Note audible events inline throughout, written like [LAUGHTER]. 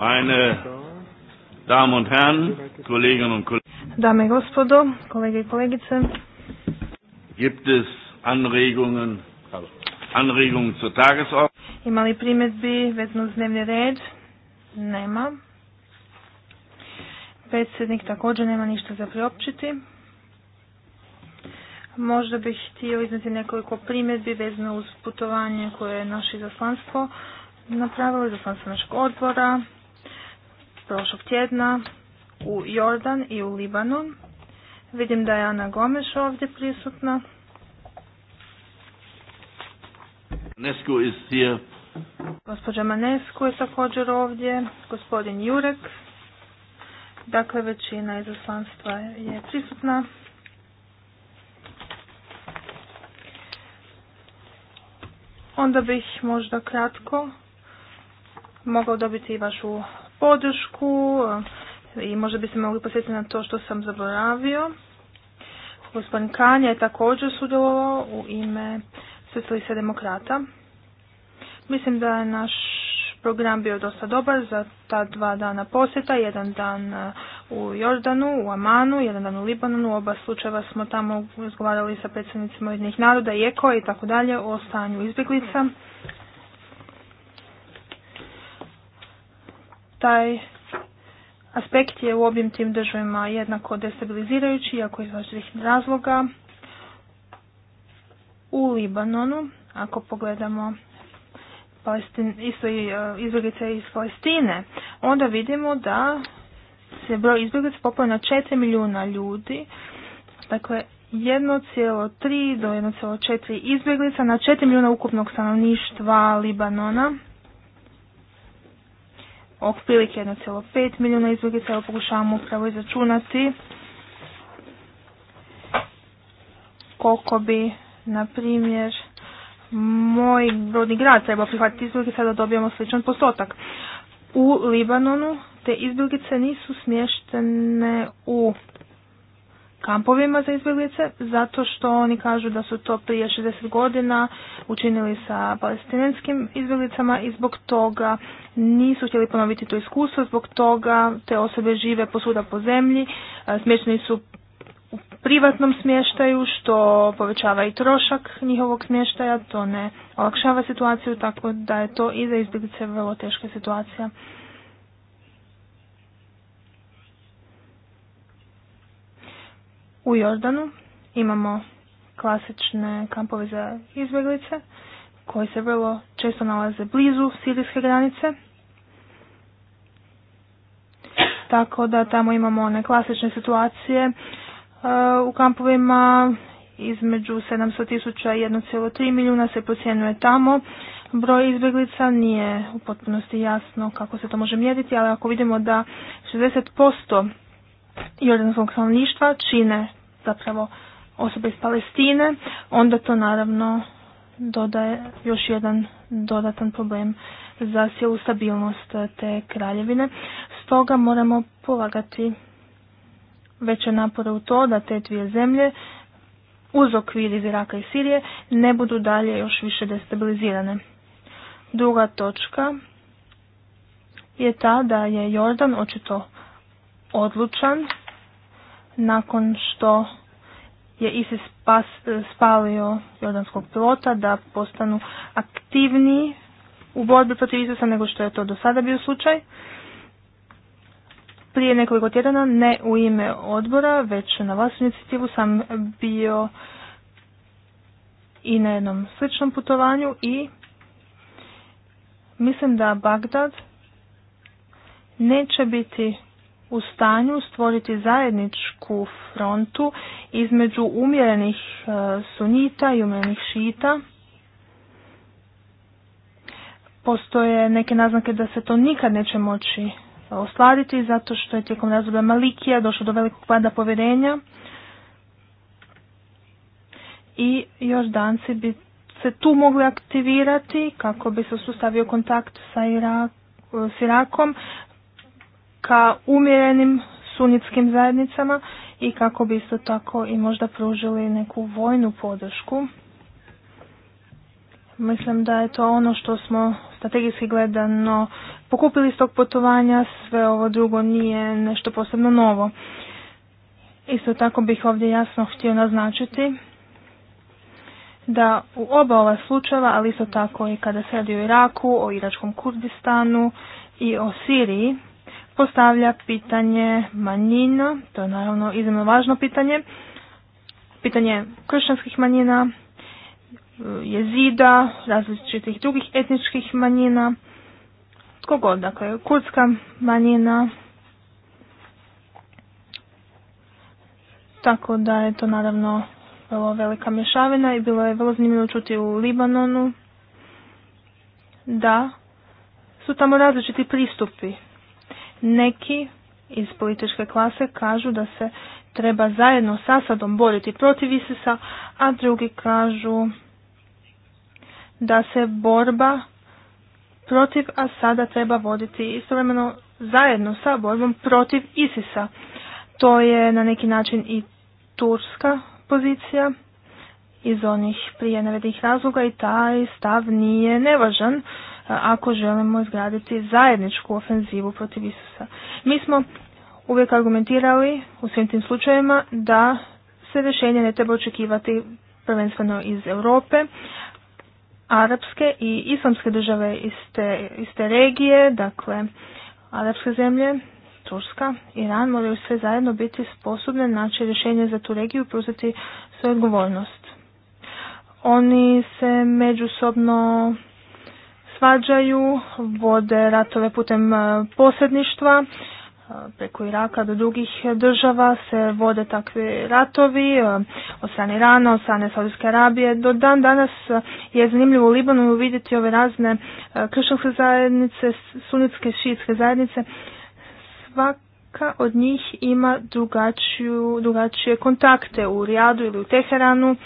Meine Damen und Herren, und Dame i gospodo, kolege i kolegice. Gibt es Anregungen, Anregungen zur Tagesordnung? Ima li primjedbi vezano uz dnevni red? Nema. Predsjednik također nema ništa za priopćiti. Možda bih htio izneti nekoliko primjedbi vezno uz putovanje koje je naše izaslanstvo napravilo, izaslanstvo našeg odbora prošlog tjedna u Jordan i u Libanon. Vidim da je Ana Gomeš ovdje prisutna. Manescu is Gospođa je također ovdje, gospodin Jurek. Dakle, većina izaslanstva je prisutna. Onda bih možda kratko mogao dobiti i vašu podršku e, i možda bi se mogli posjetiti na to što sam zaboravio. Gospodin Kanja je također sudjelovao u ime socijalista demokrata. Mislim da je naš program bio dosta dobar za ta dva dana posjeta, jedan dan e, u Jordanu, u Amanu, jedan dan u Libanonu. U oba slučajeva smo tamo razgovarali sa predstavnicima jednih naroda, i i tako dalje o stanju izbjeglica. taj aspekt je u obim tim državima jednako destabilizirajući, iako iz vaših razloga. U Libanonu, ako pogledamo isto e, izbjeglice iz Palestine, onda vidimo da se broj izbjeglica popao na 4 milijuna ljudi, dakle 1,3 do 1,4 izbjeglica na 4 milijuna ukupnog stanovništva Libanona otprilike 1,5 milijuna izbjeglica, evo pokušavamo upravo izračunati koliko bi, na primjer, moj rodni grad trebao prihvatiti izbjeglica da dobijemo sličan postotak. U Libanonu te izbjeglice nisu smještene u kampovima za izbjeglice, zato što oni kažu da su to prije 60 godina učinili sa palestinskim izbjeglicama i zbog toga nisu htjeli ponoviti to iskustvo, zbog toga te osobe žive posuda po zemlji, smješteni su u privatnom smještaju, što povećava i trošak njihovog smještaja, to ne olakšava situaciju, tako da je to i za izbjeglice vrlo teška situacija. U Jordanu imamo klasične kampove za izbjeglice koji se vrlo često nalaze blizu sirijske granice. Tako da tamo imamo one klasične situacije e, u kampovima između 700.000 i 1,3 milijuna se procjenjuje tamo. Broj izbjeglica nije u potpunosti jasno kako se to može mjeriti, ali ako vidimo da 60% jordanskog stanovništva čine zapravo osobe iz Palestine, onda to naravno dodaje još jedan dodatan problem za cijelu stabilnost eh, te kraljevine. Stoga moramo polagati veće napore u to da te dvije zemlje uz okvir iz Iraka i Sirije ne budu dalje još više destabilizirane. Druga točka je ta da je Jordan očito odlučan nakon što je ISIS spas, spalio jordanskog pilota da postanu aktivniji u borbi protiv Isusa nego što je to do sada bio slučaj. Prije nekoliko tjedana, ne u ime odbora, već na vlastnu inicijativu sam bio i na jednom sličnom putovanju i mislim da Bagdad neće biti u stanju stvoriti zajedničku frontu između umjerenih e, sunita i umjerenih šita. Postoje neke naznake da se to nikad neće moći ostvariti zato što je tijekom razdoblja Malikija došlo do velikog pada povjerenja i danci bi se tu mogli aktivirati kako bi se sustavio kontakt sa s Irakom, ka umjerenim sunnitskim zajednicama i kako bi isto tako i možda pružili neku vojnu podršku. Mislim da je to ono što smo strategijski gledano pokupili iz tog putovanja, sve ovo drugo nije nešto posebno novo. Isto tako bih ovdje jasno htio naznačiti da u oba ova slučajeva, ali isto tako i kada se radi o Iraku, o Iračkom Kurdistanu i o Siriji, postavlja pitanje manjina, to je naravno iznimno važno pitanje, pitanje kršćanskih manjina, jezida, različitih drugih etničkih manjina, tko god, dakle, kurdska manjina, tako da je to naravno vrlo velika mješavina i bilo je vrlo zanimljivo čuti u Libanonu da su tamo različiti pristupi neki iz političke klase kažu da se treba zajedno s Asadom boriti protiv Isisa, a drugi kažu da se borba protiv Asada treba voditi istovremeno zajedno sa borbom protiv Isisa. To je na neki način i turska pozicija iz onih prije navedenih razloga i taj stav nije nevažan E, ako želimo izgraditi zajedničku ofenzivu protiv Isusa. Mi smo uvijek argumentirali u svim tim slučajevima da se rješenje ne treba očekivati prvenstveno iz Europe, arapske i islamske države iz te, iz te regije, dakle arapske zemlje, Turska, Iran moraju sve zajedno biti sposobne naći rješenje za tu regiju i preuzeti svoju odgovornost. Oni se međusobno svađaju, vode ratove putem e, posredništva, e, preko Iraka do drugih država se vode takvi ratovi, e, od strane Irana, od strane Saudijske Arabije. Do dan danas je zanimljivo u Libanu vidjeti ove razne kršćanske zajednice, sunitske, šijitske zajednice. Svaka od njih ima drugačiju, drugačije kontakte u Rijadu ili u Teheranu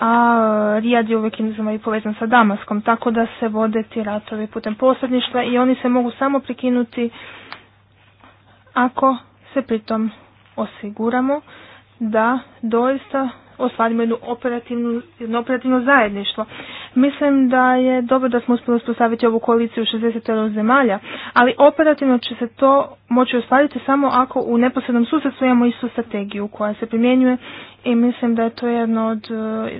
a e, Rijad je uvijek i povezan sa Damaskom, tako da se vode ti ratovi putem posredništva i oni se mogu samo prikinuti ako se pritom osiguramo da doista ostvarimo jednu operativnu, jedno operativno zajedništvo. Mislim da je dobro da smo uspjeli uspostaviti ovu koaliciju 60 zemalja, ali operativno će se to moći ostvariti samo ako u neposrednom susjedstvu imamo istu strategiju koja se primjenjuje i mislim da je to jedno od,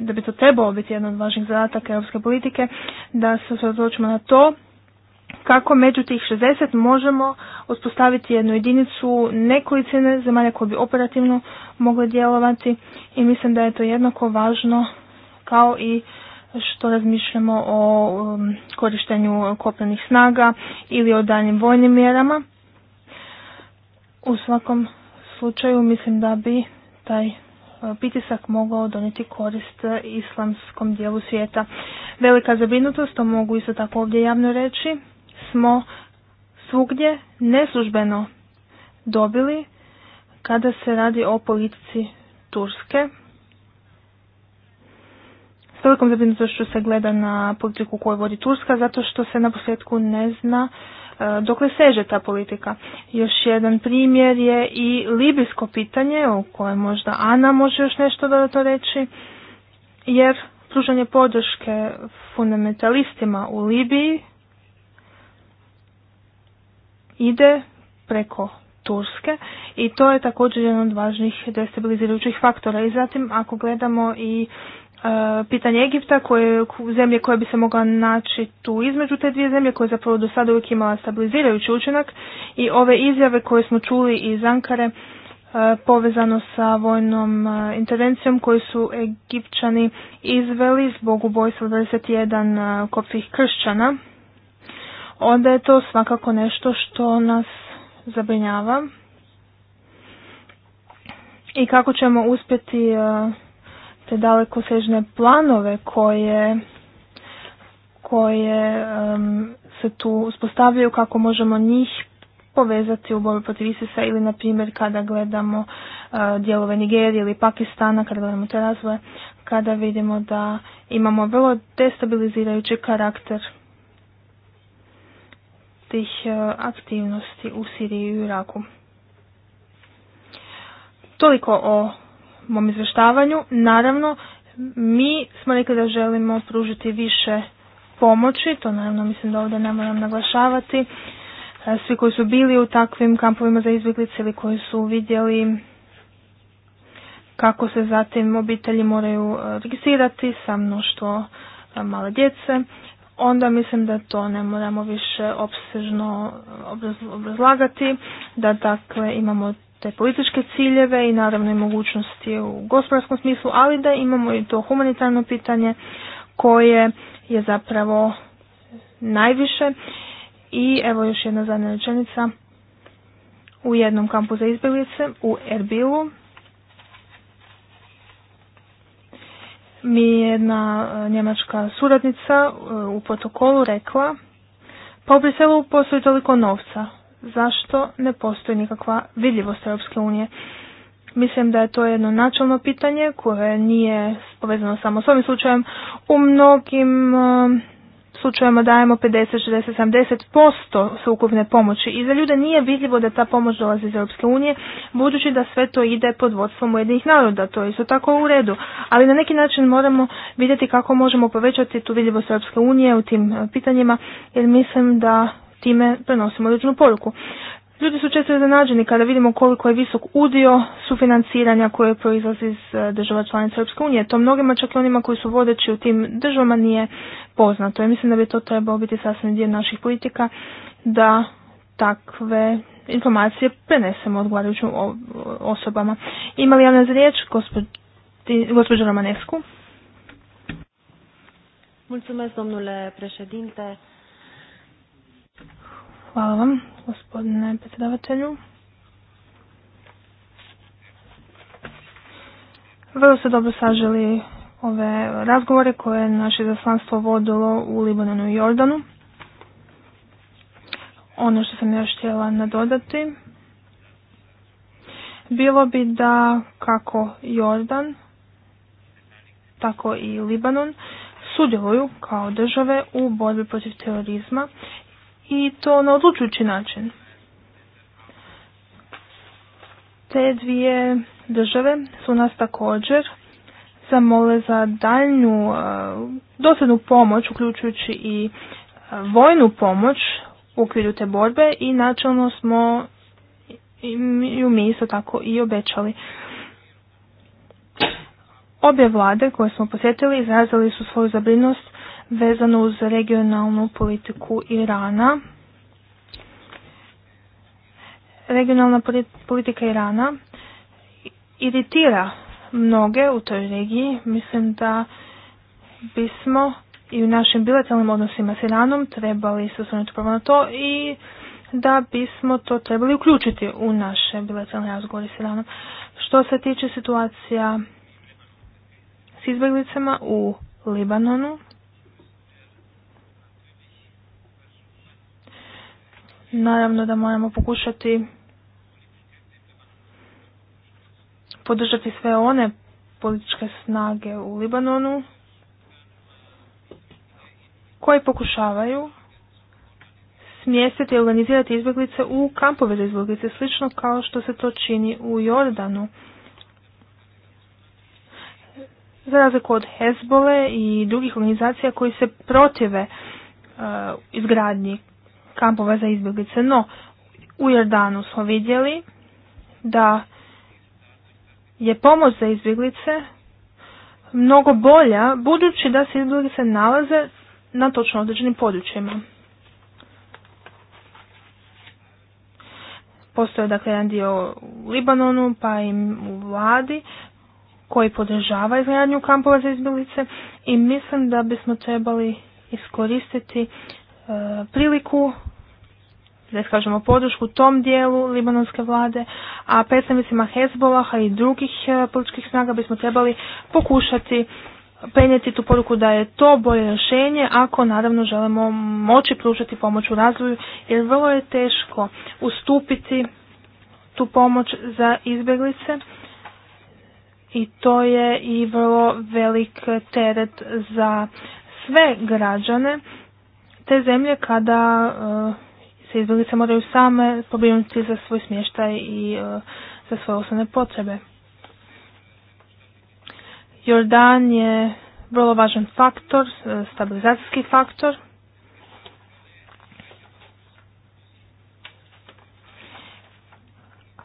da bi to trebalo biti jedno od važnih zadataka europske politike, da se usredotočimo na to kako među tih 60 možemo uspostaviti jednu jedinicu nekolicine zemalja koje bi operativno mogle djelovati i mislim da je to jednako važno kao i što razmišljamo o um, korištenju kopnenih snaga ili o daljim vojnim mjerama. U svakom slučaju mislim da bi taj uh, pitisak mogao doniti korist uh, islamskom dijelu svijeta. Velika zabrinutost, to mogu isto tako ovdje javno reći, smo svugdje neslužbeno dobili kada se radi o politici Turske. S velikom što se gleda na politiku koju vodi Turska zato što se na posljedku ne zna e, dokle seže ta politika. Još jedan primjer je i libijsko pitanje o kojem možda Ana može još nešto dodatno reći jer pružanje podrške fundamentalistima u Libiji ide preko Turske i to je također jedan od važnih destabilizirajućih faktora. I zatim ako gledamo i e, pitanje Egipta, koje, zemlje koja bi se mogla naći tu između te dvije zemlje, koja je zapravo do sada uvijek imala stabilizirajući učinak i ove izjave koje smo čuli iz Ankare e, povezano sa vojnom e, intervencijom koju su Egipćani izveli zbog ubojstva 21 kopskih kršćana onda je to svakako nešto što nas zabrinjava i kako ćemo uspjeti e, te dalekosežne planove koje, koje se tu uspostavljaju, kako možemo njih povezati u borbi protiv Isisa ili na primjer kada gledamo e, dijelove Nigerije ili Pakistana, kada gledamo te razvoje, kada vidimo da imamo vrlo destabilizirajući karakter tih e, aktivnosti u Siriji i Iraku. Toliko o mom izvještavanju. Naravno, mi smo rekli da želimo pružiti više pomoći, to naravno mislim da ovdje ne moram naglašavati. E, svi koji su bili u takvim kampovima za izbjeglice ili koji su vidjeli kako se zatim obitelji moraju e, registrirati sa mnoštvo male djece onda mislim da to ne moramo više opsežno obrazlagati, da dakle imamo te političke ciljeve i naravno i mogućnosti u gospodarskom smislu, ali da imamo i to humanitarno pitanje koje je zapravo najviše. I evo još jedna zadnja rečenica. U jednom kampu za izbjeglice u Erbilu mi je jedna e, njemačka suradnica e, u protokolu rekla pa u Briselu postoji toliko novca. Zašto ne postoji nikakva vidljivost Europske unije? Mislim da je to jedno načelno pitanje koje nije povezano samo s ovim slučajem. U mnogim e, slučajevima dajemo 50, 60, 70% sveukupne pomoći i za ljude nije vidljivo da ta pomoć dolazi iz Europske unije, budući da sve to ide pod vodstvom Ujedinih naroda, to je isto tako u redu. Ali na neki način moramo vidjeti kako možemo povećati tu vidljivost Europske unije u tim e, pitanjima, jer mislim da time prenosimo određenu poruku. Ljudi su često iznenađeni kada vidimo koliko je visok udio sufinanciranja koje proizlazi iz e, država članica Europske unije. To mnogima, čak i onima koji su vodeći u tim državama, nije poznato. Ja mislim da bi to trebao biti sasvim dio naših politika da takve informacije prenesemo odgovarajućim osobama. Ima li javna za riječ gospođu Romanesku? Mulțumesc, domnule președinte. Hvala vam, gospodine predsjedavatelju. Vrlo se dobro saželi ove razgovore koje je naše zaslanstvo vodilo u Libanonu i Jordanu. Ono što sam još htjela nadodati bilo bi da kako Jordan, tako i Libanon sudjeluju kao države u borbi protiv terorizma i to na odlučujući način. Te dvije države su nas također zamole za daljnju uh, dosadnu pomoć, uključujući i uh, vojnu pomoć u okviru te borbe i načelno smo ju mi isto tako i obećali. Obje vlade koje smo posjetili izrazili su svoju zabrinost vezano uz regionalnu politiku Irana. Regionalna politika Irana iritira mnoge u toj regiji. Mislim da bismo i u našim bilateralnim odnosima s Iranom trebali se osvrnuti prvo na to i da bismo to trebali uključiti u naše bilateralne razgovore s Iranom. Što se tiče situacija s izbjeglicama u Libanonu, Naravno da moramo pokušati podržati sve one političke snage u Libanonu koji pokušavaju smjestiti i organizirati izbjeglice u kampove za izbjeglice, slično kao što se to čini u Jordanu. Za razliku od Hezbole i drugih organizacija koji se protive e, izgradnji kampova za izbjeglice. No, u Jordanu smo vidjeli da je pomoć za izbjeglice mnogo bolja, budući da se izbjeglice nalaze na točno određenim područjima. Postoje dakle jedan dio u Libanonu, pa i u vladi, koji podržava izgradnju kampova za izbjeglice i mislim da bismo trebali iskoristiti E, priliku da iskažemo podršku tom dijelu libanonske vlade, a predstavnicima Hezbolaha i drugih e, političkih snaga bismo trebali pokušati prenijeti tu poruku da je to bolje rješenje ako naravno želimo moći pružati pomoć u razvoju jer vrlo je teško ustupiti tu pomoć za izbjeglice i to je i vrlo velik teret za sve građane te zemlje kada eh, se izbjeglice moraju same pobrinuti za svoj smještaj i eh, za svoje osnovne potrebe. Jordan je vrlo važan faktor, eh, stabilizacijski faktor.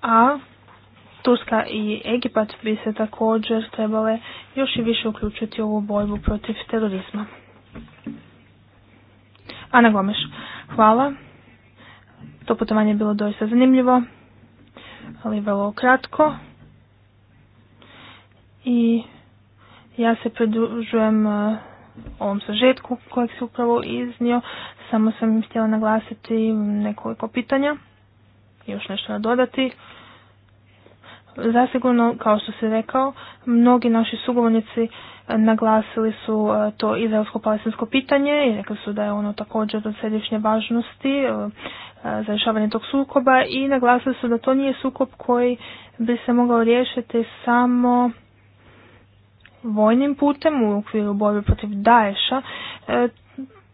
A Turska i Egipat bi se također trebale još i više uključiti u ovu borbu protiv terorizma. Ana Gomeš, hvala. To putovanje je bilo doista zanimljivo, ali vrlo kratko. I ja se pridružujem e, ovom sažetku kojeg se upravo iznio. Samo sam htjela naglasiti nekoliko pitanja i još nešto dodati. Zasigurno, kao što se rekao, mnogi naši sugovornici eh, naglasili su eh, to izraelsko-palestinsko pitanje i rekli su da je ono također od središnje važnosti eh, za rješavanje tog sukoba i naglasili su da to nije sukob koji bi se mogao riješiti samo vojnim putem u okviru borbe protiv Daesha.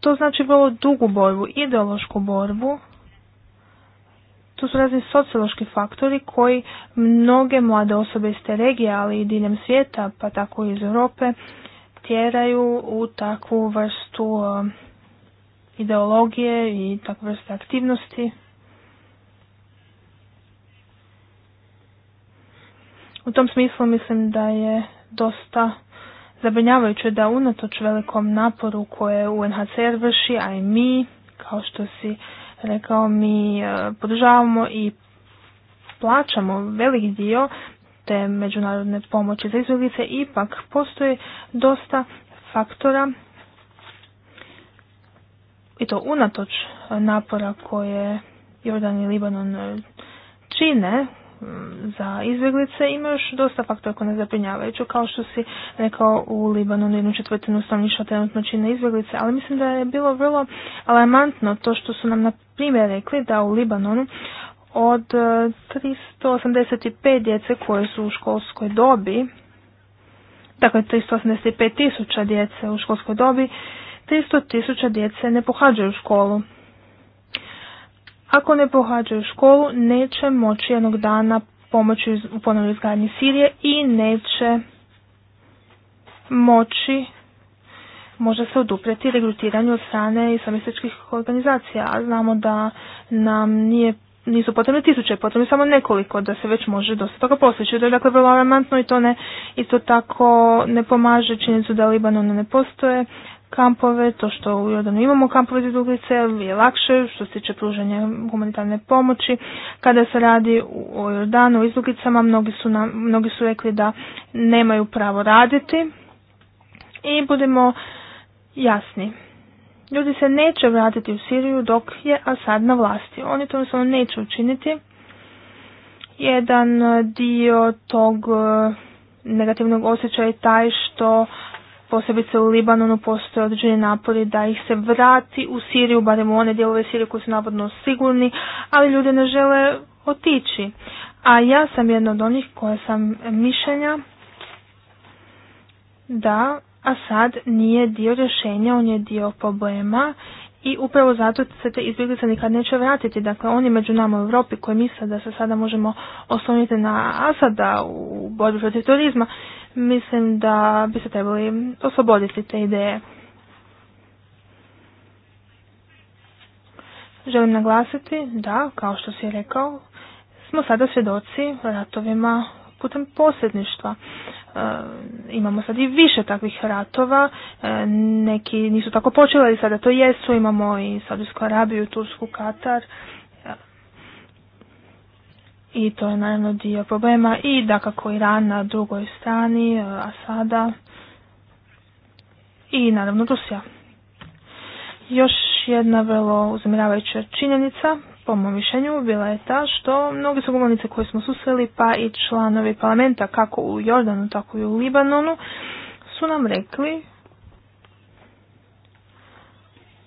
To znači vrlo dugu borbu, ideološku borbu tu su razni sociološki faktori koji mnoge mlade osobe iz te regije, ali i diljem svijeta, pa tako i iz Europe, tjeraju u takvu vrstu uh, ideologije i takvu vrstu aktivnosti. U tom smislu mislim da je dosta zabrinjavajuće da unatoč velikom naporu koje UNHCR vrši, a i mi, kao što si rekao mi e, podržavamo i plaćamo velik dio te međunarodne pomoći za izbjeglice, ipak postoji dosta faktora i to unatoč napora koje Jordan i Libanon e, čine Mm, za izbjeglice ima još dosta faktora koje ne zaprinjavajuću, kao što si rekao u Libanonu, na jednu četvrtinu stanovništva trenutno čine izbjeglice, ali mislim da je bilo vrlo alarmantno to što su nam na primjer rekli da u Libanonu od 385 e, djece koje su u školskoj dobi, dakle 385 tisuća djece u školskoj dobi, 300 tisuća djece ne pohađaju školu. Ako ne pohađaju školu, neće moći jednog dana pomoći u ponovnoj izgradnji Sirije i neće moći može se odupreti, regrutiranju od strane islamističkih organizacija, a znamo da nam nije nisu potrebne tisuće, potrebno samo nekoliko da se već može dosta toga postići. To je dakle vrlo alarmantno i to ne, isto tako ne pomaže činjenicu da Libanon ne postoje kampove, to što u Jordanu imamo kampove za izbjeglice je lakše što se tiče pružanja humanitarne pomoći. Kada se radi o Jordanu, o izbjeglicama, mnogi su, mnogi su rekli da nemaju pravo raditi i budemo jasni. Ljudi se neće vratiti u Siriju dok je Asad na vlasti. Oni to samo neće učiniti. Jedan dio tog eh, negativnog osjećaja je taj što posebice u Libanonu postoje određeni napori da ih se vrati u Siriju, barem u one dijelove Sirije koji su navodno sigurni, ali ljudi ne žele otići. A ja sam jedna od onih koja sam mišljenja da Asad nije dio rješenja, on je dio problema i upravo zato se te izbjeglice nikad neće vratiti. Dakle, oni među nama u Europi koji misle da se sada možemo osloniti na Asada u borbi protiv turizma, mislim da bi se trebali osloboditi te ideje. Želim naglasiti da, kao što si rekao, smo sada svjedoci ratovima putem posredništva. E, imamo sad i više takvih ratova, e, neki nisu tako počeli, ali sada to jesu, imamo i Saudijsku Arabiju, Tursku, Katar. E, I to je naravno dio problema i dakako Iran na drugoj strani, Asada i naravno Rusija. Još jedna vrlo uzmiravajuća činjenica po mom mišljenju bila je ta što mnogi sugovornice koje smo susreli pa i članovi parlamenta kako u Jordanu tako i u Libanonu su nam rekli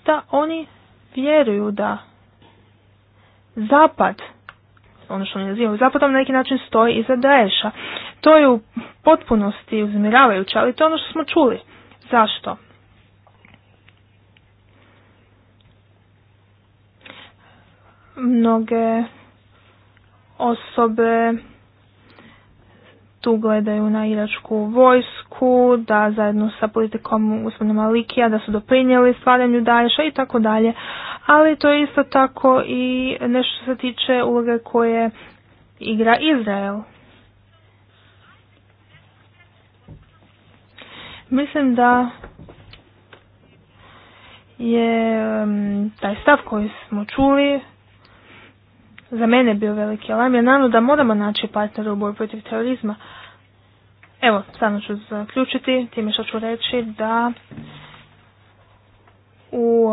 da oni vjeruju da zapad ono što oni nazivaju zapadom na neki način stoji iza Daesha. To je u potpunosti uzmiravajuće, ali to je ono što smo čuli. Zašto? mnoge osobe tu gledaju na iračku vojsku, da zajedno sa politikom gospodina Malikija da su doprinijeli stvaranju Daješa i tako dalje. Ali to je isto tako i nešto se tiče uloge koje igra Izrael. Mislim da je taj stav koji smo čuli za mene bio veliki alarm, je naravno da moramo naći partnera u borbi protiv terorizma. Evo, samo ću zaključiti time što ću reći da u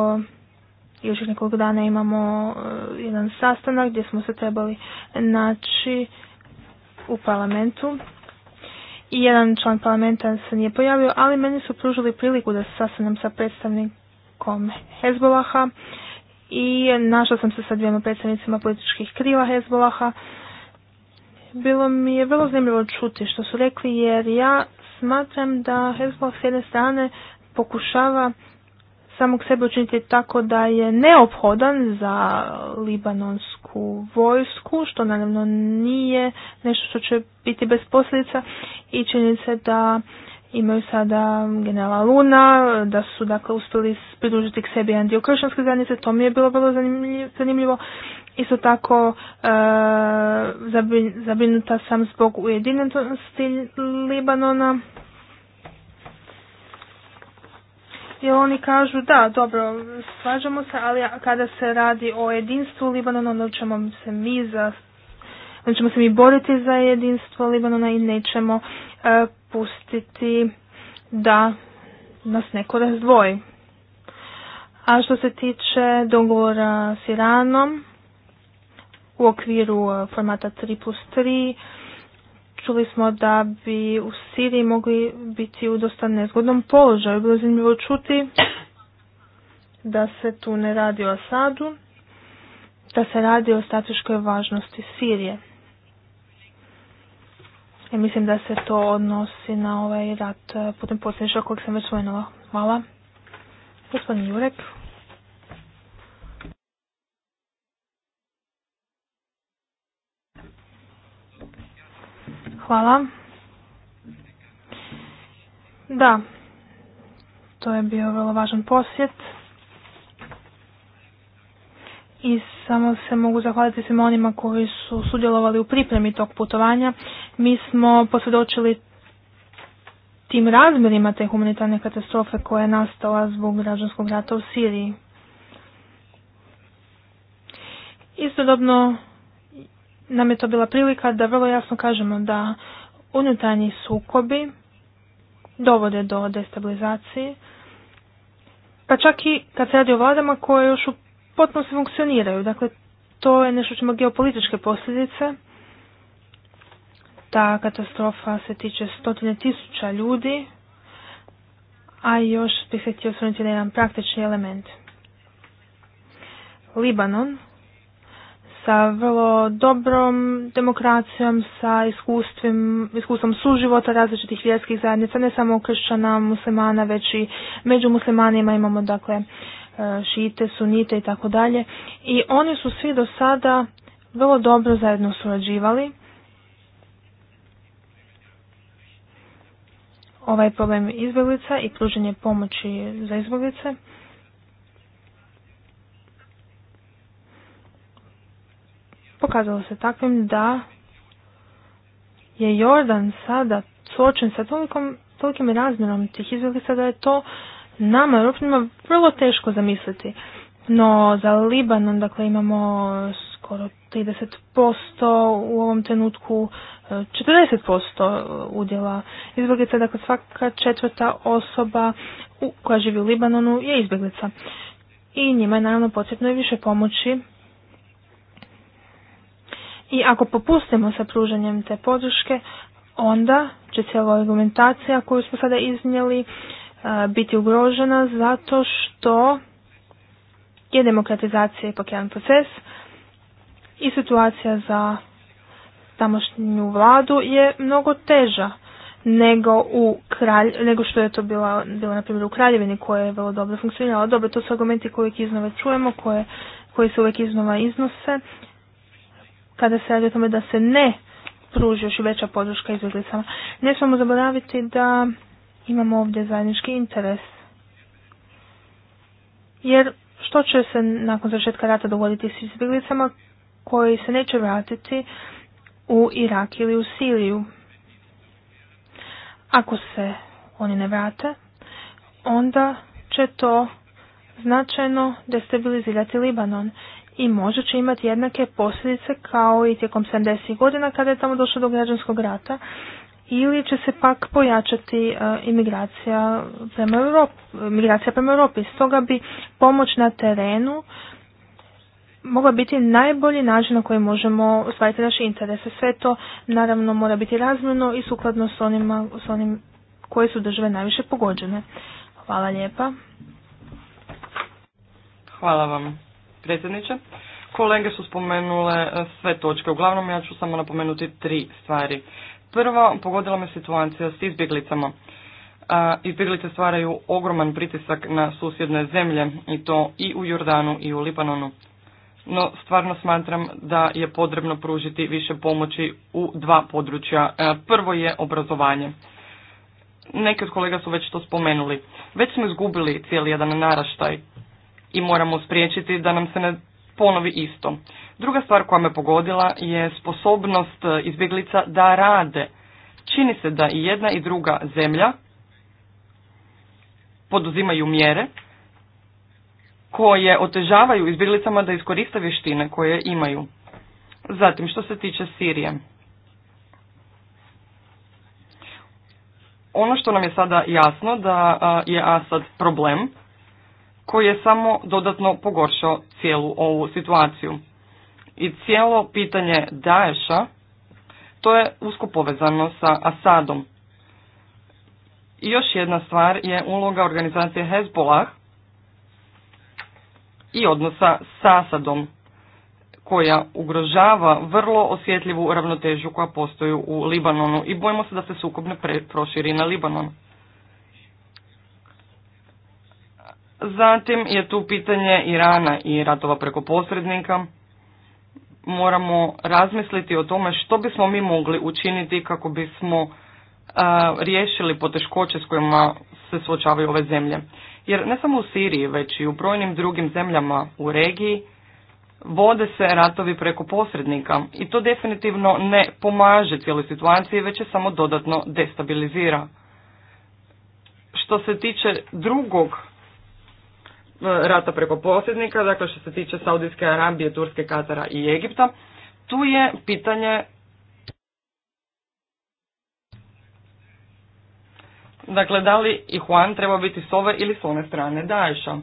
eh, još nekoliko dana imamo eh, jedan sastanak gdje smo se trebali naći u parlamentu. I jedan član parlamenta se nije pojavio, ali meni su pružili priliku da se sastanem sa predstavnikom Hezbolaha i našla sam se sa dvijema predstavnicima političkih krila Hezbolaha. Bilo mi je vrlo zanimljivo čuti što su rekli jer ja smatram da Hezbolah s jedne strane pokušava samog sebe učiniti tako da je neophodan za libanonsku vojsku, što naravno nije nešto što će biti bez posljedica i čini se da imaju sada generala Luna, da su dakle uspjeli pridružiti k sebi jedan dio kršćanske zajednice, to mi je bilo vrlo zanimljivo. Isto tako e, zabrinuta sam zbog ujedinjenosti Libanona. Jer oni kažu da, dobro, slažemo se, ali kada se radi o jedinstvu Libanona, onda ćemo se mi za ćemo se mi boriti za jedinstvo Libanona i nećemo e, Pustiti da nas neko razdvoji. A što se tiče dogovora s Iranom u okviru e, formata 3 plus 3, čuli smo da bi u Siriji mogli biti u dosta nezgodnom položaju. Bilo zanimljivo čuti da se tu ne radi o Asadu, da se radi o strateškoj važnosti Sirije. I mislim da se to odnosi na ovaj rat e, putem posljednjiša kojeg sam već spomenula. Hvala. Gospodin Jurek. Hvala. Da, to je bio vrlo važan posjet i samo se mogu zahvaliti svima onima koji su sudjelovali u pripremi tog putovanja. Mi smo posvjedočili tim razmjerima te humanitarne katastrofe koja je nastala zbog građanskog rata u Siriji. Istodobno nam je to bila prilika da vrlo jasno kažemo da unutarnji sukobi dovode do destabilizacije, pa čak i kad se radi o vladama koje još u potpuno se funkcioniraju. Dakle, to je nešto što geopolitičke posljedice. Ta katastrofa se tiče stotine tisuća ljudi, a još bih se htio osvrnuti na jedan praktični element. Libanon sa vrlo dobrom demokracijom, sa iskustvom, iskustvom suživota različitih vjerskih zajednica, ne samo kršćana, muslimana, već i među muslimanima imamo dakle E, šite, sunite i tako dalje. I oni su svi do sada vrlo dobro zajedno surađivali. Ovaj problem izbjeglica i pruženje pomoći za izbjeglice. Pokazalo se takvim da je Jordan sada suočen sa tolikom, tolikim razmjerom tih izbjeglica da je to nama Europljanima vrlo teško zamisliti. No za Libanon dakle imamo skoro 30% u ovom trenutku 40% e, udjela izbjeglica, dakle svaka četvrta osoba u, koja živi u Libanonu je izbjeglica. I njima je naravno potrebno i više pomoći. I ako popustimo sa pružanjem te podrške, onda će cijela argumentacija koju smo sada iznijeli biti ugrožena zato što je demokratizacija ipak jedan proces i situacija za tamošnju vladu je mnogo teža nego u kralj, nego što je to bila, bilo na primjer u kraljevini koja je vrlo dobro funkcionirala. Dobro, to su argumenti koje uvijek iznova čujemo, koje, koji se uvijek iznova iznose kada se radi o tome da se ne pruži još veća podrška izbjeglicama. Ne smemo zaboraviti da imamo ovdje zajednički interes. Jer što će se nakon završetka rata dogoditi s izbjeglicama koji se neće vratiti u Irak ili u Siriju? Ako se oni ne vrate, onda će to značajno destabilizirati Libanon i može će imati jednake posljedice kao i tijekom 70. godina kada je tamo došlo do građanskog rata ili će se pak pojačati e, imigracija prema Europi, migracija prema Europi. Stoga bi pomoć na terenu mogla biti najbolji način na koji možemo ostvariti naše interese. Sve to naravno mora biti razmjerno i sukladno s, onima, s onim koje su države najviše pogođene. Hvala lijepa. Hvala vam, predsjedniče. Kolege su spomenule e, sve točke. Uglavnom ja ću samo napomenuti tri stvari. Prvo, pogodila me situacija s izbjeglicama. Izbjeglice stvaraju ogroman pritisak na susjedne zemlje i to i u Jordanu i u Libanonu. No, stvarno smatram da je potrebno pružiti više pomoći u dva područja. Prvo je obrazovanje. Neki od kolega su već to spomenuli. Već smo izgubili cijeli jedan naraštaj i moramo spriječiti da nam se ne ponovi isto. Druga stvar koja me pogodila je sposobnost e, izbjeglica da rade. Čini se da i jedna i druga zemlja poduzimaju mjere koje otežavaju izbjeglicama da iskoriste vještine koje imaju. Zatim, što se tiče Sirije. Ono što nam je sada jasno da je Asad problem, koji je samo dodatno pogoršao cijelu ovu situaciju. I cijelo pitanje Daesha, to je usko povezano sa Asadom. I još jedna stvar je uloga organizacije Hezbollah i odnosa sa Asadom, koja ugrožava vrlo osjetljivu ravnotežu koja postoji u Libanonu i bojimo se da se sukob ne proširi na Libanon. Zatim je tu pitanje Irana i ratova preko posrednika. Moramo razmisliti o tome što bismo mi mogli učiniti kako bismo e, riješili poteškoće s kojima se suočavaju ove zemlje. Jer ne samo u Siriji, već i u brojnim drugim zemljama u regiji vode se ratovi preko posrednika i to definitivno ne pomaže cijeloj situaciji, već je samo dodatno destabilizira. Što se tiče drugog rata preko posjednika, dakle što se tiče Saudijske Arabije, Turske, Katara i Egipta, tu je pitanje Dakle, da li i Juan treba biti s ove ili s one strane Daješa?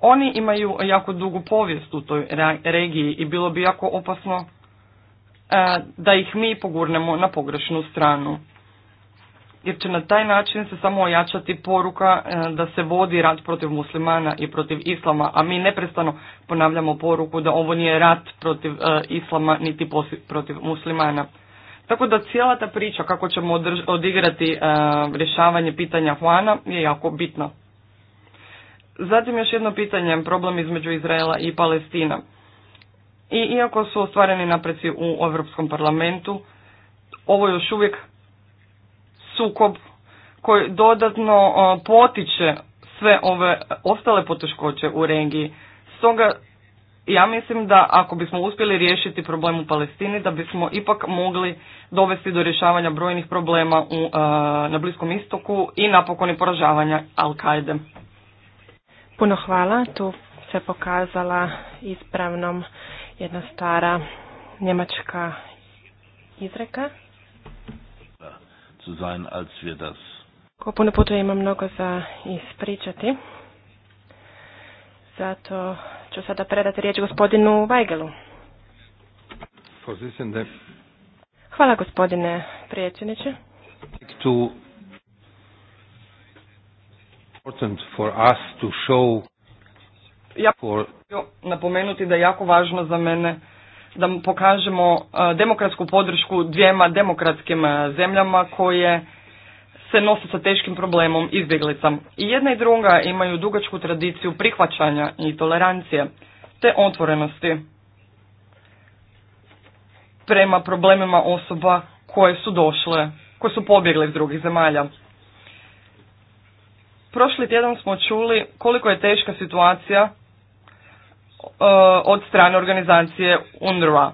Oni imaju jako dugu povijest u toj regiji i bilo bi jako opasno e, da ih mi pogurnemo na pogrešnu stranu jer će na taj način se samo ojačati poruka e, da se vodi rat protiv muslimana i protiv islama, a mi neprestano ponavljamo poruku da ovo nije rat protiv e, islama niti protiv muslimana. Tako da cijela ta priča kako ćemo odigrati e, rješavanje pitanja Juana je jako bitna. Zatim još jedno pitanje, problem između Izraela i Palestina. I iako su ostvareni napreci u Europskom parlamentu, ovo još uvijek sukob koji dodatno potiče sve ove ostale poteškoće u regiji. Stoga ja mislim da ako bismo uspjeli riješiti problem u Palestini, da bismo ipak mogli dovesti do rješavanja brojnih problema u, e, na Bliskom istoku i napokon i poražavanja Al-Kaide. Puno hvala. Tu se pokazala ispravnom jedna stara njemačka izreka zu sein, als wir das. puno puta ima mnogo za ispričati. Zato ću sada predati riječ gospodinu Vajgelu. Hvala gospodine predsjedniče. for us to show ja napomenuti da je jako važno za mene da pokažemo e, demokratsku podršku dvijema demokratskim e, zemljama koje se nose sa teškim problemom izbjeglica. I jedna i druga imaju dugačku tradiciju prihvaćanja i tolerancije, te otvorenosti prema problemima osoba koje su došle, koje su pobjegle iz drugih zemalja. Prošli tjedan smo čuli koliko je teška situacija E, od strane organizacije UNRWA.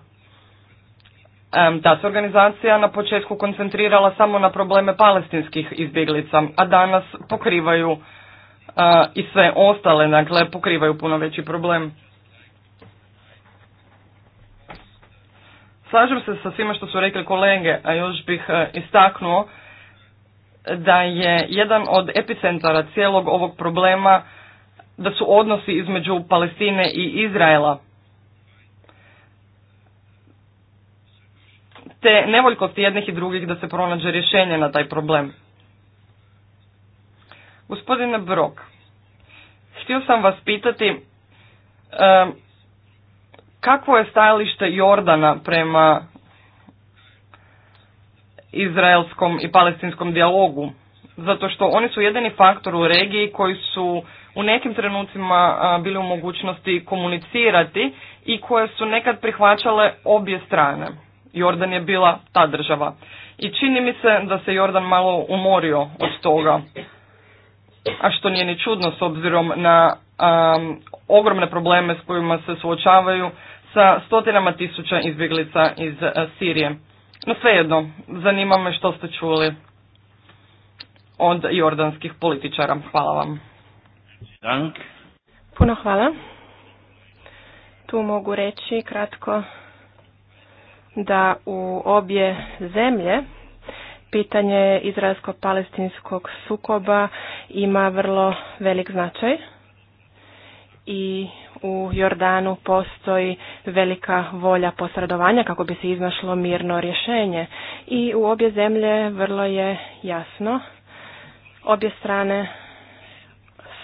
Ta se organizacija na početku koncentrirala samo na probleme palestinskih izbjeglica, a danas pokrivaju e, i sve ostale, dakle pokrivaju puno veći problem. Slažem se sa svima što su rekli kolege, a još bih e, istaknuo da je jedan od epicentara cijelog ovog problema da su odnosi između Palestine i Izraela te nevoljkosti jednih i drugih da se pronađe rješenje na taj problem. Gospodine Brok, htio sam vas pitati kako kakvo je stajalište Jordana prema izraelskom i palestinskom dijalogu, zato što oni su jedini faktor u regiji koji su u nekim trenucima bili u mogućnosti komunicirati i koje su nekad prihvaćale obje strane. Jordan je bila ta država. I čini mi se da se Jordan malo umorio od toga. A što nije ni čudno s obzirom na ogromne probleme s kojima se suočavaju sa stotinama tisuća izbjeglica iz Sirije. No svejedno, zanima me što ste čuli od jordanskih političara. Hvala vam. Puno hvala. Tu mogu reći kratko da u obje zemlje pitanje izraelsko-palestinskog sukoba ima vrlo velik značaj i u Jordanu postoji velika volja posredovanja kako bi se iznašlo mirno rješenje. I u obje zemlje vrlo je jasno, obje strane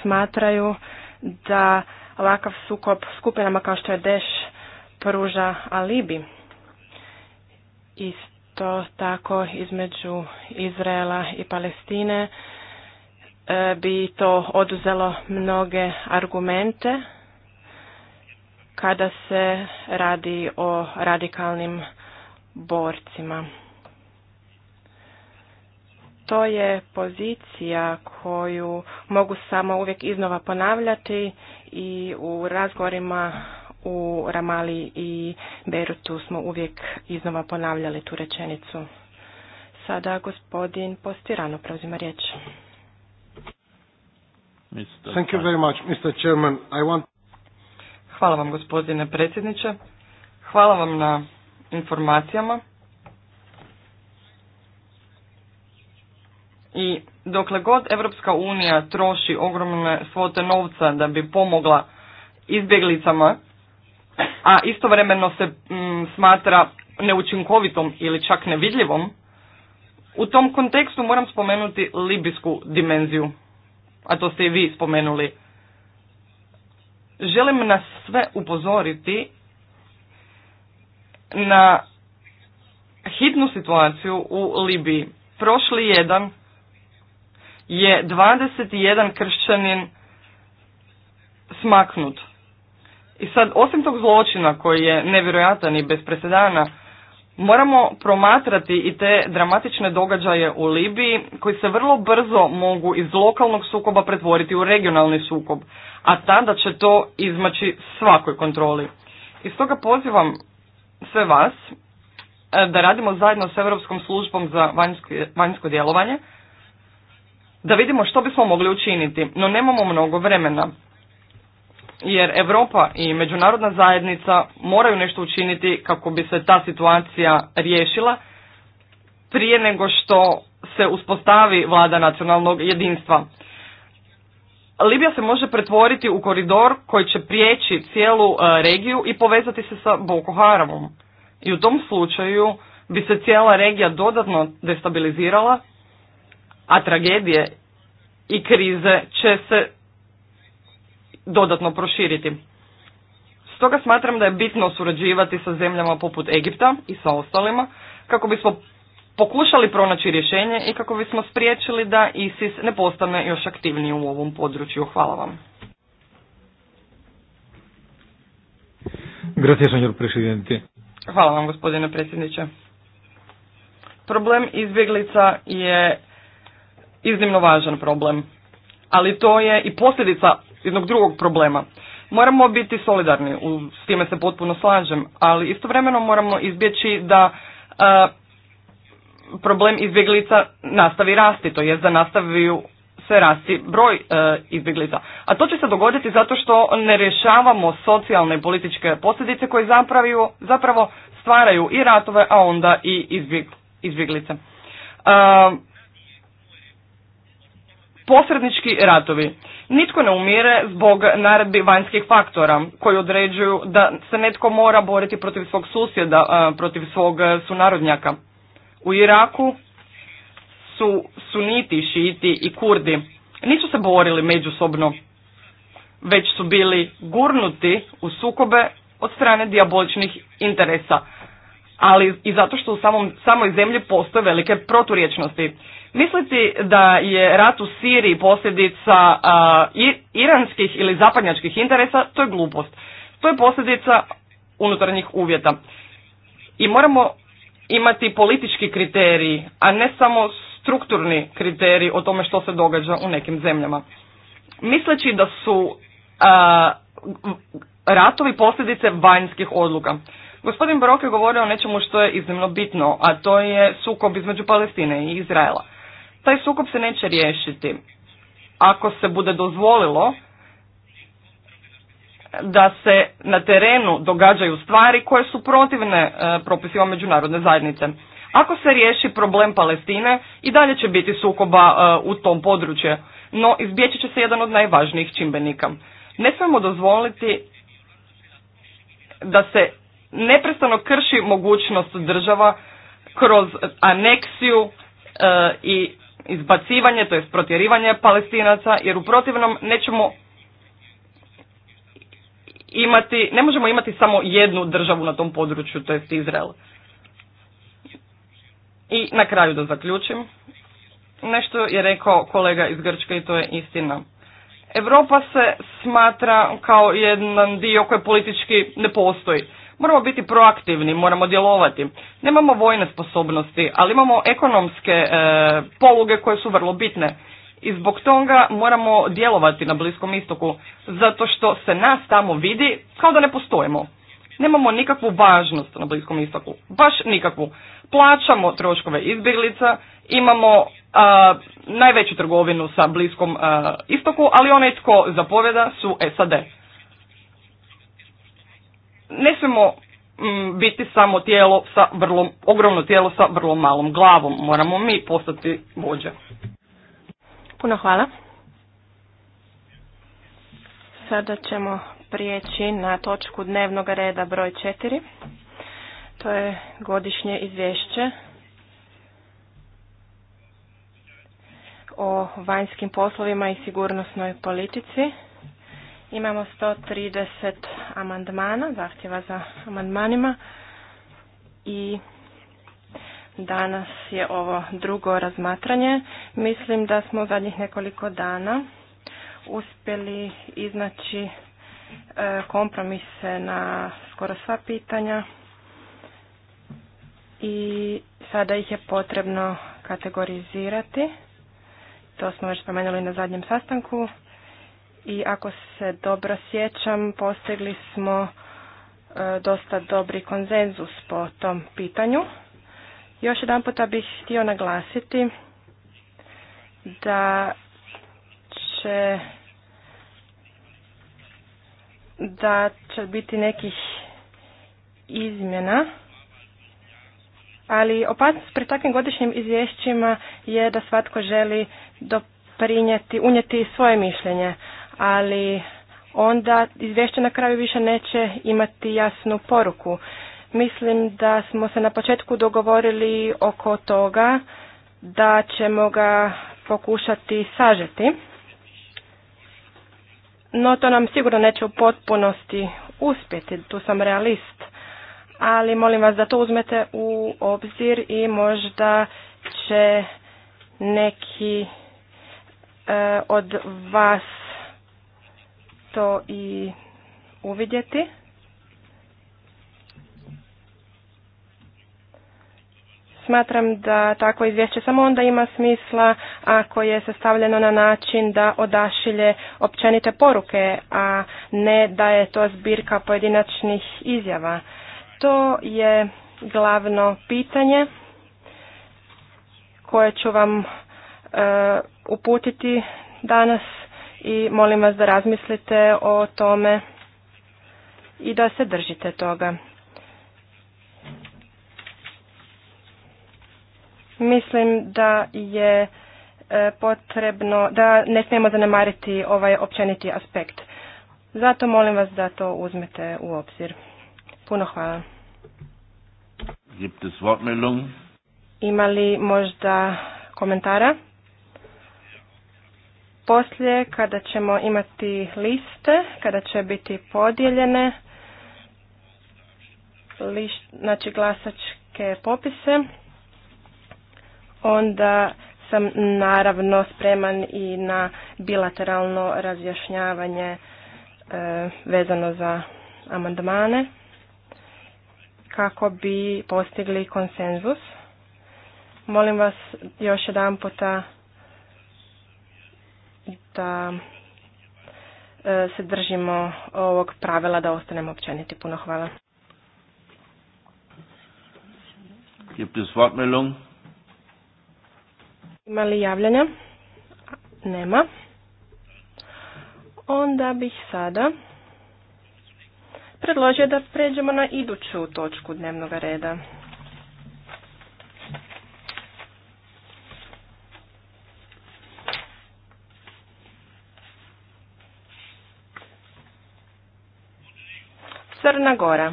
smatraju da ovakav sukob skupinama kao što je Deš pruža alibi. Isto tako između Izraela i Palestine e, bi to oduzelo mnoge argumente kada se radi o radikalnim borcima to je pozicija koju mogu samo uvijek iznova ponavljati i u razgovorima u Ramali i Berutu smo uvijek iznova ponavljali tu rečenicu. Sada gospodin Postirano preuzima riječ. Hvala vam gospodine predsjedniče. Hvala vam na informacijama. I dokle god Europska unija troši ogromne svote novca da bi pomogla izbjeglicama, a istovremeno se mm, smatra neučinkovitom ili čak nevidljivom, u tom kontekstu moram spomenuti libijsku dimenziju, a to ste i vi spomenuli. Želim nas sve upozoriti na hitnu situaciju u Libiji. Prošli jedan je 21 kršćanin smaknut. I sad, osim tog zločina koji je nevjerojatan i bez presedana, moramo promatrati i te dramatične događaje u Libiji koji se vrlo brzo mogu iz lokalnog sukoba pretvoriti u regionalni sukob, a tada će to izmaći svakoj kontroli. I stoga pozivam sve vas e, da radimo zajedno s Europskom službom za vanjsko, vanjsko djelovanje, da vidimo što bismo mogli učiniti, no nemamo mnogo vremena. Jer Europa i međunarodna zajednica moraju nešto učiniti kako bi se ta situacija riješila prije nego što se uspostavi vlada nacionalnog jedinstva. Libija se može pretvoriti u koridor koji će prijeći cijelu e, regiju i povezati se sa Boko I u tom slučaju bi se cijela regija dodatno destabilizirala a tragedije i krize će se dodatno proširiti. Stoga smatram da je bitno surađivati sa zemljama poput Egipta i sa ostalima kako bismo pokušali pronaći rješenje i kako bismo spriječili da ISIS ne postane još aktivniji u ovom području. Hvala vam. Hvala vam gospodine predsjedniče. Problem izbjeglica je iznimno važan problem. Ali to je i posljedica jednog drugog problema. Moramo biti solidarni, s time se potpuno slažem, ali istovremeno moramo izbjeći da e, problem izbjeglica nastavi rasti, to jest da nastaviju se rasti broj e, izbjeglica. A to će se dogoditi zato što ne rješavamo socijalne i političke posljedice koje zapravo stvaraju i ratove, a onda i izbjeg, izbjeglice. E, posrednički ratovi. Nitko ne umire zbog naredbi vanjskih faktora koji određuju da se netko mora boriti protiv svog susjeda, protiv svog e, sunarodnjaka. U Iraku su suniti, šiti i kurdi. Nisu se borili međusobno, već su bili gurnuti u sukobe od strane diaboličnih interesa, ali i zato što u samom, samoj zemlji postoje velike proturječnosti. Misliti da je rat u Siriji posljedica iranskih ili zapadnjačkih interesa, to je glupost. To je posljedica unutarnjih uvjeta. I moramo imati politički kriteriji, a ne samo strukturni kriteriji o tome što se događa u nekim zemljama. Misleći da su ratovi posljedice vanjskih odluka. Gospodin Barok je govorio o nečemu što je iznimno bitno, a to je sukob između Palestine i Izraela. Taj sukob se neće riješiti ako se bude dozvolilo da se na terenu događaju stvari koje su protivne e, propisima međunarodne zajednice. Ako se riješi problem Palestine i dalje će biti sukoba e, u tom području, no izbjeći će se jedan od najvažnijih čimbenika. Ne smijemo dozvoliti da se neprestano krši mogućnost država kroz aneksiju e, i izbacivanje, to je protjerivanje palestinaca, jer u protivnom nećemo imati, ne možemo imati samo jednu državu na tom području, to jest Izrael. I na kraju da zaključim, nešto je rekao kolega iz Grčke i to je istina. Europa se smatra kao jedan dio koji politički ne postoji. Moramo biti proaktivni, moramo djelovati. Nemamo vojne sposobnosti, ali imamo ekonomske e, poluge koje su vrlo bitne. I zbog toga moramo djelovati na Bliskom istoku, zato što se nas tamo vidi kao da ne postojimo. Nemamo nikakvu važnost na Bliskom istoku, baš nikakvu. Plaćamo troškove izbjeglica, imamo najveću trgovinu sa Bliskom istoku, ali onaj tko zapovjeda su SAD ne smijemo mm, biti samo tijelo sa vrlo, ogromno tijelo sa vrlo malom glavom. Moramo mi postati vođe. Puno hvala. Sada ćemo prijeći na točku dnevnog reda broj četiri. To je godišnje izvješće o vanjskim poslovima i sigurnosnoj politici. Imamo 130 amandmana, zahtjeva za amandmanima i danas je ovo drugo razmatranje. Mislim da smo u zadnjih nekoliko dana uspjeli iznaći e, kompromise na skoro sva pitanja i sada ih je potrebno kategorizirati. To smo već spomenuli na zadnjem sastanku i ako se dobro sjećam postigli smo e, dosta dobri konzenzus po tom pitanju. Još jedan puta bih htio naglasiti da će da će biti nekih izmjena, ali opasnost pri takvim godišnjim izvješćima je da svatko želi doprinijeti, unijeti svoje mišljenje ali onda izvješće na kraju više neće imati jasnu poruku. Mislim da smo se na početku dogovorili oko toga da ćemo ga pokušati sažeti. No to nam sigurno neće u potpunosti uspjeti, tu sam realist. Ali molim vas da to uzmete u obzir i možda će neki e, od vas to i uvidjeti. Smatram da takvo izvješće samo onda ima smisla ako je sastavljeno na način da odašilje općenite poruke, a ne da je to zbirka pojedinačnih izjava. To je glavno pitanje koje ću vam uh, uputiti danas i molim vas da razmislite o tome i da se držite toga. Mislim da je e, potrebno, da ne smijemo zanemariti ovaj općeniti aspekt. Zato molim vas da to uzmete u obzir. Puno hvala. Gibt Ima li možda komentara? Poslije, kada ćemo imati liste, kada će biti podijeljene, znači glasačke popise, onda sam naravno spreman i na bilateralno razjašnjavanje e, vezano za amandmane kako bi postigli konsenzus. Molim vas još jedan puta da e, se držimo ovog pravila da ostanemo općeniti. Puno hvala. Ima li javljanja? Nema. Onda bih sada predložio da pređemo na iduću točku dnevnog reda. Crna Gora.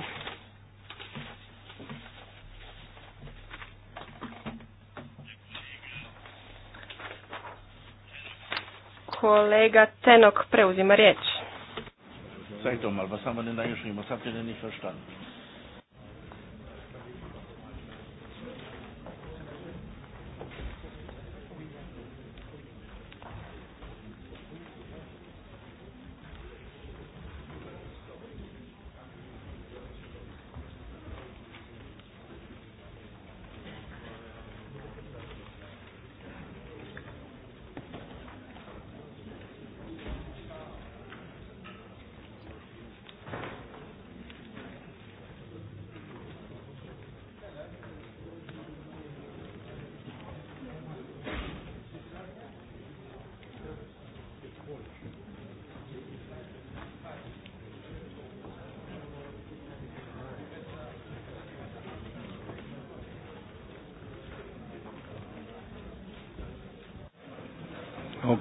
Kolega Tenok preuzima riječ. Zajtom, ali mal, pa samo haben denn da geschrieben? Was verstanden?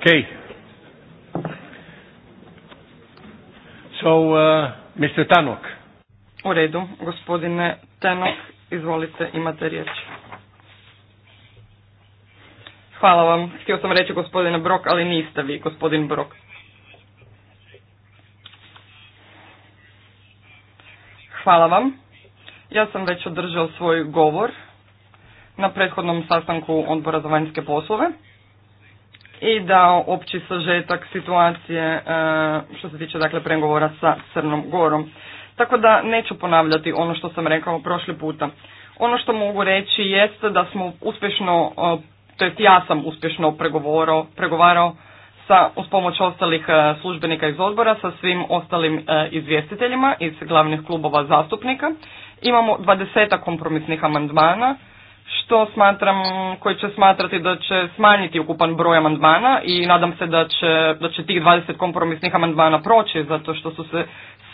Okay. So, uh, Mr. Tanok. U redu, gospodine Tanok, izvolite, imate riječ. Hvala vam. Htio sam reći gospodine Brok, ali niste vi, gospodin Brok. Hvala vam. Ja sam već održao svoj govor na prethodnom sastanku odbora za vanjske poslove i dao opći sažetak situacije e, što se tiče dakle pregovora sa Crnom Gorom. Tako da neću ponavljati ono što sam rekao prošli puta. Ono što mogu reći jest da smo uspješno, e, to jest ja sam uspješno pregovorao, pregovarao sa, uz pomoć ostalih e, službenika iz odbora, sa svim ostalim izvjestiteljima iz glavnih klubova zastupnika. Imamo dvadesetak kompromisnih amandmana što smatram, koji će smatrati da će smanjiti ukupan broj amandmana i nadam se da će, da će tih 20 kompromisnih amandmana proći zato što su se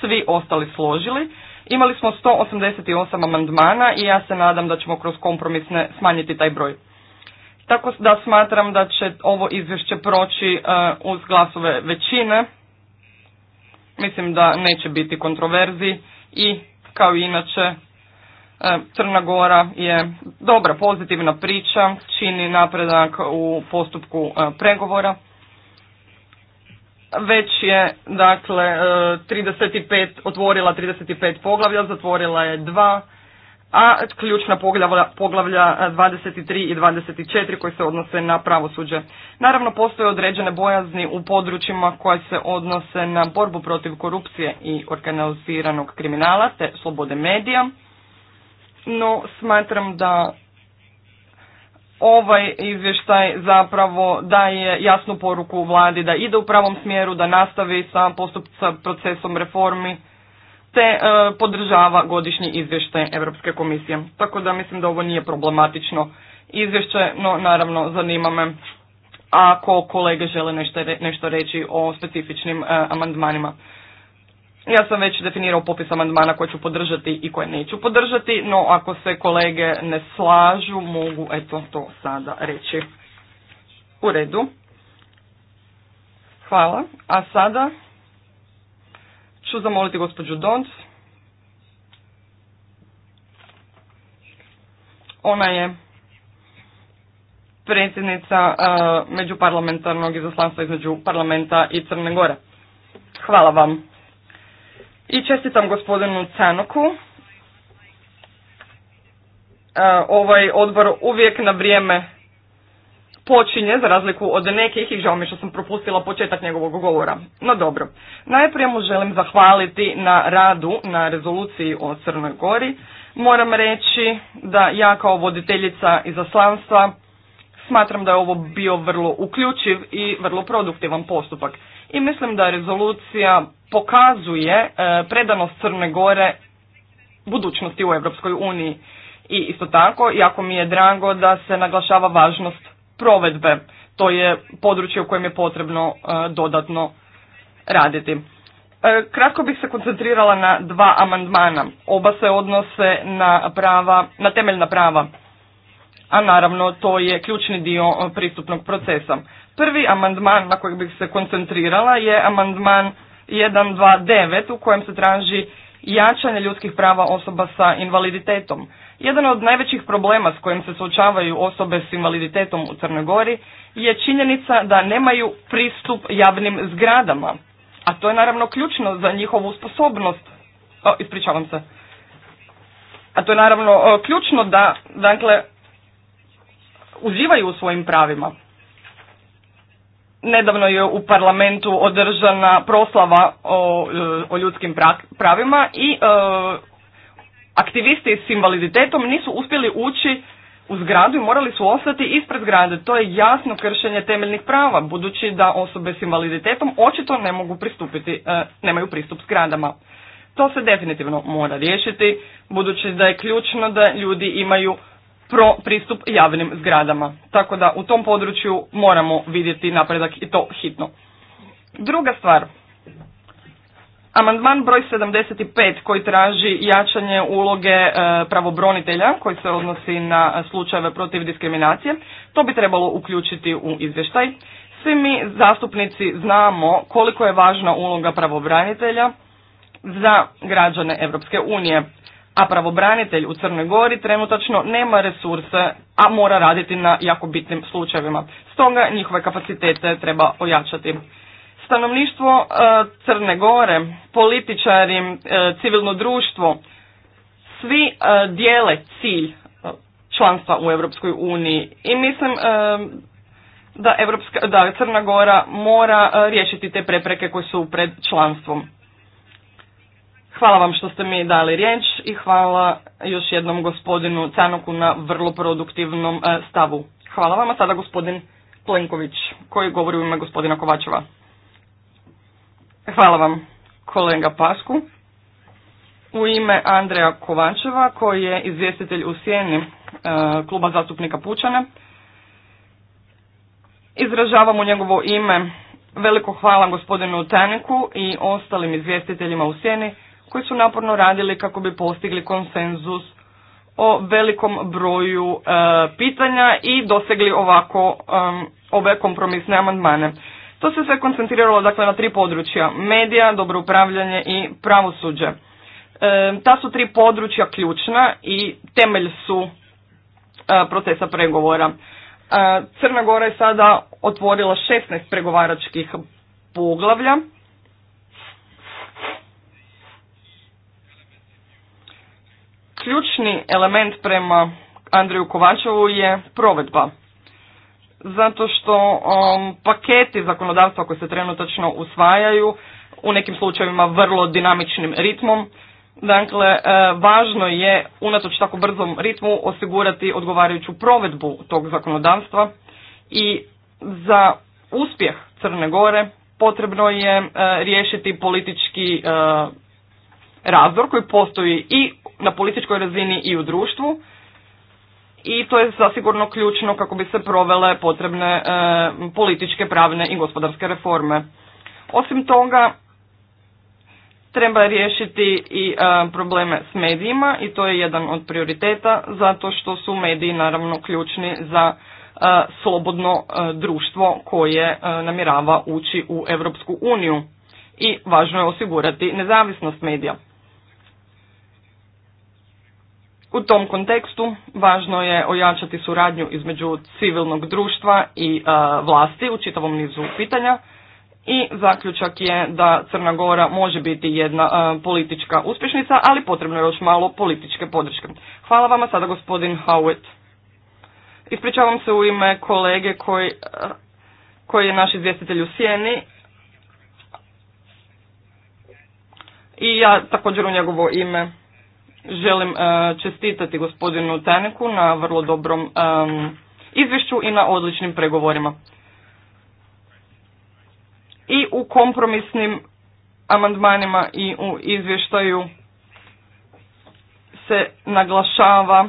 svi ostali složili. Imali smo 188 amandmana i ja se nadam da ćemo kroz kompromisne smanjiti taj broj. Tako da smatram da će ovo izvješće proći e, uz glasove većine. Mislim da neće biti kontroverzi i kao inače E, Crna Gora je dobra pozitivna priča, čini napredak u postupku e, pregovora. Već je dakle 35, e, otvorila 35 poglavlja, zatvorila je dva, a ključna poglavlja, poglavlja 23 i 24 koji se odnose na pravosuđe. Naravno postoje određene bojazni u područjima koja se odnose na borbu protiv korupcije i organiziranog kriminala te slobode medija no smatram da ovaj izvještaj zapravo daje jasnu poruku vladi da ide u pravom smjeru, da nastavi sa, postup, procesom reformi te e, podržava godišnji izvještaj Europske komisije. Tako da mislim da ovo nije problematično izvješće, no naravno zanima me ako kolege žele nešto, nešto reći o specifičnim e, amandmanima. Ja sam već definirao popis amandmana koje ću podržati i koje neću podržati, no ako se kolege ne slažu, mogu eto to sada reći. U redu. Hvala. A sada ću zamoliti gospođu Donc. Ona je predsjednica međuparlamentarnog izaslanstva između parlamenta i Crne Gore. Hvala vam. I čestitam gospodinu Canoku. E, ovaj odbor uvijek na vrijeme počinje, za razliku od nekih, i žao mi što sam propustila početak njegovog govora. No dobro, najprije mu želim zahvaliti na radu, na rezoluciji o Crnoj Gori. Moram reći da ja kao voditeljica izaslanstva smatram da je ovo bio vrlo uključiv i vrlo produktivan postupak i mislim da rezolucija pokazuje e, predanost Crne Gore budućnosti u Europskoj uniji. I isto tako, jako mi je drago da se naglašava važnost provedbe. To je područje u kojem je potrebno e, dodatno raditi. E, kratko bih se koncentrirala na dva amandmana. Oba se odnose na, prava, na temeljna prava, a naravno to je ključni dio pristupnog procesa. Prvi amandman na kojeg bih se koncentrirala je amandman 129 u kojem se traži jačanje ljudskih prava osoba sa invaliditetom. Jedan od najvećih problema s kojim se suočavaju osobe s invaliditetom u Crnoj Gori je činjenica da nemaju pristup javnim zgradama, a to je naravno ključno za njihovu sposobnost. O, ispričavam se. A to je naravno ključno da, dakle, uživaju u svojim pravima. Nedavno je u parlamentu održana proslava o, e, ljudskim pravima i e, aktivisti s invaliditetom nisu uspjeli ući u zgradu i morali su ostati ispred zgrade. To je jasno kršenje temeljnih prava, budući da osobe s invaliditetom očito ne mogu pristupiti, e, nemaju pristup zgradama. To se definitivno mora riješiti, budući da je ključno da ljudi imaju pro pristup javnim zgradama. Tako da u tom području moramo vidjeti napredak i to hitno. Druga stvar, Amandman broj 75 koji traži jačanje uloge e, pravobronitelja koji se odnosi na slučajeve protiv diskriminacije, to bi trebalo uključiti u izvještaj. Svi mi zastupnici znamo koliko je važna uloga pravobranitelja za građane Europske unije a pravobranitelj u Crnoj Gori trenutačno nema resurse, a mora raditi na jako bitnim slučajevima. Stoga njihove kapacitete treba ojačati. Stanovništvo e, Crne Gore, političari, e, civilno društvo, svi e, dijele cilj članstva u Europskoj uniji i mislim da, Evropska, da Crna Gora mora riješiti te prepreke koje su pred članstvom. Hvala vam što ste mi dali riječ i hvala još jednom gospodinu Canoku na vrlo produktivnom e, stavu. Hvala vam, a sada gospodin Plenković koji govori u ime gospodina Kovačeva. Hvala vam kolega Pasku. U ime Andreja Kovačeva koji je izvjestitelj u sjeni e, kluba zastupnika Pučane. Izražavam u njegovo ime veliko hvala gospodinu Taniku i ostalim izvjestiteljima u sjeni koji su naporno radili kako bi postigli konsenzus o velikom broju e, pitanja i dosegli ovako ove kompromisne amandmane. To se sve koncentriralo dakle na tri područja: medija, dobro upravljanje i pravosuđe. E, ta su tri područja ključna i temelj su e, procesa pregovora. Crna Gora je sada otvorila 16 pregovaračkih poglavlja Ključni element prema Andreju Kovačevu je provedba. Zato što um, paketi zakonodavstva koji se trenutačno usvajaju u nekim slučajevima vrlo dinamičnim ritmom. Dakle, e, važno je unatoč tako brzom ritmu osigurati odgovarajuću provedbu tog zakonodavstva i za uspjeh Crne Gore potrebno je e, riješiti politički e, razdor koji postoji i na političkoj razini i u društvu i to je zasigurno ključno kako bi se provele potrebne e, političke, pravne i gospodarske reforme. Osim toga, treba riješiti i e, probleme s medijima i to je jedan od prioriteta zato što su mediji naravno ključni za e, slobodno društvo koje namjerava ući u Europsku uniju i važno je osigurati nezavisnost medija. U tom kontekstu važno je ojačati suradnju između civilnog društva i e, vlasti u čitavom nizu pitanja i zaključak je da Crna Gora može biti jedna e, politička uspješnica, ali potrebno je još malo političke podrške. Hvala vama sada gospodin Howitt. Ispričavam se u ime kolege koji, e, koji je naš izvjestitelj u Sjeni. I ja također u njegovo ime. Želim e, čestitati gospodinu Taneku na vrlo dobrom izvješću i na odličnim pregovorima. I u kompromisnim amandmanima i u izvještaju se naglašava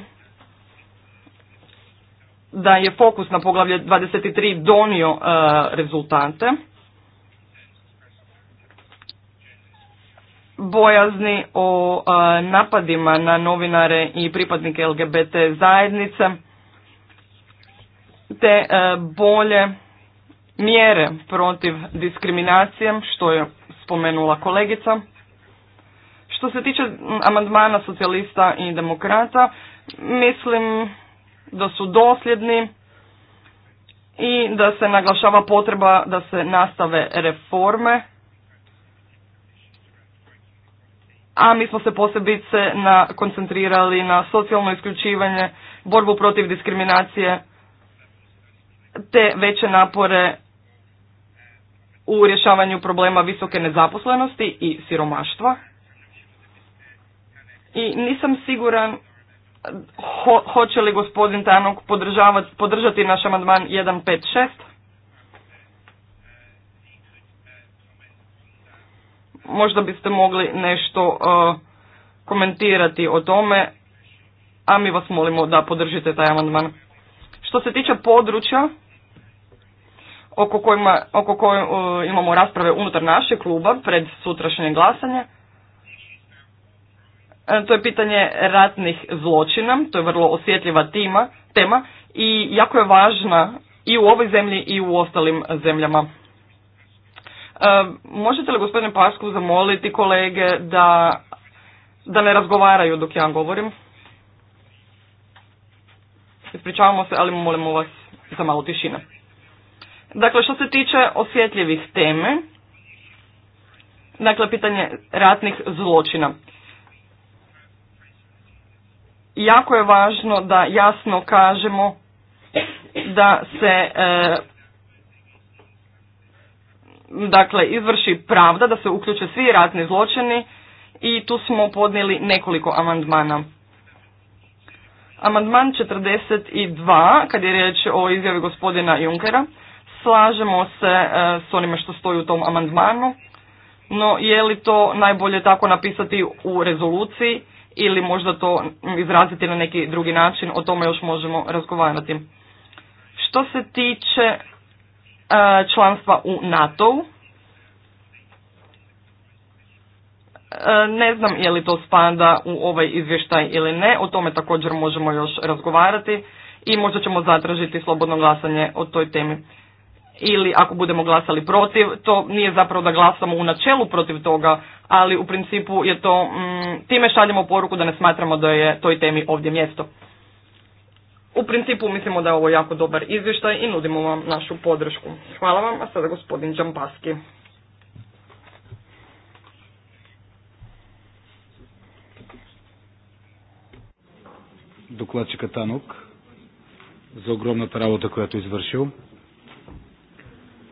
da je fokus na poglavlje 23 donio e, rezultate bojazni o napadima na novinare i pripadnike LGBT zajednice, te bolje mjere protiv diskriminacije, što je spomenula kolegica. Što se tiče amandmana socijalista i demokrata, mislim da su dosljedni i da se naglašava potreba da se nastave reforme a mi smo se posebice na, koncentrirali na socijalno isključivanje, borbu protiv diskriminacije, te veće napore u rješavanju problema visoke nezaposlenosti i siromaštva. I nisam siguran hoće li gospodin Tanok podržati naš amandman 156 možda biste mogli nešto e, komentirati o tome, a mi vas molimo da podržite taj amandman. Što se tiče područja oko, koje e, imamo rasprave unutar našeg kluba pred sutrašnje glasanje, e, to je pitanje ratnih zločina, to je vrlo osjetljiva tima, tema i jako je važna i u ovoj zemlji i u ostalim zemljama. E, možete li gospodine Pasku zamoliti kolege da, da ne razgovaraju dok ja govorim? Ispričavamo se, ali molimo vas za malo tišine. Dakle, što se tiče osjetljivih teme, dakle, pitanje ratnih zločina. Jako je važno da jasno kažemo da se e, dakle izvrši pravda, da se uključe svi ratni zločini i tu smo podnijeli nekoliko amandmana. Amandman 42, kad je riječ o izjavi gospodina Junkera, slažemo se e, s onime što stoji u tom amandmanu, no je li to najbolje tako napisati u rezoluciji ili možda to izraziti na neki drugi način, o tome još možemo razgovarati. Što se tiče E, članstva u NATO-u. E, ne znam je li to spada u ovaj izvještaj ili ne, o tome također možemo još razgovarati i možda ćemo zatražiti slobodno glasanje o toj temi. Ili ako budemo glasali protiv, to nije zapravo da glasamo u načelu protiv toga, ali u principu je to, mm, time šaljemo poruku da ne smatramo da je toj temi ovdje mjesto. U principu mislimo da je ovo jako dobar izvještaj i nudimo vam našu podršku. Hvala vam, a sada gospodin Đampaski. докладчика Танок за огромната работа, която извършил.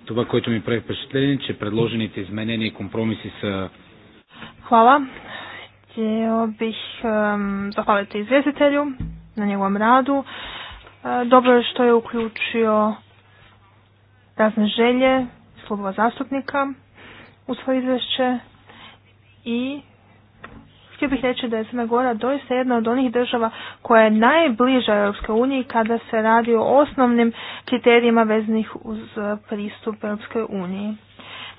Това, което mi pravi впечатление, че предложените изменения и компромиси са... Hvala, Htio bih ehm, zahvaliti izvjestitelju na njegovom radu. E, dobro je što je uključio razne želje slobova zastupnika u svoje izvješće i htio bih reći da je Crna Gora doista jedna od onih država koja je najbliža Europske uniji kada se radi o osnovnim kriterijima veznih uz pristup europske uniji.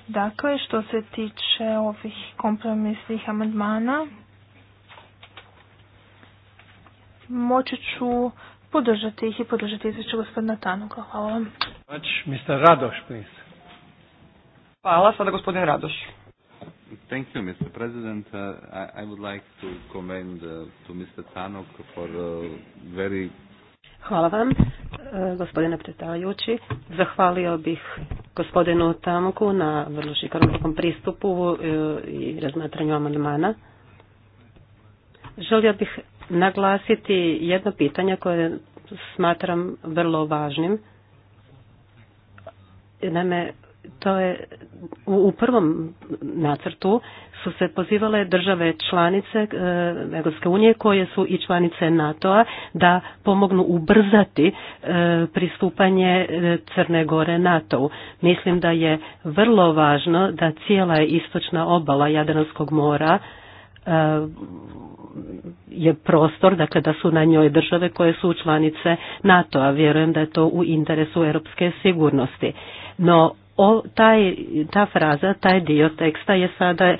Dakle, što se tiče ovih kompromisnih amandmana, moći ću podržati ih i podržati izveću gospodina Tanuka. Hvala vam. Znači, Mr. Radoš, please. Hvala, sada gospodin Radoš. Thank you, Mr. President. Uh, I, I would like to commend uh, to Mr. Tanok for uh, very... Hvala vam, uh, gospodine predsjedavajući. Zahvalio bih gospodinu Tamoku na vrlo šikarnom pristupu uh, i razmatranju amandmana. Želio bih naglasiti jedno pitanje koje smatram vrlo važnim. Naime, to je u prvom nacrtu su se pozivale države članice Europske unije koje su i članice NATO-a da pomognu ubrzati e, pristupanje e, Crne Gore NATO-u. Mislim da je vrlo važno da cijela istočna obala Jadranskog mora E, je prostor, dakle da su na njoj države koje su članice NATO-a. Vjerujem da je to u interesu europske sigurnosti. No o, taj, ta fraza, taj dio teksta je sada e,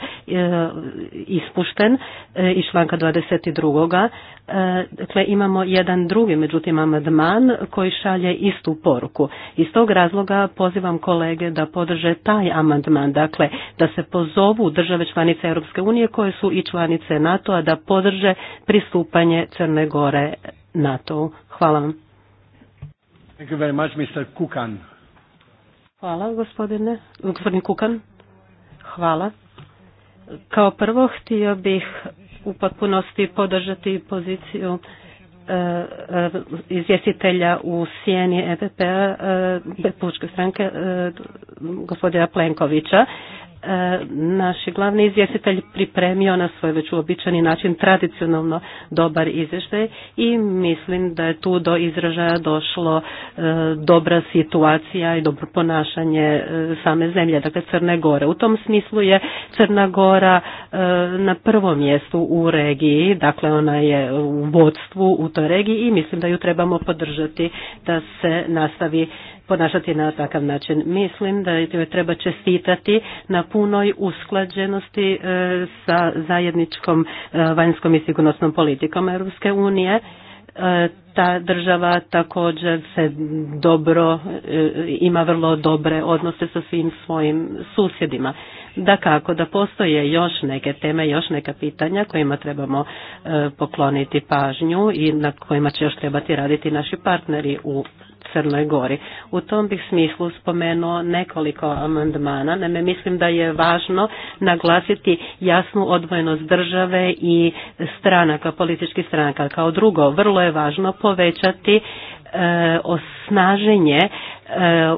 ispušten e, iz članka 22. E, dakle, imamo jedan drugi, međutim, amandman koji šalje istu poruku. Iz tog razloga pozivam kolege da podrže taj amandman, dakle, da se pozovu države članice Europske unije koje su i članice NATO-a da podrže pristupanje Crne Gore nato Hvala vam. Thank you Kukan. Hvala gospodine, gospodin Kukan. Hvala. Kao prvo htio bih u potpunosti podržati poziciju e, e, izvjestitelja u sjeni EPP-a e, Pučke stranke gospodina Plenkovića naš je glavni izvjestitelj pripremio na svoj već uobičajeni način tradicionalno dobar izvještaj i mislim da je tu do izražaja došlo e, dobra situacija i dobro ponašanje e, same zemlje, dakle Crne Gore. U tom smislu je Crna Gora e, na prvom mjestu u regiji, dakle ona je u vodstvu u toj regiji i mislim da ju trebamo podržati da se nastavi ponašati na takav način. Mislim da joj treba čestitati na punoj usklađenosti e, sa zajedničkom e, vanjskom i sigurnosnom politikom Europske unije e, ta država također se dobro, ima vrlo dobre odnose sa svim svojim susjedima. Da kako, da postoje još neke teme, još neka pitanja kojima trebamo pokloniti pažnju i na kojima će još trebati raditi naši partneri u Crnoj Gori. U tom bih smislu spomenuo nekoliko amandmana. Naime, mislim da je važno naglasiti jasnu odvojenost države i stranaka, političkih stranaka. Kao drugo, vrlo je važno povećati e, osnaženje e,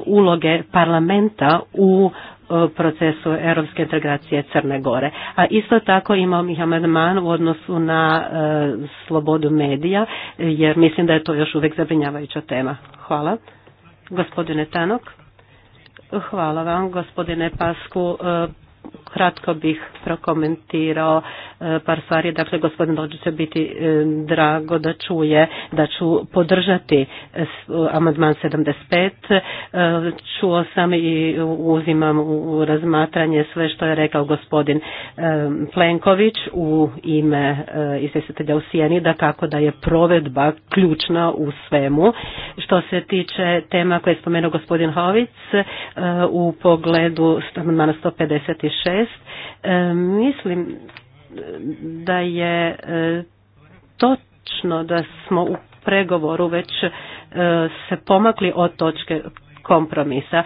uloge parlamenta u procesu europske integracije Crne Gore. A isto tako imam i amandman u odnosu na e, slobodu medija, jer mislim da je to još uvijek zabrinjavajuća tema. Hvala. Gospodine Tanok. Hvala vam, gospodine Pasku. E, kratko bih prokomentirao e, par stvari. Dakle, gospodin Dođu će biti e, drago da čuje da ću podržati e, amandman 75. Čuo sam i uzimam u razmatranje sve što je rekao gospodin Plenković u ime izvjestitelja u Sijeni, da kako da je provedba ključna u svemu. Što se tiče tema koje je spomenuo gospodin Hovic, u pogledu amandmana 156 E, mislim da je e, točno da smo u pregovoru već e, se pomakli od točke kompromisa.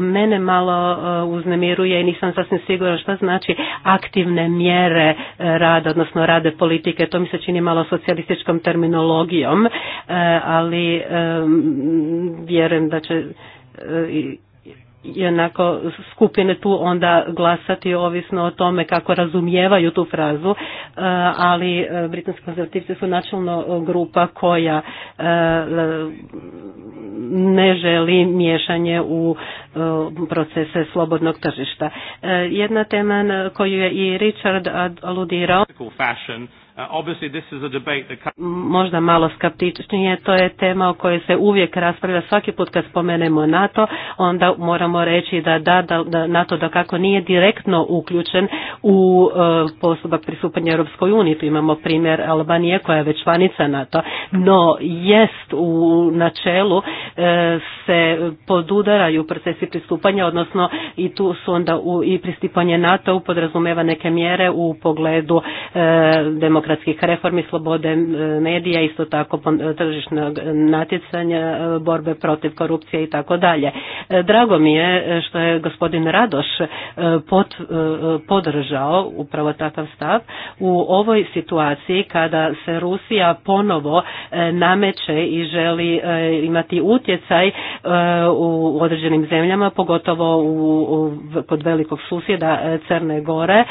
Mene malo uznemiruje i nisam sasvim sigurna šta znači aktivne mjere rada, odnosno rade politike. To mi se čini malo socijalističkom terminologijom, ali vjerujem da će jednako skupine tu onda glasati ovisno o tome kako razumijevaju tu frazu, e, ali e, britanski konzervativci su načelno grupa koja e, ne želi miješanje u procese slobodnog tržišta. Jedna tema na koju je i Richard aludirao Uh, možda malo skaptičnije, to je tema o kojoj se uvijek raspravlja. Svaki put kad spomenemo NATO, onda moramo reći da, da, da NATO da kako nije direktno uključen u uh, postupak pristupanja Europskoj uniji. Tu imamo primjer Albanije koja je već članica NATO, no jest u načelu uh, se podudaraju procesi pristupanja, odnosno i tu su onda i pristupanje NATO podrazumeva neke mjere u pogledu demokracije demokratskih reformi, slobode medija, isto tako tržišnog natjecanja, e, borbe protiv korupcije i tako dalje. E, drago mi je što je gospodin Radoš e, podržao upravo takav stav u ovoj situaciji kada se Rusija ponovo nameće i želi imati utjecaj u određenim zemljama, pogotovo u, pod velikog susjeda Crne Gore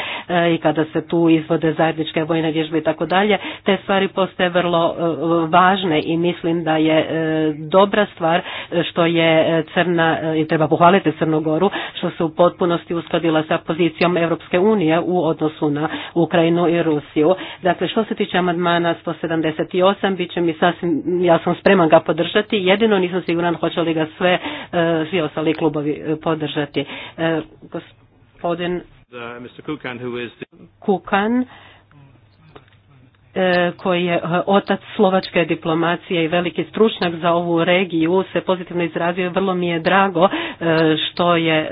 i kada se tu izvode zajedničke vojne vježbe tako dalje, te stvari postoje vrlo e, važne i mislim da je e, dobra stvar što je e, Crna, i treba pohvaliti Crnogoru, što se u potpunosti uskladila sa pozicijom Europske unije u odnosu na Ukrajinu i Rusiju. Dakle, što se tiče amandmana 178, bit će mi sasvim, ja sam spreman ga podržati, jedino nisam siguran hoće li ga sve, svi ostali klubovi podržati. Gospodin Kukan, E, koji je e, otac slovačke diplomacije i veliki stručnjak za ovu regiju se pozitivno izrazio i vrlo mi je drago e, što je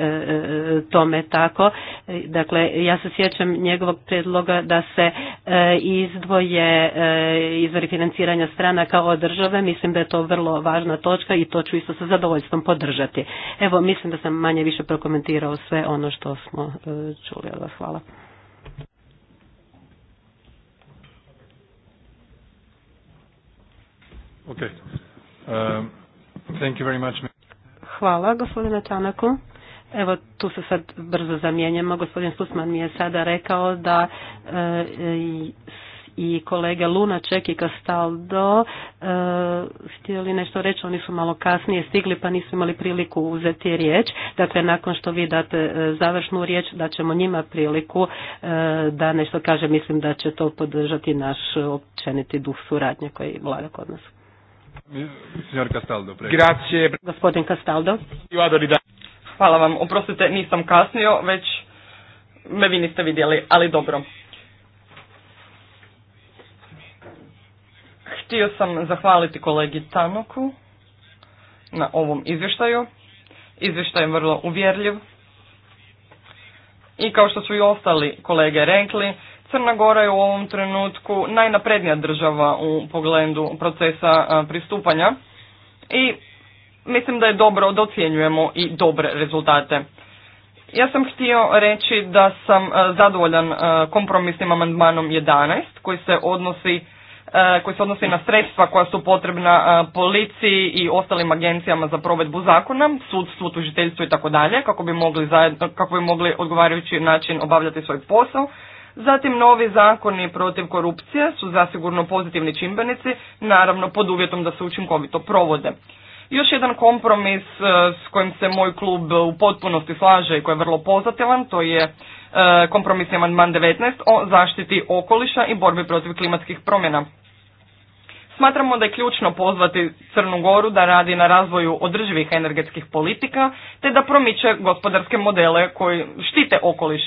tome tako. Dakle, ja se sjećam njegovog predloga da se izdvoje izvori financiranja strana kao države. Mislim da je to vrlo važna točka i to ću isto sa zadovoljstvom podržati. Evo, mislim da sam manje više prokomentirao sve ono što smo čuli Hvala. Um, Hvala gospodine Tanaku. Evo tu se sad brzo zamijenjamo. Gospodin Susman mi je sada rekao da e, i i kolege Lunaček i Castaldo e, htjeli nešto reći, oni su malo kasnije stigli pa nisu imali priliku uzeti riječ. Dakle, nakon što vi date e, završnu riječ, da ćemo njima priliku e, da nešto kaže. Mislim da će to podržati naš općeniti duh suradnje koji vlada kod nas. Signor Castaldo, prego. Grazie. Gospodin Castaldo. Hvala vam. Oprostite, nisam kasnio, već me vi niste vidjeli, ali dobro. Htio sam zahvaliti kolegi Tanoku na ovom izvještaju. Izvještaj je vrlo uvjerljiv. I kao što su i ostali kolege Renkli. Crna Gora je u ovom trenutku najnaprednija država u pogledu procesa pristupanja i mislim da je dobro da ocjenjujemo i dobre rezultate. Ja sam htio reći da sam zadovoljan kompromisnim amandmanom 11 koji se odnosi koji se odnosi na sredstva koja su potrebna policiji i ostalim agencijama za provedbu zakona, sudstvu, tužiteljstvu i tako dalje, kako bi mogli odgovarajući način obavljati svoj posao Zatim novi zakoni protiv korupcije su zasigurno pozitivni čimbenici, naravno pod uvjetom da se učinkovito provode. Još jedan kompromis e, s kojim se moj klub u potpunosti slaže i koji je vrlo pozitivan, to je e, kompromisni amandman 19 o zaštiti okoliša i borbi protiv klimatskih promjena. Smatramo da je ključno pozvati Crnu Goru da radi na razvoju održivih energetskih politika te da promiče gospodarske modele koji štite okoliš.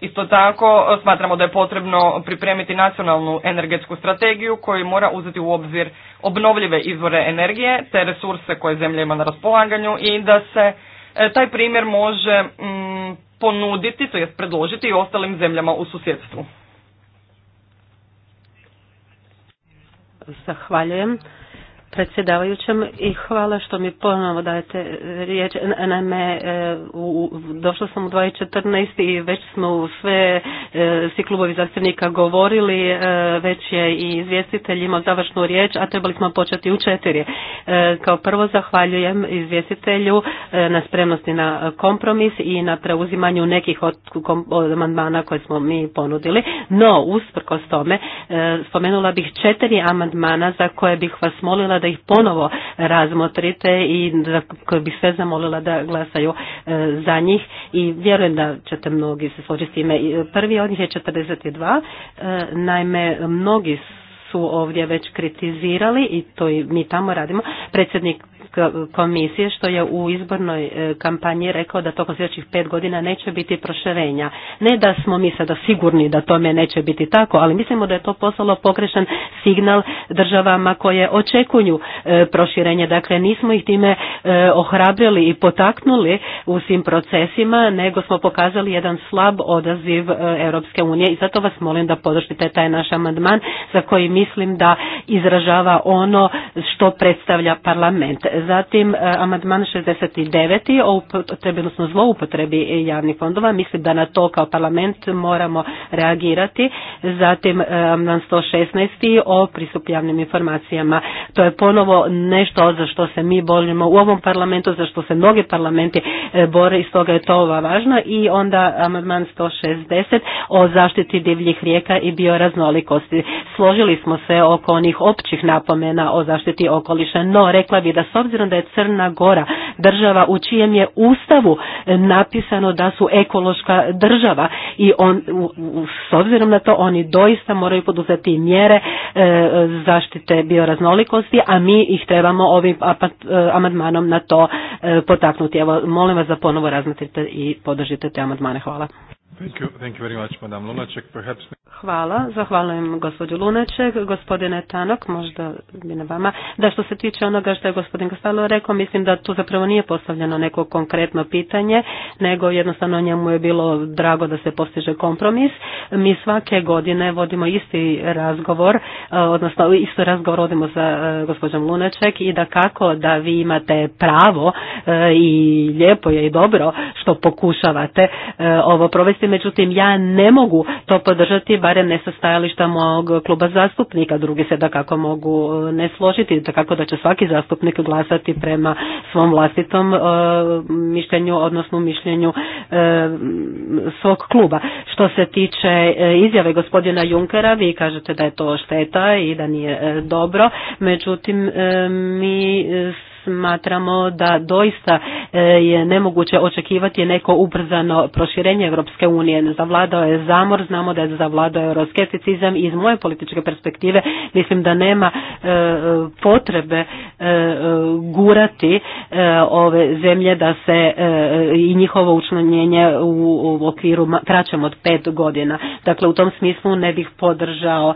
Isto tako smatramo da je potrebno pripremiti nacionalnu energetsku strategiju koju mora uzeti u obzir obnovljive izvore energije te resurse koje zemlja ima na raspolaganju i da se e, taj primjer može mm, ponuditi, to jest predložiti i ostalim zemljama u susjedstvu. Zahvaljujem predsjedavajućem i hvala što mi ponovo dajete riječ. Naime, e, došla sam u 2014. i već smo sve e, svi klubovi zastupnika govorili, e, već je i izvjestitelj imao završnu riječ, a trebali smo početi u četiri. Kao prvo zahvaljujem izvjestitelju na spremnosti na kompromis i na preuzimanju nekih od amandmana koje smo mi ponudili, no usprkos tome spomenula bih četiri amandmana za koje bih vas molila da ih ponovo razmotrite i da, koji bih sve zamolila da glasaju e, za njih i vjerujem da ćete mnogi se složiti s time. Prvi od njih je 42, e, naime mnogi su ovdje već kritizirali i to i mi tamo radimo. Predsjednik komisije što je u izbornoj e, kampanji rekao da tokom sljedećih pet godina neće biti proširenja. Ne da smo mi sada sigurni da tome neće biti tako, ali mislimo da je to poslalo pokrešan signal državama koje očekuju e, proširenje. Dakle, nismo ih time e, ohrabrili i potaknuli u svim procesima, nego smo pokazali jedan slab odaziv Europske unije i zato vas molim da podržite taj naš amandman za koji mislim da izražava ono što predstavlja parlament. Zatim e, amandman 69. o upotrebi, odnosno zloupotrebi javnih fondova, mislim da na to kao parlament moramo reagirati. Zatim e, amandman 116. o pristup javnim informacijama. To je ponovo nešto za što se mi borimo u ovom parlamentu, za što se mnogi parlamenti e, bore i stoga je to ova važno. I onda amandman 160 o zaštiti divljih rijeka i bioraznolikosti. Složili smo se oko onih općih napomena o zaštiti okoliša, no rekla bi da s obzirom da je Crna Gora država u čijem je ustavu napisano da su ekološka država i on, s obzirom na to oni doista moraju poduzeti mjere e, zaštite bioraznolikosti, a mi ih trebamo ovim e, amandmanom na to e, potaknuti. Evo, molim vas da ponovo razmotrite i podržite te amandmane. Hvala. Thank Hvala, zahvaljujem gospođu Lunaček. Gospodine Tanok, možda bi na vama. Da što se tiče onoga što je gospodin Kastalo rekao, mislim da tu zapravo nije postavljeno neko konkretno pitanje, nego jednostavno njemu je bilo drago da se postiže kompromis. Mi svake godine vodimo isti razgovor, e, odnosno isto razgovor vodimo sa e, gospođom Lunaček i da kako da vi imate pravo e, i lijepo je i dobro što pokušavate ovo provesti protesti, međutim ja ne mogu to podržati, barem ne sa stajališta mog kluba zastupnika, drugi se da kako mogu e, ne složiti, da kako da će svaki zastupnik glasati prema svom vlastitom e, mišljenju, odnosno mišljenju e, svog kluba. Što se tiče izjave gospodina Junkera, vi kažete da je to šteta i da nije dobro, međutim mi smatramo da doista e, je nemoguće očekivati neko ubrzano proširenje Europske unije. Zavladao je zamor, znamo da je zavladao euroskepticizam i iz moje političke perspektive mislim da nema e, potrebe e, gurati ove zemlje da se i njihovo učlanjenje u okviru kraćem od pet godina. Dakle, u tom smislu ne bih podržao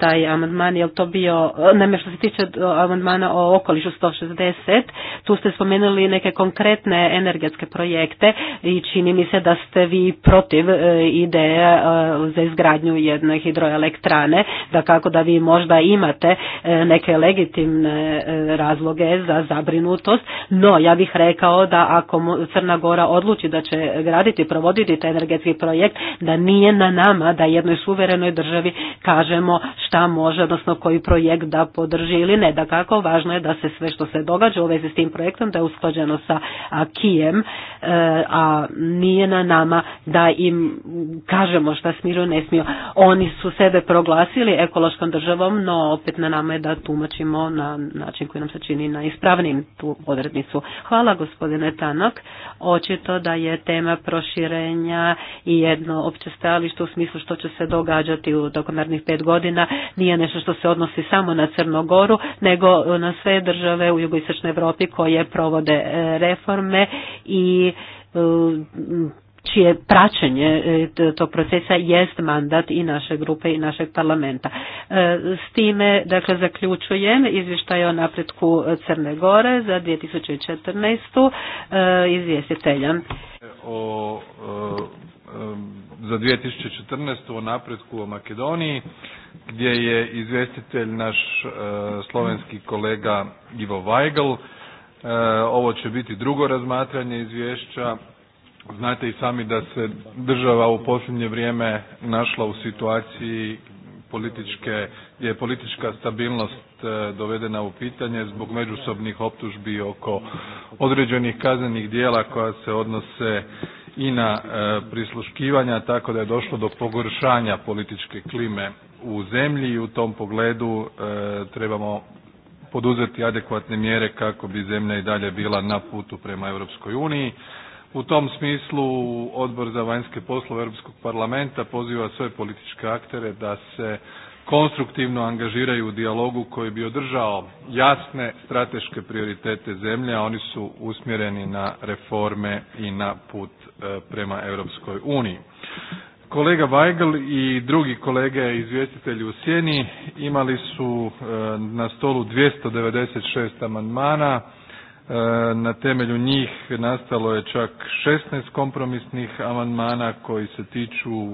taj amandman, jer to bio, naime što se tiče amandmana o okolišu 160, 2020. Tu ste spomenuli neke konkretne energetske projekte i čini mi se da ste vi protiv e, ideje e, za izgradnju jedne hidroelektrane, da kako da vi možda imate e, neke legitimne razloge za zabrinutost, no ja bih rekao da ako Crna Gora odluči da će graditi, i provoditi taj energetski projekt, da nije na nama da jednoj suverenoj državi kažemo šta može, odnosno koji projekt da podrži ili ne. Da kako, važno je da se sve što se događa događa u vezi s tim projektom, da je usklađeno sa Kijem, e, a nije na nama da im kažemo šta smiju ne smiju. Oni su sebe proglasili ekološkom državom, no opet na nama je da tumačimo na način koji nam se čini najispravnijim tu odrednicu. Hvala gospodine Tanok. Očito da je tema proširenja i jedno opće stajalište u smislu što će se događati u dokonarnih pet godina nije nešto što se odnosi samo na Crnogoru, nego na sve države u jugoistočnoj istočnoj koje provode e, reforme i e, čije praćenje e, tog procesa jest mandat i naše grupe i našeg parlamenta. S time, dakle, zaključujem izvještaj o napretku Crne Gore za 2014. izvjestitelja. o Um, za 2014. o napretku o Makedoniji, gdje je izvjestitelj naš uh, slovenski kolega Ivo Weigl. Uh, ovo će biti drugo razmatranje izvješća. Znate i sami da se država u posljednje vrijeme našla u situaciji političke, gdje je politička stabilnost uh, dovedena u pitanje zbog međusobnih optužbi oko određenih kaznenih dijela koja se odnose i na e, prisluškivanja, tako da je došlo do pogoršanja političke klime u zemlji i u tom pogledu e, trebamo poduzeti adekvatne mjere kako bi zemlja i dalje bila na putu prema Europskoj uniji. U tom smislu Odbor za vanjske poslove Europskog parlamenta poziva sve političke aktere da se konstruktivno angažiraju u dijalogu koji bi održao jasne strateške prioritete zemlje, a oni su usmjereni na reforme i na put e, prema Europskoj uniji. Kolega Weigl i drugi kolege izvjestitelji u Sjeni imali su e, na stolu 296 amandmana E, na temelju njih nastalo je čak 16 kompromisnih amandmana koji se tiču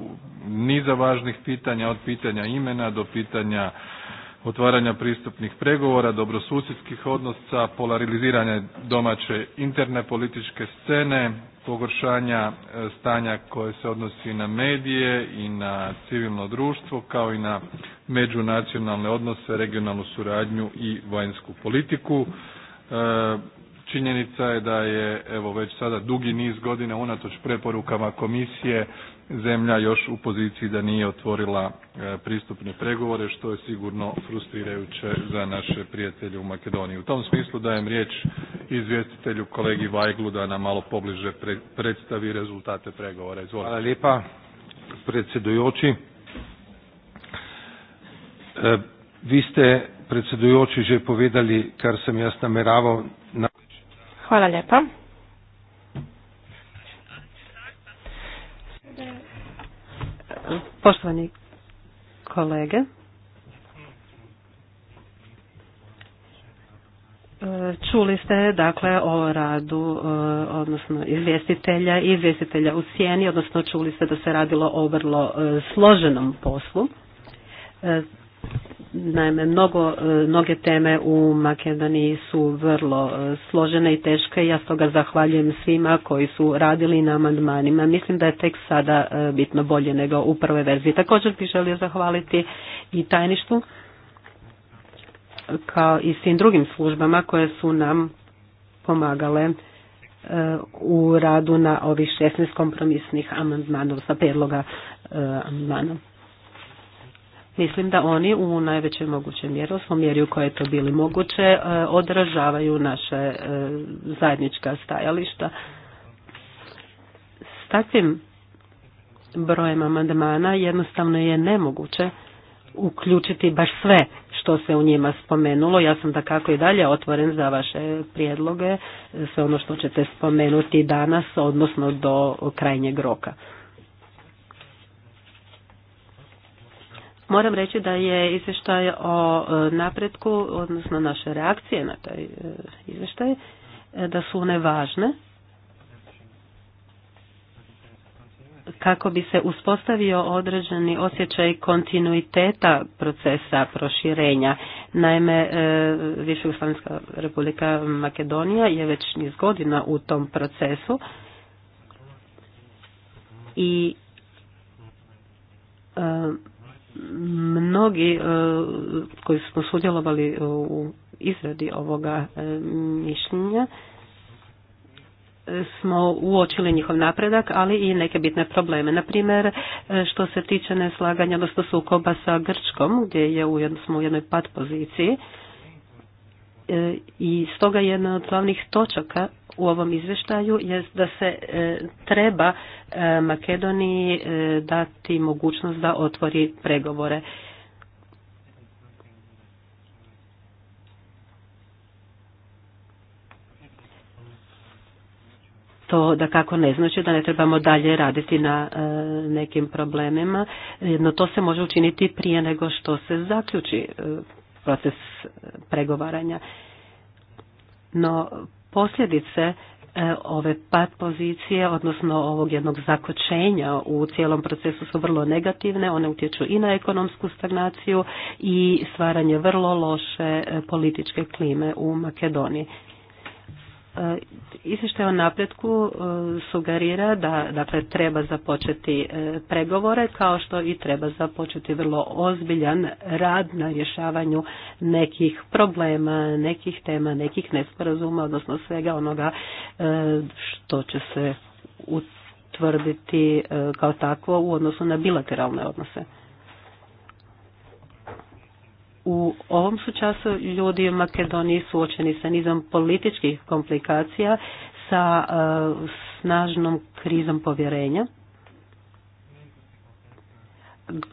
niza važnih pitanja, od pitanja imena do pitanja otvaranja pristupnih pregovora, dobrosusjedskih odnosa, polariziranja domaće interne političke scene, pogoršanja e, stanja koje se odnosi na medije i na civilno društvo, kao i na međunacionalne odnose, regionalnu suradnju i vanjsku politiku. E, Činjenica je da je evo već sada dugi niz godina unatoč preporukama komisije zemlja još u poziciji da nije otvorila e, pristupne pregovore što je sigurno frustrirajuće za naše prijatelje u Makedoniji. U tom smislu dajem riječ izvjestitelju kolegi Vajglu da nam malo pobliže predstavi rezultate pregovora. Izvolite. Hvala lijepa e, vi ste predsjedujoči že povedali kar sam jaz nameraval na Hvala lijepa. Poštovani kolege, Čuli ste dakle o radu e, odnosno izvjestitelja i izvjestitelja u sjeni, odnosno čuli ste da se radilo o vrlo e, složenom poslu. E, Naime, mnogo, e, mnoge teme u Makedoniji su vrlo e, složene i teške. Ja stoga zahvaljujem svima koji su radili na amandmanima. Mislim da je tek sada e, bitno bolje nego u prvoj verziji. Također bih želio zahvaliti i tajništvu kao i svim drugim službama koje su nam pomagale u radu na ovih 16 kompromisnih amandmanov sa prijedloga amandmana. Mislim da oni u najvećoj mogućoj mjeri, u mjeri u kojoj je to bili moguće, e, odražavaju naše e, zajednička stajališta. S takvim brojem amandmana jednostavno je nemoguće uključiti baš sve što se u njima spomenulo. Ja sam da kako i dalje otvoren za vaše prijedloge, e, sve ono što ćete spomenuti danas, odnosno do krajnjeg roka. Moram reći da je izvještaj o e, napretku, odnosno naše reakcije na taj e, izvještaj, e, da su one važne kako bi se uspostavio određeni osjećaj kontinuiteta procesa proširenja. Naime, Više republika Makedonija je već niz godina u tom procesu i mnogi e, koji smo sudjelovali e, u izradi ovoga e, mišljenja smo uočili njihov napredak, ali i neke bitne probleme. Na primjer, što se tiče neslaganja, odnosno sukoba sa Grčkom, gdje je u, smo u jednoj pad poziciji, i stoga jedna od glavnih točaka u ovom izvještaju je da se e, treba e, Makedoniji e, dati mogućnost da otvori pregovore. to da kako ne znači da ne trebamo dalje raditi na nekim problemima, no to se može učiniti prije nego što se zaključi proces pregovaranja. No posljedice e, ove pat pozicije, odnosno ovog jednog zakočenja u cijelom procesu su vrlo negativne, one utječu i na ekonomsku stagnaciju i stvaranje vrlo loše e, političke klime u Makedoniji. E, izvještaj o napretku e, sugerira da dakle, treba započeti e, pregovore kao što i treba započeti vrlo ozbiljan rad na rješavanju nekih problema, nekih tema, nekih nesporazuma, odnosno svega onoga što će se utvrditi kao takvo u odnosu na bilateralne odnose u ovom su času ljudi u Makedoniji suočeni sa nizom političkih komplikacija, sa e, snažnom krizom povjerenja.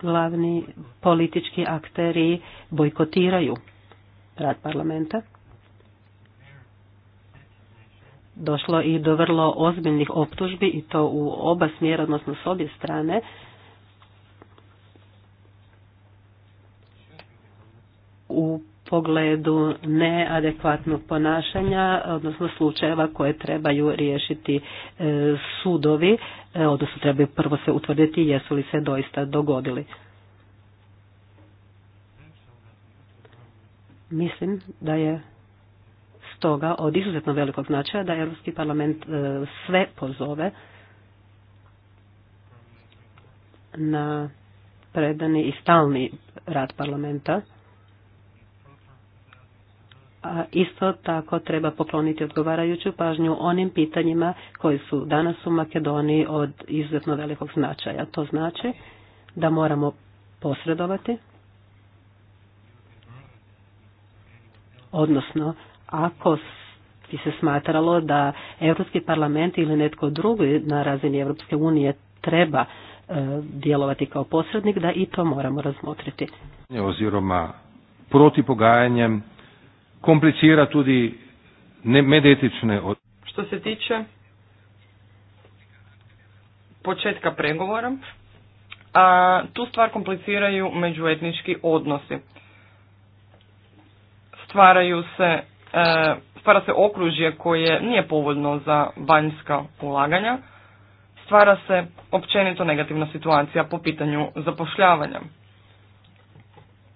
Glavni politički akteri bojkotiraju rad parlamenta. Došlo i do vrlo ozbiljnih optužbi i to u oba smjera, odnosno s obje strane, u pogledu neadekvatnog ponašanja, odnosno slučajeva koje trebaju riješiti e, sudovi, e, odnosno trebaju prvo se utvrditi jesu li se doista dogodili. Mislim da je stoga od izuzetno velikog značaja da Europski parlament e, sve pozove na predani i stalni rad parlamenta a isto tako treba pokloniti odgovarajuću pažnju onim pitanjima koji su danas u Makedoniji od izuzetno velikog značaja. To znači da moramo posredovati, odnosno ako bi se smatralo da Europski parlament ili netko drugi na razini Europske unije treba e, djelovati kao posrednik, da i to moramo razmotriti. Oziroma proti pogajanjem komplicira tudi medetične od... Što se tiče početka pregovora, a, tu stvar kompliciraju međuetnički odnosi. Stvaraju se, e, stvara se okružje koje nije povoljno za vanjska ulaganja, stvara se općenito negativna situacija po pitanju zapošljavanja.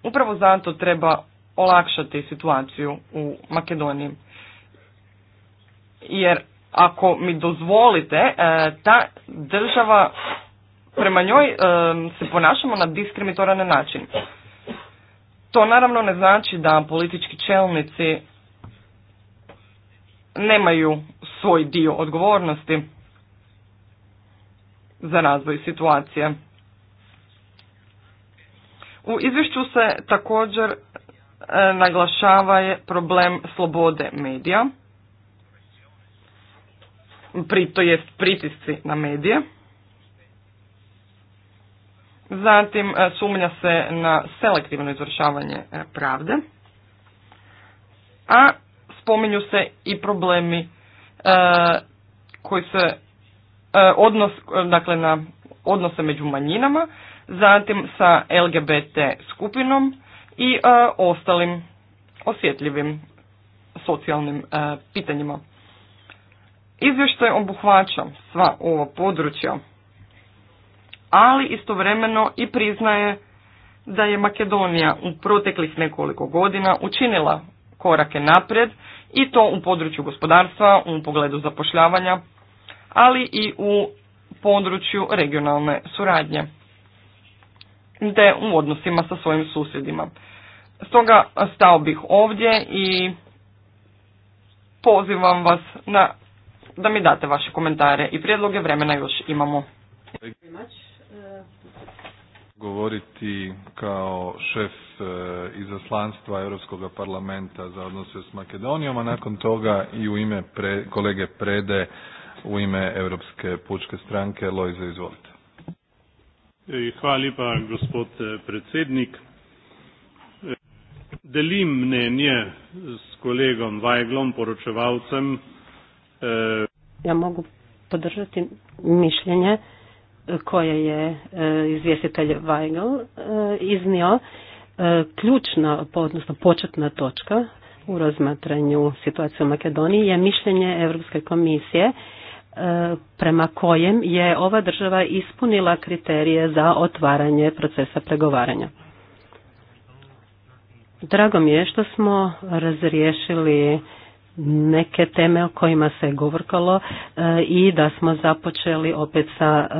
Upravo zato treba olakšati situaciju u Makedoniji. Jer ako mi dozvolite, e, ta država, prema njoj e, se ponašamo na diskriminatoran način. To naravno ne znači da politički čelnici nemaju svoj dio odgovornosti za razvoj situacije. U izvješću se također E, naglašava je problem slobode medija, to jest pritisci na medije. Zatim e, sumnja se na selektivno izvršavanje e, pravde, a spominju se i problemi e, koji se odnos, dakle na odnose među manjinama, zatim sa LGBT skupinom, i e, ostalim osjetljivim socijalnim e, pitanjima. Izvještaj obuhvaća sva ova područja, ali istovremeno i priznaje da je Makedonija u proteklih nekoliko godina učinila korake naprijed i to u području gospodarstva, u pogledu zapošljavanja, ali i u području regionalne suradnje te u odnosima sa svojim susjedima. Stoga stao bih ovdje i pozivam vas na, da mi date vaše komentare i prijedloge, vremena još imamo. Govoriti kao šef eh, izaslanstva Europskog parlamenta za odnose s Makedonijom, a nakon toga i u ime kolege Prede u ime Europske pučke stranke. Lojze, izvolite. E, hvala lepa, gospod e, predsednik. E, delim mnenje s kolegom Vajglom, poročevalcem. Ja mogu podržati mišljenje koje je izvjestitelj Vajgl iznio. Ključna, odnosno početna točka u razmatranju situacije u Makedoniji je mišljenje Europske komisije E, prema kojem je ova država ispunila kriterije za otvaranje procesa pregovaranja. Drago mi je što smo razriješili neke teme o kojima se govorkalo e, i da smo započeli opet sa e,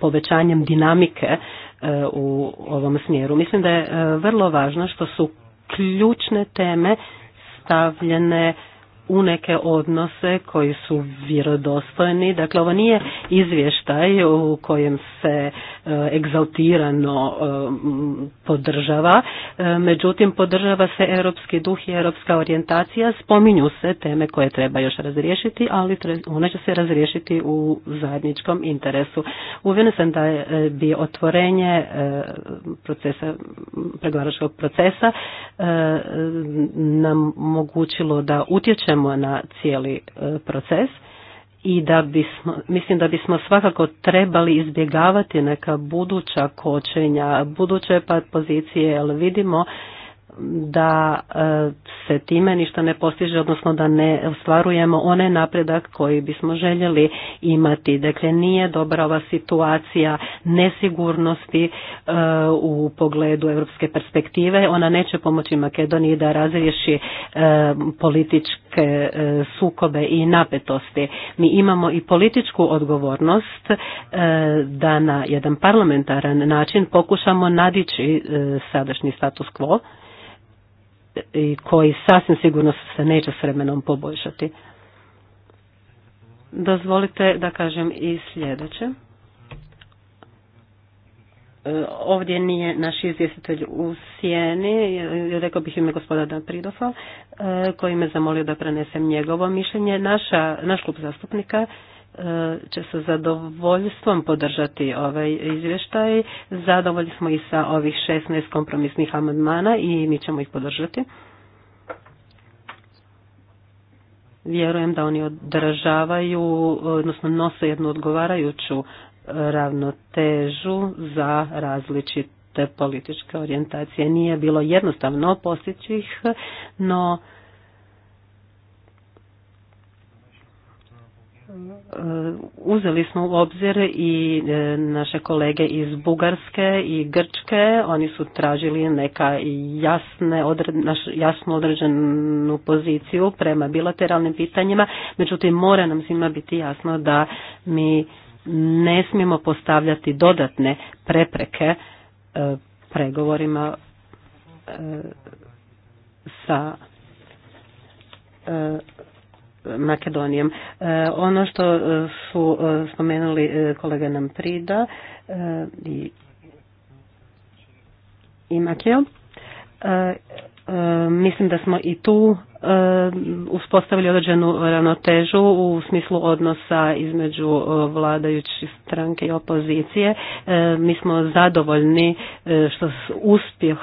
povećanjem dinamike u ovom smjeru. Mislim da je vrlo važno što su ključne teme stavljene u neke odnose koji su vjerodostojni. Dakle, ovo nije izvještaj u kojem se e, egzaltirano e, podržava, e, međutim podržava se europski duh i europska orijentacija, spominju se teme koje treba još razriješiti, ali one će se razriješiti u zajedničkom interesu. Uvjerena sam da bi otvorenje procesa, pregovaračkog procesa nam omogućilo da utječemo na cijeli e, proces i da bismo, mislim da bismo svakako trebali izbjegavati neka buduća kočenja, buduće pa- pozicije, ali vidimo da e, se time ništa ne postiže, odnosno da ne ostvarujemo onaj napredak koji bismo željeli imati. Dakle, nije dobra ova situacija nesigurnosti e, u pogledu europske perspektive. Ona neće pomoći Makedoniji da razriješi e, političke sukobe i napetosti. Mi imamo i političku odgovornost da na jedan parlamentaran način pokušamo nadići sadašnji status quo i koji sasvim sigurno se neće s vremenom poboljšati. Dozvolite da kažem i sljedeće. E, ovdje nije naš izvjestitelj u sjeni, e, rekao bih ime gospodina Pridofa, e, koji me zamolio da prenesem njegovo mišljenje. Naša, naš klub zastupnika će sa zadovoljstvom podržati ovaj izvještaj. Zadovoljni smo i sa ovih 16 kompromisnih amandmana i mi ćemo ih podržati. Vjerujem da oni održavaju, odnosno nose jednu odgovarajuću e, ravnotežu za različite političke orijentacije. Nije bilo jednostavno postići ih, no E, uzeli smo u obzir i e, naše kolege iz Bugarske i Grčke, oni su tražili neka jasne, jasno određenu poziciju prema bilateralnim pitanjima, međutim mora nam svima biti jasno da mi ne smijemo postavljati dodatne prepreke e, pregovorima sa Makedonijom. E, ono što e, su e, spomenuli kolega nam Prida i, i Makeo, mislim da smo i tu uspostavili određenu ravnotežu u smislu odnosa između vladajućih stranke i opozicije. Mi smo zadovoljni što, uspjeh,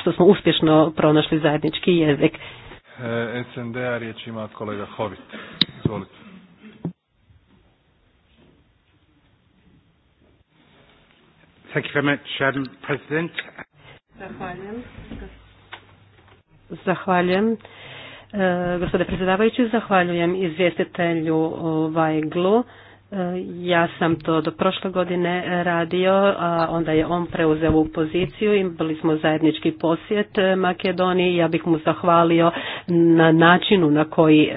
što smo uspješno pronašli zajednički jezik. E, SND-a riječ ima kolega Hovit. Izvolite. Thank you Zahvaljujem. Zahvaljujem. E, predsjedavajući, zahvaljujem izvjestitelju Vajglu. Ja sam to do prošle godine radio, a onda je on preuzeo u poziciju, i bili smo zajednički posjet e, Makedoniji, ja bih mu zahvalio na načinu na koji e,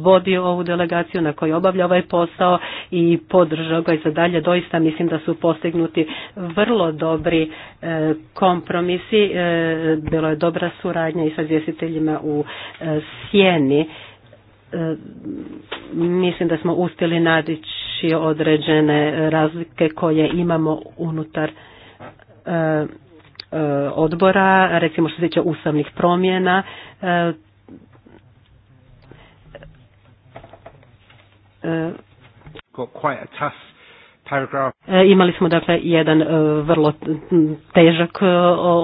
vodi ovu delegaciju, na koji obavlja ovaj posao i podržao ga i za dalje. Doista mislim da su postignuti vrlo dobri e, kompromisi, bilo je dobra suradnja i sa izvjestiteljima u Sjeni E, mislim da smo uspjeli nadići određene razlike koje imamo unutar e, e, odbora, recimo što se tiče ustavnih promjena. Imali smo dakle jedan vrlo težak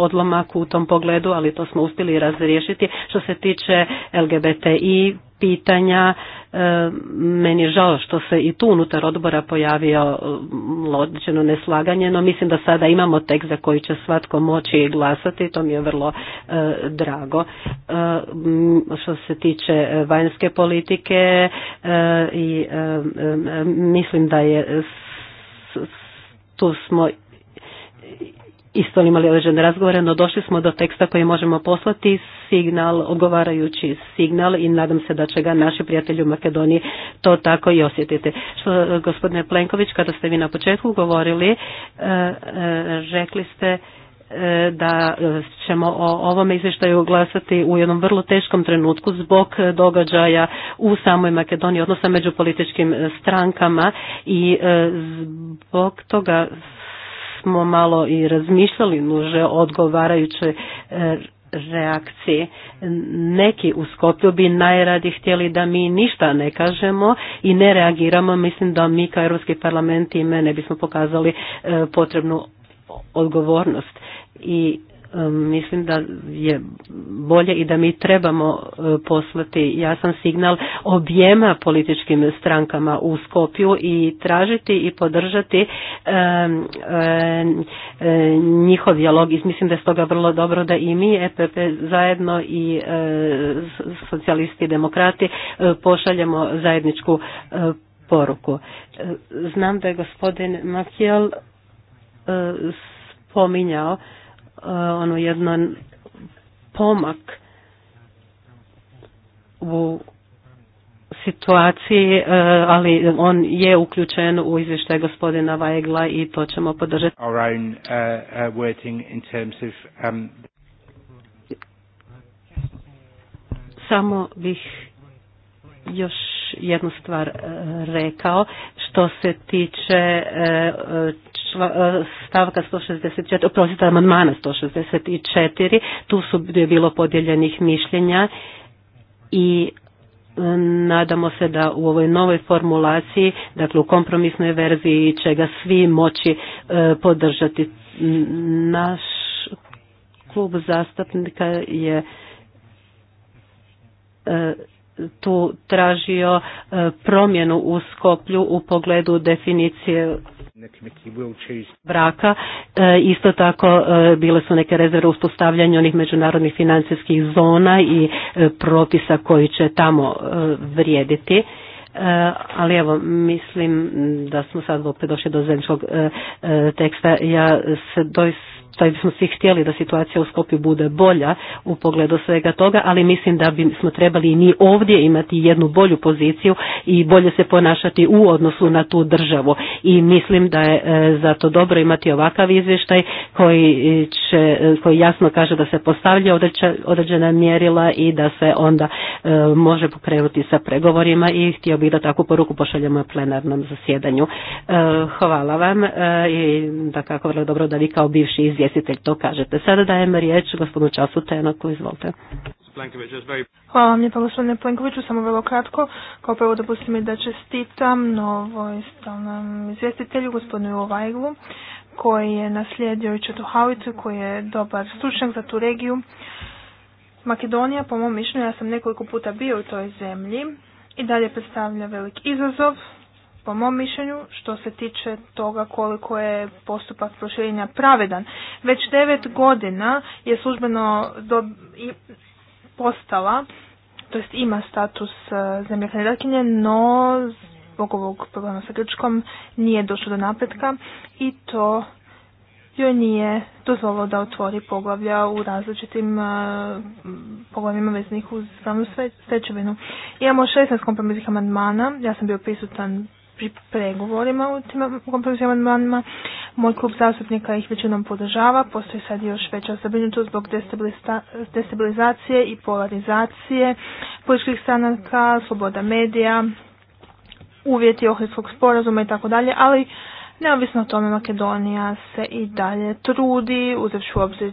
odlomak u tom pogledu, ali to smo uspjeli razriješiti. Što se tiče LGBTI pitanja. E, meni je žao što se i tu unutar odbora pojavio e, određeno neslaganje, no mislim da sada imamo tekst za koji će svatko moći glasati to mi je vrlo e, drago. Što se tiče vanjske politike i mislim da je tu smo isto imali određene razgovore, no došli smo do teksta koji možemo poslati, signal, odgovarajući signal i nadam se da će ga naši prijatelji u Makedoniji to tako i osjetiti. Što, gospodine Plenković, kada ste vi na početku govorili, e, e, rekli ste e, da ćemo o ovome izvještaju glasati u jednom vrlo teškom trenutku zbog događaja u samoj Makedoniji, odnosno među političkim strankama i zbog toga smo malo i razmišljali nuže odgovarajuće e, reakcije. Neki u Skopju bi najradi htjeli da mi ništa ne kažemo i ne reagiramo. Mislim da mi kao Europski parlament i ne bismo pokazali e, potrebnu odgovornost. I mislim da je bolje i da mi trebamo e, poslati jasan signal objema političkim strankama u Skopju i tražiti i podržati njihov dijalog i mislim da je stoga vrlo dobro da i mi EPP zajedno i e, socijalisti i demokrati e, pošaljemo zajedničku poruku. Znam da je gospodin Makijal spominjao Uh, ono jedan pomak u situaciji, uh, ali on je uključen u izvještaj gospodina Vajegla i to ćemo podržati. Uh, um, Samo bih još jednu stvar rekao što se tiče e, e, e, stavka 164, oprostite, amandmana 164, tu su bilo podijeljenih mišljenja i nadamo se da u ovoj novoj formulaciji, dakle u kompromisnoj verziji će ga svi moći podržati. Naš klub zastupnika je tu tražio e, promjenu u Skoplju u pogledu definicije braka. E, isto tako e, bile su neke rezerve uspostavljanju onih međunarodnih financijskih zona i propisa koji će tamo vrijediti. Ali evo, mislim da smo sad opet došli do zemljskog teksta. Ja se doista da bismo svi htjeli da situacija u Skopju bude bolja u pogledu svega toga, ali mislim da bismo trebali i mi ovdje imati jednu bolju poziciju i bolje se ponašati u odnosu na tu državu. I mislim da je e, zato dobro imati ovakav izvještaj koji, će, e, koji jasno kaže da se postavlja određena mjerila i da se onda e, može pokrenuti sa pregovorima i htio bih da takvu poruku pošaljemo plenarnom zasjedanju. Hvala vam i da kako vrlo dobro da vi kao bivši izvještaj to kažete. Sada dajem riječ gospodinu Času Tenoku, izvolite. Hvala vam lijepa gospodine Plenkoviću, samo vrlo kratko. Kao prvo dopustite i da čestitam novoj izvjestitelju gospodinu Ovajglu koji je naslijedio i Četohavicu koji je dobar stručnjak za tu regiju. Makedonija, po mom mišljenju, ja sam nekoliko puta bio u toj zemlji i dalje predstavlja velik izazov po mom mišljenju što se tiče toga koliko je postupak proširenja pravedan. Već devet godina je službeno do, i, postala, to jest ima status e, zemlje kandidatkinje, no zbog ovog problema sa Grčkom nije došlo do napretka i to joj nije dozvolilo da otvori poglavlja u različitim uh, poglavljima veznih uz pravnu stečevinu. Imamo 16 kompromisnih amandmana, ja sam bio prisutan pri pregovorima u tim kompromisnim amandmanima. Moj klub zastupnika ih većinom podržava. Postoji sad još veća zabrinutost zbog destabilizacije i polarizacije političkih stranaka, sloboda medija, uvjeti ohridskog sporazuma i tako dalje, ali neovisno o tome Makedonija se i dalje trudi, uzevši u obzir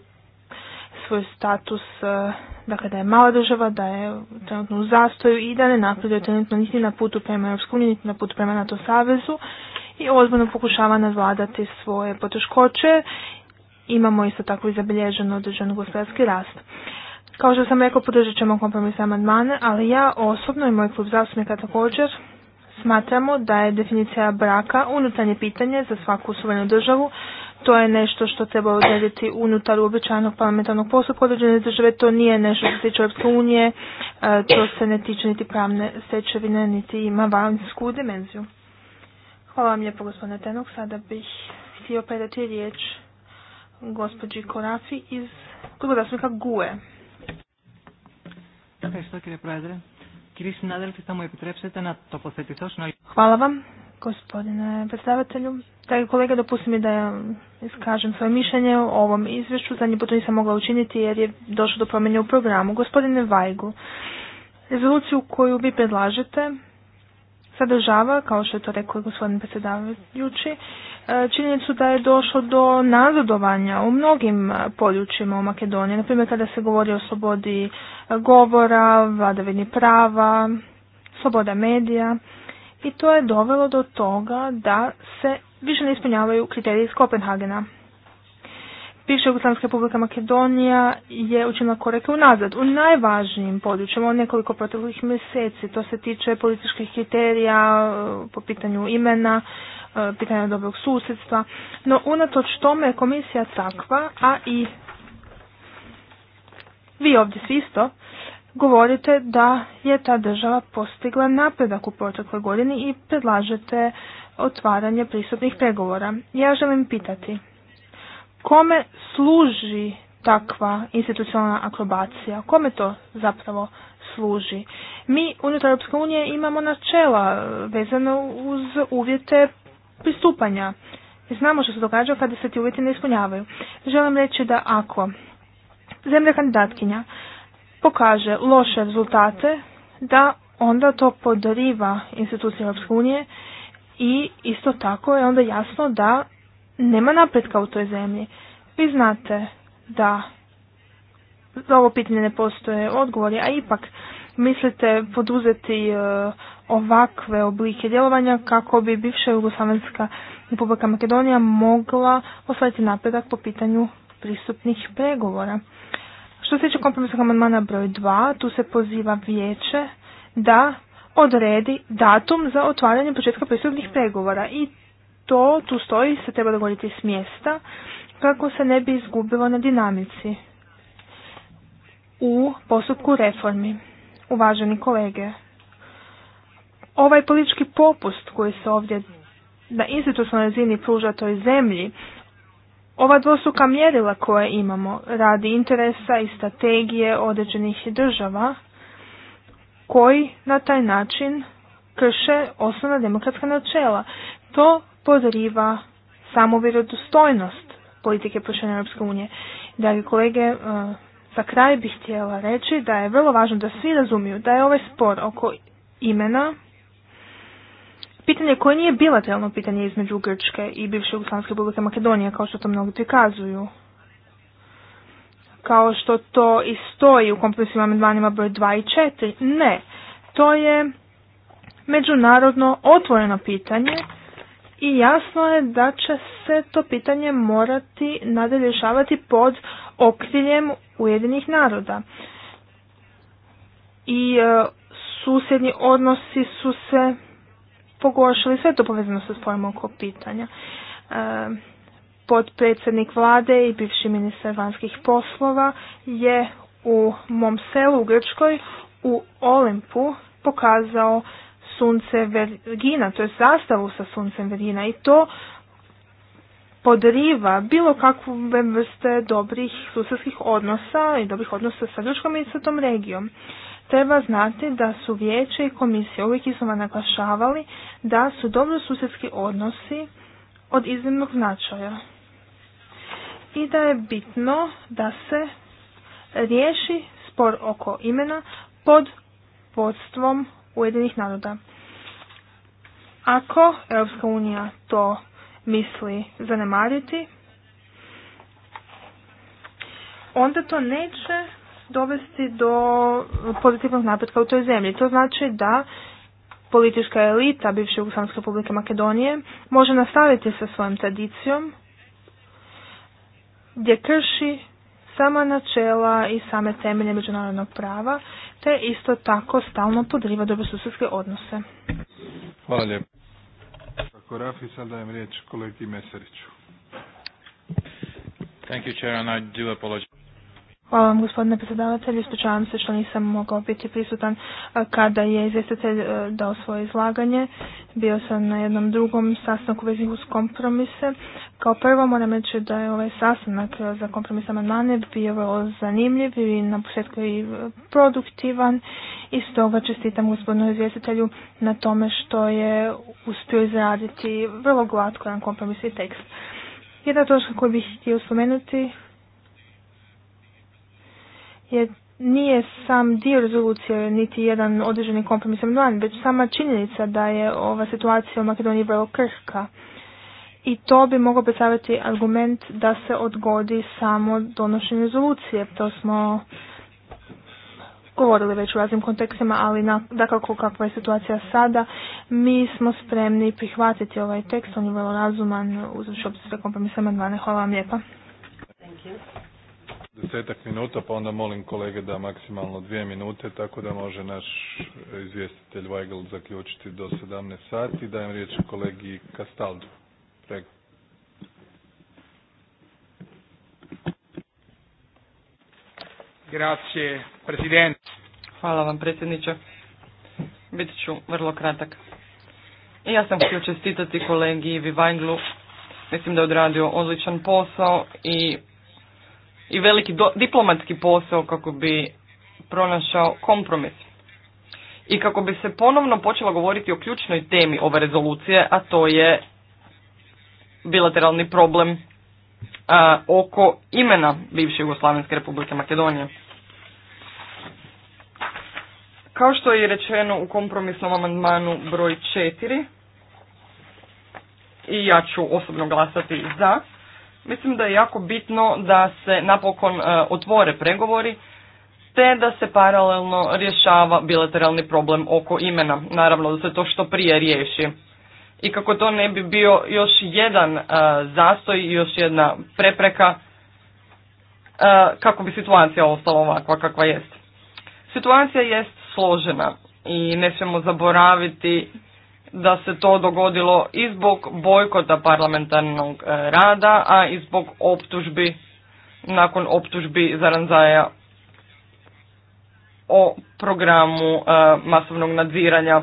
svoj status eh, dakle da je mala država, da je trenutno u zastoju i da ne napreduje trenutno niti na putu prema EU, niti na putu prema NATO savezu i ozbiljno pokušava nadvladati svoje poteškoće. Imamo isto tako i zabilježen određen gospodarski rast. Kao što sam rekao, podržat ćemo kompromisne amandmane, ali ja osobno i moj klub zastupnika također smatramo da je definicija braka unutarnje pitanje za svaku suverenu državu to je nešto što treba odrediti unutar uobičajenog parlamentarnog postupka određene države. To nije nešto što se tiče Europske unije. E, to se ne tiče niti pravne stečevine, niti ima vanjsku dimenziju. Hvala vam lijepo gospodine Tenok. Sada bih htio predati riječ gospođi Korafi iz kluba zastupnika GUE. Hvala vam, gospodine predstavatelju. Dragi kolega, dopusti mi da iskažem svoje mišljenje o ovom izvješću. Zadnji put nisam mogla učiniti jer je došlo do promjene u programu. Gospodine Vajgu, rezoluciju koju vi predlažete sadržava, kao što je to rekao gospodin predsjedavajući, e, činjenicu da je došlo do nazadovanja u mnogim područjima u Makedoniji. Naprimjer, kada se govori o slobodi govora, vladavini prava, sloboda medija. I to je dovelo do toga da se više ne ispunjavaju kriterije iz Kopenhagena. Piše Jugoslavijska republika Makedonija je učinila korake unazad u najvažnijim područjima od nekoliko proteklih mjeseci. To se tiče političkih kriterija e, po pitanju imena, e, pitanja dobrog susjedstva. No unatoč tome je komisija takva, a i vi ovdje svi isto, govorite da je ta država postigla napredak u protekloj godini i predlažete otvaranje pristupnih pregovora. Ja želim pitati, kome služi takva institucionalna akrobacija? Kome to zapravo služi? Mi unutar Europske unije imamo načela vezano uz uvjete pristupanja. Znamo što se događa kada se ti uvjeti ne ispunjavaju. Želim reći da ako zemlja kandidatkinja pokaže loše rezultate, da onda to podriva institucije Europske unije i isto tako je onda jasno da nema napretka u toj zemlji. Vi znate da za ovo pitanje ne postoje odgovori, a ipak mislite poduzeti e, ovakve oblike djelovanja kako bi bivša Jugoslavenska republika Makedonija mogla osvajati napredak po pitanju pristupnih pregovora. Što se tiče kompromisnog amandmana broj 2, tu se poziva vijeće da odredi datum za otvaranje početka pristupnih pregovora i to tu stoji se treba dogoditi s mjesta kako se ne bi izgubilo na dinamici u postupku reformi. Uvaženi kolege, ovaj politički popust koji se ovdje na institucionalnoj razini pruža toj zemlji, ova dvostruka mjerila koje imamo radi interesa i strategije određenih država, koji na taj način krše osnovna demokratska načela. To podriva samo vjerodostojnost politike proširenja Europske unije. Dragi kolege, eh, za kraj bih htjela reći da je vrlo važno da svi razumiju da je ovaj spor oko imena pitanje koje nije bilateralno pitanje između Grčke i bivše Jugoslavske republike Makedonije, kao što to mnogi prikazuju kao što to i stoji u kompleksnim amandmanima broj 2 i 4. Ne, to je međunarodno otvoreno pitanje i jasno je da će se to pitanje morati nadalje rješavati pod okriljem Ujedinih naroda. I e, susjedni odnosi su se pogoršali, sve to povezano sa spojem oko pitanja. E, potpredsjednik vlade i bivši ministar vanjskih poslova je u mom selu u Grčkoj u Olimpu pokazao sunce Vergina, to je zastavu sa suncem Vergina i to podriva bilo kakve vrste dobrih susjedskih odnosa i dobrih odnosa sa Grčkom i sa tom regijom. Treba znati da su vijeće i komisije uvijek iznova naglašavali da su dobro susjedski odnosi od iznimnog značaja i da je bitno da se riješi spor oko imena pod vodstvom Ujedinih naroda. Ako Europska unija to misli zanemariti, onda to neće dovesti do pozitivnog napretka u toj zemlji. To znači da politička elita bivše Jugoslavijske republike Makedonije može nastaviti sa svojom tradicijom gdje krši sama načela i same temelje međunarodnog prava, te isto tako stalno podriva dobrosusjedske odnose. Hvala lijepo. Tako, Rafi, sad dajem riječ kolegi mesariću Thank you, Chair, and I do apologize. Hvala vam gospodine predsjedavatelju. Ispričavam se što nisam mogao biti prisutan kada je izvjestitelj e, dao svoje izlaganje. Bio sam na jednom drugom sastanku veznih uz kompromise. Kao prvo moram reći da je ovaj sastanak e, za kompromis amandmane bio vrlo zanimljiv i na početku i e, produktivan. I stoga čestitam gospodinu izvjestitelju na tome što je uspio izraditi vrlo glatko jedan kompromisni tekst. Jedna točka koju bih htio spomenuti jer nije sam dio rezolucije niti jedan određeni kompromis amandman, već sama činjenica da je ova situacija u Makedoniji vrlo krhka. I to bi mogao predstaviti argument da se odgodi samo donošenje rezolucije. To smo govorili već u raznim kontekstima, ali na, dakako kakva je situacija sada, mi smo spremni prihvatiti ovaj tekst, on je vrlo razuman, uzvrši obzir sve kompromise amandmane. Hvala vam lijepa. Desetak minuta, pa onda molim kolege da maksimalno dvije minute, tako da može naš izvjestitelj Weigel zaključiti do 17 sati. Dajem riječ kolegi Kastaldu. Grazie, Hvala vam, predsjedniče. Biti ću vrlo kratak. I ja sam htio čestitati kolegi Ivi Mislim da je odradio odličan posao i i veliki diplomatski posao kako bi pronašao kompromis i kako bi se ponovno počelo govoriti o ključnoj temi ove rezolucije, a to je bilateralni problem a, oko imena bivše Jugoslavenske republike Makedonije. Kao što je rečeno u kompromisnom amandmanu broj 4, i ja ću osobno glasati za, Mislim da je jako bitno da se napokon e, otvore pregovori te da se paralelno rješava bilateralni problem oko imena. Naravno da se to što prije riješi. I kako to ne bi bio još jedan e, zastoj i još jedna prepreka e, kako bi situacija ostala ovakva kakva jest. Situacija jest složena i ne smijemo zaboraviti da se to dogodilo i zbog bojkota parlamentarnog e, rada, a i zbog optužbi, nakon optužbi Zaranzaja o programu e, masovnog nadziranja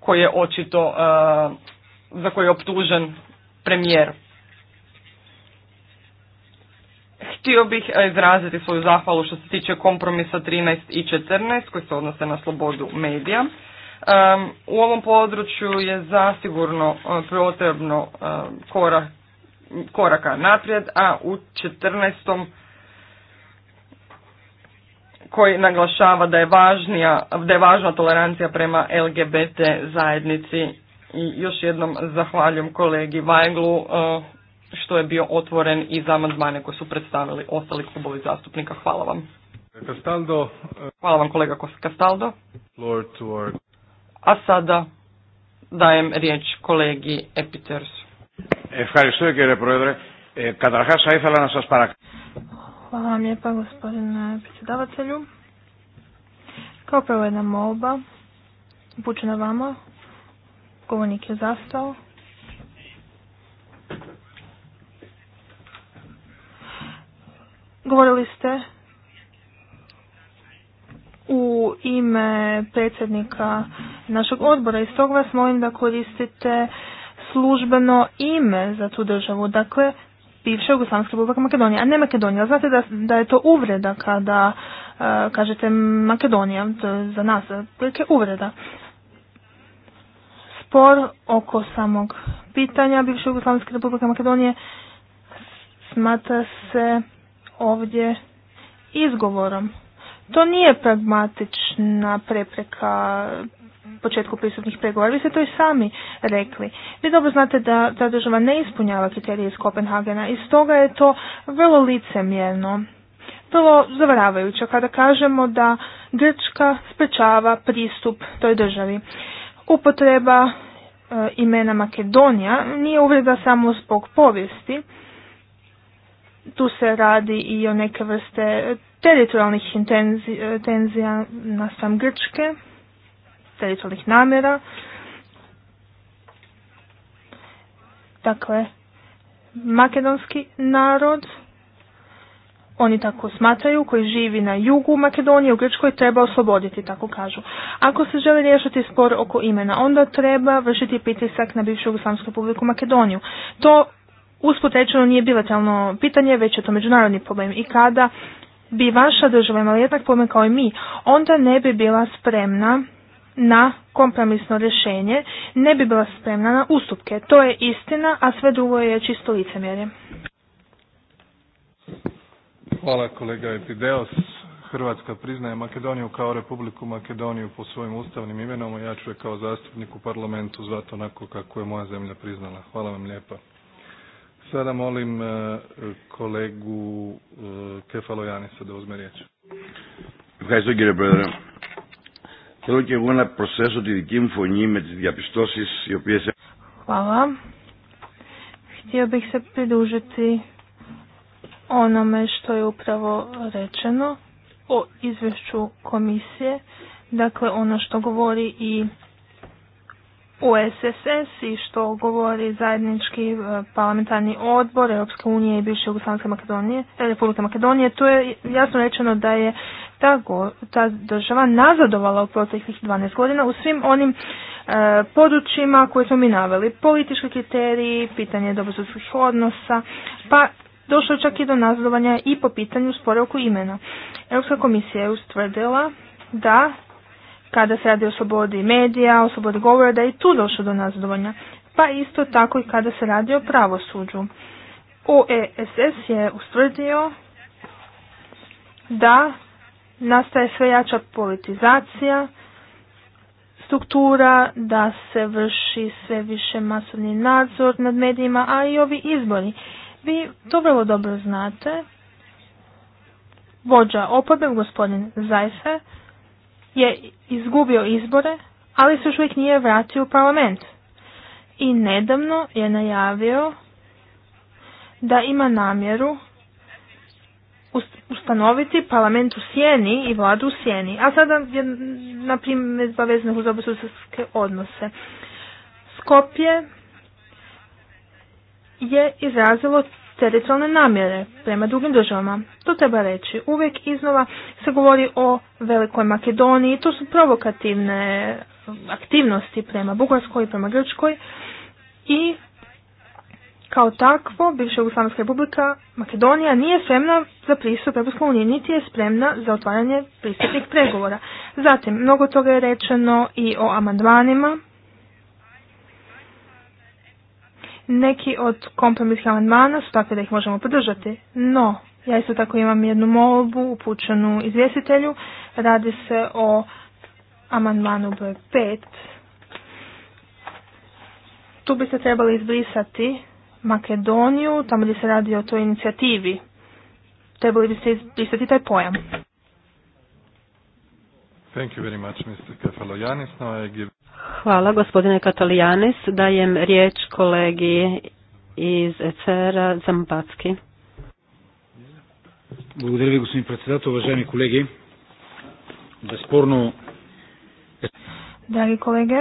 koji je očito, e, za koji je optužen premijer. Htio bih izraziti svoju zahvalu što se tiče kompromisa 13 i 14 koji se odnose na slobodu medija u ovom području je zasigurno e, potrebno e, koraka naprijed, a u 14. koji naglašava da je, je važna tolerancija prema LGBT zajednici i još jednom zahvaljujem kolegi Vajglu e, što je bio otvoren i za amandmane koje su predstavili ostali klubovi zastupnika. Hvala vam. Hvala vam kolega Castaldo. Lord a sada dajem riječ kolegi Epiters. Ευχαριστώ κύριε Πρόεδρε. Ε, καταρχάς θα ήθελα να σας Hvala vam lijepa gospodine predsjedavatelju. Kao prvo jedna molba upućena vama. Govornik je zastao. Govorili ste u ime predsjednika našeg odbora i stoga vas molim da koristite službeno ime za tu državu, dakle bivša Jugoslavijska republika Makedonija, a ne Makedonija. Znate da, da je to uvreda kada e, kažete Makedonija, to je za nas je uvreda. Spor oko samog pitanja bivše Jugoslavijske republike Makedonije smatra se ovdje izgovorom to nije pragmatična prepreka početku pristupnih pregovora. Vi ste to i sami rekli. Vi dobro znate da ta država ne ispunjava kriterije iz Kopenhagena i stoga je to vrlo licemjerno. Vrlo zavaravajuće kada kažemo da Grčka sprečava pristup toj državi. Upotreba e, imena Makedonija nije uvreda samo zbog povijesti. Tu se radi i o neke vrste teritorijalnih e, tenzija sam Grčke, teritorijalnih namjera. Dakle, makedonski narod, oni tako smatraju, koji živi na jugu Makedonije, u Grčkoj treba osloboditi, tako kažu. Ako se želi riješiti spor oko imena, onda treba vršiti pritisak na bivšu Jugoslavsku republiku Makedoniju. To usput nije bilateralno pitanje, već je to međunarodni problem. I kada bi vaša država imala jednak kao i mi, onda ne bi bila spremna na kompromisno rješenje, ne bi bila spremna na ustupke. To je istina, a sve drugo je čisto licemjerje. Hvala kolega Epideos. Hrvatska priznaje Makedoniju kao Republiku Makedoniju po svojim ustavnim imenom, a ja ću je kao zastupnik u parlamentu zvati onako kako je moja zemlja priznala. Hvala vam lijepa. Sada molim e, kolegu e, Kefalo Janisa da uzme riječ. Ευχαριστώ κύριε Πρόεδρε. Θέλω και εγώ να προσθέσω τη δική μου φωνή με τις διαπιστώσεις οι οποίες... Hvala. Htio bih se ono onome što je upravo rečeno o izvješću komisije. Dakle, ono što govori i SSS i što govori zajednički e, parlamentarni odbor Europske unije i bivše Jugoslavske Makedonije, e, Republike Makedonije, tu je jasno rečeno da je ta, ta država nazadovala u proteklih 12 godina u svim onim e, područjima koje smo mi naveli. Politički kriteriji, pitanje dobrosudskih odnosa, pa došlo čak i do nazadovanja i po pitanju spore oko imena. Europska komisija je ustvrdila da kada se radi o slobodi medija, o slobodi govora, da je i tu došlo do nazadovanja. Pa isto tako i kada se radi o pravosuđu. OESS je ustvrdio da nastaje sve jača politizacija struktura, da se vrši sve više masovni nadzor nad medijima, a i ovi izbori. Vi to vrlo dobro znate. Vođa oporbe, gospodin Zajfe, je izgubio izbore, ali se još uvijek nije vratio u parlament. I nedavno je najavio da ima namjeru ustanoviti parlament u sjeni i vladu u sjeni. A sada je, na primjer, vezano uz odnose. Skopje je izrazilo teritorijalne namjere prema drugim državama. To treba reći. Uvijek iznova se govori o Velikoj Makedoniji. To su provokativne aktivnosti prema Bugarskoj i prema Grčkoj. I kao takvo, bivša Jugoslavijska republika Makedonija nije spremna za pristup Europskoj niti je spremna za otvaranje pristupnih pregovora. Zatim, mnogo toga je rečeno i o amandmanima Neki od kompromisnih amandmana su da ih možemo podržati, no ja isto tako imam jednu molbu upućenu izvjestitelju. Radi se o amandmanu broj 5. Tu biste trebali izbrisati Makedoniju, tamo gdje se radi o toj inicijativi. Trebali bi se izbrisati taj pojam. Thank you very much, Mr. Now I give... Hvala gospodine Katalijanis. Dajem riječ kolegi iz ECR-a Zambacki. Благодаря ви, господин председател, уважаеми колеги. Безспорно... Драги колеги,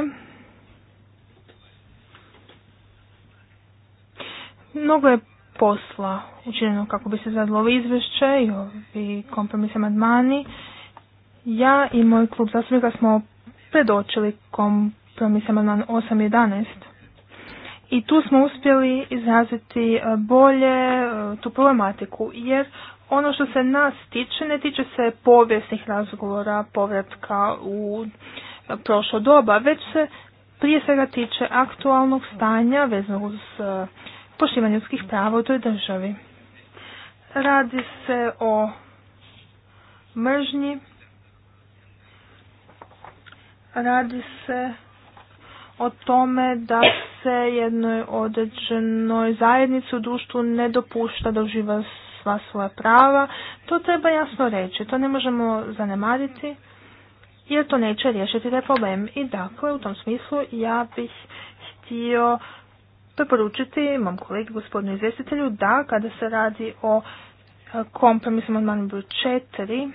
mnogo je posla učinjeno kako bi se zadalo ovo izvješće i ovi kompromisni amandmani. Ja i moj klub zastupnika smo predočili kompromis amandman 8.11. I tu smo uspjeli izraziti e, bolje e, tu problematiku, jer ono što se nas tiče, ne tiče se povijesnih razgovora, povratka u e, prošlo doba, već se prije svega tiče aktualnog stanja veznog uz poštivanje ljudskih prava u toj državi. Radi se o mržnji Radi se o tome da se jednoj određenoj zajednici u društvu ne dopušta da uživa sva svoja prava. To treba jasno reći, to ne možemo zanemariti jer to neće riješiti taj problem. I dakle, u tom smislu ja bih htio preporučiti mom kolegi gospodinu izvjestitelju da kada se radi o kompromisnom amandmanu broj četiri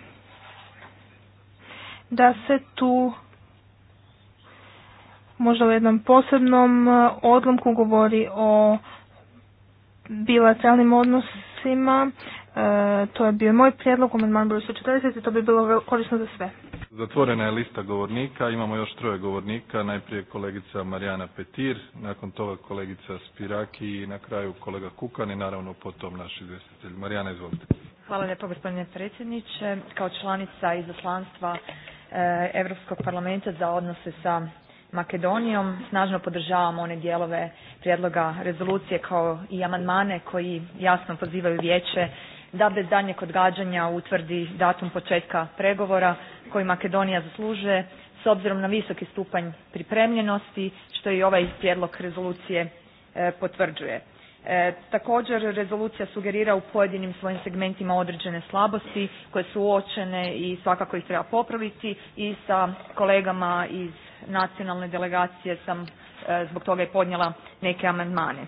da se tu možda u jednom posebnom e, odlomku govori o bilateralnim odnosima. E, to je bio moj prijedlog, amandman broj 140 i to bi bilo korisno za sve. Zatvorena je lista govornika, imamo još troje govornika, najprije kolegica Marijana Petir, nakon toga kolegica Spiraki i na kraju kolega Kukan i naravno potom naš izvjestitelj. Marijana, izvolite. Hvala lijepo gospodine predsjedniče. Kao članica izaslanstva e, Europskog parlamenta za odnose sa Makedonijom. Snažno podržavamo one dijelove prijedloga rezolucije kao i amandmane koji jasno pozivaju vijeće da bez daljnjeg odgađanja utvrdi datum početka pregovora koji Makedonija zaslužuje s obzirom na visoki stupanj pripremljenosti što i ovaj prijedlog rezolucije e, potvrđuje. E, također rezolucija sugerira u pojedinim svojim segmentima određene slabosti koje su uočene i svakako ih treba popraviti i sa kolegama iz nacionalne delegacije sam e, zbog toga i podnijela neke amandmane.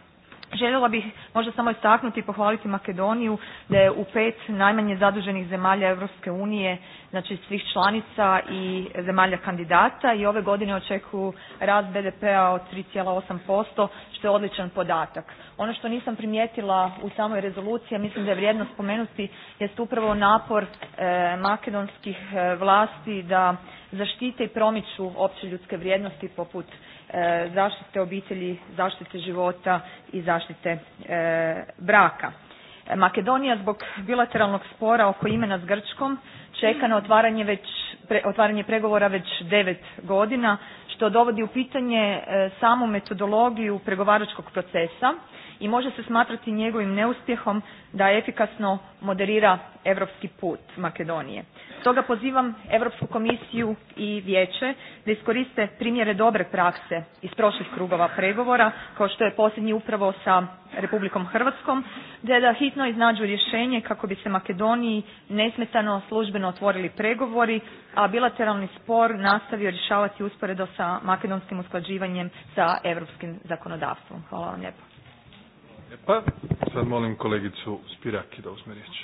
Željela bih možda samo istaknuti i pohvaliti Makedoniju da je u pet najmanje zaduženih zemalja Europske unije, znači svih članica i zemalja kandidata i ove godine očekuju rast BDP-a od 3,8% što je odličan podatak. Ono što nisam primijetila u samoj rezoluciji, a mislim da je vrijedno spomenuti jest upravo napor e, makedonskih e, vlasti da zaštite i promiču opće ljudske vrijednosti poput E, zaštite obitelji, zaštite života i zaštite e, braka. E, Makedonija zbog bilateralnog spora oko imena s Grčkom čeka na otvaranje, otvaranje pregovora već devet godina, što dovodi u pitanje samu metodologiju pregovaračkog procesa, i može se smatrati njegovim neuspjehom da efikasno moderira europski put Makedonije. Stoga pozivam Europsku komisiju i vijeće da iskoriste primjere dobre prakse iz prošlih krugova pregovora kao što je posljednji upravo sa Republikom Hrvatskom, te da hitno iznađu rješenje kako bi se Makedoniji nesmetano službeno otvorili pregovori, a bilateralni spor nastavio rješavati usporedo sa makedonskim usklađivanjem sa europskim zakonodavstvom. Hvala vam lijepo lijepa. Sad molim kolegicu Spiraki da uzme riječ.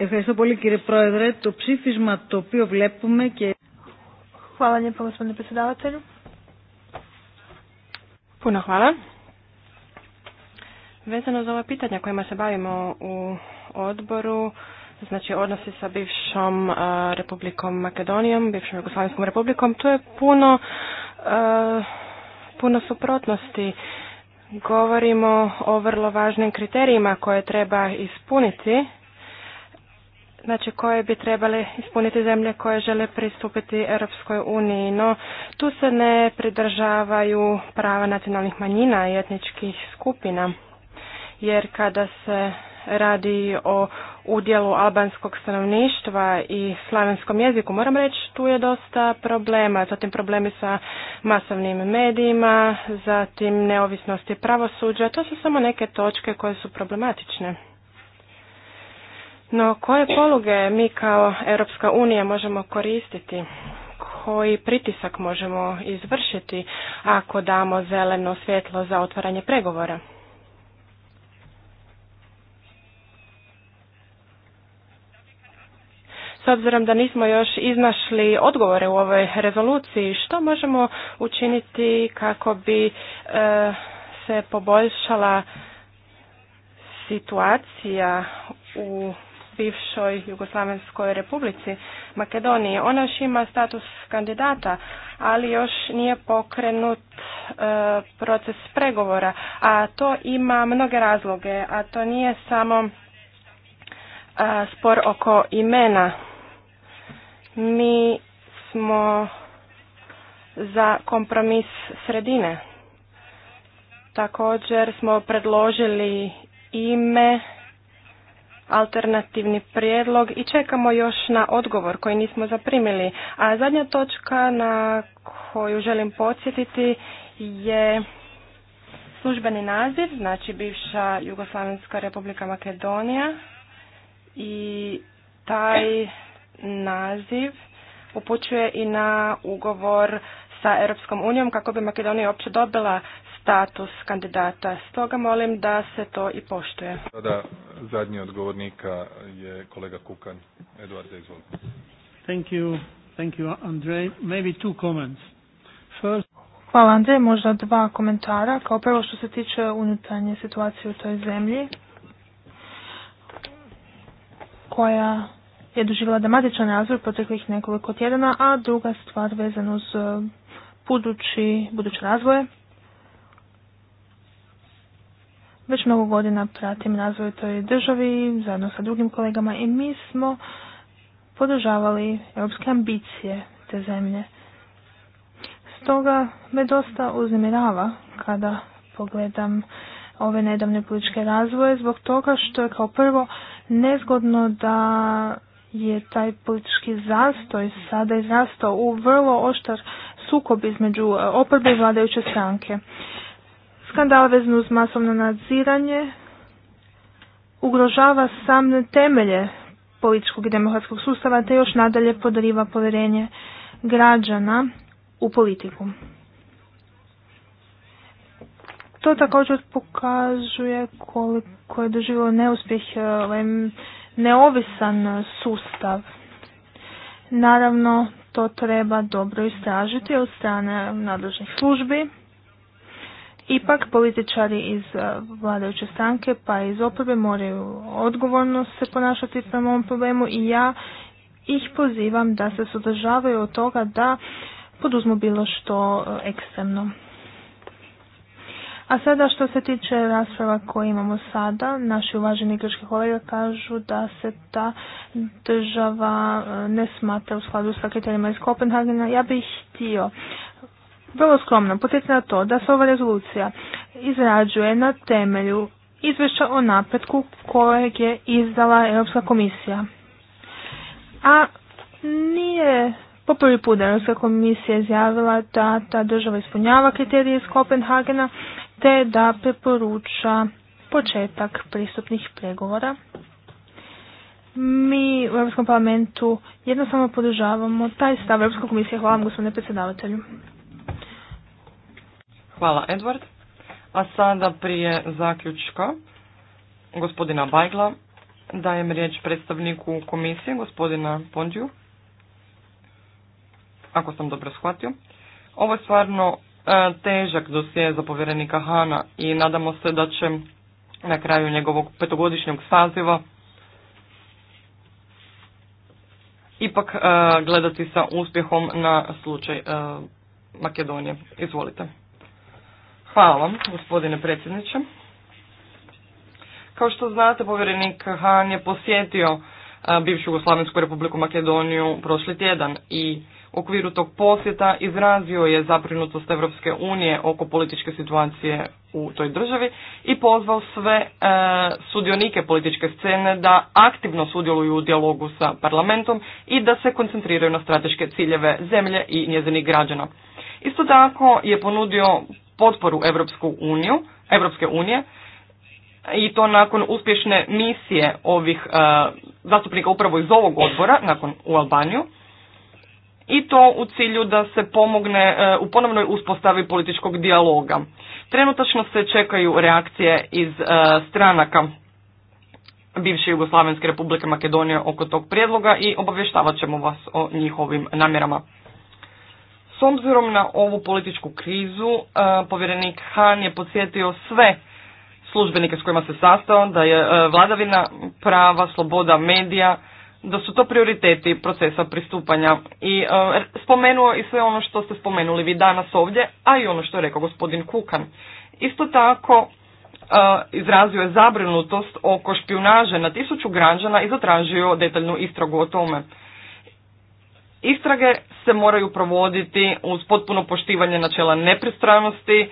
Ευχαριστώ πολύ κύριε Πρόεδρε. to ψήφισμα το οποίο βλέπουμε και... Hvala lijepo gospodine predsjedavatelju. Puno hvala. Vezano za ova pitanja kojima se bavimo u odboru, znači odnosi sa bivšom e, Republikom Makedonijom, bivšom Jugoslavijskom Republikom, tu je puno, e, puno suprotnosti. Govorimo o vrlo važnim kriterijima koje treba ispuniti, znači koje bi trebale ispuniti zemlje koje žele pristupiti Europskoj uniji, no tu se ne pridržavaju prava nacionalnih manjina i etničkih skupina, jer kada se radi o udjelu albanskog stanovništva i slavenskom jeziku. Moram reći, tu je dosta problema, zatim problemi sa masovnim medijima, zatim neovisnosti pravosuđa. To su samo neke točke koje su problematične. No, koje poluge mi kao Europska unija možemo koristiti? Koji pritisak možemo izvršiti ako damo zeleno svjetlo za otvaranje pregovora? S obzirom da nismo još iznašli odgovore u ovoj rezoluciji, što možemo učiniti kako bi e, se poboljšala situacija u bivšoj Jugoslavenskoj republici Makedoniji. Ona još ima status kandidata, ali još nije pokrenut e, proces pregovora, a to ima mnoge razloge, a to nije samo spor oko imena mi smo za kompromis sredine. Također smo predložili ime, alternativni prijedlog i čekamo još na odgovor koji nismo zaprimili. A zadnja točka na koju želim podsjetiti je službeni naziv, znači bivša Jugoslavenska republika Makedonija i taj naziv upućuje i na ugovor sa Europskom unijom kako bi Makedonija uopće dobila status kandidata. Stoga molim da se to i poštuje. Sada zadnji odgovornika je kolega Kukan. Eduard, izvolite. Thank you. Thank you, Andrej. Maybe two comments. First... Hvala Andrej, možda dva komentara. Kao prvo što se tiče unutarnje situacije u toj zemlji koja je doživjela dramatičan razvoj proteklih nekoliko tjedana, a druga stvar vezana uz e, budući, buduće razvoje. Već mnogo godina pratim razvoj toj državi zajedno sa drugim kolegama i mi smo podržavali europske ambicije te zemlje. Stoga me dosta uznemirava kada pogledam ove nedavne političke razvoje zbog toga što je kao prvo nezgodno da je taj politički zastoj sada izrastao u vrlo oštar sukob između e, oporbe i vladajuće stranke. Skandal vezan uz masovno nadziranje ugrožava samne temelje političkog i demokratskog sustava te još nadalje podariva povjerenje građana u politiku. To također pokazuje koliko je doživio neuspjeh e, ovaj neovisan sustav. Naravno, to treba dobro istražiti od strane nadležnih službi. Ipak političari iz eh, vladajuće stranke pa iz oporbe moraju odgovorno se ponašati prema ovom problemu i ja ih pozivam da se sudržavaju od toga da poduzmu bilo što eh, ekstremno. A sada što se tiče rasprava koje imamo sada, naši uvaženi grčki kolege kažu da se ta država e, ne smatra u skladu sa kriterijima iz Kopenhagena. Ja bih htio vrlo skromno podsjetiti na to da se ova rezolucija izrađuje na temelju izvješća o napretku kojeg je izdala Europska komisija. A nije po prvi put Europska komisija izjavila da ta država ispunjava kriterije iz Kopenhagena te da preporuča početak pristupnih pregovora. Mi u Europskom parlamentu jednostavno podržavamo taj stav Europske komisije. Hvala vam gospodine predsjedavatelju. Hvala Edward. A sada prije zaključka gospodina Bajgla dajem riječ predstavniku komisije gospodina Pondju. Ako sam dobro shvatio. Ovo je stvarno E, težak dosje za povjerenika Hana i nadamo se da će na kraju njegovog petogodišnjeg saziva ipak e, gledati sa uspjehom na slučaj e, Makedonije. Izvolite. Hvala vam, gospodine predsjedniče. Kao što znate, povjerenik Han je posjetio bivšu Jugoslavensku republiku Makedoniju prošli tjedan i u okviru tog posjeta izrazio je zabrinutost Europske unije oko političke situacije u toj državi i pozvao sve e, sudionike političke scene da aktivno sudjeluju u dijalogu sa parlamentom i da se koncentriraju na strateške ciljeve zemlje i njezinih građana. Isto tako je ponudio potporu Europsku uniju, Europske unije i to nakon uspješne misije ovih e, zastupnika upravo iz ovog odbora nakon u Albaniju i to u cilju da se pomogne e, u ponovnoj uspostavi političkog dijaloga. Trenutačno se čekaju reakcije iz e, stranaka bivše Jugoslavenske republike Makedonije oko tog prijedloga i obavještavat ćemo vas o njihovim namjerama. S obzirom na ovu političku krizu, e, povjerenik Han je podsjetio sve službenike s kojima se sastao da je vladavina prava, sloboda medija da su to prioriteti procesa pristupanja. I e, er, spomenuo i sve ono što ste spomenuli vi danas ovdje, a i ono što je rekao gospodin Kukan. Isto tako e, izrazio je zabrinutost oko špionaže na tisuću građana i zatražio detaljnu istragu o tome. Istrage se moraju provoditi uz potpuno poštivanje načela nepristranosti,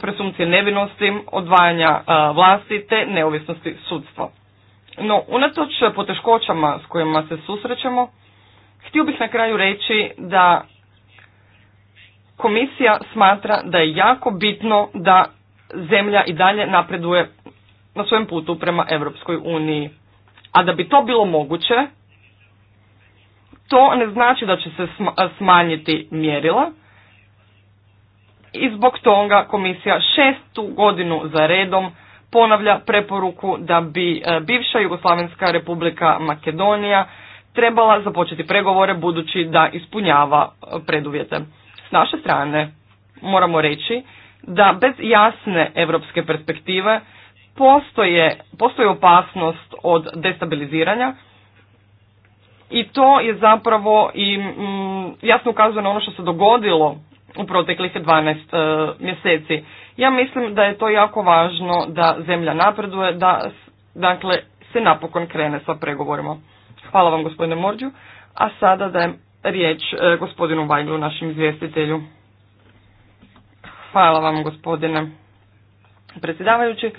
presumpcije nevinosti, odvajanja e, vlasti te neovisnosti sudstva. No, unatoč poteškoćama s kojima se susrećemo, htio bih na kraju reći da komisija smatra da je jako bitno da zemlja i dalje napreduje na svojem putu prema Europskoj uniji. A da bi to bilo moguće, to ne znači da će se smanjiti mjerila i zbog toga komisija šestu godinu za redom ponavlja preporuku da bi e, bivša Jugoslavenska republika Makedonija trebala započeti pregovore budući da ispunjava e, preduvjete. S naše strane moramo reći da bez jasne europske perspektive postoje, postoji opasnost od destabiliziranja i to je zapravo i mm, jasno ukazuje na ono što se dogodilo u proteklih 12 e, mjeseci ja mislim da je to jako važno da zemlja napreduje, da dakle, se napokon krene sa pregovorima. Hvala vam gospodine Morđu, a sada dajem riječ e, gospodinu Vajglu, našem izvjestitelju. Hvala vam gospodine predsjedavajući,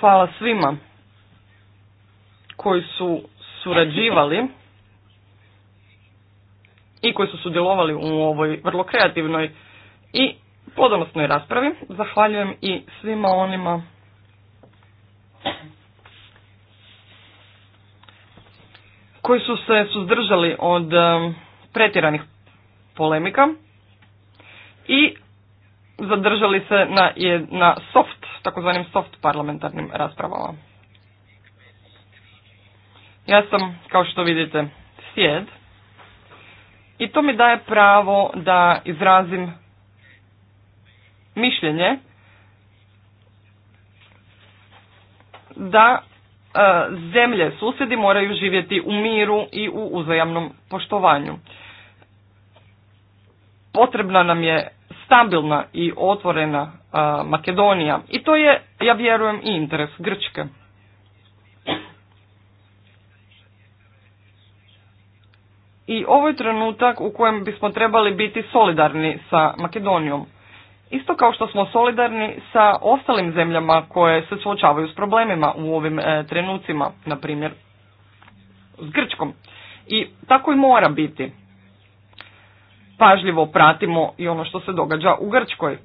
hvala svima koji su surađivali i koji su sudjelovali u ovoj vrlo kreativnoj i plodonosnoj raspravi. Zahvaljujem i svima onima koji su se suzdržali od um, pretjeranih polemika i zadržali se na, na soft, takozvanim soft parlamentarnim raspravama. Ja sam, kao što vidite, sjed i to mi daje pravo da izrazim mišljenje da e, zemlje susjedi moraju živjeti u miru i u uzajamnom poštovanju. Potrebna nam je stabilna i otvorena e, Makedonija i to je, ja vjerujem, i interes Grčke. I ovo je trenutak u kojem bismo trebali biti solidarni sa Makedonijom. Isto kao što smo solidarni sa ostalim zemljama koje se suočavaju s problemima u ovim e, trenucima, na primjer s Grčkom. I tako i mora biti. Pažljivo pratimo i ono što se događa u Grčkoj.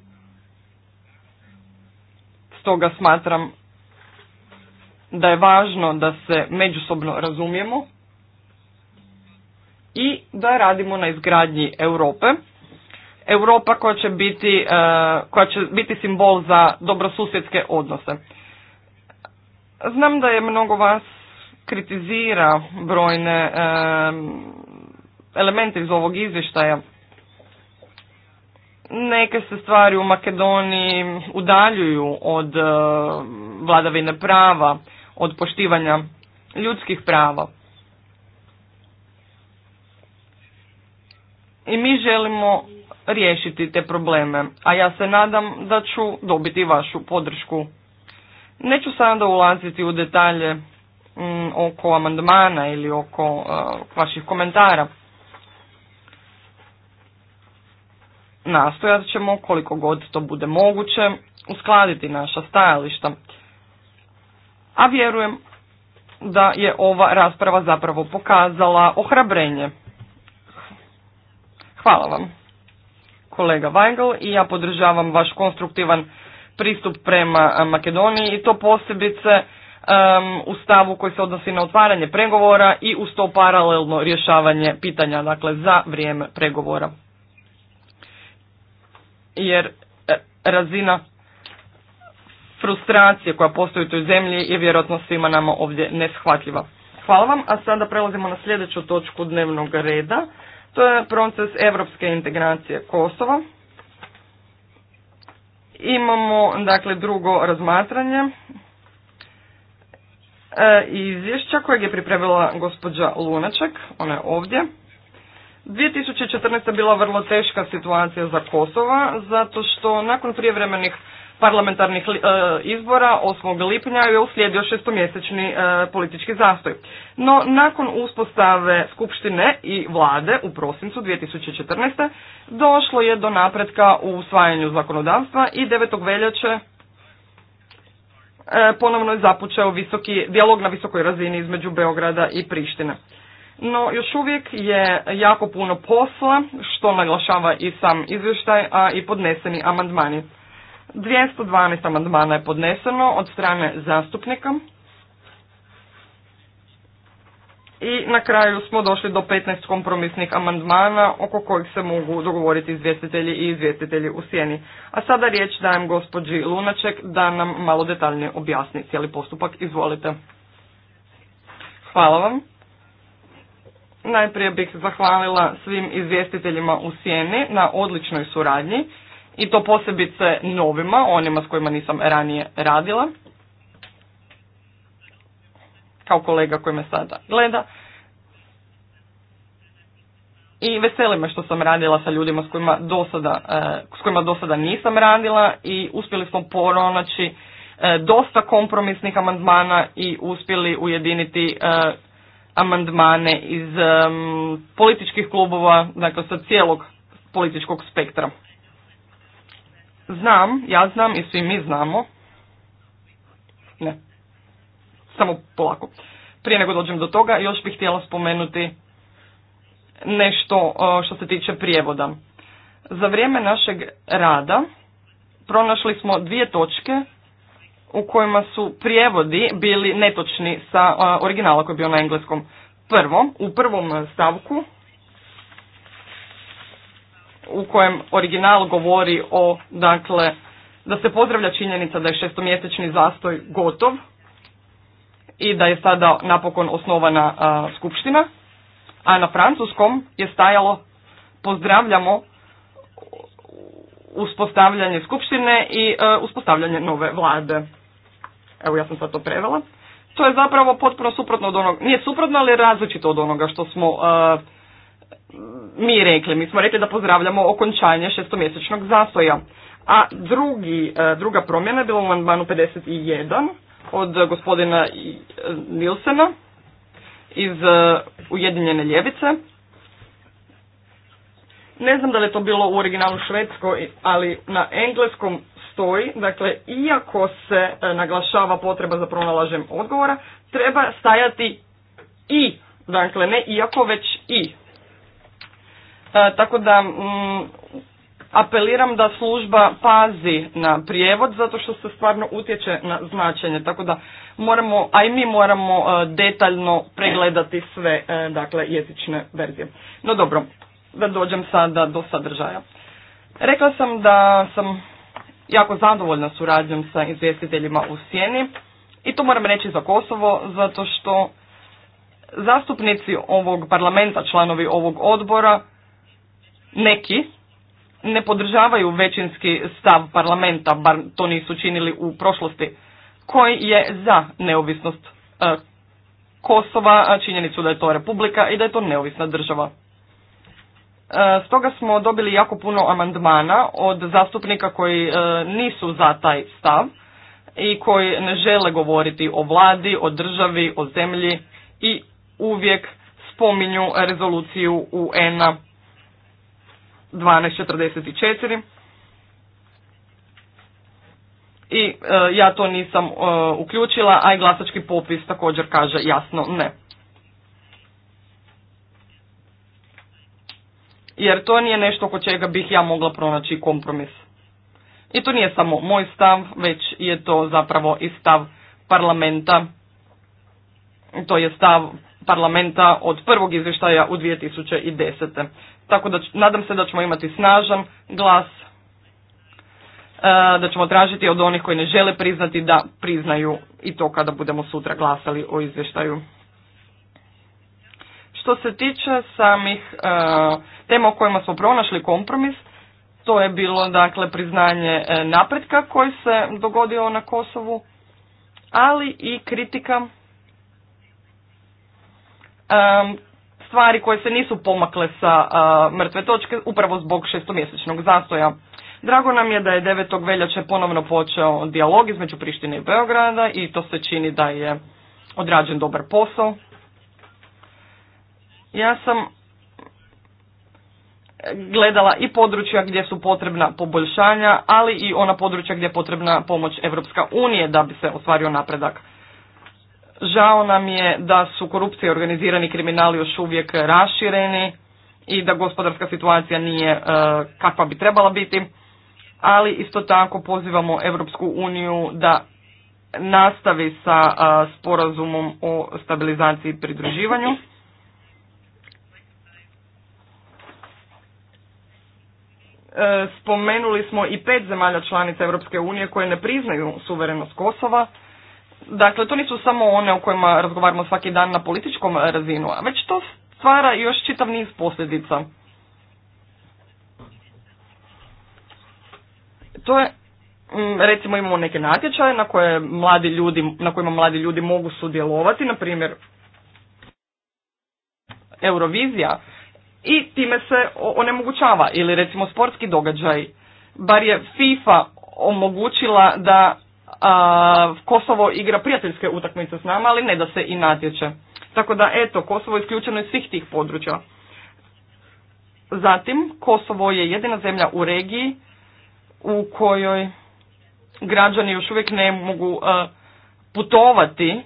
Stoga smatram da je važno da se međusobno razumijemo i da radimo na izgradnji Europe Europa koja će biti, e, koja će biti simbol za dobrosusjedske odnose. Znam da je mnogo vas kritizira brojne e, elemente iz ovog izvještaja. Neke se stvari u Makedoniji udaljuju od e, vladavine prava, od poštivanja ljudskih prava. I mi želimo riješiti te probleme, a ja se nadam da ću dobiti vašu podršku. Neću sada ulaziti u detalje mm, oko amandmana ili oko e, vaših komentara. Nastojat ćemo koliko god to bude moguće uskladiti naša stajališta. A vjerujem da je ova rasprava zapravo pokazala ohrabrenje. Hvala vam kolega Weigl i ja podržavam vaš konstruktivan pristup prema Makedoniji i to posebice um, u stavu koji se odnosi na otvaranje pregovora i uz to paralelno rješavanje pitanja, dakle za vrijeme pregovora. Jer e, razina frustracije koja postoji u toj zemlji je vjerojatno svima nama ovdje neshvatljiva. Hvala vam, a sada prelazimo na sljedeću točku dnevnog reda. To je proces evropske integracije Kosova. Imamo dakle drugo razmatranje e, izvješća kojeg je pripremila gospođa Lunaček, ona je ovdje. 2014. bila vrlo teška situacija za Kosova, zato što nakon prijevremenih parlamentarnih eh, izbora 8. lipnja je uslijedio šestomjesečni eh, politički zastoj. No, nakon uspostave Skupštine i vlade u prosincu 2014. došlo je do napretka u usvajanju zakonodavstva i 9. veljače eh, ponovno je započeo visoki, dijalog na visokoj razini između Beograda i Prištine. No, još uvijek je jako puno posla, što naglašava i sam izvještaj, a i podneseni amandmani. 212 amandmana je podneseno od strane zastupnika. I na kraju smo došli do 15 kompromisnih amandmana oko kojih se mogu dogovoriti izvjestitelji i izvjestitelji u sjeni. A sada riječ dajem gospođi Lunaček da nam malo detaljnije objasni cijeli postupak. Izvolite. Hvala vam. Najprije bih zahvalila svim izvjestiteljima u sjeni na odličnoj suradnji i to posebice novima, onima s kojima nisam ranije radila, kao kolega koji me sada gleda. I veseli me što sam radila sa ljudima s kojima do sada, e, s kojima do nisam radila i uspjeli smo pronaći e, dosta kompromisnih amandmana i uspjeli ujediniti e, amandmane iz političkih klubova, dakle sa cijelog političkog spektra. Znam, ja znam i svi mi znamo. Ne. Samo polako. Prije nego dođem do toga, još bih htjela spomenuti nešto e, što se tiče prijevoda. Za vrijeme našeg rada pronašli smo dvije točke u kojima su prijevodi bili netočni sa e, originala koji je bio na engleskom. Prvo, u prvom stavku u kojem original govori o, dakle, da se pozdravlja činjenica da je šestomjesečni zastoj gotov i da je sada napokon osnovana skupština, a na francuskom je stajalo pozdravljamo uspostavljanje skupštine i e, uspostavljanje nove vlade. Evo ja sam sad to prevela. To je zapravo potpuno suprotno od onoga, nije suprotno, ali različito od onoga što smo e, mi rekli. Mi smo rekli da pozdravljamo okončanje šestomjesečnog zastoja. A drugi, e, druga promjena je bila u amandmanu 51 od gospodina e, Nilsena iz e, Ujedinjene ljevice. Ne znam da li je to bilo u originalu švedskoj, ali na engleskom stoji, dakle, iako se naglašava potreba za pronalažem odgovora, treba stajati i, dakle, ne iako, već i. E, tako da m, mm, apeliram da služba pazi na prijevod zato što se stvarno utječe na značenje. Tako da moramo, a i mi moramo e, detaljno pregledati sve e, dakle, jezične verzije. No dobro, da dođem sada do sadržaja. Rekla sam da sam jako zadovoljna suradnjom sa izvjestiteljima u Sjeni i to moram reći za Kosovo zato što zastupnici ovog parlamenta, članovi ovog odbora neki ne podržavaju većinski stav parlamenta, bar to nisu činili u prošlosti, koji je za neovisnost e, Kosova, činjenicu da je to republika i da je to neovisna država. E, stoga smo dobili jako puno amandmana od zastupnika koji e, nisu za taj stav i koji ne žele govoriti o vladi, o državi, o zemlji i uvijek spominju rezoluciju UN-a 12.44 i e, ja to nisam e, uključila, a i glasački popis također kaže jasno ne. Jer to nije nešto oko čega bih ja mogla pronaći kompromis. I to nije samo moj stav, već je to zapravo i stav parlamenta. To je stav parlamenta od prvog izvještaja u 2010 tako da nadam se da ćemo imati snažan glas, e, da ćemo tražiti od onih koji ne žele priznati da priznaju i to kada budemo sutra glasali o izvještaju. Što se tiče samih e, tema o kojima smo pronašli kompromis, to je bilo dakle priznanje e, napretka koji se dogodio na Kosovu, ali i kritika stvari koje se nisu pomakle sa mrtve točke upravo zbog šestomjesečnog zastoja. Drago nam je da je 9. veljače ponovno počeo dijalog između Prištine i Beograda i to se čini da je odrađen dobar posao. Ja sam gledala i područja gdje su potrebna poboljšanja, ali i ona područja gdje je potrebna pomoć Evropska unije da bi se ostvario napredak. Žao nam je da su korupcija i organizirani kriminali još uvijek rašireni i da gospodarska situacija nije e, kakva bi trebala biti, ali isto tako pozivamo Europsku uniju da nastavi sa e, sporazumom o stabilizaciji i pridruživanju. E, spomenuli smo i pet zemalja članica Europske unije koje ne priznaju suverenost Kosova Dakle, to nisu samo one o kojima razgovaramo svaki dan na političkom e, razinu, a već to stvara još čitav niz posljedica. To je, mm, recimo imamo neke natječaje na, koje mladi ljudi, na kojima mladi ljudi mogu sudjelovati, na primjer Eurovizija, i time se onemogućava, ili recimo sportski događaj. Bar je FIFA omogućila da a, Kosovo igra prijateljske utakmice s nama, ali ne da se i natječe. Tako da, eto, Kosovo je isključeno iz svih tih područja. Zatim, Kosovo je jedina zemlja u regiji u kojoj građani još uvijek ne mogu e, putovati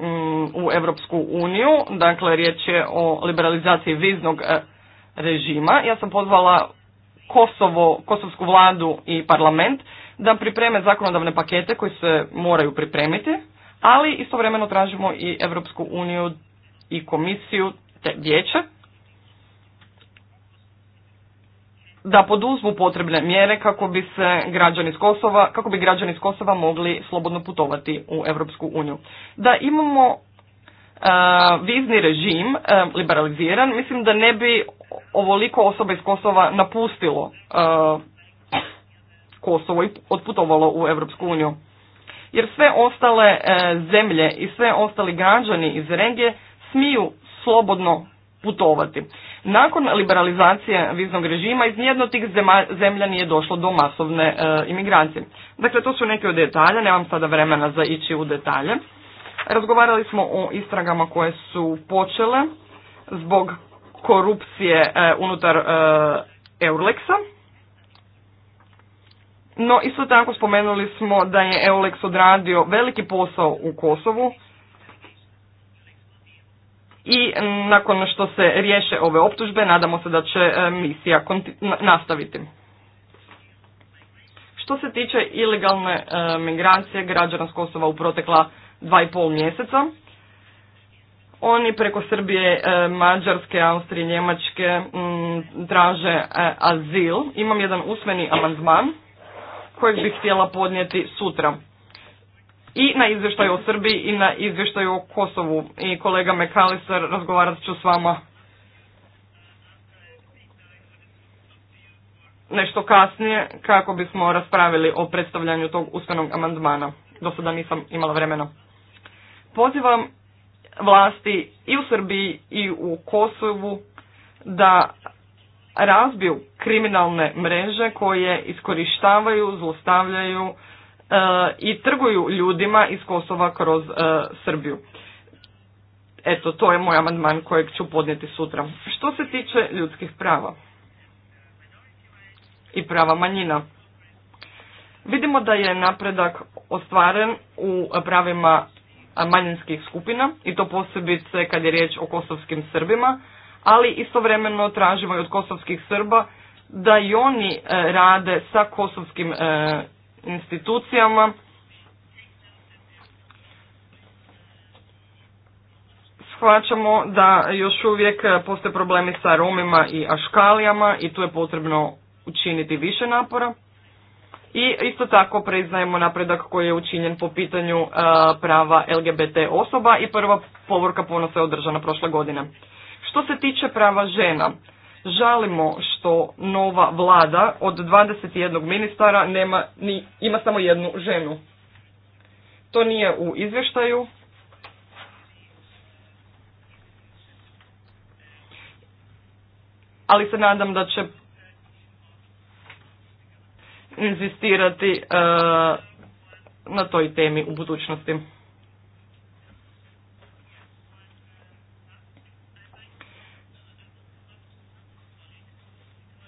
mm, u Europsku uniju. Dakle, riječ je o liberalizaciji viznog e, režima. Ja sam pozvala Kosovo, kosovsku vladu i parlament da pripreme zakonodavne pakete koji se moraju pripremiti, ali istovremeno tražimo i Europsku uniju i komisiju te vijeće da poduzmu potrebne mjere kako bi se građani s Kosova, kako bi građani iz Kosova mogli slobodno putovati u Europsku uniju. Da imamo e, vizni režim e, liberaliziran, mislim da ne bi ovoliko osoba iz Kosova napustilo e, Kosovo i otputovalo u Europsku uniju. Jer sve ostale e, zemlje i sve ostali građani iz regije smiju slobodno putovati. Nakon liberalizacije viznog režima iz nijedno tih zemlja nije došlo do masovne e, imigracije. Dakle, to su neke od detalja, nemam sada vremena za ići u detalje. Razgovarali smo o istragama koje su počele zbog korupcije e, unutar e, no, isto tako spomenuli smo da je Eulex odradio veliki posao u Kosovu i nakon što se riješe ove optužbe, nadamo se da će e, misija nastaviti. Što se tiče ilegalne e, migracije građana s Kosova u protekla dva i pol mjeseca, oni preko Srbije, e, Mađarske, Austrije, Njemačke traže azil. Imam jedan usmeni amandman kojeg bih htjela podnijeti sutra. I na izvještaju o Srbiji i na izvještaju o Kosovu. I kolega Mekalisar, razgovarat ću s vama nešto kasnije kako bismo raspravili o predstavljanju tog ustavnog amandmana. Do sada nisam imala vremena. Pozivam vlasti i u Srbiji i u Kosovu da razbiju kriminalne mreže koje iskorištavaju, zlostavljaju e, i trguju ljudima iz Kosova kroz e, Srbiju. Eto, to je moj amandman kojeg ću podnijeti sutra. Što se tiče ljudskih prava i prava manjina, vidimo da je napredak ostvaren u pravima manjinskih skupina i to posebice kad je riječ o kosovskim Srbima, ali istovremeno tražimo i od kosovskih Srba da i oni e, rade sa kosovskim e, institucijama shvaćamo da još uvijek postoje problemi sa Romima i Aškalijama i tu je potrebno učiniti više napora. I isto tako priznajemo napredak koji je učinjen po pitanju e, prava LGBT osoba i prva povorka ponosa je održana prošle godine. Što se tiče prava žena, žalimo što nova vlada od 21 ministara nema ni, ima samo jednu ženu. To nije u izvještaju. Ali se nadam da će inzistirati uh, na toj temi u budućnosti.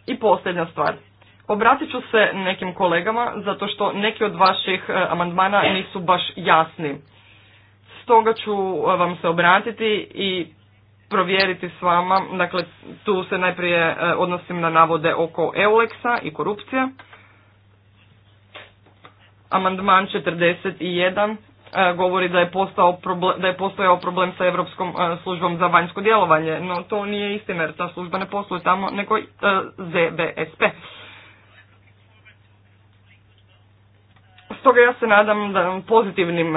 I posljednja stvar. Obratit ću se nekim kolegama zato što neki od vaših e, amandmana nisu baš jasni. Stoga ću e, vam se obratiti i provjeriti s vama. Dakle, tu se najprije e, odnosim na navode oko Euleksa i korupcije. Amandman 41 E, govori da je, postao problem, da je postojao problem sa Europskom e, službom za vanjsko djelovanje, no to nije istina jer ta služba ne posluje tamo nego e, ZBSP. Stoga ja se nadam da pozitivnim,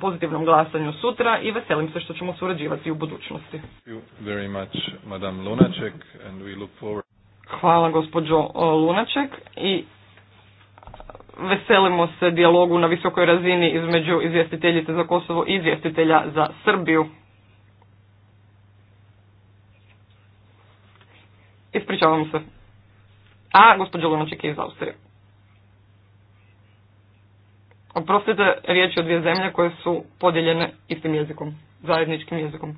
pozitivnom glasanju sutra i veselim se što ćemo surađivati u budućnosti. Hvala gospođo Lunaček i veselimo se dijalogu na visokoj razini između izvjestiteljice za Kosovo i izvjestitelja za Srbiju. Ispričavam se. A, gospođa Lunaček je iz Austrije. Oprostite, riječ je o dvije zemlje koje su podijeljene istim jezikom, zajedničkim jezikom.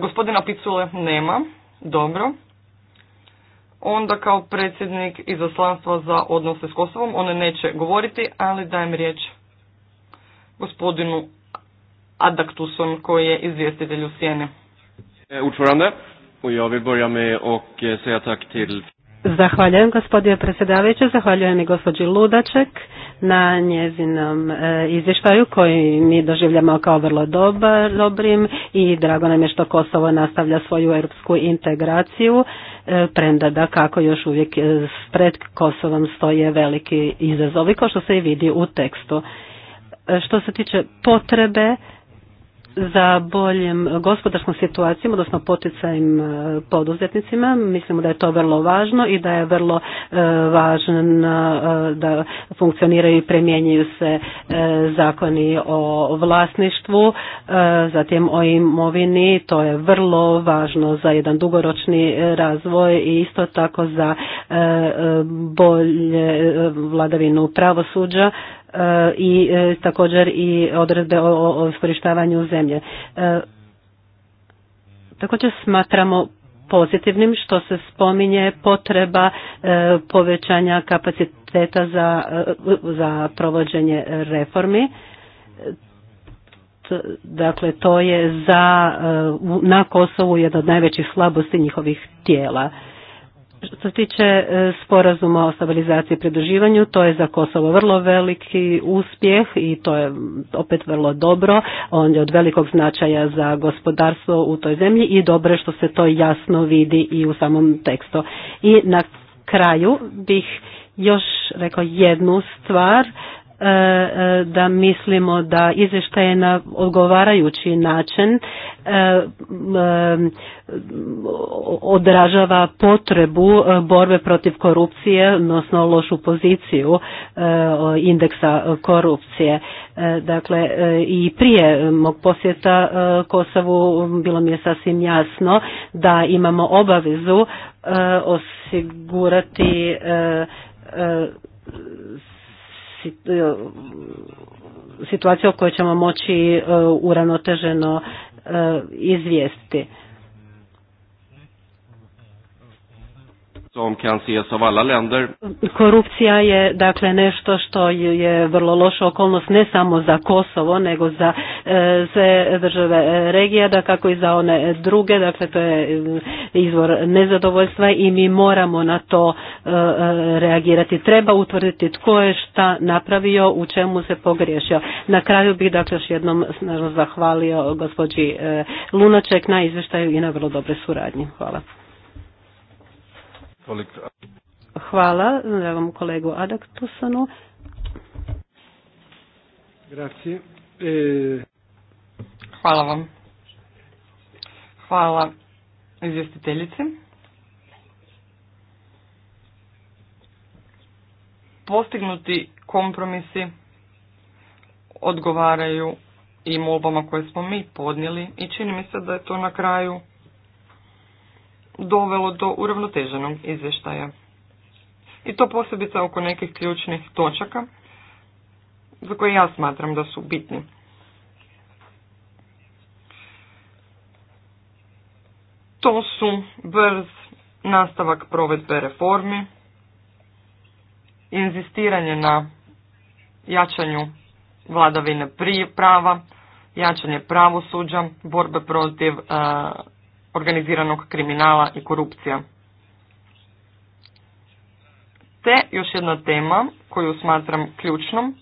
gospodina Picule nema, dobro onda kao predsjednik izaslanstva za odnose s Kosovom, one neće govoriti, ali dajem riječ gospodinu Adaktuson koji je izvjestitelj u sjeni. Ordförande, och jag vill börja med och eh, säga Zahvaljujem gospodine predsjedavajući, zahvaljujem i gospođi Ludaček na njezinom e, izvještaju koji mi doživljamo kao vrlo dobrim i drago nam je što Kosovo nastavlja svoju europsku integraciju, e, premda da kako još uvijek e, pred Kosovom stoje veliki izazovi kao što se i vidi u tekstu. Što se tiče potrebe za boljem gospodarskom situacijom, odnosno poticajim e, poduzetnicima. Mislimo da je to vrlo važno i da je vrlo e, važno e, da funkcioniraju i premjenjuju se zakoni o vlasništvu, zatim o imovini. To je vrlo važno za jedan dugoročni razvoj i isto tako za bolje vladavinu pravosuđa i e, također i odredbe o iskorištavanju zemlje. E, također smatramo pozitivnim što se spominje potreba e, povećanja kapaciteta za, za provođenje reformi. Dakle, to je za, na Kosovu jedna od najvećih slabosti njihovih tijela. Što se tiče e, sporazuma o stabilizaciji i pridruživanju, to je za Kosovo vrlo veliki uspjeh i to je opet vrlo dobro. On je od velikog značaja za gospodarstvo u toj zemlji i dobro je što se to jasno vidi i u samom tekstu. I na kraju bih još rekao jednu stvar E, e, da mislimo da izvještaje na odgovarajući način e, odražava potrebu borbe protiv korupcije, odnosno lošu poziciju indeksa korupcije. Dakle, i prije mog posjeta Kosovu bilo mi je sasvim jasno da imamo obavezu osigurati E, situacija o kojoj ćemo moći e, uravnoteženo e, izvijesti. Korupcija je dakle nešto što je vrlo loša okolnost ne samo za Kosovo nego za e, sve države e, regija da kako i za one e, druge dakle to je izvor nezadovoljstva i mi moramo na to reagirati. Treba utvrditi tko je šta napravio, u čemu se pogriješio. Na kraju bih dakle još jednom zahvalio gospođi Lunaček na izvještaju i na vrlo dobre suradnje. Hvala. Hvala vam kolegu Adaktusanu. E, Hvala vam. Hvala izvjestiteljice. Postignuti kompromisi odgovaraju i molbama koje smo mi podnijeli i čini mi se da je to na kraju dovelo do uravnoteženog izvještaja. I to posebice oko nekih ključnih točaka za koje ja smatram da su bitni. To su brz nastavak provedbe reformi, inzistiranje na jačanju vladavine prava, jačanje pravosuđa, borbe protiv eh, organiziranog kriminala i korupcija. Te još jedna tema koju smatram ključnom,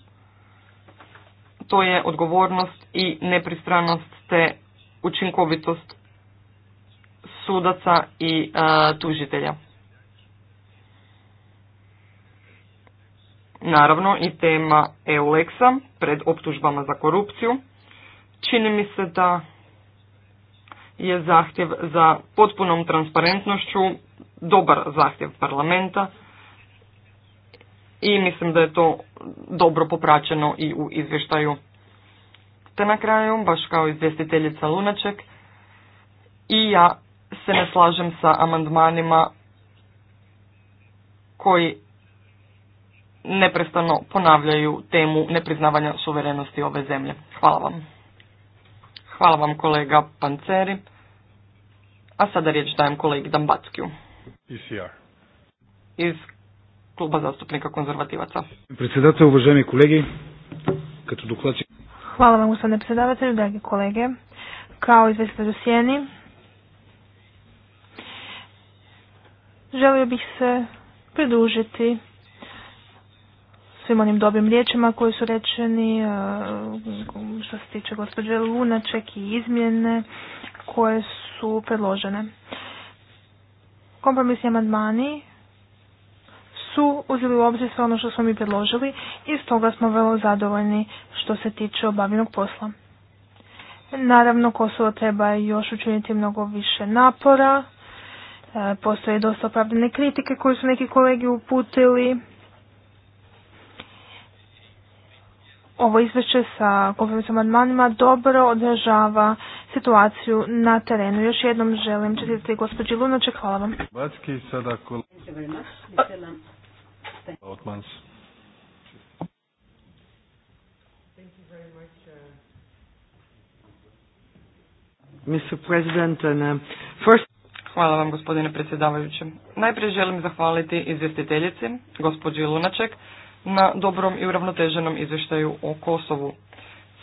to je odgovornost i nepristranost te učinkovitost sudaca i e, tužitelja. Naravno i tema EULEX-a pred optužbama za korupciju. Čini mi se da je zahtjev za potpunom transparentnošću dobar zahtjev parlamenta i mislim da je to dobro popraćeno i u izvještaju. Te na kraju, baš kao izvjestiteljica Lunaček, i ja se ne slažem sa amandmanima koji neprestano ponavljaju temu nepriznavanja suverenosti ove zemlje. Hvala vam. Hvala vam kolega Panceri. A sada riječ dajem kolegi Dambackiju. E Iz kluba zastupnika konzervativaca. Predsjedatelj, uvaženi kolegi, kada doklaci... Hvala vam gospodine predsjedavatelju, dragi kolege. Kao izvestite u Sjeni, želio bih se pridružiti svim onim dobrim riječima koji su rečeni e, što se tiče gospođe Lunaček i izmjene koje su su predložene. Kompromisni amandmani su uzeli u obzir sve ono što smo mi predložili i stoga smo vrlo zadovoljni što se tiče obavljenog posla. Naravno, Kosovo treba još učiniti mnogo više napora. E, postoje dosta opravdane kritike koje su neki kolegi uputili ovo izvješće sa konferencijom amandmanima dobro održava situaciju na terenu. Još jednom želim čestitati gospođi Lunaček, hvala vam. sada uh, Hvala vam gospodine predsjedavajući. Najprije želim zahvaliti izvjestiteljici, gospođi Lunaček, na dobrom i uravnoteženom izvještaju o Kosovu.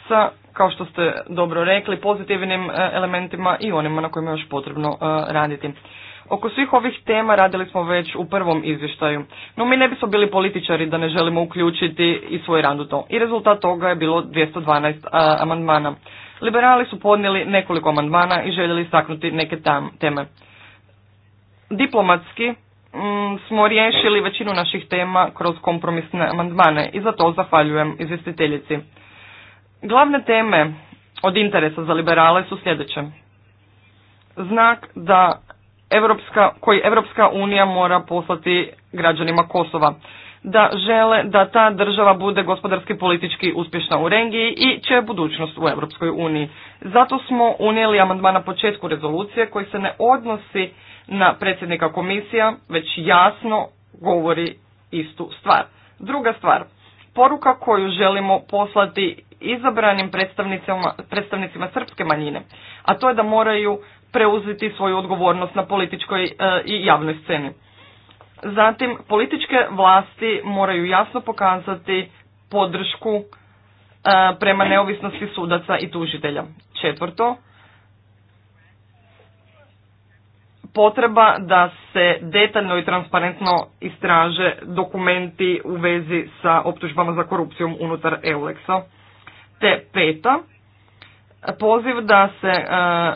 Sa, kao što ste dobro rekli, pozitivnim e, elementima i onima na kojima je još potrebno e, raditi. Oko svih ovih tema radili smo već u prvom izvještaju, no mi ne bismo bili političari da ne želimo uključiti i svoj rad u to. I rezultat toga je bilo 212 e, amandmana. Liberali su podnijeli nekoliko amandmana i željeli istaknuti neke tam, teme. Diplomatski Mm, smo riješili većinu naših tema kroz kompromisne amandmane i za to zahvaljujem izvjestiteljici. Glavne teme od interesa za liberale su sljedeće. Znak da Evropska, koji Evropska unija mora poslati građanima Kosova, da žele da ta država bude gospodarski politički uspješna u regiji i će budućnost u Europskoj uniji. Zato smo unijeli amandman na početku rezolucije koji se ne odnosi na predsjednika komisija već jasno govori istu stvar. Druga stvar, poruka koju želimo poslati izabranim predstavnicima, predstavnicima srpske manjine, a to je da moraju preuzeti svoju odgovornost na političkoj e, i javnoj sceni. Zatim, političke vlasti moraju jasno pokazati podršku e, prema neovisnosti sudaca i tužitelja. Četvrto, potreba da se detaljno i transparentno istraže dokumenti u vezi sa optužbama za korupcijom unutar EULEX-a. Te peta, poziv da se e,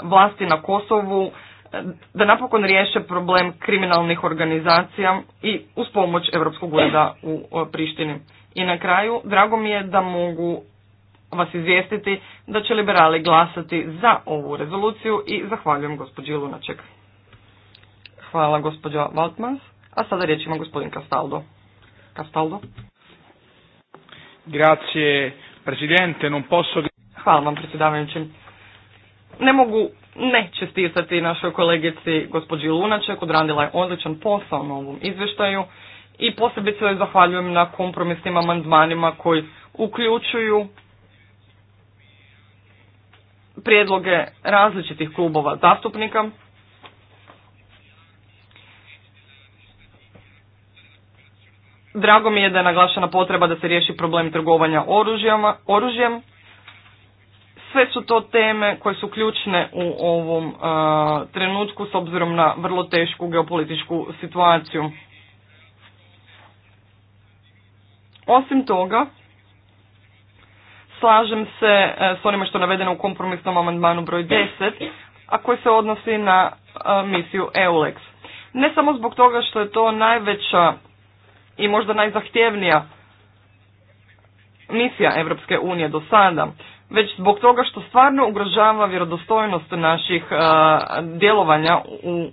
vlasti na Kosovu e, da napokon riješe problem kriminalnih organizacija i uz pomoć Europskog ureda u Prištini. I na kraju, drago mi je da mogu vas izvijestiti da će liberali glasati za ovu rezoluciju i zahvaljujem gospođi Lunaček. Hvala gospođo Valtmans. A sada riječ ima gospodin Castaldo. Castaldo. Grazie, presidente, non posso... Hvala vam, predsjedavajući. Ne mogu ne čestitati našoj kolegici gospođi Lunaček, odradila je odličan posao na ovom izvještaju i posebice joj zahvaljujem na kompromisnim amandmanima koji uključuju prijedloge različitih klubova zastupnika Drago mi je da je naglašena potreba da se riješi problem trgovanja oružjama, oružjem. Sve su to teme koje su ključne u ovom e, trenutku s obzirom na vrlo tešku geopolitičku situaciju. Osim toga, slažem se e, s onima što je navedeno u kompromisnom amandmanu broj 10, a koji se odnosi na e, misiju EULEX. Ne samo zbog toga što je to najveća i možda najzahtjevnija misija Evropske unije do sada, već zbog toga što stvarno ugrožava vjerodostojnost naših e, djelovanja u,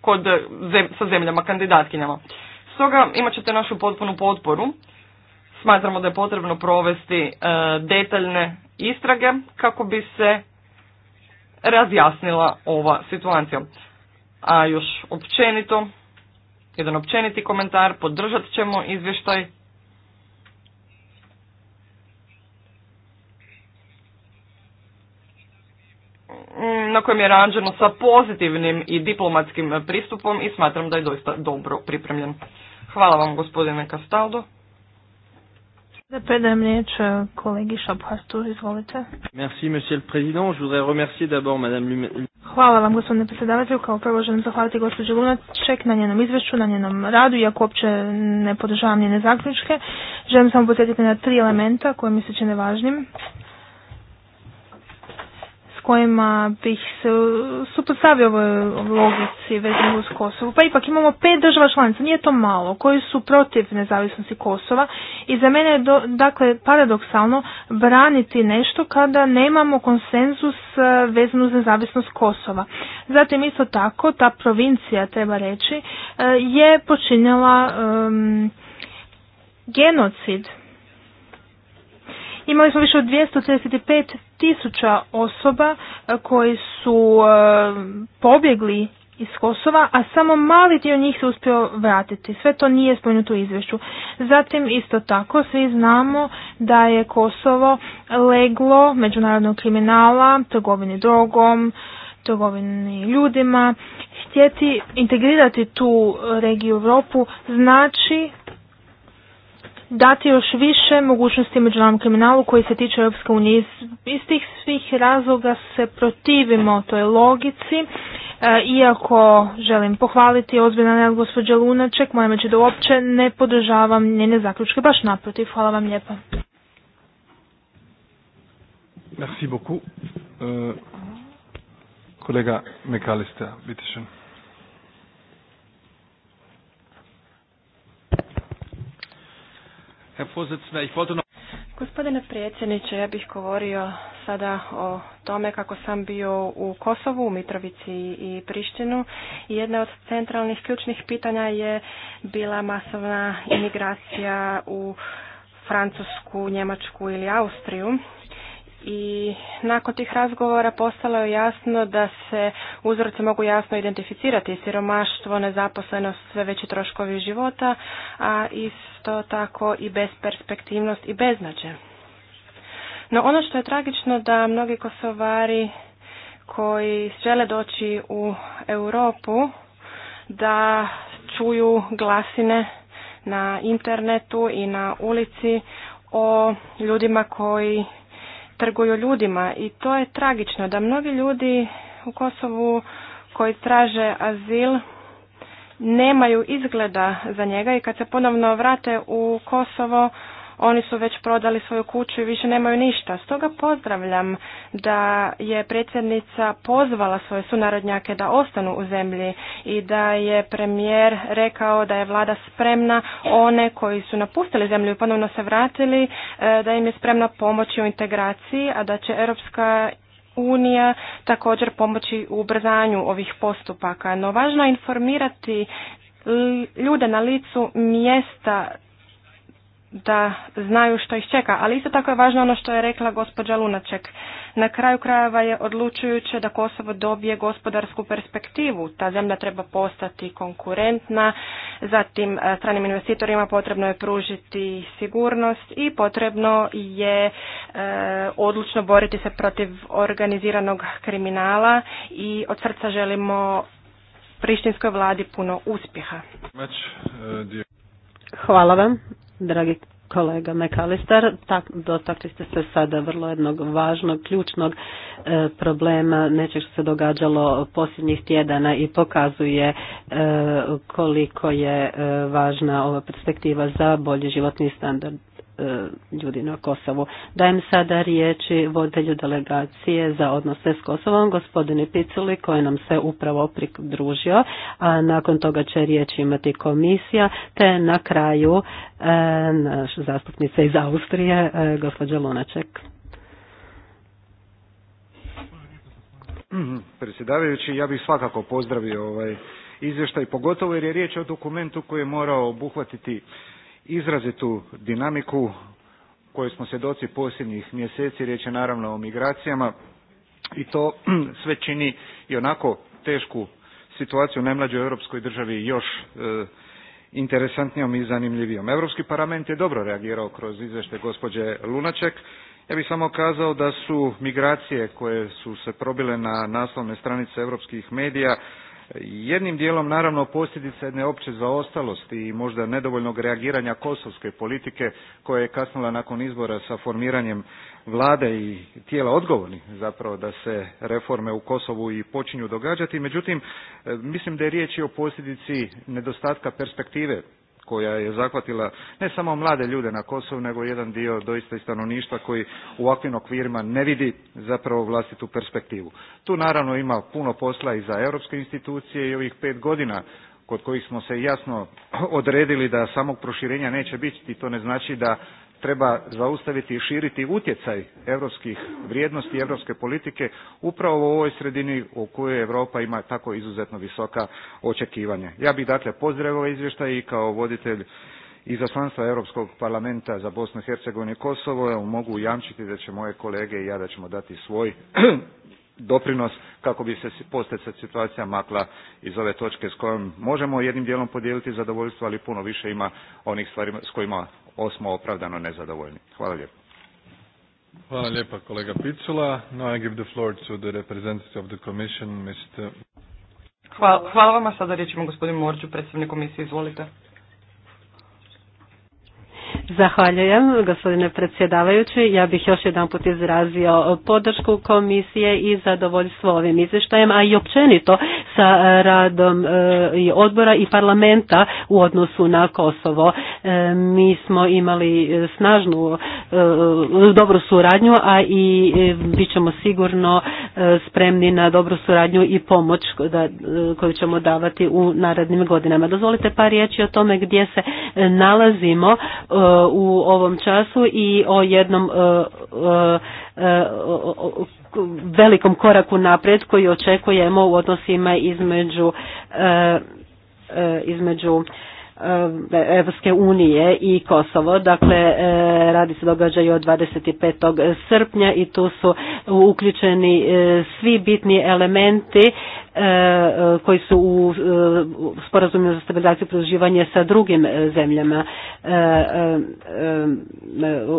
kod, sa zemljama kandidatkinjama. Stoga imat ćete našu potpunu potporu. Smatramo da je potrebno provesti e, detaljne istrage kako bi se razjasnila ova situacija. A još općenito, jedan općeniti komentar, podržat ćemo izvještaj. Mm, na kojem je ranđeno sa pozitivnim i diplomatskim pristupom i smatram da je doista dobro pripremljen. Hvala vam gospodine Castaldo. E, kolegi izvolite. Merci, monsieur le Hvala vam, gospodine predsjedavatelju. Kao prvo želim zahvaliti gospođu Lunaček na njenom izvješću, na njenom radu, iako uopće ne podržavam njene zaključke. Želim samo podsjetiti na tri elementa koje mi se čine važnim kojima bih se suprotstavio ovoj logici vezano uz Kosovo. Pa ipak imamo pet država članica, nije to malo, koji su protiv nezavisnosti Kosova i za mene je do, dakle paradoksalno braniti nešto kada nemamo konsenzus eh, vezano uz nezavisnost Kosova. Zatim isto tako ta provincija treba reći eh, je počinjala genocid Imali smo više od 235 tisuća osoba e, koji su e, pobjegli iz Kosova, a samo mali dio njih se uspio vratiti. Sve to nije spomenuto u izvješću. Zatim isto tako svi znamo da je Kosovo leglo međunarodnog kriminala, trgovini drogom, trgovini ljudima. Htjeti integrirati tu regiju Europu znači dati još više mogućnosti međunarodnom kriminalu koji se tiče Europske unije. Iz, tih svih razloga se protivimo toj logici, e, iako želim pohvaliti ozbiljan rad gospođe Lunaček, moja među da uopće ne podržavam njene zaključke, baš naprotiv. Hvala vam lijepa. Merci beaucoup. E, kolega Mekalista, Gospodine predsjedniče, ja bih govorio sada o tome kako sam bio u Kosovu, u Mitrovici i Prištinu. Jedna od centralnih ključnih pitanja je bila masovna imigracija u Francusku, Njemačku ili Austriju i nakon tih razgovora postalo je jasno da se uzroci mogu jasno identificirati siromaštvo, nezaposlenost, sve veći troškovi života, a isto tako i besperspektivnost i beznađe. No ono što je tragično da mnogi kosovari koji žele doći u Europu da čuju glasine na internetu i na ulici o ljudima koji trguju ljudima i to je tragično da mnogi ljudi u Kosovu koji traže azil nemaju izgleda za njega i kad se ponovno vrate u Kosovo oni su već prodali svoju kuću i više nemaju ništa. Stoga pozdravljam da je predsjednica pozvala svoje sunarodnjake da ostanu u zemlji i da je premijer rekao da je vlada spremna one koji su napustili zemlju i ponovno se vratili, e, da im je spremna pomoći u integraciji, a da će Europska unija također pomoći u ubrzanju ovih postupaka. No važno je informirati ljude na licu mjesta da znaju što ih čeka, ali isto tako je važno ono što je rekla gospođa Lunaček. Na kraju krajeva je odlučujuće da Kosovo dobije gospodarsku perspektivu. Ta zemlja treba postati konkurentna, zatim e, stranim investitorima potrebno je pružiti sigurnost i potrebno je e, odlučno boriti se protiv organiziranog kriminala i od srca želimo prištinskoj vladi puno uspjeha. E, Hvala vam dragi kolega Mekalistar, tak, dotakli ste se sada vrlo jednog važnog, ključnog e, problema, nečeg što se događalo posljednjih tjedana i pokazuje e, koliko je e, važna ova perspektiva za bolji životni standard E, ljudi na Kosovu. Dajem sada riječi vodelju delegacije za odnose s Kosovom, gospodine Piculi, koji nam se upravo pridružio, a nakon toga će riječ imati komisija, te na kraju e, naš zastupnica iz Austrije, e, gospođa Lunaček. Mhm, predsjedavajući, ja bih svakako pozdravio ovaj izvještaj, pogotovo jer je riječ o dokumentu koji je morao obuhvatiti izrazitu dinamiku kojoj smo svjedoci posljednjih mjeseci, riječ je naravno o migracijama i to [CLEARS THROAT] sve čini i onako tešku situaciju u najmlađoj europskoj državi još e, interesantnijom i zanimljivijom. Europski parlament je dobro reagirao kroz izvešte gospođe Lunaček. Ja bih samo kazao da su migracije koje su se probile na naslovne stranice europskih medija Jednim dijelom naravno posljedica jedne opće zaostalosti i možda nedovoljnog reagiranja kosovske politike koja je kasnila nakon izbora sa formiranjem vlade i tijela odgovornih zapravo da se reforme u Kosovu i počinju događati. Međutim, e, mislim da je riječ i o posljedici nedostatka perspektive koja je zahvatila ne samo mlade ljude na Kosovu, nego jedan dio doista i stanovništva koji u ovakvim okvirima ne vidi zapravo vlastitu perspektivu. Tu naravno ima puno posla i za europske institucije i ovih pet godina kod kojih smo se jasno odredili da samog proširenja neće biti, to ne znači da treba zaustaviti i širiti utjecaj europskih vrijednosti i europske politike upravo u ovoj sredini u kojoj Europa ima tako izuzetno visoka očekivanja. Ja bih dakle pozdravio ovaj izvještaj i kao voditelj izaslanstva Europskog parlamenta za Bosnu i Hercegovinu i Kosovo mogu jamčiti da će moje kolege i ja da ćemo dati svoj [CLEARS THROAT] doprinos kako bi se postojeća situacija makla iz ove točke s kojom možemo jednim dijelom podijeliti zadovoljstvo, ali puno više ima onih stvari s kojima osmo opravdano nezadovoljni. Hvala lijepo. Hvala lijepa kolega Picula. Now I give the floor to the representative of the commission, Mr. Hvala, hvala vam, sada riječ ima Morđu, predstavnik komisije, izvolite. Zahvaljujem gospodine predsjedavajući. Ja bih još jedanput izrazio podršku komisije i zadovoljstvo ovim izvještajem, a i općenito sa radom e, i odbora i parlamenta u odnosu na Kosovo. E, mi smo imali snažnu e, dobru suradnju, a i bit ćemo sigurno spremni na dobru suradnju i pomoć koju ćemo davati u narednim godinama. Dozvolite par riječi o tome gdje se nalazimo u ovom času i o jednom e, e, e, velikom koraku napred koji očekujemo u odnosima između između Evropske unije i Kosovo. Dakle, radi se događaju od 25. srpnja i tu su uključeni svi bitni elementi E, koji su e, u sporazumu za stabilizaciju i sa drugim e, zemljama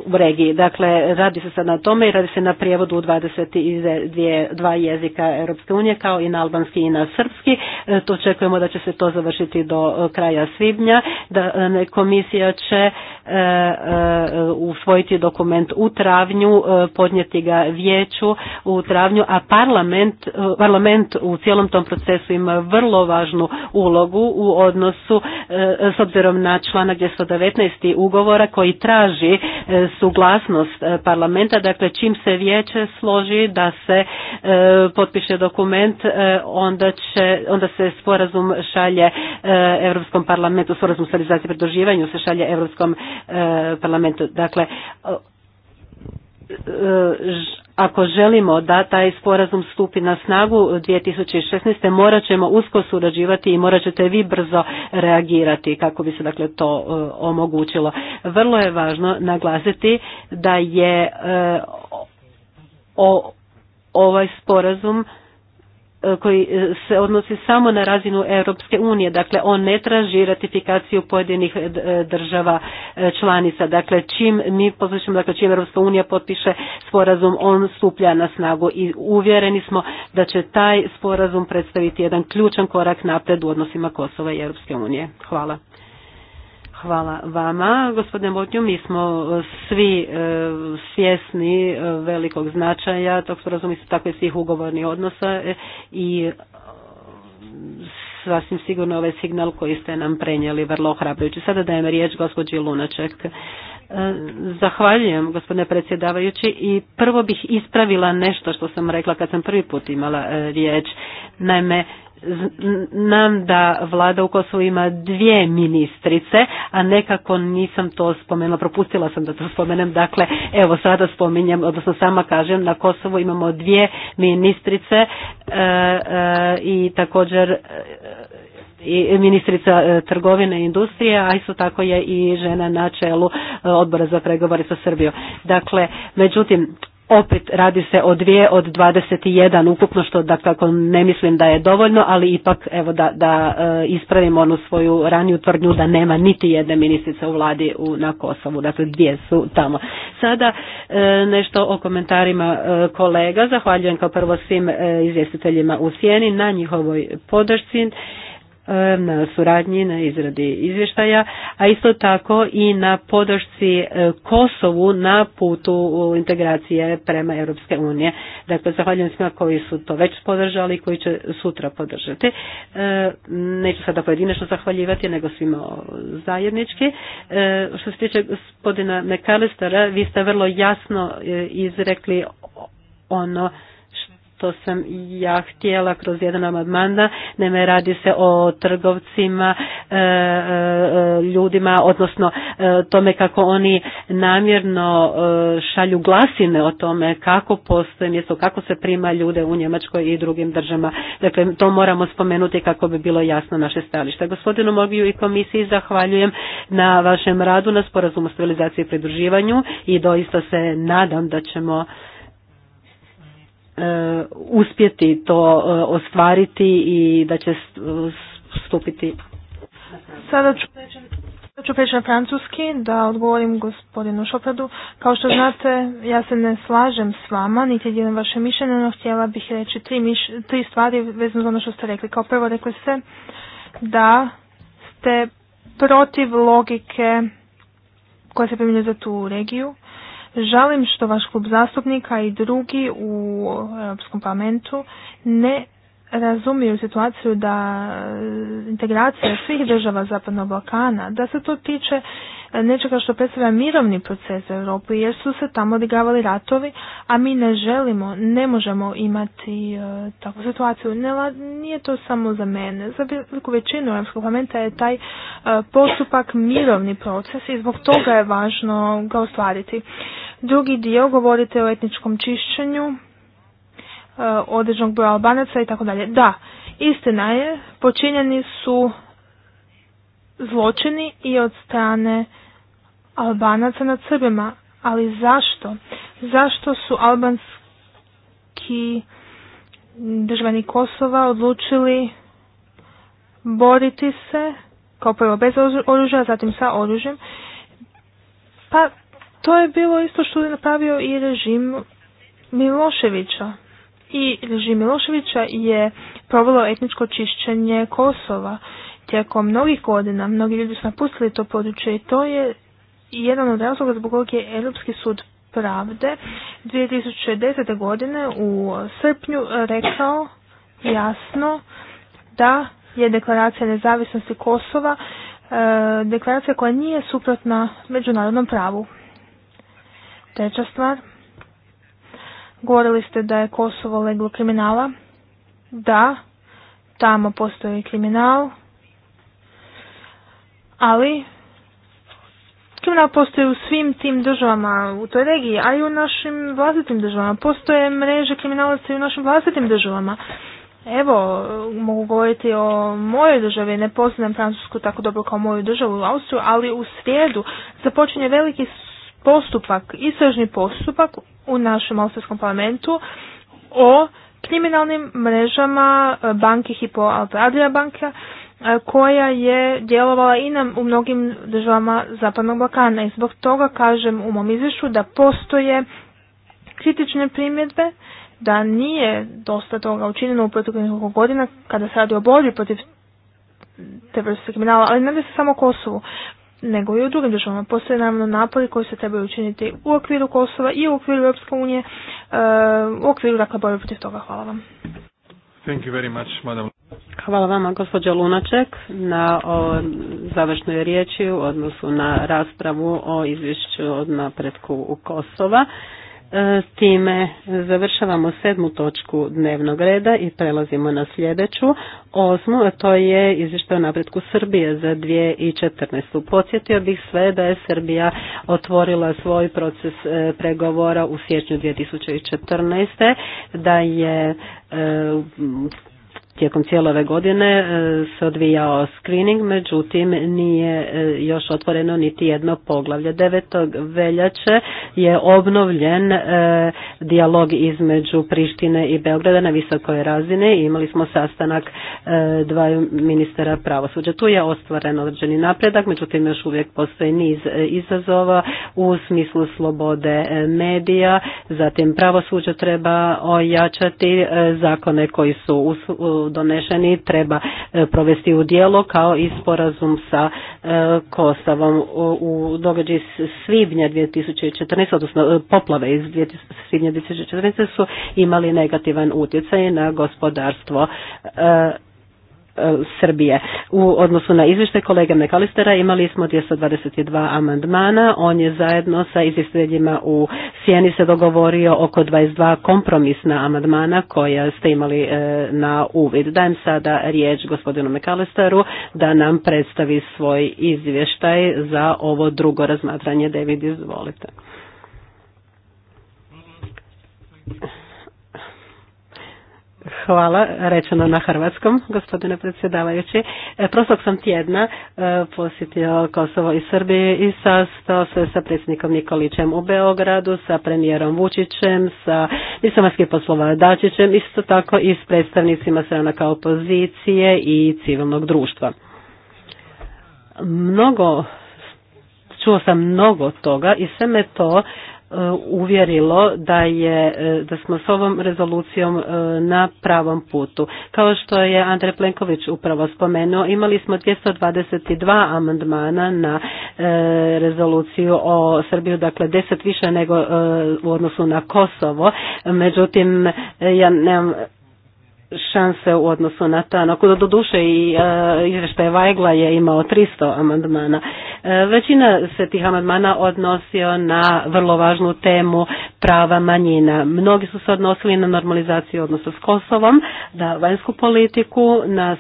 u regiji. Dakle, radi se sad na tome i radi se na prijevodu u 22 dva jezika Europske unije kao i na albanski i na srpski. To očekujemo da će se to završiti do kraja svibnja. Da komisija će E, e, usvojiti dokument u travnju, e, podnijeti ga vijeću u travnju, a parlament, parlament u cijelom tom procesu ima vrlo važnu ulogu u odnosu s obzirom na članak 219. ugovora koji traži suglasnost parlamenta, dakle čim se vijeće složi da se potpiše dokument, onda, će, onda se sporazum šalje Europskom parlamentu, sporazum stabilizacije i pridruživanju se šalje Europskom E, parlamentu. Dakle, e, ako želimo da taj sporazum stupi na snagu 2016. morat ćemo usko surađivati i morat ćete vi brzo reagirati kako bi se dakle to e, omogućilo. Vrlo je važno naglasiti da je o, ovaj sporazum koji e, se odnosi samo na razinu Europske unije. Dakle, on ne traži ratifikaciju pojedinih e, e, država članica. Dakle, čim mi poslušimo dakle, čim Europska unija potpiše sporazum, on stuplja na snagu i uvjereni smo da će taj sporazum predstaviti jedan ključan korak napred u odnosima Kosova i Europske unije. Hvala. Hvala vama. Gospodine Botnju, mi smo e, svi e, svjesni e, velikog značaja tog sporazuma isto tako i svih ugovornih odnosa i sasvim sigurno ovaj signal koji ste nam prenijeli vrlo ohrabrujući. Sada dajem riječ gospođi Lunaček. Zahvaljujem gospodine predsjedavajući i prvo bih ispravila nešto što sam rekla kad sam prvi put imala riječ. Naime, Znam da vlada u Kosovu ima dvije ministrice, a nekako nisam to spomenula, propustila sam da to spomenem, dakle evo sada spominjem, odnosno sama kažem, na Kosovu imamo dvije ministrice e, e, i također e, i ministrica trgovine i industrije, a isto tako je i žena na čelu odbora za pregovore sa Srbijom. Dakle, međutim, opet radi se o dvije od 21 ukupno što dakako ne mislim da je dovoljno, ali ipak evo da, da e, ispravim onu svoju raniju tvrdnju da nema niti jedne ministrice u vladi u, na Kosovu, dakle dvije su tamo. Sada e, nešto o komentarima e, kolega, zahvaljujem kao prvo svim izvjestiteljima u sjeni na njihovoj podršci. E, na suradnji, na izradi izvještaja, a isto tako i na podršci e, Kosovu na putu integracije prema Europske unije. Dakle, zahvaljujem svima koji su to već podržali i koji će sutra podržati. E, neću sada pojedinačno zahvaljivati, nego svima zajednički. Što se tiče gospodina Mekalistara, vi ste vrlo jasno izrekli ono što sam ja htjela kroz jedan amandman neme radi se o trgovcima, e, e, e, ljudima, odnosno tome kako oni namjerno šalju glasine o tome kako postoje mjesto, kako se prima ljude u Njemačkoj i drugim državama. Dakle, to moramo spomenuti kako bi bilo jasno naše stajalište. Gospodinu Mogiju i komisiji zahvaljujem na vašem radu na sporazumu stabilizaciji i pridruživanju i doista se nadam da ćemo E, uspjeti to e, ostvariti i da će e, stupiti. Sada ću ću preći na francuski da odgovorim gospodinu Šopradu. Kao što znate, ja se ne slažem s vama, niti jedinom vaše mišljenje, no htjela bih reći tri, tri stvari vezano za ono što ste rekli. Kao prvo rekli ste da ste protiv logike koja se primjenjuje za tu regiju. Žalim što vaš klub zastupnika i drugi u Europskom parlamentu ne razumiju situaciju da e, integracija svih država Zapadnog Balkana, da se to tiče e, nečega što predstavlja mirovni proces u Europi, jer su se tamo odigravali ratovi, a mi ne želimo, ne možemo imati e, takvu situaciju. nije to samo za mene. Za veliku većinu Europskog parlamenta je taj postupak mirovni proces i zbog toga je važno ga ostvariti. Drugi dio govorite o etničkom čišćenju e, određenog broja albanaca i tako dalje. Da, istina je, počinjeni su zločini i od strane albanaca nad Srbima. Ali zašto? Zašto su albanski državani Kosova odlučili boriti se, kao prvo bez oružja, zatim sa oružjem, pa to je bilo isto što je napravio i režim Miloševića. I režim Miloševića je provelo etničko čišćenje Kosova. Tijekom mnogih godina mnogi ljudi su napustili to područje i to je jedan od razloga zbog kojeg je Europski sud pravde 2010. godine u srpnju rekao jasno da je deklaracija nezavisnosti Kosova e, deklaracija koja nije suprotna međunarodnom pravu. Treća stvar, govorili ste da je Kosovo leglo kriminala. Da, tamo postoji kriminal, ali kriminal postoji u svim tim državama u toj regiji, a i u našim vlastitim državama. Postoje mreže kriminalaca i u našim vlastitim državama. Evo, mogu govoriti o mojoj državi, ne poznam Francusku tako dobro kao moju državu u Austriju, ali u srijedu započinje veliki postupak, istražni postupak u našem austrijskom parlamentu o kriminalnim mrežama e, banki Hipo Alpe banka e, koja je djelovala i u mnogim državama Zapadnog Balkana i zbog toga kažem u mom izvješću da postoje kritične primjedbe da nije dosta toga učinjeno u proteklih nekoliko godina kada se radi o borbi protiv te vrste kriminala, ali ne da se samo Kosovu nego i u drugim državama. Postoje naravno napori koji se trebaju učiniti u okviru Kosova i u okviru Europske unije, e, u okviru dakle borbe protiv toga. Hvala vam. Thank you very much, madam. Hvala vama gospođo Lunaček na završnoj riječi u odnosu na raspravu o izvješću od napretku u Kosova. E, time završavamo sedmu točku dnevnog reda i prelazimo na sljedeću, osmu, a to je izvještaj o napretku Srbije za 2014. Podsjetio bih sve da je Srbija otvorila svoj proces e, pregovora u siječnju 2014. da je e, tijekom cijele ove godine e, se odvijao screening, međutim nije e, još otvoreno niti jedno poglavlje. 9. veljače je obnovljen e, dijalog između Prištine i Beograda na visokoj razine i imali smo sastanak dvaju ministara pravosuđa. Tu je ostvaren određeni napredak, međutim još uvijek postoji niz izazova u smislu slobode medija, zatim pravosuđa treba ojačati, zakone koji su doneseni treba e, provesti u dijelo kao i sporazum sa e, Kosovom u događaj svibnja 2014, odnosno e, poplave iz svibnja 2014 su imali negativan utjecaj na gospodarstvo E, Srbije. U odnosu na izvještaj kolege Mekalistera imali smo 222 amandmana. On je zajedno sa izvjestiteljima u Sjeni se dogovorio oko 22 kompromisna amandmana koja ste imali e, na uvid. Dajem sada riječ gospodinu Mekalisteru da nam predstavi svoj izvještaj za ovo drugo razmatranje. David, izvolite. Hvala, rečeno na hrvatskom, gospodine predsjedavajući. E, prošlog sam tjedna e, posjetio Kosovo i Srbije i sastao se sa predsjednikom Nikolićem u Beogradu, sa premijerom Vučićem, sa diplomatskim poslova Dačićem, isto tako i s predstavnicima stranaka opozicije i civilnog društva. Mnogo, čuo sam mnogo toga i sve me to E, uvjerilo da je e, da smo s ovom rezolucijom e, na pravom putu. Kao što je Andrej Plenković upravo spomenuo, imali smo 222 amandmana na rezoluciju o Srbiju, dakle 10 više nego u odnosu na Kosovo. Međutim, ja nemam šanse u odnosu na to. Doduše i e, izvještaj Vajgla je imao 300 amandmana. E, većina se tih amandmana odnosio na vrlo važnu temu prava manjina. Mnogi su se odnosili na normalizaciju odnosa s Kosovom, na vanjsku politiku, na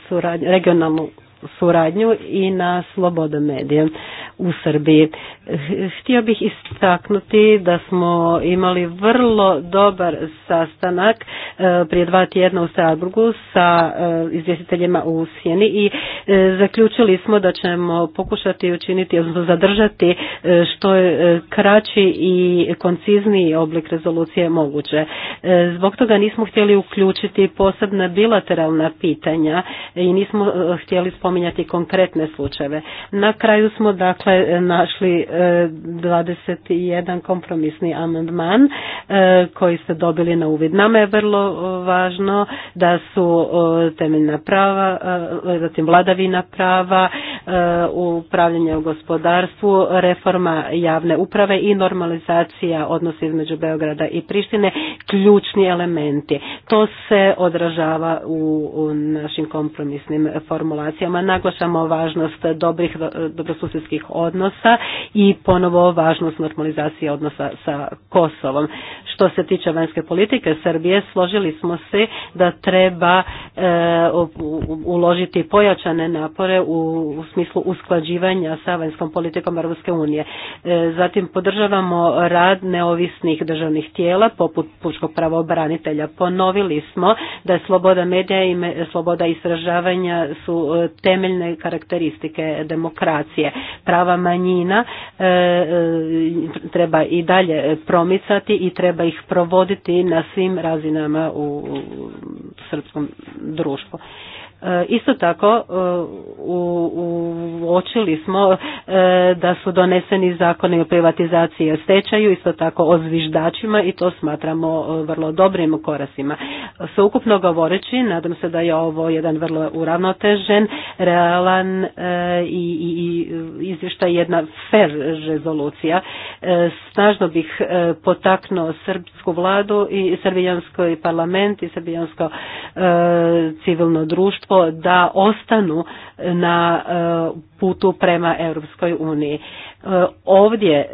regionalnu suradnju i na slobodu medija u Srbiji. Htio bih istaknuti da smo imali vrlo dobar sastanak e, prije dva tjedna u Strasburgu sa e, izvjestiteljima u Sjeni i e, zaključili smo da ćemo pokušati učiniti, odnosno zadržati što je kraći i koncizniji oblik rezolucije moguće. Zbog toga nismo htjeli uključiti posebna bilateralna pitanja i nismo htjeli spominjati konkretne slučajeve. Na kraju smo dakle našli 21 kompromisni amandman e, koji ste dobili na uvid. Nama je vrlo e, važno da su e, temeljna prava, zatim vladavina prava, upravljanje u gospodarstvu, reforma javne uprave i normalizacija odnosa između Beograda i Prištine ključni elementi. To se odražava u, našim kompromisnim formulacijama. Naglašamo važnost dobrih dobrosusjedskih odnosa i i ponovo važnost normalizacije odnosa sa Kosovom. Što se tiče vanjske politike Srbije, složili smo se da treba e, uložiti pojačane napore u smislu usklađivanja sa vanjskom politikom Europske unije. E, zatim podržavamo rad neovisnih državnih tijela poput pučkog pravobranitelja. Ponovili smo da je sloboda medija i sloboda istražavanja su e, temeljne karakteristike demokracije. Prava manjina treba i dalje promicati i treba ih provoditi na svim razinama u srpskom društvu. E, isto tako e, uočili smo e, da su doneseni zakoni o privatizaciji i stečaju, isto tako o zviždačima i to smatramo vrlo dobrim korasima. Sveukupno govoreći, nadam se da je ovo jedan vrlo uravnotežen, realan i, i, izvještaj jedna fer rezolucija. Snažno bih potaknuo srpsku vladu i Srbijanskoj parlament i srbijansko civilno društvo tako da ostanu na e, putu prema Europskoj uniji. Ovdje e,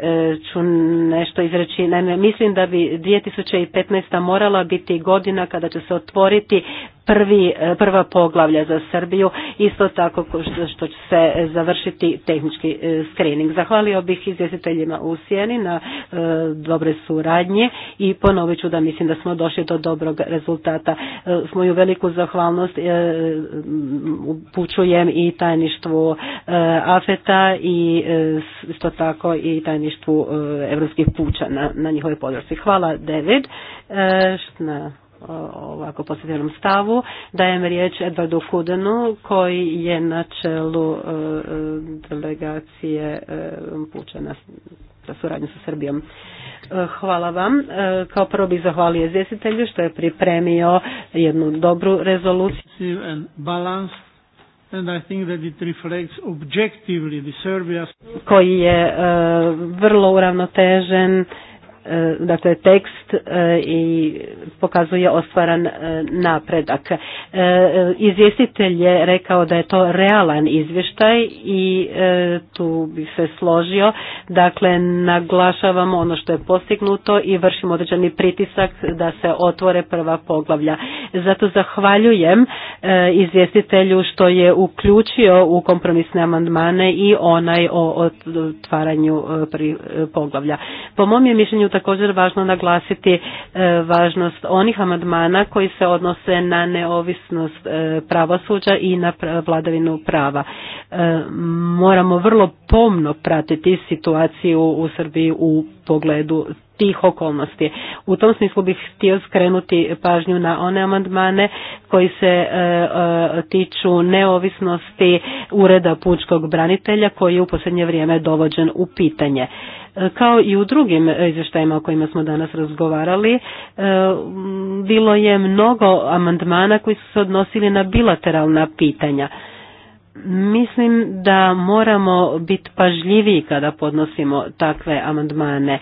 ću nešto izreći, naime mislim da bi 2015. morala biti godina kada će se otvoriti prvi, e, prva poglavlja za Srbiju, isto tako što će se završiti tehnički e, screening. Zahvalio bih izvjestiteljima u Sjeni na dobre suradnje i ponovit ću da mislim da smo došli do dobrog rezultata. S moju veliku zahvalnost upućujem i tajništvu AFETA i isto tako i tajništvu e, evropskih puća na njihovoj podršci. Hvala David e, na ovako pozitivnom stavu. Dajem riječ Edvardu Kudenu koji je na čelu e, delegacije pučana za suradnju sa Srbijom. Hvala vam. Kao prvo bih zahvalio izvjestitelju što je pripremio jednu dobru rezoluciju koji je e, vrlo uravnotežen E, dakle tekst e, i pokazuje ostvaran e, napredak. Izvjestitelj je rekao da je to realan izvještaj i tu bi se složio, dakle naglašavamo ono što je postignuto i vršimo određeni pritisak da se otvore prva poglavlja. Zato zahvaljujem izvjestitelju što je uključio u kompromisne amandmane i onaj o otvaranju poglavlja. Po mom je mišljenju također važno naglasiti e, važnost onih amandmana koji se odnose na neovisnost e, pravosuđa i na vladavinu prava. E, moramo vrlo pomno pratiti situaciju u Srbiji u pogledu tih okolnosti. U tom smislu bih htio skrenuti pažnju na one amandmane koji se tiču neovisnosti ureda pučkog branitelja koji je u posljednje vrijeme dovođen u pitanje. Kao i u drugim e, izvještajima o kojima smo danas razgovarali, e, bilo je mnogo amandmana koji su se odnosili na bilateralna pitanja. Mislim da moramo biti pažljiviji kada podnosimo takve amandmane.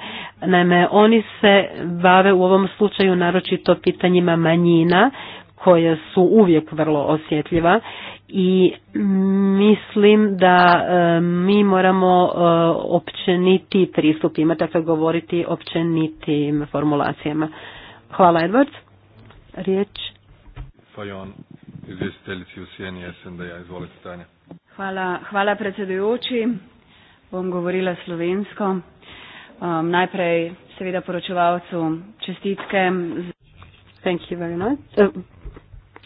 Naime, oni se bave u ovom slučaju naročito pitanjima manjina, koje su uvijek vrlo osjetljiva i mislim da e, mi moramo e, općeniti pristup imati, dakle govoriti općenitim formulacijama. Hvala Edward. Riječ. Fajon, Hvala, hvala predsjedujući. Bom govorila slovensko. Um, najprej seveda poročevalcu čestitke. Thank you very much.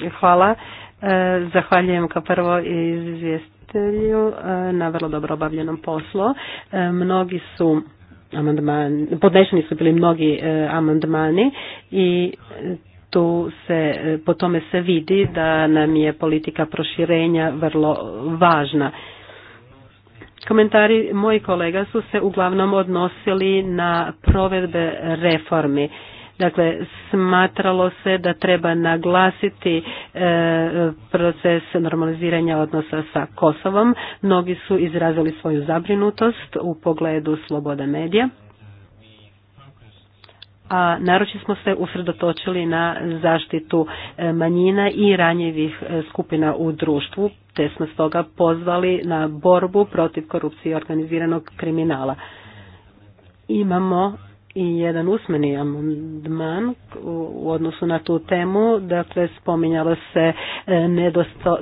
E, hvala E, zahvaljujem kao prvo izvjestitelju e, na vrlo dobro obavljenom poslu. E, mnogi su amandmani, podnešeni su bili mnogi amandmani i tu se, po tome se vidi da nam je politika proširenja vrlo važna. Komentari mojih kolega su se uglavnom odnosili na provedbe reformi Dakle, smatralo se da treba naglasiti e, proces normaliziranja odnosa sa Kosovom. Mnogi su izrazili svoju zabrinutost u pogledu sloboda medija a naročito smo se usredotočili na zaštitu e, manjina i ranjivih e, skupina u društvu, te smo stoga pozvali na borbu protiv korupcije i organiziranog kriminala. Imamo i jedan usmeni amandman u odnosu na tu temu. Dakle, spominjalo se e,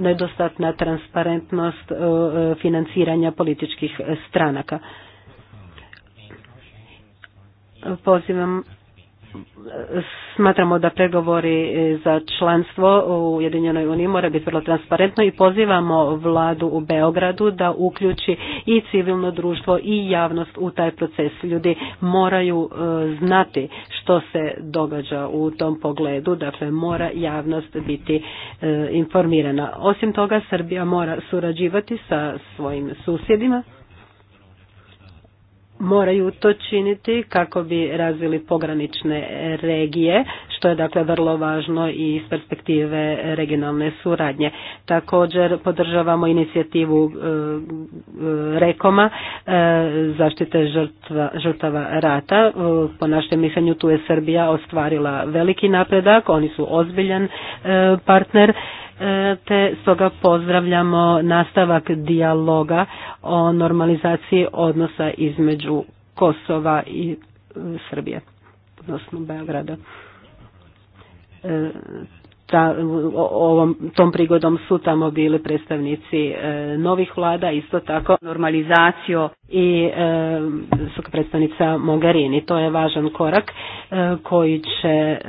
nedostatna transparentnost e, financiranja političkih stranaka. Pozivam smatramo da pregovori za članstvo u Ujedinjenoj uniji mora biti vrlo transparentno i pozivamo vladu u Beogradu da uključi i civilno društvo i javnost u taj proces. Ljudi moraju e, znati što se događa u tom pogledu, dakle mora javnost biti e, informirana. Osim toga Srbija mora surađivati sa svojim susjedima moraju to činiti kako bi razvili pogranične regije, što je dakle vrlo važno i iz perspektive regionalne suradnje. Također podržavamo inicijativu e, e, Rekoma e, zaštite žrtva, žrtava rata. Po našem mišljenju tu je Srbija ostvarila veliki napredak, oni su ozbiljan partner E, te stoga pozdravljamo nastavak dijaloga o normalizaciji odnosa između Kosova i e, Srbije, odnosno Beograda. E, ta, ovom, tom prigodom su tamo bili predstavnici e, novih vlada, isto tako normalizaciju i e, su predstavnica Mogarini. To je važan korak e, koji će e,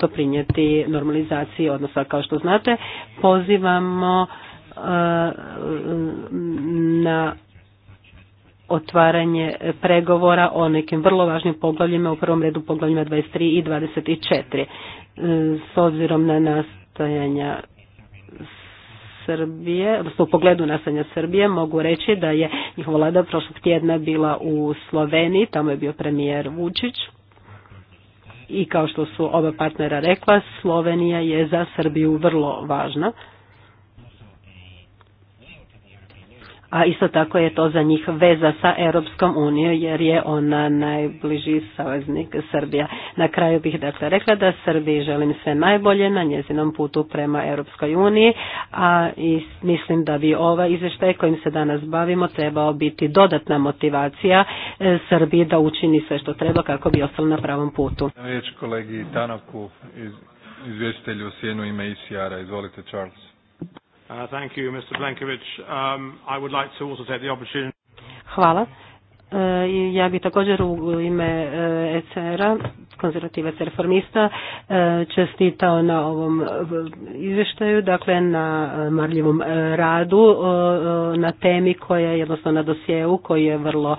doprinijeti normalizaciji odnosa. Kao što znate, pozivamo na otvaranje pregovora o nekim vrlo važnim poglavljima, u prvom redu poglavljima 23 i 24 s obzirom na nastojanja Srbije, odnosno u pogledu nastajanja Srbije mogu reći da je njihova vlada prošlog tjedna bila u Sloveniji, tamo je bio premijer Vučić i kao što su oba partnera rekla, Slovenija je za Srbiju vrlo važna. a isto tako je to za njih veza sa Europskom unijom jer je ona najbliži saveznik Srbija. Na kraju bih dakle rekla da Srbiji želim sve najbolje na njezinom putu prema Europskoj uniji, a i mislim da bi ova izvještaj kojim se danas bavimo trebao biti dodatna motivacija e, Srbiji da učini sve što treba kako bi ostalo na pravom putu. Riječ kolegi Tanaku iz, izvještelju Sjenu ime icr Izvolite Charles. Ah thank you Mr Blankovic um I would like to also take the opportunity E, ja bi također u ime ECR-a, e konzervativac reformista, e, čestitao na ovom izvještaju, dakle na marljivom radu, na temi koja je, jednostavno na dosjeu koji je vrlo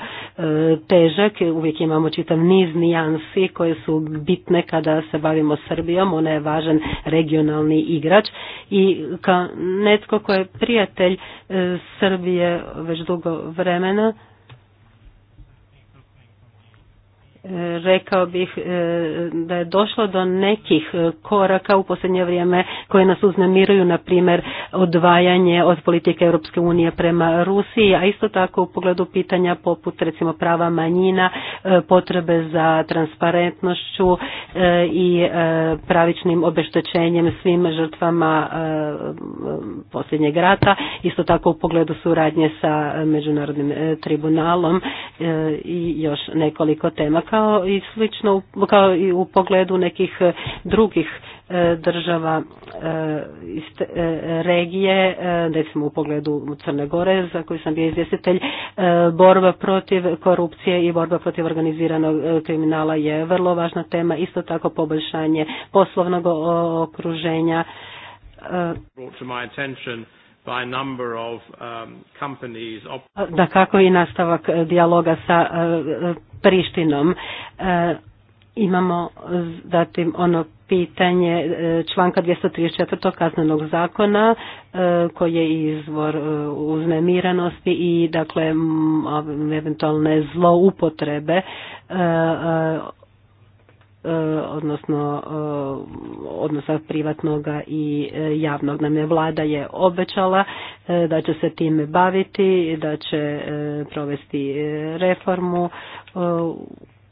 težak. Uvijek imamo čitav niz nijansi koje su bitne kada se bavimo Srbijom. Ona je važan regionalni igrač i kao netko ko je prijatelj Srbije već dugo vremena, rekao bih e, da je došlo do nekih e, koraka u posljednje vrijeme koje nas uznemiruju, na primjer odvajanje od politike Europske unije prema Rusiji, a isto tako u pogledu pitanja poput recimo prava manjina, e, potrebe za transparentnošću i pravičnim obeštećenjem svim žrtvama posljednjeg rata, isto tako u pogledu suradnje sa Međunarodnim tribunalom i još nekoliko tema kao i slično kao i u pogledu nekih e, drugih e, država e, iz regije, recimo u pogledu Crne Gore za koju sam bio izvjestitelj, borba protiv korupcije i borba protiv organiziranog kriminala je vrlo važna tema, isto tako poboljšanje poslovnog okruženja. Um, da kako i nastavak dijaloga sa Prištinom. E, imamo zatim ono pitanje e, članka 234. kaznenog zakona e, koji je izvor uznemiranosti i dakle eventualne zloupotrebe E, odnosno e, odnosa privatnoga i e, javnog. Nam je vlada je obećala da će se time baviti, da će provesti reformu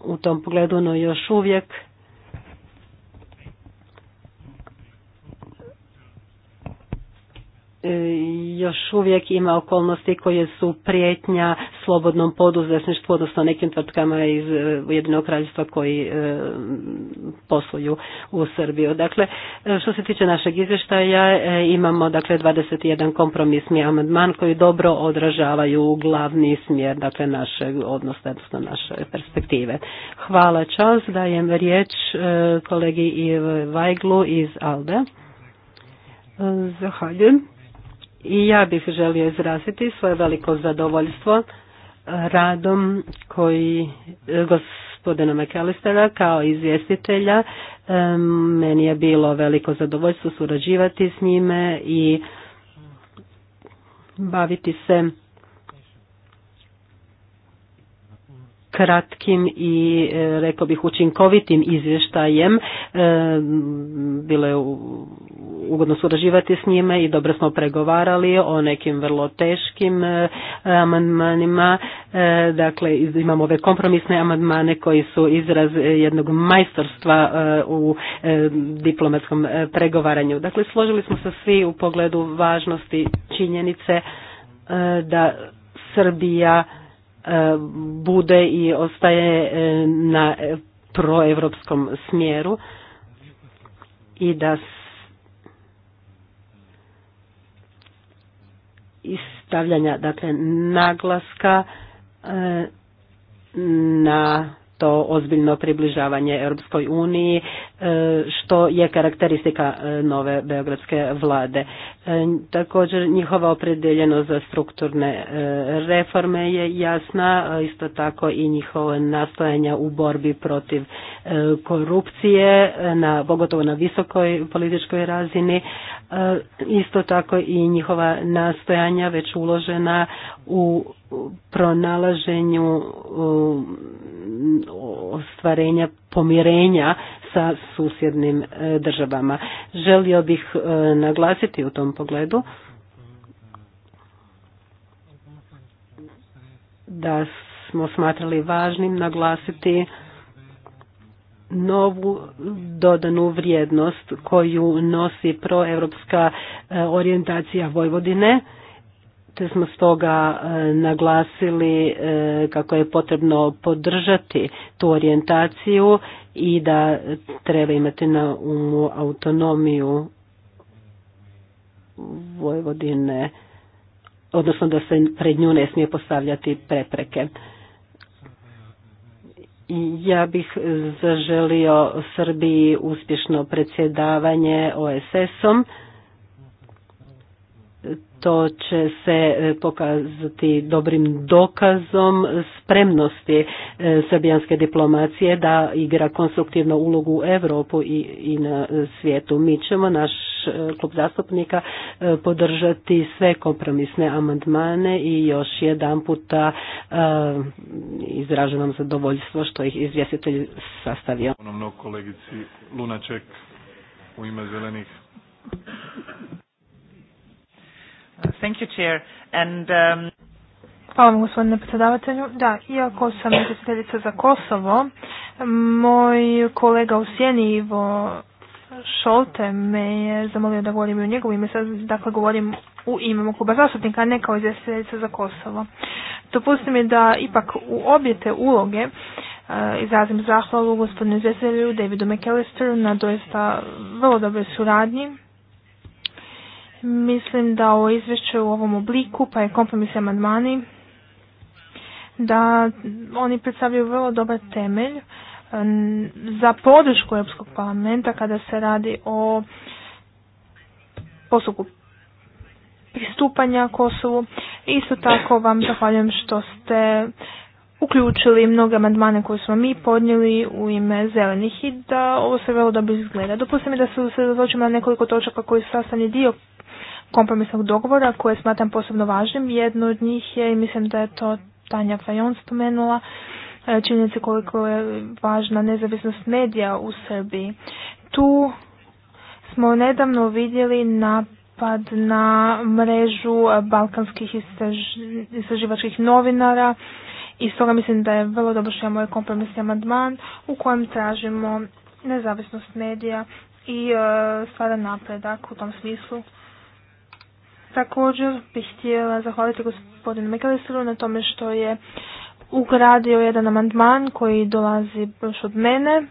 u tom pogledu, no još uvijek E, još uvijek ima okolnosti koje su prijetnja slobodnom poduzetništvu, odnosno nekim tvrtkama iz e, Ujedinog kraljstva koji e, posluju u Srbiju. Dakle, što se tiče našeg izvještaja, imamo dakle 21 kompromisni amandman koji dobro odražavaju glavni smjer dakle našeg odnosa, odnosno naše perspektive. Hvala čas, dajem riječ kolegi Vajglu iz ALDE. Zahvaljujem. I ja bih želio izraziti svoje veliko zadovoljstvo eh, radom koji eh, gospodina McAllistera kao izvjestitelja. Eh, meni je bilo veliko zadovoljstvo surađivati s njime i baviti se kratkim i e, rekao bih učinkovitim izvještajem. E, bilo je ugodno surađivati s njime i dobro smo pregovarali o nekim vrlo teškim e, amandmanima. Dakle, imamo ove kompromisne amandmane koji su izraz jednog majstorstva u diplomatskom pregovaranju. Dakle, složili smo se svi u pogledu važnosti činjenice da Srbija E, bude i ostaje e, na proevropskom smjeru i da stavljanja dakle naglaska e, na to ozbiljno približavanje Europskoj uniji, e, što je karakteristika e, nove beogradske vlade. E, također njihova opredeljenost za strukturne reforme je jasna, isto tako i njihovo nastojanja u borbi protiv korupcije na, pogotovo na visokoj političkoj razini, e, isto tako i njihova nastojanja već uložena u pronalaženju ostvarenja pomirenja sa susjednim e, državama. Želio bih e, naglasiti u tom pogledu da smo smatrali važnim naglasiti novu dodanu vrijednost koju nosi proevropska e, orijentacija Vojvodine te smo stoga e, naglasili e, kako je potrebno podržati tu orijentaciju i da treba imati na umu autonomiju Vojvodine, odnosno da se pred nju ne smije postavljati prepreke. Ja bih zaželio Srbiji uspješno predsjedavanje OSS-om to će se e, pokazati dobrim dokazom spremnosti e, srbijanske diplomacije da igra konstruktivnu ulogu u Europu i na svijetu. Mi ćemo, naš e, klub zastupnika, podržati sve kompromisne amandmane i još jedan puta izražavam zadovoljstvo što ih izvjestitelj sastavio. kolegici Lunaček u ime zelenih. Thank you, Chair. And, um... Hvala vam gospodine predsjedavatelju. Da, iako sam izvjestiteljica za Kosovo, moj kolega u Sjeni Ivo Šolte me je zamolio da govorim u njegovu ime, sad dakle govorim u ime kluba zastupnika, a ne kao izvjestiteljica za Kosovo. Dopustite mi da ipak u obje te uloge Uh, izrazim zahvalu gospodinu izvjestitelju Davidu McAllisteru na doista vrlo dobroj suradnji Mislim da o izvješću u ovom obliku, pa je kompromis amandmani, da oni predstavljaju vrlo dobar temelj e, za podršku Europskog parlamenta kada se radi o postupku pristupanja Kosovu. Isto tako vam zahvaljujem što ste uključili mnoge amandmane koje smo mi podnijeli u ime zelenih i da ovo se vrlo dobro izgleda. Dopustite mi da se usredotočimo na nekoliko točaka koji su sastavni dio kompromisnog dogovora koje smatram posebno važnim. Jedno od njih je, i mislim da je to Tanja Fajon spomenula, e, činjenica koliko je važna nezavisnost medija u Srbiji. Tu smo nedavno vidjeli napad na mrežu balkanskih istraživačkih novinara i stoga mislim da je vrlo dobro što imamo ovaj kompromisni amandman u kojem tražimo nezavisnost medija i e, stvaran napredak u tom smislu Također bih htjela zahvaliti gospodinu Mikalisteru na tome što je ugradio jedan amandman koji dolazi još od mene.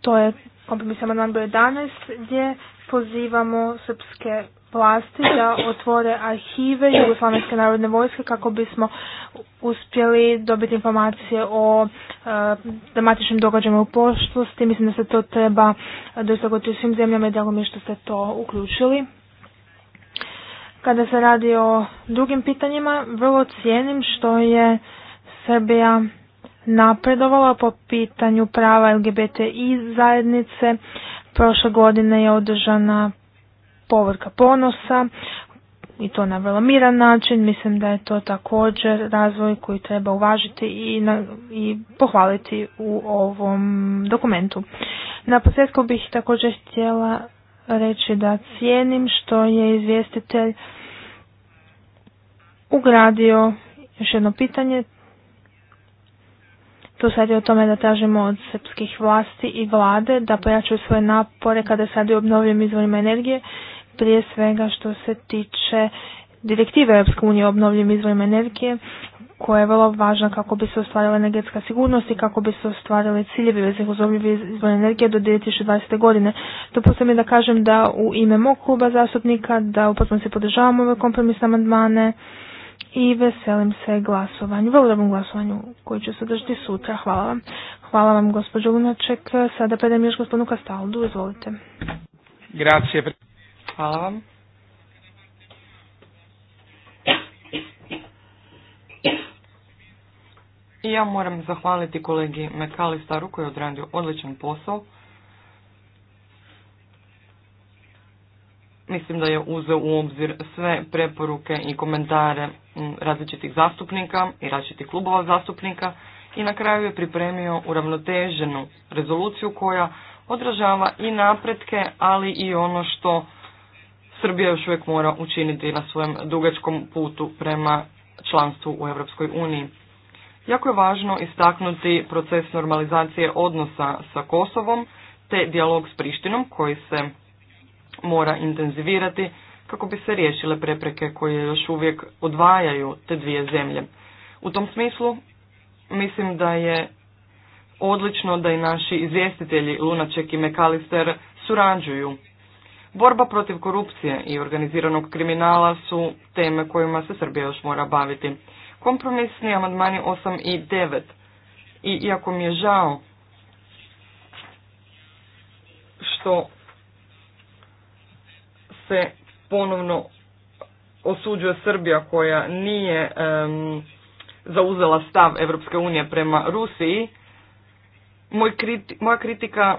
To je kompromis amandman broj 11 gdje pozivamo srpske vlasti da otvore arhive Jugoslavenske narodne vojske kako bismo uspjeli dobiti informacije o eh, dramatičnim događajima u prošlosti. Mislim da se to treba doista u svim zemljama i drago mi je što ste to uključili. Kada se radi o drugim pitanjima, vrlo cijenim što je Srbija napredovala po pitanju prava LGBTI zajednice. Prošle godine je održana povrka ponosa i to na vrlo miran način. Mislim da je to također razvoj koji treba uvažiti i, i pohvaliti u ovom dokumentu. Na posljedku bih također htjela reći da cijenim što je izvjestitelj ugradio još jedno pitanje. Tu sad je o tome da tražimo od srpskih vlasti i vlade da pojačaju svoje napore kada sad o obnovljivim izvorima energije, prije svega što se tiče direktive Europske unije o obnovljivim izvorima energije koja je vrlo važna kako bi se ostvarila energetska sigurnost i kako bi se ostvarili ciljevi vezih uz izvore energije do 2020. godine. Dopustite mi da kažem da u ime mog kluba zastupnika da u potpunosti podržavamo ove kompromisne amandmane i veselim se glasovanju, vrlo dobrom glasovanju koji će se održati sutra. Hvala vam. Hvala vam gospođo Lunaček. Sada predajem još gospodinu Kastaldu, izvolite. Grazie. Hvala vam. I ja moram zahvaliti kolegi Staru koji je odradio odličan posao. Mislim da je uzeo u obzir sve preporuke i komentare različitih zastupnika i različitih klubova zastupnika i na kraju je pripremio uravnoteženu rezoluciju koja odražava i napretke, ali i ono što Srbija još uvijek mora učiniti na svojem dugačkom putu prema članstvu u Europskoj uniji. Jako je važno istaknuti proces normalizacije odnosa sa Kosovom te dijalog s Prištinom koji se mora intenzivirati kako bi se riješile prepreke koje još uvijek odvajaju te dvije zemlje. U tom smislu mislim da je odlično da i naši izvjestitelji Lunaček i Mekalister surađuju. Borba protiv korupcije i organiziranog kriminala su teme kojima se Srbija još mora baviti. Kompromisni amandmani 8 i 9. I iako mi je žao što se ponovno osuđuje Srbija koja nije zauzela stav Europske unije prema Rusiji, Moj moja kritika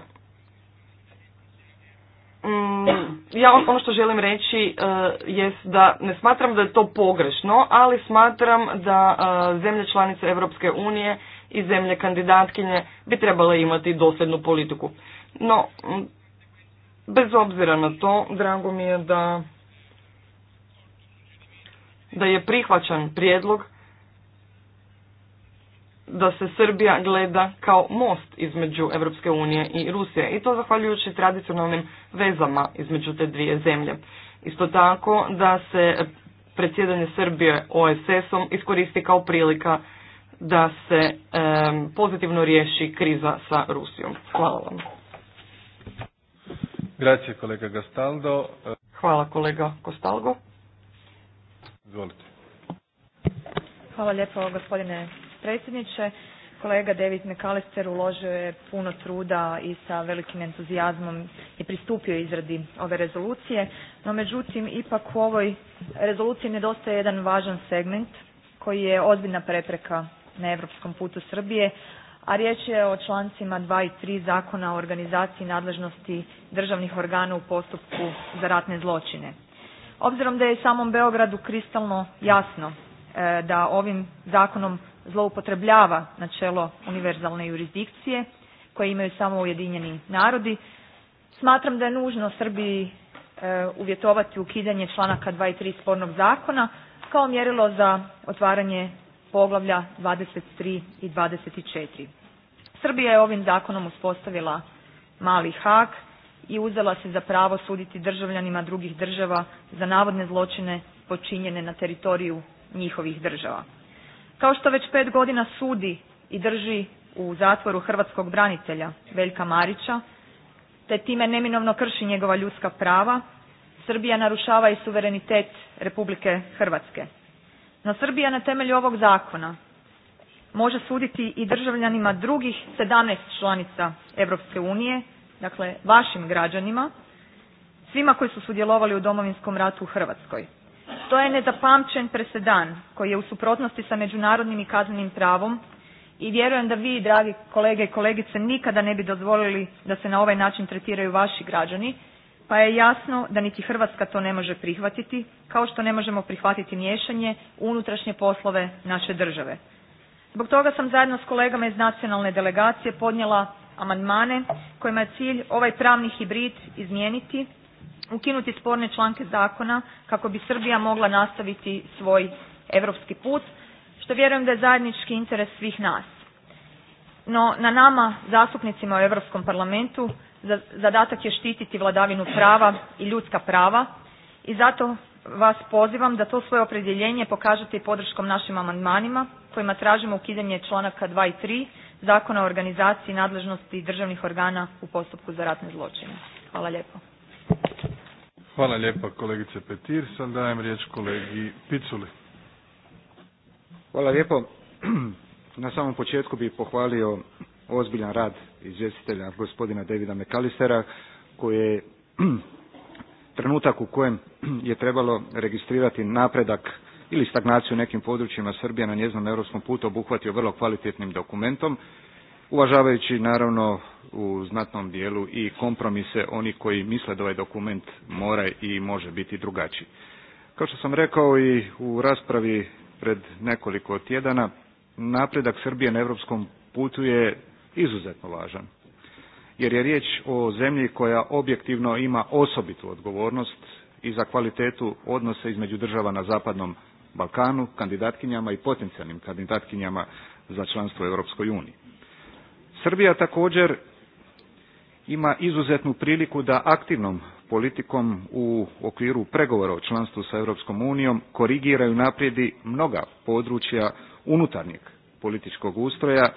Mm, ja ono što želim reći e, jest da ne smatram da je to pogrešno, ali smatram da e, zemlje članice Europske unije i zemlje kandidatkinje bi trebale imati dosljednu politiku. No, bez obzira na to, drago mi je da, da je prihvaćan prijedlog da se Srbija gleda kao most između Europske unije i Rusije i to zahvaljujući tradicionalnim vezama između te dvije zemlje. Isto tako da se predsjedanje Srbije OSS-om iskoristi kao prilika da se pozitivno riješi kriza sa Rusijom. Hvala vam. Grazie kolega Gastaldo. Hvala kolega Izvolite. Hvala lijepo gospodine predsjedniče. Kolega David McAllister uložio je puno truda i sa velikim entuzijazmom je pristupio izradi ove rezolucije, no međutim ipak u ovoj rezoluciji nedostaje jedan važan segment koji je ozbiljna prepreka na europskom putu Srbije, a riječ je o člancima 2 i 3 Zakona o organizaciji nadležnosti državnih organa u postupku za ratne zločine. Obzirom da je samom Beogradu kristalno jasno e, da ovim zakonom zloupotrebljava načelo univerzalne jurisdikcije koje imaju samo Ujedinjeni narodi. Smatram da je nužno Srbiji e, uvjetovati ukidanje članaka 2 i 3 spornog zakona kao mjerilo za otvaranje poglavlja 23 i 24. Srbija je ovim zakonom uspostavila mali hak i uzela se za pravo suditi državljanima drugih država za navodne zločine počinjene na teritoriju njihovih država. Kao što već pet godina sudi i drži u zatvoru hrvatskog branitelja Veljka Marića, te time neminovno krši njegova ljudska prava, Srbija narušava i suverenitet Republike Hrvatske. No Srbija na temelju ovog zakona može suditi i državljanima drugih 17 članica Europske unije, dakle vašim građanima, svima koji su sudjelovali u Domovinskom ratu u Hrvatskoj. To je nezapamćen presedan koji je u suprotnosti sa međunarodnim i kaznenim pravom i vjerujem da vi dragi kolege i kolegice nikada ne bi dozvolili da se na ovaj način tretiraju vaši građani, pa je jasno da niti Hrvatska to ne može prihvatiti, kao što ne možemo prihvatiti miješanje u unutrašnje poslove naše države. Zbog toga sam zajedno s kolegama iz nacionalne delegacije podnijela amandmane kojima je cilj ovaj pravni hibrid izmijeniti ukinuti sporne članke zakona kako bi Srbija mogla nastaviti svoj europski put što vjerujem da je zajednički interes svih nas. No na nama zastupnicima u Europskom parlamentu zadatak je štititi vladavinu prava i ljudska prava i zato vas pozivam da to svoje opredjeljenje pokažete i podrškom našim amandmanima kojima tražimo ukidanje članaka 2 i 3 Zakona o organizaciji i nadležnosti državnih organa u postupku za ratne zločine. Hvala lijepo. Hvala lijepa kolegice Petir. Sad dajem riječ kolegi Piculi. Hvala lijepo. [CLEARS THROAT] Na samom početku bih pohvalio ozbiljan rad izvjestitelja gospodina Davida Mekalistera koji je [CLEARS THROAT] trenutak u kojem [CLEARS THROAT] je trebalo registrirati napredak ili stagnaciju u nekim područjima Srbije na njezinom europskom putu obuhvatio vrlo kvalitetnim dokumentom uvažavajući naravno u znatnom dijelu i kompromise oni koji misle da ovaj dokument mora i može biti drugačiji. Kao što sam rekao i u raspravi pred nekoliko tjedana, napredak Srbije na europskom putu je izuzetno važan, jer je riječ o zemlji koja objektivno ima osobitu odgovornost i za kvalitetu odnosa između država na Zapadnom Balkanu, kandidatkinjama i potencijalnim kandidatkinjama za članstvo u Europskoj uniji. Srbija također ima izuzetnu priliku da aktivnom politikom u okviru pregovora o članstvu sa Europskom unijom korigiraju naprijedi mnoga područja unutarnjeg političkog ustroja,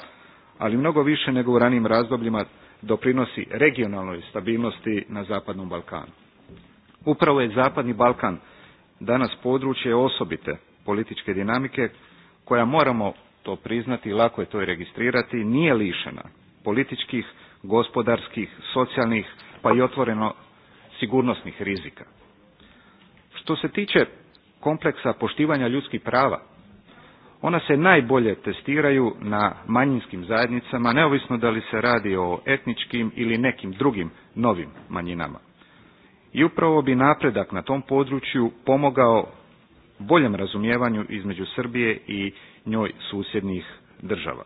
ali mnogo više nego u ranijim razdobljima doprinosi regionalnoj stabilnosti na Zapadnom Balkanu. Upravo je Zapadni Balkan danas područje osobite političke dinamike koja moramo to priznati, lako je to i registrirati, nije lišena političkih, gospodarskih, socijalnih, pa i otvoreno sigurnosnih rizika. Što se tiče kompleksa poštivanja ljudskih prava, ona se najbolje testiraju na manjinskim zajednicama, neovisno da li se radi o etničkim ili nekim drugim novim manjinama. I upravo bi napredak na tom području pomogao boljem razumijevanju između Srbije i njoj susjednih država.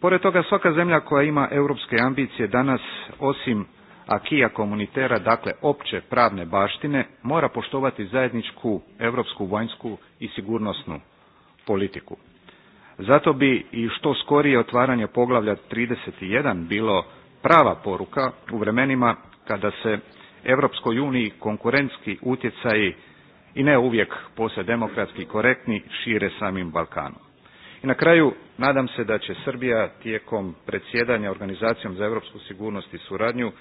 Pored toga svaka zemlja koja ima europske ambicije danas osim akija komunitera, dakle opće pravne baštine, mora poštovati zajedničku europsku vanjsku i sigurnosnu politiku. Zato bi i što skorije otvaranje poglavlja 31 bilo prava poruka u vremenima kada se Europskoj uniji konkurentski utjecaji i ne uvijek posve demokratski korektni šire samim Balkanom. I na kraju, nadam se da će Srbija tijekom predsjedanja Organizacijom za europsku sigurnost i suradnju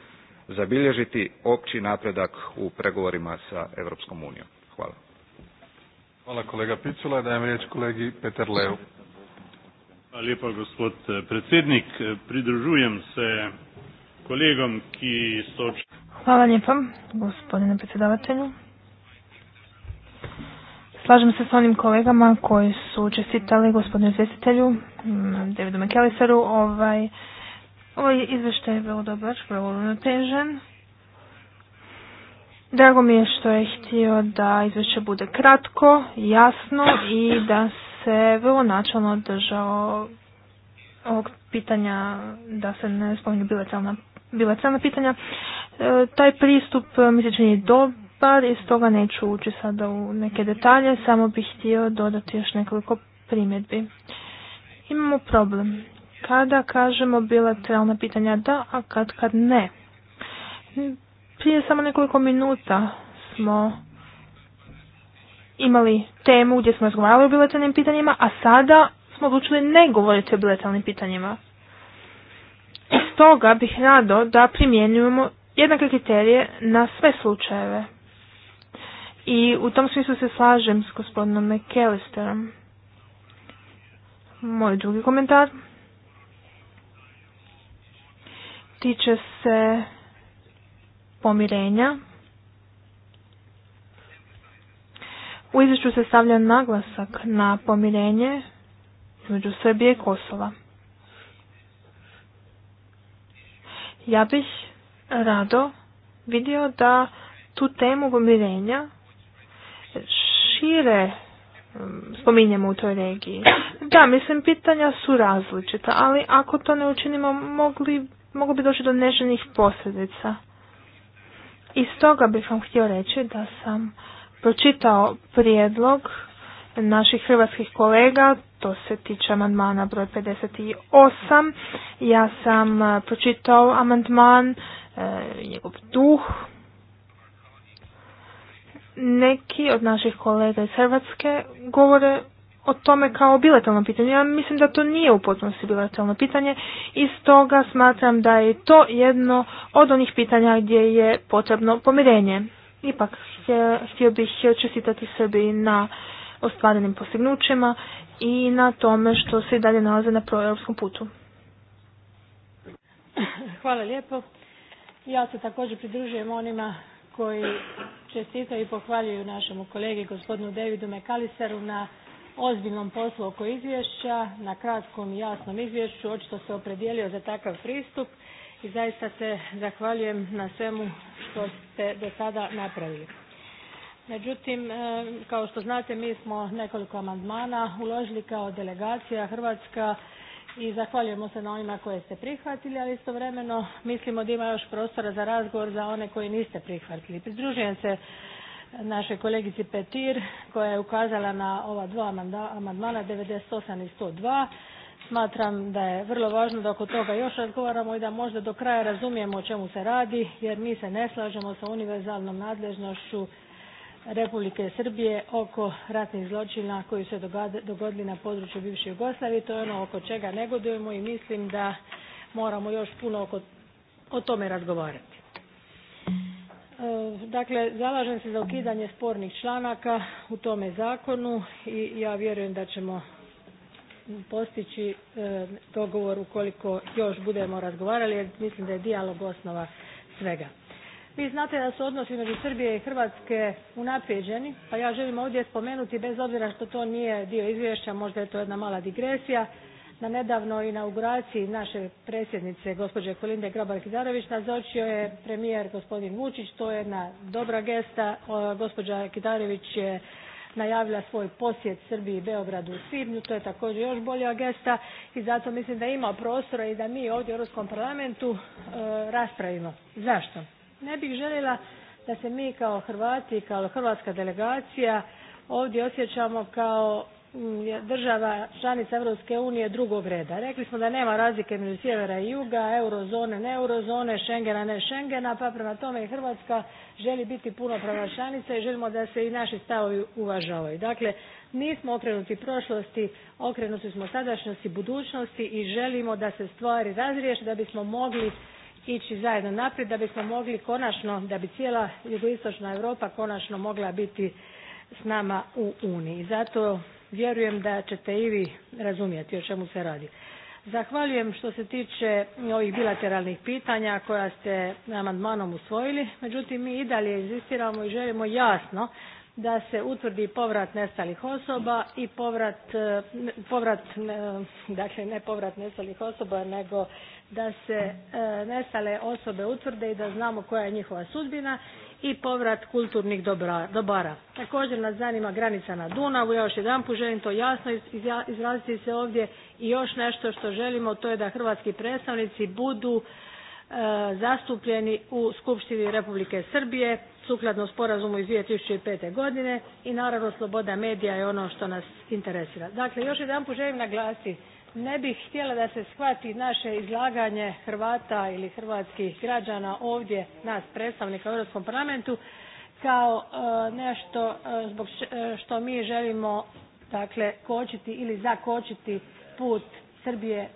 zabilježiti opći napredak u pregovorima sa Europskom unijom. Hvala. Hvala kolega Picula. Dajem riječ kolegi Peter Leu. Hvala lijepa gospod eh, predsjednik. Eh, pridružujem se kolegom ki Hvala lijepa gospodine predsjedavatelju. Slažem se s onim kolegama koji su čestitali gospodinu izvjestitelju, mm, Davidu McAllisteru. Ovaj, ovaj izvještaj je vrlo dobar, vrlo uravnotežen. Drago mi je što je htio da izvješće bude kratko, jasno i da se vrlo načalno držao ovog pitanja da se ne spominju bila bilateralna pitanja. E, taj pristup mi se čini stvar i stoga neću ući sada u neke detalje, samo bih htio dodati još nekoliko primjedbi. Imamo problem. Kada kažemo bilateralna pitanja da, a kad kad ne. Prije samo nekoliko minuta smo imali temu gdje smo razgovarali o bilateralnim pitanjima, a sada smo odlučili ne govoriti o bilateralnim pitanjima. Stoga bih rado da primjenjujemo jednake kriterije na sve slučajeve. I u tom smislu se slažem s gospodinom McAllisterom. Moj drugi komentar tiče se pomirenja. U izvješću se stavlja naglasak na pomirenje među Srbije i Kosova. Ja bih rado vidio da tu temu pomirenja šire spominjemo u toj regiji. Da, mislim, pitanja su različita, ali ako to ne učinimo, mogli, moglo bi doći do neželjenih posljedica. I stoga bih vam htio reći da sam pročitao prijedlog naših hrvatskih kolega, to se tiče amandmana broj 58. Ja sam eh, pročitao amandman, eh, njegov duh, neki od naših kolega iz Hrvatske govore o tome kao bilateralno pitanje. Ja mislim da to nije u potpunosti bilateralno pitanje i stoga smatram da je to jedno od onih pitanja gdje je potrebno pomirenje. Ipak htio bih čestitati sebi na ostvarenim postignućima i na tome što se i dalje nalaze na proeuropskom putu. Hvala lijepo. Ja se također pridružujem onima koji čestitaju i pohvaljuju našemu kolegi gospodinu Davidu Mekaliseru na ozbiljnom poslu oko izvješća, na kratkom i jasnom izvješću, očito se opredijelio za takav pristup i zaista se zahvaljujem na svemu što ste do sada napravili. Međutim, e, kao što znate mi smo nekoliko amandmana uložili kao delegacija Hrvatska i zahvaljujemo se na onima koje ste prihvatili, ali istovremeno mislimo da ima još prostora za razgovor za one koje niste prihvatili. Pridružujem se našoj kolegici Petir koja je ukazala na ova dva amandmana 98 i 102. Smatram da je vrlo važno da oko toga još razgovaramo i da možda do kraja razumijemo o čemu se radi jer mi se ne slažemo sa univerzalnom nadležnošću Republike Srbije oko ratnih zločina koji su se dogodili na području bivše Jugoslavije. To je ono oko čega negodujemo i mislim da moramo još puno o tome razgovarati. E, dakle, zalažem se za ukidanje spornih članaka u tome zakonu i ja vjerujem da ćemo postići e, dogovor ukoliko još budemo razgovarali jer mislim da je dijalog osnova svega vi znate da su odnosi između srbije i hrvatske unaprijeđeni pa ja želim ovdje spomenuti bez obzira što to nije dio izvješća možda je to jedna mala digresija na nedavnoj inauguraciji naše predsjednice gospođe kolinde grabar kitarović nazočio je premijer gospodin vučić to je jedna dobra gesta gospođa Kidarević je najavila svoj posjet srbiji i beogradu u svibnju to je također još bolja gesta i zato mislim da ima prostora i da mi ovdje u europskom parlamentu e, raspravimo zašto? ne bih željela da se mi kao Hrvati, kao hrvatska delegacija ovdje osjećamo kao mm, država članica Europske unije drugog reda. Rekli smo da nema razlike između sjevera i juga, eurozone, ne eurozone, Schengena, ne Schengena, pa prema tome i Hrvatska želi biti punopravna članica i želimo da se i naši stavovi uvažavaju. Dakle, nismo okrenuti prošlosti, okrenuti smo sadašnjosti, budućnosti i želimo da se stvari razriješe da bismo mogli ići zajedno naprijed da bismo mogli konačno, da bi cijela jugoistočna Europa konačno mogla biti s nama u Uniji. Zato vjerujem da ćete i vi razumjeti o čemu se radi. Zahvaljujem što se tiče ovih bilateralnih pitanja koja ste amandmanom usvojili, međutim mi i dalje inzistiramo i želimo jasno da se utvrdi povrat nestalih osoba i povrat, e, povrat e, dakle ne povrat nestalih osoba nego da se e, nestale osobe utvrde i da znamo koja je njihova sudbina i povrat kulturnih dobara. Također nas zanima granica na Dunavu, ja još jedanput želim to jasno izraziti se ovdje i još nešto što želimo, to je da hrvatski predstavnici budu e, zastupljeni u Skupštini Republike Srbije sukladno sporazumu iz 2005. godine i naravno sloboda medija je ono što nas interesira. Dakle, još jedanput želim naglasiti ne bih htjela da se shvati naše izlaganje hrvata ili hrvatskih građana ovdje nas predstavnika u europskom parlamentu kao e, nešto e, zbog e, što mi želimo dakle kočiti ili zakočiti put srbije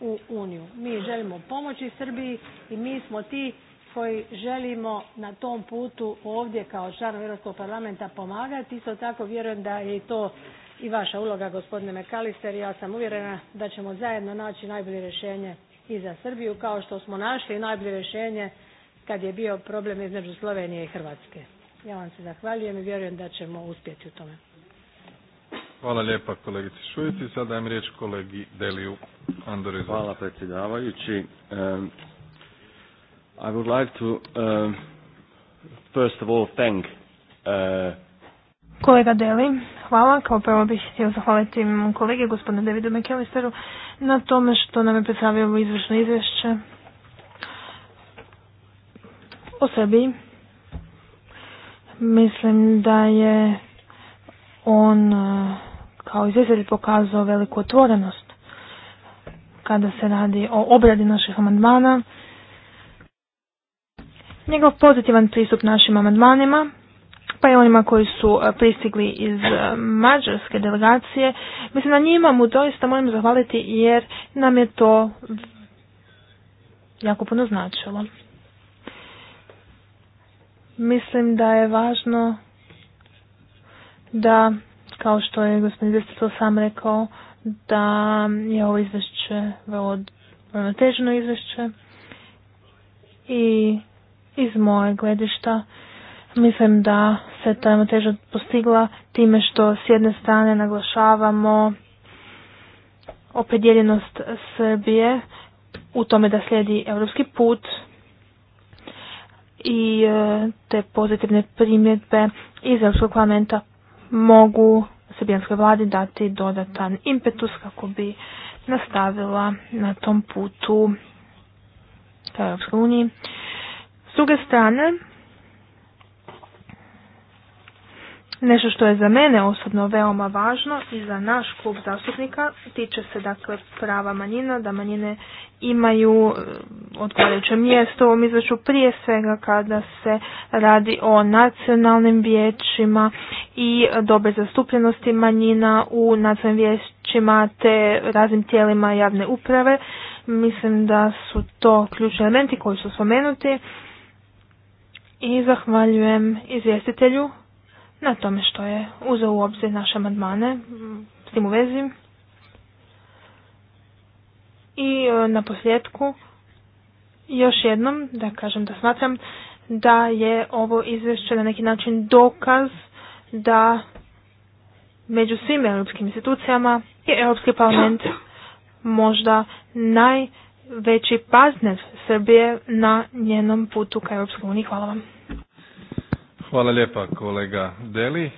u uniju. mi želimo pomoći srbiji i mi smo ti koji želimo na tom putu ovdje kao članovi europskog parlamenta pomagati. isto tako vjerujem da je i to i vaša uloga gospodine Mekalister, i ja sam uvjerena da ćemo zajedno naći najbolje rješenje i za srbiju kao što smo našli najbolje rješenje kad je bio problem između slovenije i hrvatske. ja vam se zahvaljujem i vjerujem da ćemo uspjeti u tome. Hvala lijepa kolegici Šujici. Sada dajem riječ kolegi Deliju Hvala predsjedavajući. Um, I would like to um, first of all thank uh, Kolega Deli, hvala. Kao prvo bih htio zahvaliti kolege gospodinu Davidu McAllisteru na tome što nam je predstavio ovo izvršno izvješće o sebi. Mislim da je on e, kao izvjestitelj pokazao veliku otvorenost kada se radi o obradi naših amandmana. Njegov pozitivan pristup našim amandmanima pa i onima koji su e, pristigli iz e, mađarske delegacije. Mislim, na njima mu doista moram zahvaliti jer nam je to jako puno značilo. Mislim da je važno da, kao što je gospodin to sam rekao, da je ovo izvješće vrlo težno izvješće i iz moje gledišta Mislim da se ta ravnoteža postigla time što s jedne strane naglašavamo opredjeljenost Srbije u tome da slijedi europski put i e, te pozitivne primjedbe iz Europskog parlamenta mogu srbijanskoj vladi dati dodatan impetus kako bi nastavila na tom putu ka uniji. S druge strane, Nešto što je za mene osobno veoma važno i za naš klub zastupnika tiče se dakle prava manjina, da manjine imaju e, odgovarajuće mjesto u ovom prije svega kada se radi o nacionalnim vijećima i dobe zastupljenosti manjina u nacionalnim vijećima te raznim tijelima javne uprave. Mislim da su to ključni elementi koji su spomenuti i zahvaljujem izvjestitelju na tome što je uzeo u obzir naše amandmane s tim u vezi. I e, na posljedku još jednom da kažem da smatram da je ovo izvješće na neki način dokaz da među svim europskim institucijama je Europski parlament možda najveći paznev Srbije na njenom putu ka Europskoj uniji. Hvala vam. Hvala lijepa kolega Deli. E,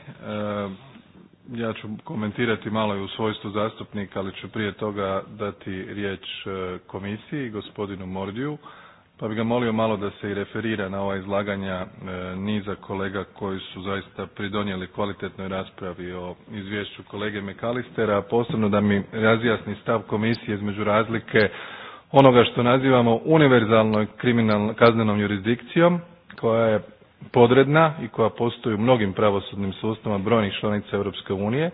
ja ću komentirati malo i u svojstvu zastupnika, ali ću prije toga dati riječ e, komisiji, gospodinu Mordiju, pa bi ga molio malo da se i referira na ova izlaganja e, niza kolega koji su zaista pridonijeli kvalitetnoj raspravi o izvješću kolege Mekalistera, posebno da mi razjasni stav komisije između razlike onoga što nazivamo univerzalnoj kaznenom jurisdikcijom, koja je podredna i koja postoji u mnogim pravosudnim sustavima brojnih članica Europske unije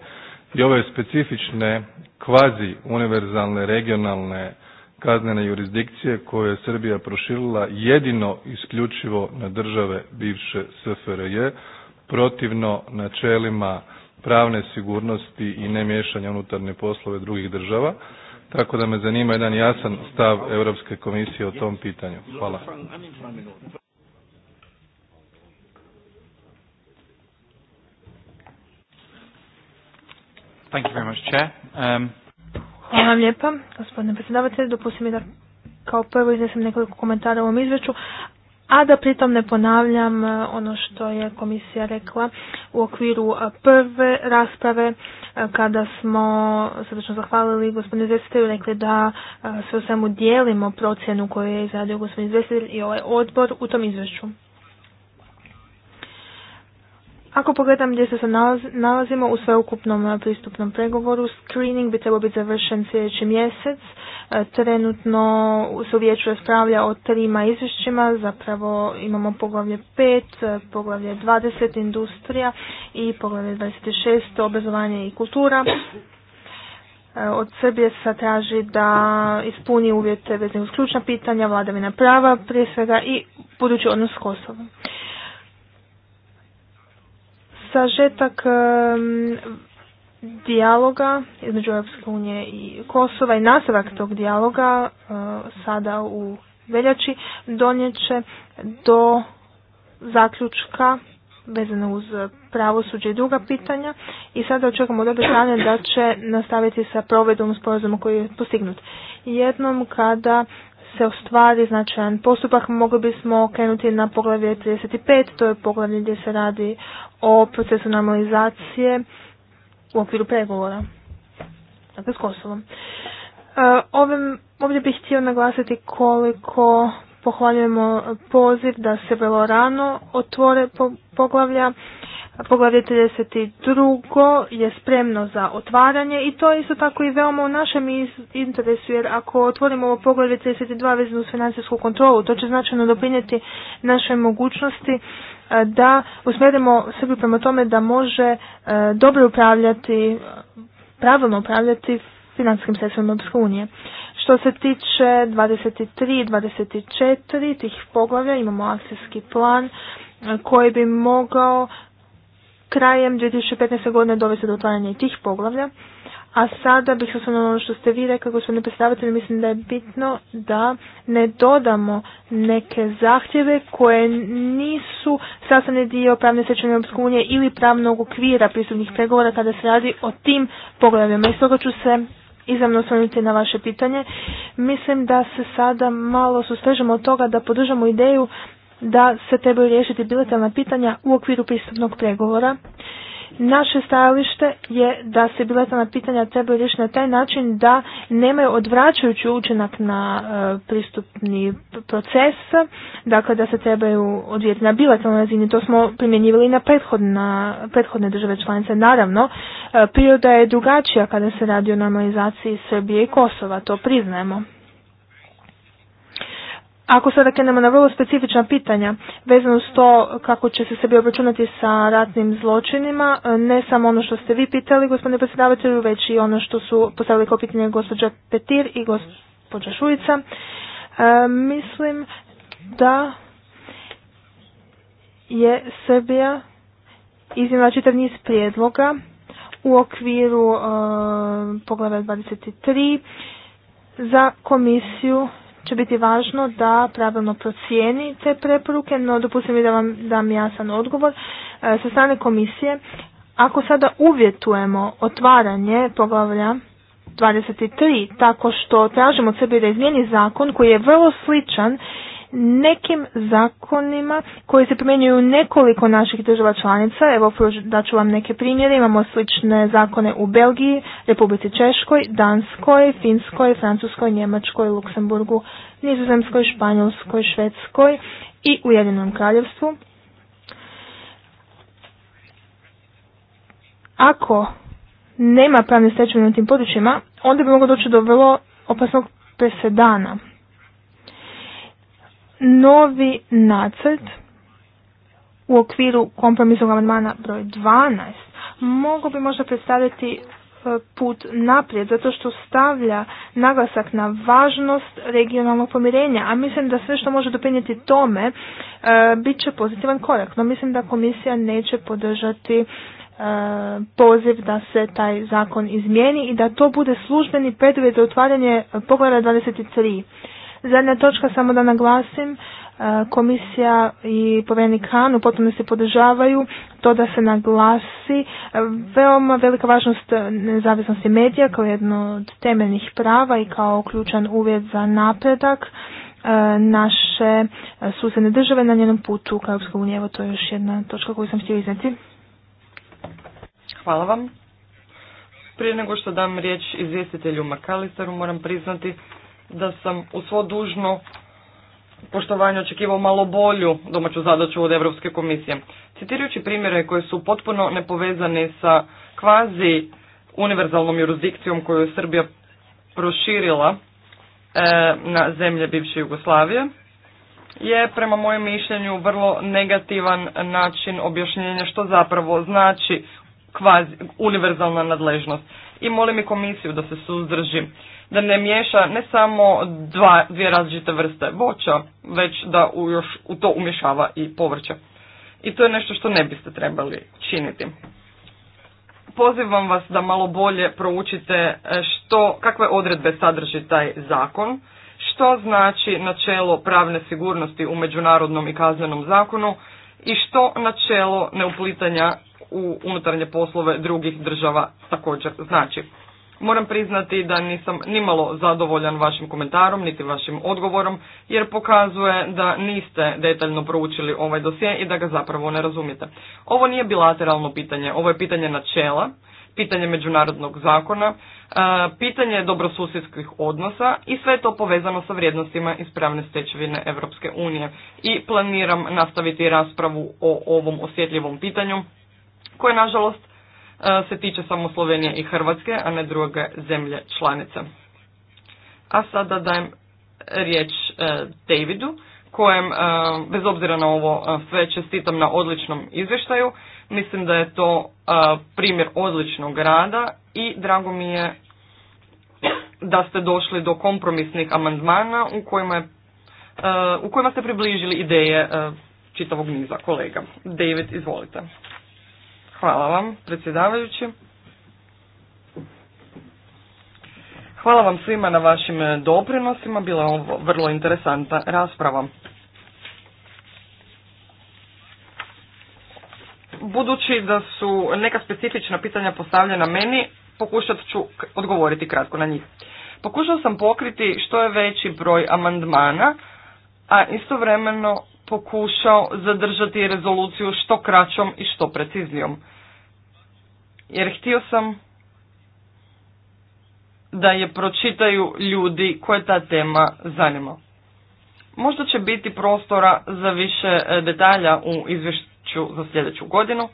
i ove specifične kvazi univerzalne regionalne kaznene jurisdikcije koje je Srbija proširila jedino isključivo na države bivše SFRJ protivno načelima pravne sigurnosti i nemješanja unutarnje poslove drugih država, tako da me zanima jedan jasan stav Europske komisije o tom pitanju. Hvala. Thank you very much, Chair. Um... Hvala vam lijepa, gospodine predsjedavatelju. Dopustim mi da kao prvo iznesem nekoliko komentara u ovom izveću, a da pritom ne ponavljam uh, ono što je komisija rekla u okviru uh, prve rasprave uh, kada smo srdečno zahvalili gospodinu izvjestitelju rekli da sve u svemu dijelimo procjenu koju je izradio gospodin izvjestitelj i ovaj odbor u tom izvješću. Ako pogledam gdje se nalazimo u sveukupnom eh, pristupnom pregovoru, screening bi trebao biti završen sljedeći mjesec. Eh, trenutno se u vijeću raspravlja o trima izvješćima, zapravo imamo poglavlje 5, eh, poglavlje 20 industrija i poglavlje 26 obrazovanje i kultura. Od Srbije se traži da ispuni uvjete vezane uz ključna pitanja, vladavina prava prije svega i budući odnos s Kosovom sažetak dijaloga između Europske unije i Kosova i nastavak tog dijaloga e, sada u veljači donijet do zaključka vezano uz pravosuđe i druga pitanja i sada očekujemo od obje strane da će nastaviti sa provedbom sporazuma koji je postignut. Jednom kada se ostvari značajan postupak mogli bismo krenuti na poglavlje 35, to je poglavlje gdje se radi o procesu normalizacije u okviru pregovora. Dakle, s Kosovom. E, ovim, ovdje bih htio naglasiti koliko pohvaljujemo poziv da se vrlo rano otvore poglavlja. Poglavlje 32. je spremno za otvaranje i to je isto tako i veoma u našem interesu jer ako otvorimo ovo poglavlje 32 vezano uz financijsku kontrolu, to će značajno doprinijeti našoj mogućnosti da usmjerimo Srbiju prema tome da može e, dobro upravljati, pravilno upravljati financijskim sredstvima Europske unije. Što se tiče 23 i 24 tih poglavlja imamo akcijski plan e, koji bi mogao krajem 2015. godine dovesti do otvaranja tih poglavlja. A sada bih se osnovno ono što ste vi rekli, gospodine predstavitelji, mislim da je bitno da ne dodamo neke zahtjeve koje nisu sastavni dio pravne sečene EU ili pravnog okvira pristupnih pregovora kada se radi o tim pogledama. I stoga ću se izravno osvrnuti na vaše pitanje. Mislim da se sada malo sustežemo od toga da podržamo ideju da se trebaju riješiti bilateralna pitanja u okviru pristupnog pregovora Naše stajalište je da se biletana pitanja trebaju riješiti na taj način da nemaju odvraćajući učinak na e, pristupni proces, dakle da se trebaju odvijeti na bilateralnoj razini. To smo primjenjivali na prethodne države članice. Naravno, e, priroda je drugačija kada se radi o normalizaciji Srbije i Kosova, to priznajemo. Ako sada krenemo na vrlo specifična pitanja vezano s to kako će se sebi obračunati sa ratnim zločinima, e, ne samo ono što ste vi pitali, gospodine predsjedavatelju, već i ono što su postavili kao pitanje gospođa Petir i gospođa Šujica, e, mislim da je Srbija iznijela čitav niz prijedloga u okviru e, poglave 23 za komisiju će biti važno da pravilno procijeni te preporuke, no dopustim mi da vam dam jasan odgovor. E, sa strane komisije, ako sada uvjetujemo otvaranje poglavlja 23 tako što tražimo sebi da izmijeni zakon koji je vrlo sličan nekim zakonima koji se primjenjuju nekoliko naših država članica. Evo, ću vam neke primjere. Imamo slične zakone u Belgiji, Republici Češkoj, Danskoj, Finskoj, Francuskoj, Njemačkoj, Luksemburgu, Nizozemskoj, Španjolskoj, Švedskoj i Ujedinom kraljevstvu. Ako nema pravne stečevine u tim područjima, onda bi moglo doći do vrlo opasnog presedana novi nacrt u okviru kompromisnog amandmana broj 12 mogu bi možda predstaviti e, put naprijed, zato što stavlja naglasak na važnost regionalnog pomirenja, a mislim da sve što može doprinijeti tome e, bit će pozitivan korak, no mislim da komisija neće podržati e, poziv da se taj zakon izmijeni i da to bude službeni preduvjet za otvaranje pogleda 23. Zadnja točka, samo da naglasim, e, komisija i povjerenik Han u se podržavaju to da se naglasi e, veoma velika važnost nezavisnosti medija kao jedno od temeljnih prava i kao ključan uvjet za napredak e, naše susjedne države na njenom putu kao Europskoj uniji. Evo to je još jedna točka koju sam htio iznijeti Hvala vam. Prije nego što dam riječ izvjestitelju Makalisaru moram priznati da sam u svo dužno poštovanje očekivao malo bolju domaću zadaću od Europske komisije. Citirajući primjere koje su potpuno nepovezani sa kvazi univerzalnom jurisdikcijom koju je Srbija proširila e, na zemlje bivše Jugoslavije, je prema mojem mišljenju vrlo negativan način objašnjenja što zapravo znači kvazi univerzalna nadležnost. I molim i komisiju da se suzdrži da ne miješa ne samo dva, dvije različite vrste voća, već da u, još u to umješava i povrće. I to je nešto što ne biste trebali činiti. Pozivam vas da malo bolje proučite e, što, kakve odredbe sadrži taj zakon, što znači načelo pravne sigurnosti u međunarodnom i kaznenom zakonu i što načelo neuplitanja u unutarnje poslove drugih država također znači. Moram priznati da nisam nimalo zadovoljan vašim komentarom niti vašim odgovorom jer pokazuje da niste detaljno proučili ovaj dosje i da ga zapravo ne razumijete. Ovo nije bilateralno pitanje, ovo je pitanje načela, pitanje međunarodnog zakona, e, pitanje dobrosusjedskih odnosa i sve je to povezano sa vrijednostima iz pravne stečevine Europske unije. I planiram nastaviti raspravu o ovom osjetljivom pitanju koje nažalost se tiče samo Slovenije i Hrvatske, a ne druge zemlje članice. A sada dajem riječ e, Davidu, kojem, e, bez obzira na ovo, e, sve čestitam na odličnom izvještaju. Mislim da je to primjer odličnog rada i drago mi je da ste došli do kompromisnih amandmana u kojima, u kojima ste približili ideje čitavog niza kolega. David, izvolite. Hvala vam, predsjedavajući. Hvala vam svima na vašim e, doprinosima, bila je ovo vrlo interesanta rasprava. Budući da su neka specifična pitanja postavljena meni, pokušat ću odgovoriti kratko na njih. Pokušao sam pokriti što je veći broj amandmana, a istovremeno pokušao zadržati rezoluciju što kraćom i što preciznijom. Jer htio sam da je pročitaju ljudi koje ta tema zanima. Možda će biti prostora za više e, detalja u izvješću za sljedeću godinu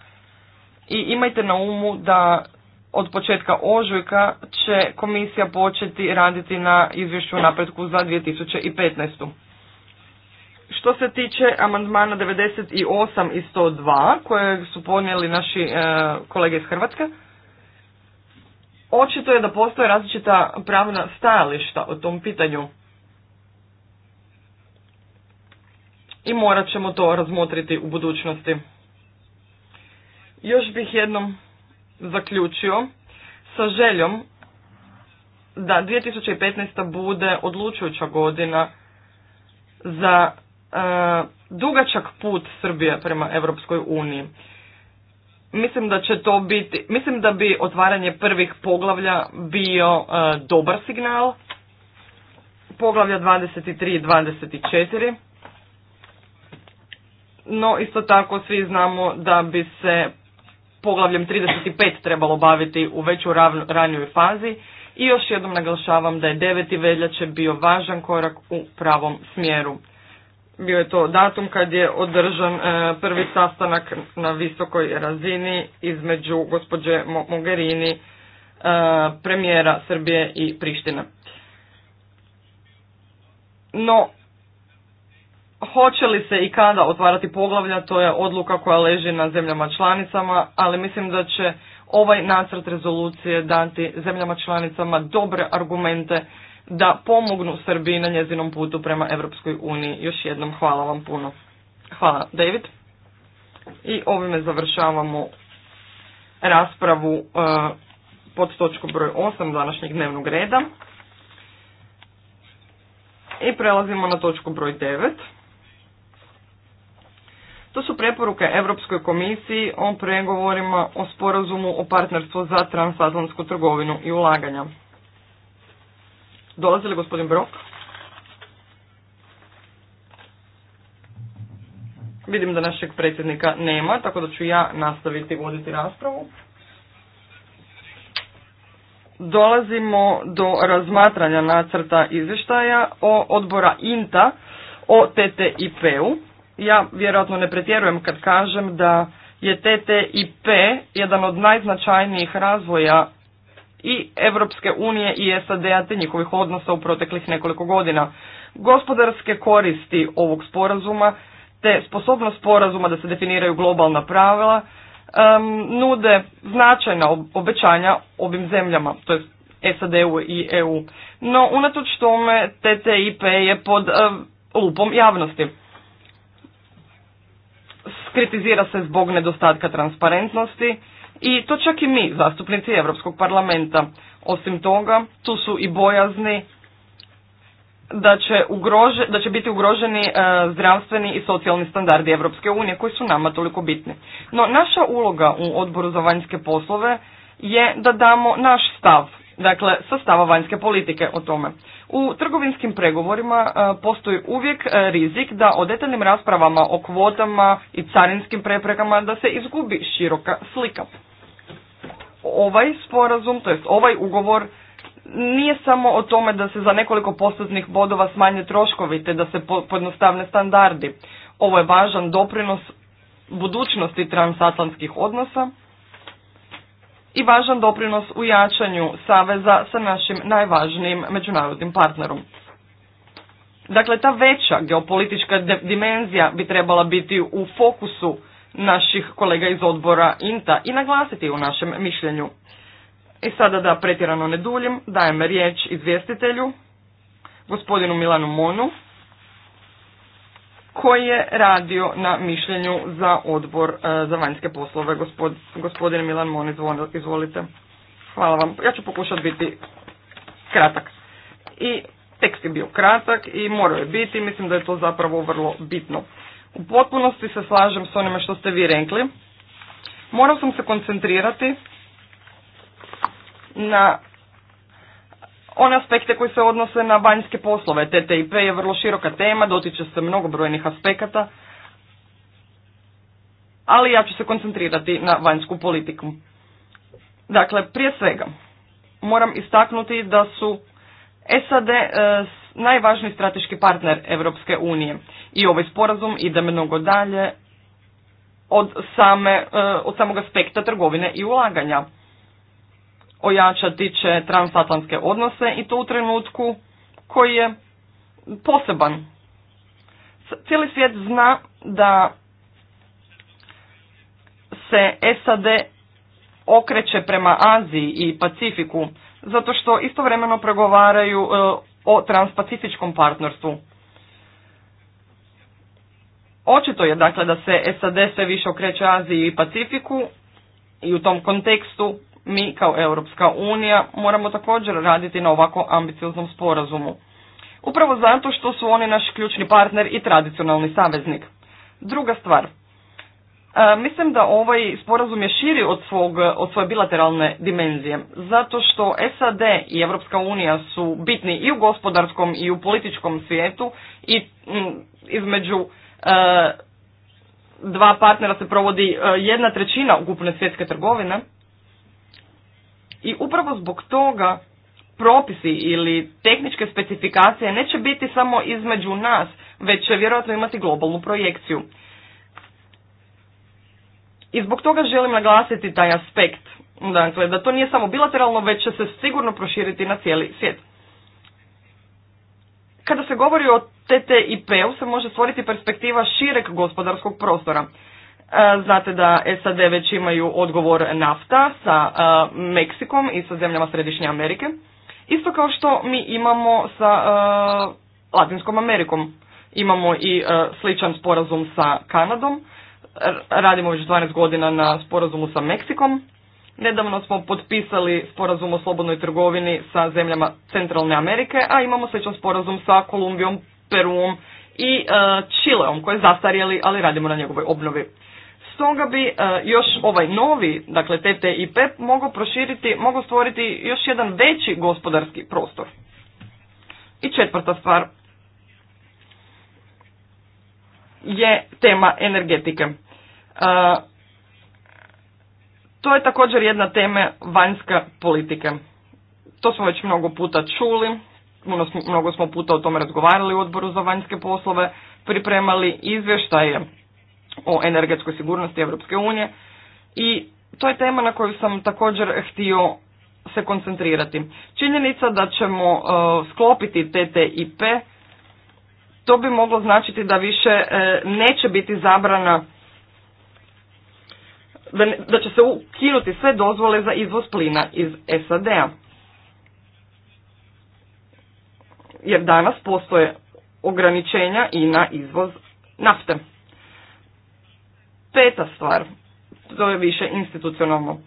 i imajte na umu da od početka ožujka će komisija početi raditi na izvješću napretku za 2015. Što se tiče amandmana 98 i 102 koje su ponijeli naši e, kolege iz Hrvatske, očito je da postoje različita pravna stajališta o tom pitanju. I morat ćemo to razmotriti u budućnosti. Još bih jednom zaključio sa željom da 2015. bude odlučujuća godina za E, dugačak put Srbije prema Europskoj uniji. Mislim da će to biti, mislim da bi otvaranje prvih poglavlja bio e, dobar signal. Poglavlja 23 i 24. No isto tako svi znamo da bi se poglavljem 35 trebalo baviti u veću ranijoj fazi i još jednom naglašavam da je 9. veljače bio važan korak u pravom smjeru bio je to datum kad je održan e, prvi sastanak na visokoj razini između gospođe Mogherini, e, premijera Srbije i Prištine. No, hoće li se i kada otvarati poglavlja, to je odluka koja leži na zemljama članicama, ali mislim da će ovaj nacrt rezolucije dati zemljama članicama dobre argumente da pomognu Srbiji na njezinom putu prema Europskoj uniji. Još jednom hvala vam puno. Hvala David. I ovime završavamo raspravu e, pod točku broj 8 današnjeg dnevnog reda. I prelazimo na točku broj 9. To su preporuke Europskoj komisiji o pregovorima o sporazumu o partnerstvu za transatlantsku trgovinu i ulaganja. Dolazi li gospodin Brok? Vidim da našeg predsjednika nema, tako da ću ja nastaviti voditi raspravu. Dolazimo do razmatranja nacrta izvještaja o odbora INTA o TTIP-u. Ja vjerojatno ne pretjerujem kad kažem da je TTIP jedan od najznačajnijih razvoja i Evropske unije i SAD-a te njihovih odnosa u proteklih nekoliko godina. Gospodarske koristi ovog sporazuma te sposobnost sporazuma da se definiraju globalna pravila um, nude značajna obećanja ovim zemljama, to je SAD-u i EU. No, unatoč tome, TTIP je pod lupom javnosti. Skritizira se zbog nedostatka transparentnosti, i to čak i mi, zastupnici Europskog parlamenta. Osim toga, tu su i bojazni da će, ugrože, da će biti ugroženi e, zdravstveni i socijalni standardi Europske unije koji su nama toliko bitni. No naša uloga u odboru za vanjske poslove je da damo naš stav, dakle sastava vanjske politike o tome. U trgovinskim pregovorima e, postoji uvijek e, rizik da o detaljnim raspravama o kvotama i carinskim preprekama da se izgubi široka slika ovaj sporazum, to jest ovaj ugovor nije samo o tome da se za nekoliko postotnih bodova smanje troškovi te da se pojednostavne standardi. Ovo je važan doprinos budućnosti transatlantskih odnosa i važan doprinos u jačanju saveza sa našim najvažnijim međunarodnim partnerom. Dakle, ta veća geopolitička dimenzija bi trebala biti u fokusu naših kolega iz odbora INTA i naglasiti u našem mišljenju. I sada da pretjerano ne duljim, dajem riječ izvjestitelju, gospodinu Milanu Monu, koji je radio na mišljenju za odbor e, za vanjske poslove. Gospodin gospodine Milan Mon, izvolite. Hvala vam. Ja ću pokušati biti kratak. I tekst je bio kratak i morao je biti. Mislim da je to zapravo vrlo bitno. U potpunosti se slažem s onime što ste vi rekli. Moram sam se koncentrirati na one aspekte koji se odnose na vanjske poslove. TTIP je vrlo široka tema, dotiče se mnogobrojnih aspekata, ali ja ću se koncentrirati na vanjsku politiku. Dakle, prije svega, moram istaknuti da su SAD eh, najvažniji strateški partner Europske unije. I ovaj sporazum ide mnogo dalje od, same, e, od samog aspekta trgovine i ulaganja. Ojačati će transatlantske odnose i to u trenutku koji je poseban. Cijeli svijet zna da se SAD okreće prema Aziji i Pacifiku zato što istovremeno pregovaraju e, o transpacifičkom partnerstvu. Očito je dakle da se SAD sve više okreće Aziji i Pacifiku i u tom kontekstu mi kao Europska unija moramo također raditi na ovako ambicioznom sporazumu. Upravo zato što su oni naš ključni partner i tradicionalni saveznik. Druga stvar, E, mislim da ovaj sporazum je širi od, svog, od svoje bilateralne dimenzije, zato što SAD i Europska unija su bitni i u gospodarskom i u političkom svijetu i između e, dva partnera se provodi e, jedna trećina ukupne svjetske trgovine i upravo zbog toga propisi ili tehničke specifikacije neće biti samo između nas, već će vjerojatno imati globalnu projekciju. I zbog toga želim naglasiti taj aspekt, dakle, da to nije samo bilateralno, već će se sigurno proširiti na cijeli svijet. Kada se govori o TTIP-u se može stvoriti perspektiva šireg gospodarskog prostora. E, znate da SAD već imaju odgovor nafta sa e, Meksikom i sa zemljama Središnje Amerike. Isto kao što mi imamo sa e, Latinskom Amerikom. Imamo i sličan sporazum sa Kanadom radimo već 12 godina na sporazumu sa Meksikom. Nedavno smo potpisali sporazum o slobodnoj trgovini sa zemljama Centralne Amerike, a imamo sličan sporazum sa Kolumbijom, Peruom i e, Čileom koji je zastarjeli, ali radimo na njegovoj obnovi. Stoga bi e, još ovaj novi, dakle TTIP, mogao proširiti, mogao stvoriti još jedan veći gospodarski prostor. I četvrta stvar, je tema energetike. E, to je također jedna tema vanjska politika. To smo već mnogo puta čuli, mnogo smo puta o tome razgovarali u odboru za vanjske poslove, pripremali izvještaje o energetskoj sigurnosti Europske unije i to je tema na koju sam također htio se koncentrirati. Činjenica da ćemo e, sklopiti TTIP to bi moglo značiti da više e, neće biti zabrana da, će se ukinuti sve dozvole za izvoz plina iz SAD-a. Jer danas postoje ograničenja i na izvoz nafte. Peta stvar, to je više institucionalno.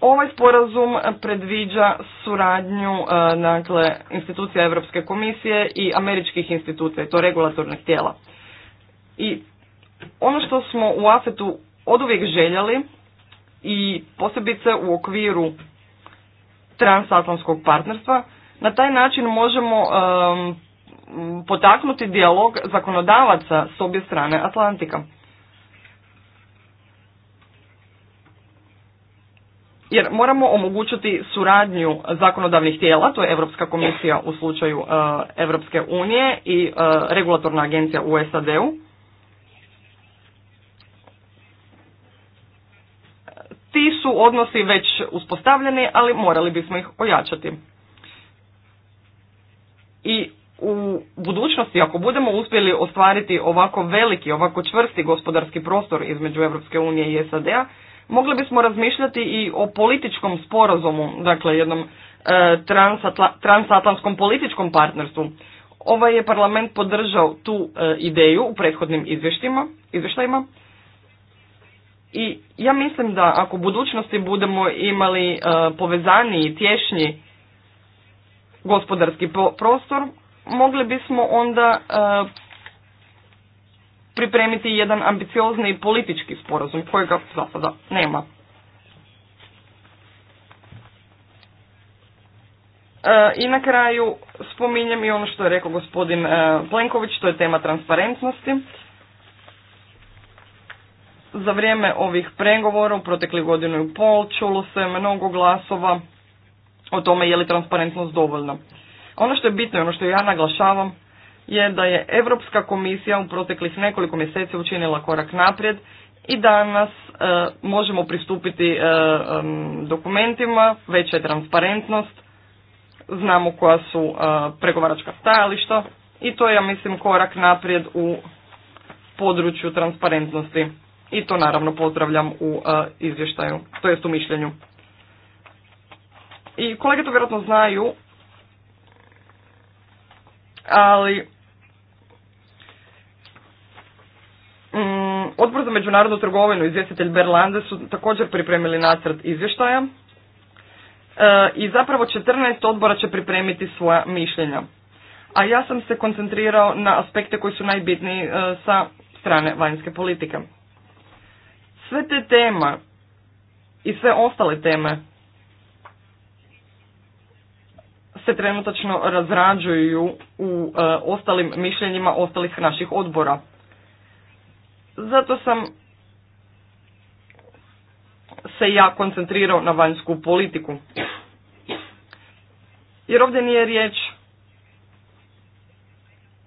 Ovaj sporazum predviđa suradnju e, dakle, institucija Europske komisije i američkih institucija, i to regulatornih tijela. I ono što smo u AFET-u oduvijek željeli i posebice u okviru transatlantskog partnerstva, na taj način možemo e, potaknuti dijalog zakonodavaca s obje strane Atlantika. jer moramo omogućiti suradnju zakonodavnih tijela, to je Europska komisija u slučaju Europske unije i e, regulatorna agencija u SAD-u. Ti su odnosi već uspostavljeni, ali morali bismo ih ojačati. I u budućnosti, ako budemo uspjeli ostvariti ovako veliki, ovako čvrsti gospodarski prostor između Europske unije i SAD-a, Mogli bismo razmišljati i o političkom sporazumu, dakle jednom e, transatlantskom političkom partnerstvu. Ovaj je parlament podržao tu e, ideju u prethodnim izvještajima i ja mislim da ako u budućnosti budemo imali e, povezani i tješnji gospodarski prostor, mogli bismo onda pripremiti jedan ambiciozni politički sporazum kojega za sada nema. E, I na kraju spominjem i ono što je rekao gospodin e, Plenković, to je tema transparentnosti. Za vrijeme ovih pregovora u proteklih godinu i pol čulo se mnogo glasova o tome je li transparentnost dovoljna. Ono što je bitno i ono što ja naglašavam je da je Europska komisija u proteklih nekoliko mjeseci učinila korak naprijed i danas e, možemo pristupiti e, dokumentima, veća je transparentnost, znamo koja su e, pregovaračka stajališta i to je ja mislim korak naprijed u području transparentnosti i to naravno pozdravljam u izvještaju, to jest u mišljenju. I kolege to vjerojatno znaju, ali Mm, Odbor za međunarodnu trgovinu izvjestitelj Berlande su također pripremili nacrt izvještaja e, i zapravo 14 odbora će pripremiti svoja mišljenja. A ja sam se koncentrirao na aspekte koji su najbitniji e, sa strane vanjske politike. Sve te tema i sve ostale teme se trenutačno razrađuju u e, ostalim mišljenjima ostalih naših odbora. Zato sam se ja koncentrirao na vanjsku politiku. Jer ovdje nije riječ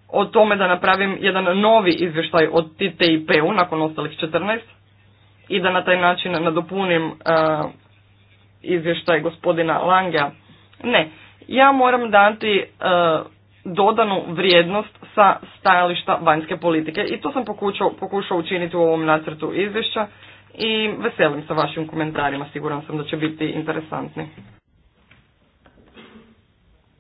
o tome da napravim jedan novi izvještaj od TTIP-u nakon ostalih 14 i da na taj način nadopunim e, izvještaj gospodina Langea. Ne, ja moram dati e, dodanu vrijednost sa stajališta vanjske politike i to sam pokušao, pokušao učiniti u ovom nacrtu izvješća i veselim sa vašim komentarima, siguran sam da će biti interesantni.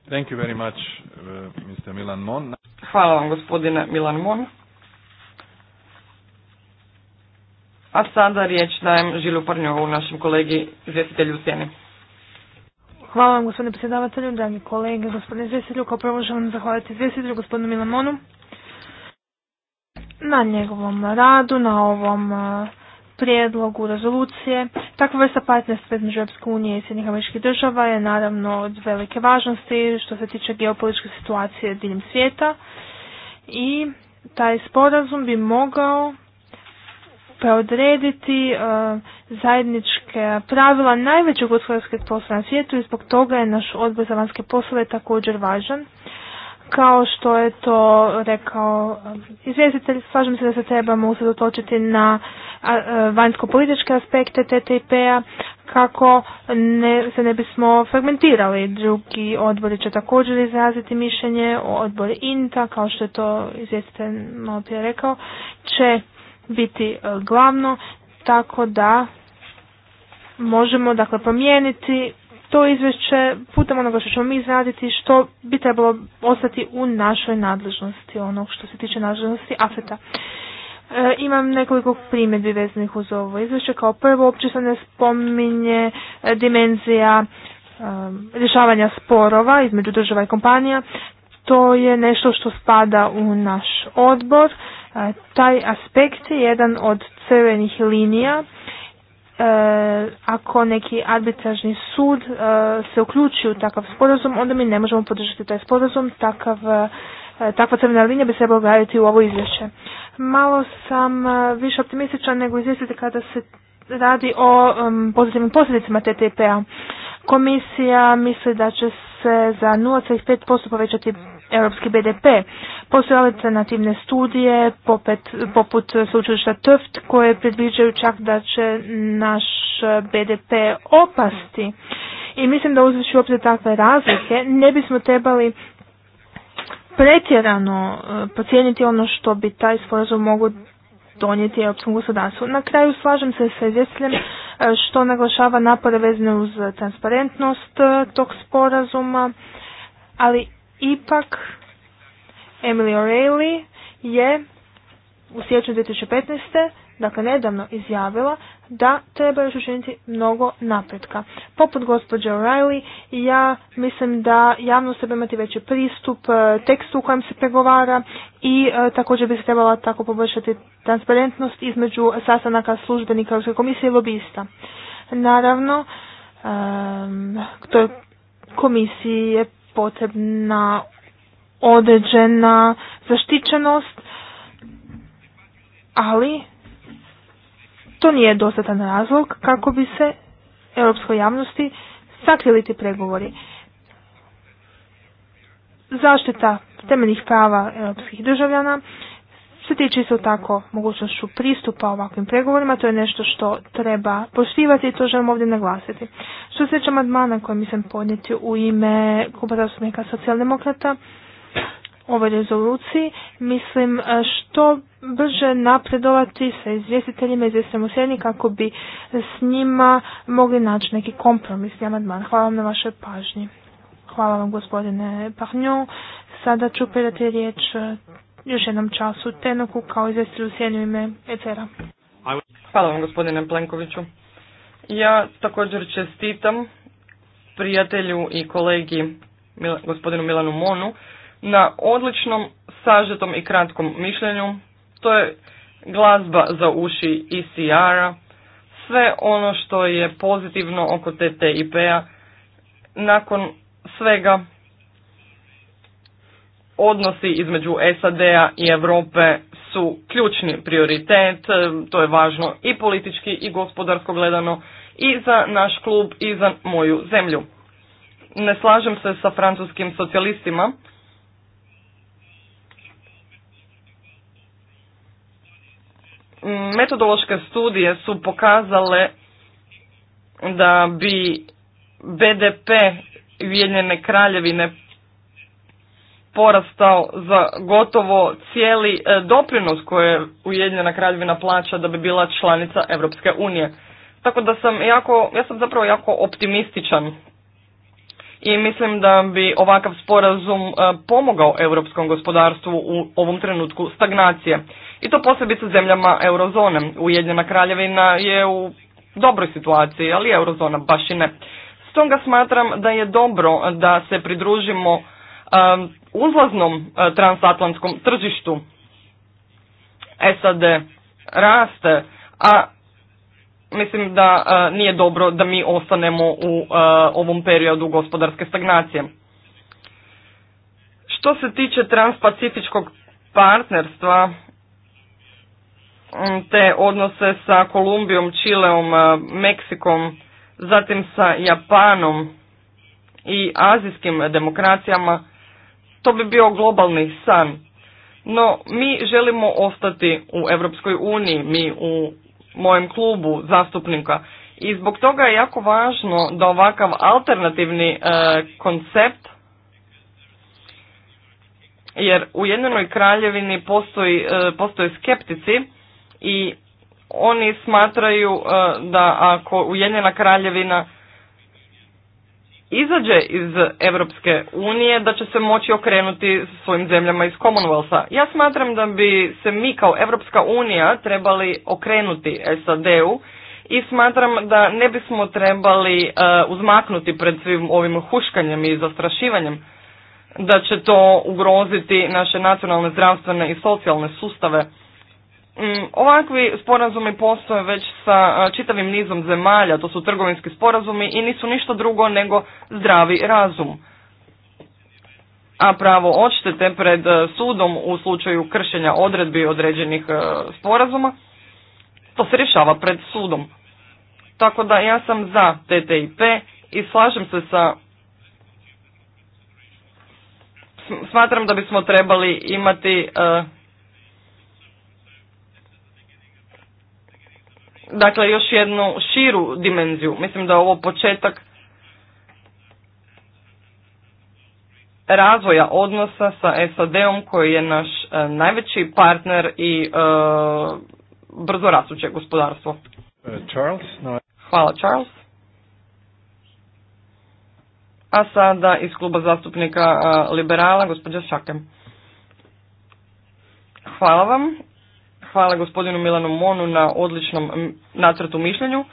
Thank you very much, uh, Mr. Milan Mon. Hvala vam gospodine Milan Mon. A sada riječ dajem Žilu Parnjovu, našem kolegi izvjestitelju u Sjeni. Hvala vam gospodine predsjedavatelju, dragi kolege, gospodine izvjestitelju. Kao prvo želim zahvaliti izvjestitelju gospodinu Milamonu na njegovom radu, na ovom e, prijedlogu rezolucije. Takva vrsta partnerstva između Europske unije i Sjednih američkih država je naravno od velike važnosti što se tiče geopolitičke situacije diljem svijeta i taj sporazum bi mogao preodrediti odrediti e, zajedničke pravila najvećeg gospodarskog posla na svijetu i zbog toga je naš odbor za vanjske poslove također važan. Kao što je to rekao e, izvjestitelj, slažem se da se trebamo usredotočiti na e, vanjsko-političke aspekte TTIP-a kako ne, se ne bismo fragmentirali. Drugi odbori će također izraziti mišljenje, odbor INTA, kao što je to izvjestitelj malo prije rekao, će biti e, glavno, tako da možemo dakle promijeniti to izvješće putem onoga što ćemo mi izraditi što bi trebalo ostati u našoj nadležnosti, onog što se tiče nadležnosti afeta. E, imam nekoliko primjedbi vezanih uz ovo izvješće. Kao prvo, uopće se ne spominje e, dimenzija rješavanja sporova između država i kompanija. To je nešto što spada u naš odbor taj aspekt je jedan od crvenih linija e, ako neki arbitražni sud e, se uključi u takav sporazum, onda mi ne možemo podržati taj sporazum, takav, e, takva crvena linija bi se trebala graditi u ovo izvješće. Malo sam više optimističan nego izvjestite kada se radi o pozitivnim posljedicama ttp a Komisija misli da će se za 0,5% povećati europski BDP. Postoje alternativne studije popet, poput slučajušta TUFT koje predviđaju čak da će naš BDP opasti. I mislim da uzviši uopće takve razlike ne bismo trebali pretjerano eh, pocijeniti ono što bi taj sporazum mogu donijeti europskom gospodarstvu. Na kraju slažem se sa izvjestiteljem eh, što naglašava napore vezne uz transparentnost eh, tog sporazuma, ali ipak Emily O'Reilly je u siječnju 2015. dakle nedavno izjavila da treba još učiniti mnogo napretka. Poput gospođe O'Reilly ja mislim da javnost treba imati veći pristup e, tekstu u kojem se pregovara i e, također bi se trebala tako poboljšati transparentnost između sastanaka službenika Europske komisije i lobista. Naravno, e, komisiji je potrebna određena zaštićenost, ali to nije dostatan razlog kako bi se europskoj javnosti sakrili ti pregovori. Zaštita temeljnih prava europskih državljana koristiti isto tako mogućnošću pristupa ovakvim pregovorima. To je nešto što treba poštivati i to želim ovdje naglasiti. Što se tiče amandmana koje mislim podnijeti u ime Kluba zastupnika socijaldemokrata, ovoj rezoluciji, mislim e, što brže napredovati sa izvjestiteljima iz u kako bi s njima mogli naći neki kompromisni amandman. Hvala vam na vašoj pažnji. Hvala vam gospodine Pahnjo. Sada ću predati riječ još jednom času Tenoku kao i za sjenju ime ecr Hvala vam gospodine Plenkoviću. Ja također čestitam prijatelju i kolegi gospodinu Milanu Monu na odličnom, sažetom i kratkom mišljenju. To je glazba za uši ECR-a, sve ono što je pozitivno oko TTIP-a nakon svega odnosi između SAD-a i Europe su ključni prioritet, e, to je važno i politički i gospodarsko gledano i za naš klub i za moju zemlju. Ne slažem se sa francuskim socijalistima metodološke studije su pokazale da bi BDP Ujedinjene kraljevine porastao za gotovo cijeli e, doprinos koje je Ujedinjena kraljevina plaća da bi bila članica Europske unije. Tako da sam jako, ja sam zapravo jako optimističan i mislim da bi ovakav sporazum e, pomogao europskom gospodarstvu u ovom trenutku stagnacije. I to posebice zemljama eurozone. Ujedinjena kraljevina je u dobroj situaciji, ali eurozona baš i ne. Stoga smatram da je dobro da se pridružimo e, uzlaznom e, transatlantskom tržištu. SAD raste, a mislim da e, nije dobro da mi ostanemo u e, ovom periodu gospodarske stagnacije. Što se tiče transpacifičkog partnerstva, te odnose sa Kolumbijom, Čileom, Meksikom, zatim sa Japanom i azijskim demokracijama, to bi bio globalni san. No, mi želimo ostati u Europskoj uniji, mi u mojem klubu zastupnika i zbog toga je jako važno da ovakav alternativni e, koncept jer u ujedinjenoj Kraljevini postoji, e, postoje skeptici i oni smatraju e, da ako Ujedinjena Kraljevina izađe iz Europske unije da će se moći okrenuti svojim zemljama iz Commonwealtha. Ja smatram da bi se mi kao Europska unija trebali okrenuti SAD-u i smatram da ne bismo trebali e, uzmaknuti pred svim ovim huškanjem i zastrašivanjem da će to ugroziti naše nacionalne zdravstvene i socijalne sustave Mm, ovakvi sporazumi postoje već sa čitavim nizom zemalja, to su trgovinski sporazumi i nisu ništa drugo nego zdravi razum. A pravo odštete pred sudom u slučaju kršenja odredbi određenih sporazuma, to se rješava pred sudom. Tako da ja sam za TTIP i slažem se sa smatram da bismo trebali imati dakle još jednu širu dimenziju. Mislim da je ovo početak razvoja odnosa sa SAD-om koji je naš e, najveći partner i e, brzo rastuće gospodarstvo. Uh, Charles, Hvala Charles. A sada iz kluba zastupnika e, liberala, gospođa Šakem. Hvala vam. Hvala gospodinu Milanu Monu na odličnom nacrtu mišljenju.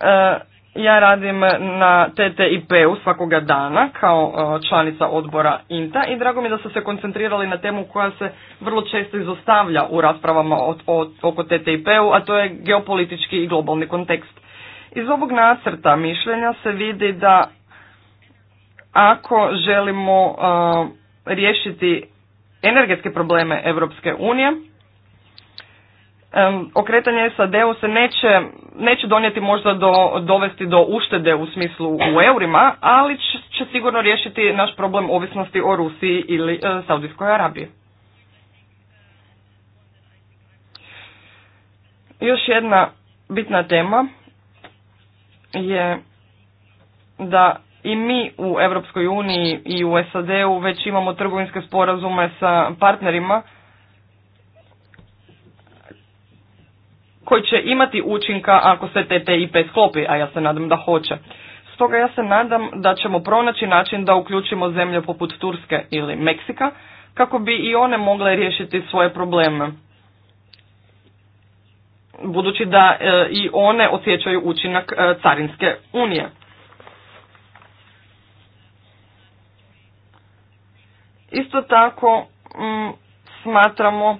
E, ja radim na TTIP-u svakoga dana kao e, članica odbora INTA i drago mi je da ste se koncentrirali na temu koja se vrlo često izostavlja u raspravama oko TTIP-u, a to je geopolitički i globalni kontekst. Iz ovog nacrta mišljenja se vidi da ako želimo e, riješiti energetske probleme Europske unije, okretanje SAD-u se neće, neće donijeti možda do, dovesti do uštede u smislu u eurima, ali će sigurno riješiti naš problem ovisnosti o Rusiji ili e, Saudijskoj Arabiji. Još jedna bitna tema je da i mi u Europskoj uniji i u SAD-u već imamo trgovinske sporazume sa partnerima koji će imati učinka ako se TTIP sklopi, a ja se nadam da hoće. Stoga ja se nadam da ćemo pronaći način da uključimo zemlje poput Turske ili Meksika kako bi i one mogle riješiti svoje probleme. Budući da e, i one osjećaju učinak e, carinske unije. Isto tako mm, smatramo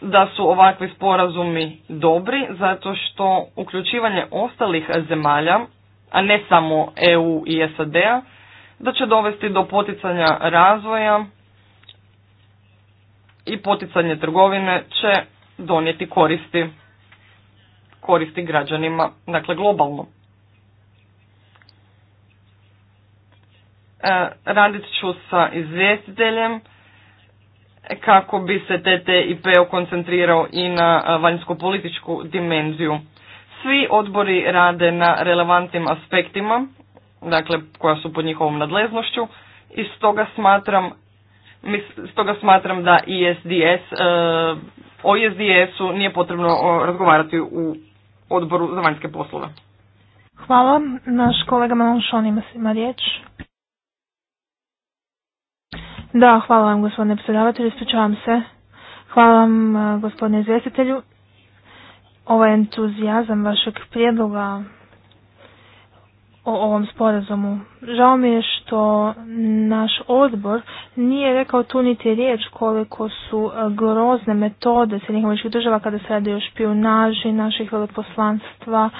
da su ovakvi sporazumi dobri zato što uključivanje ostalih zemalja, a ne samo EU i SAD-a, da će dovesti do poticanja razvoja i poticanje trgovine će donijeti koristi koristi građanima, dakle globalno. E, radit ću sa izvjestiteljem kako bi se TTIP koncentrirao i na e, vanjsko-političku dimenziju. Svi odbori rade na relevantnim aspektima, dakle koja su pod njihovom nadležnošću i stoga smatram stoga smatram da ISDS, e, o ISDS-u nije potrebno razgovarati u odboru za vanjske poslove. Hvala. Naš kolega Malon Šon ima riječ. Da, hvala vam gospodine predsjedavatelju, ispričavam se. Hvala vam eh, gospodine izvjestitelju. Ovaj entuzijazam vašeg prijedloga o ovom sporazumu. Žao mi je što naš odbor nije rekao tu niti riječ koliko su eh, grozne metode američkih država kada se radi o špionaži naših veleposlanstva,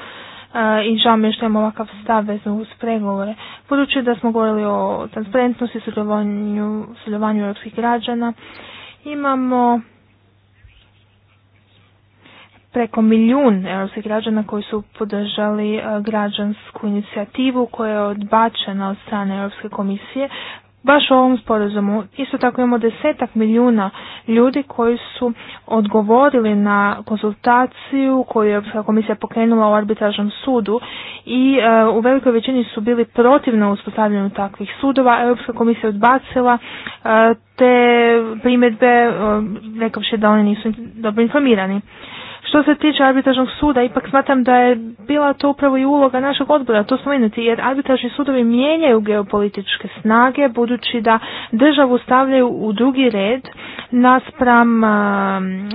E, i žao mi je što imamo ovakav stav vezan uz pregovore. Budući da smo govorili o transparentnosti i sudjelovanju, sudjelovanju europskih građana, imamo preko milijun europskih građana koji su podržali e, građansku inicijativu koja je odbačena od strane Europske komisije baš u ovom sporazumu. Isto tako imamo desetak milijuna ljudi koji su odgovorili na konsultaciju koju je Europska komisija pokrenula u arbitražnom sudu i e, u velikoj većini su bili protivno uspostavljanju takvih sudova. Europska komisija odbacila e, te primjedbe e, rekavši da oni nisu dobro informirani. Što se tiče arbitražnog suda, ipak smatram da je bila to upravo i uloga našeg odbora, to spomenuti, jer arbitražni sudovi mijenjaju geopolitičke snage, budući da državu stavljaju u drugi red naspram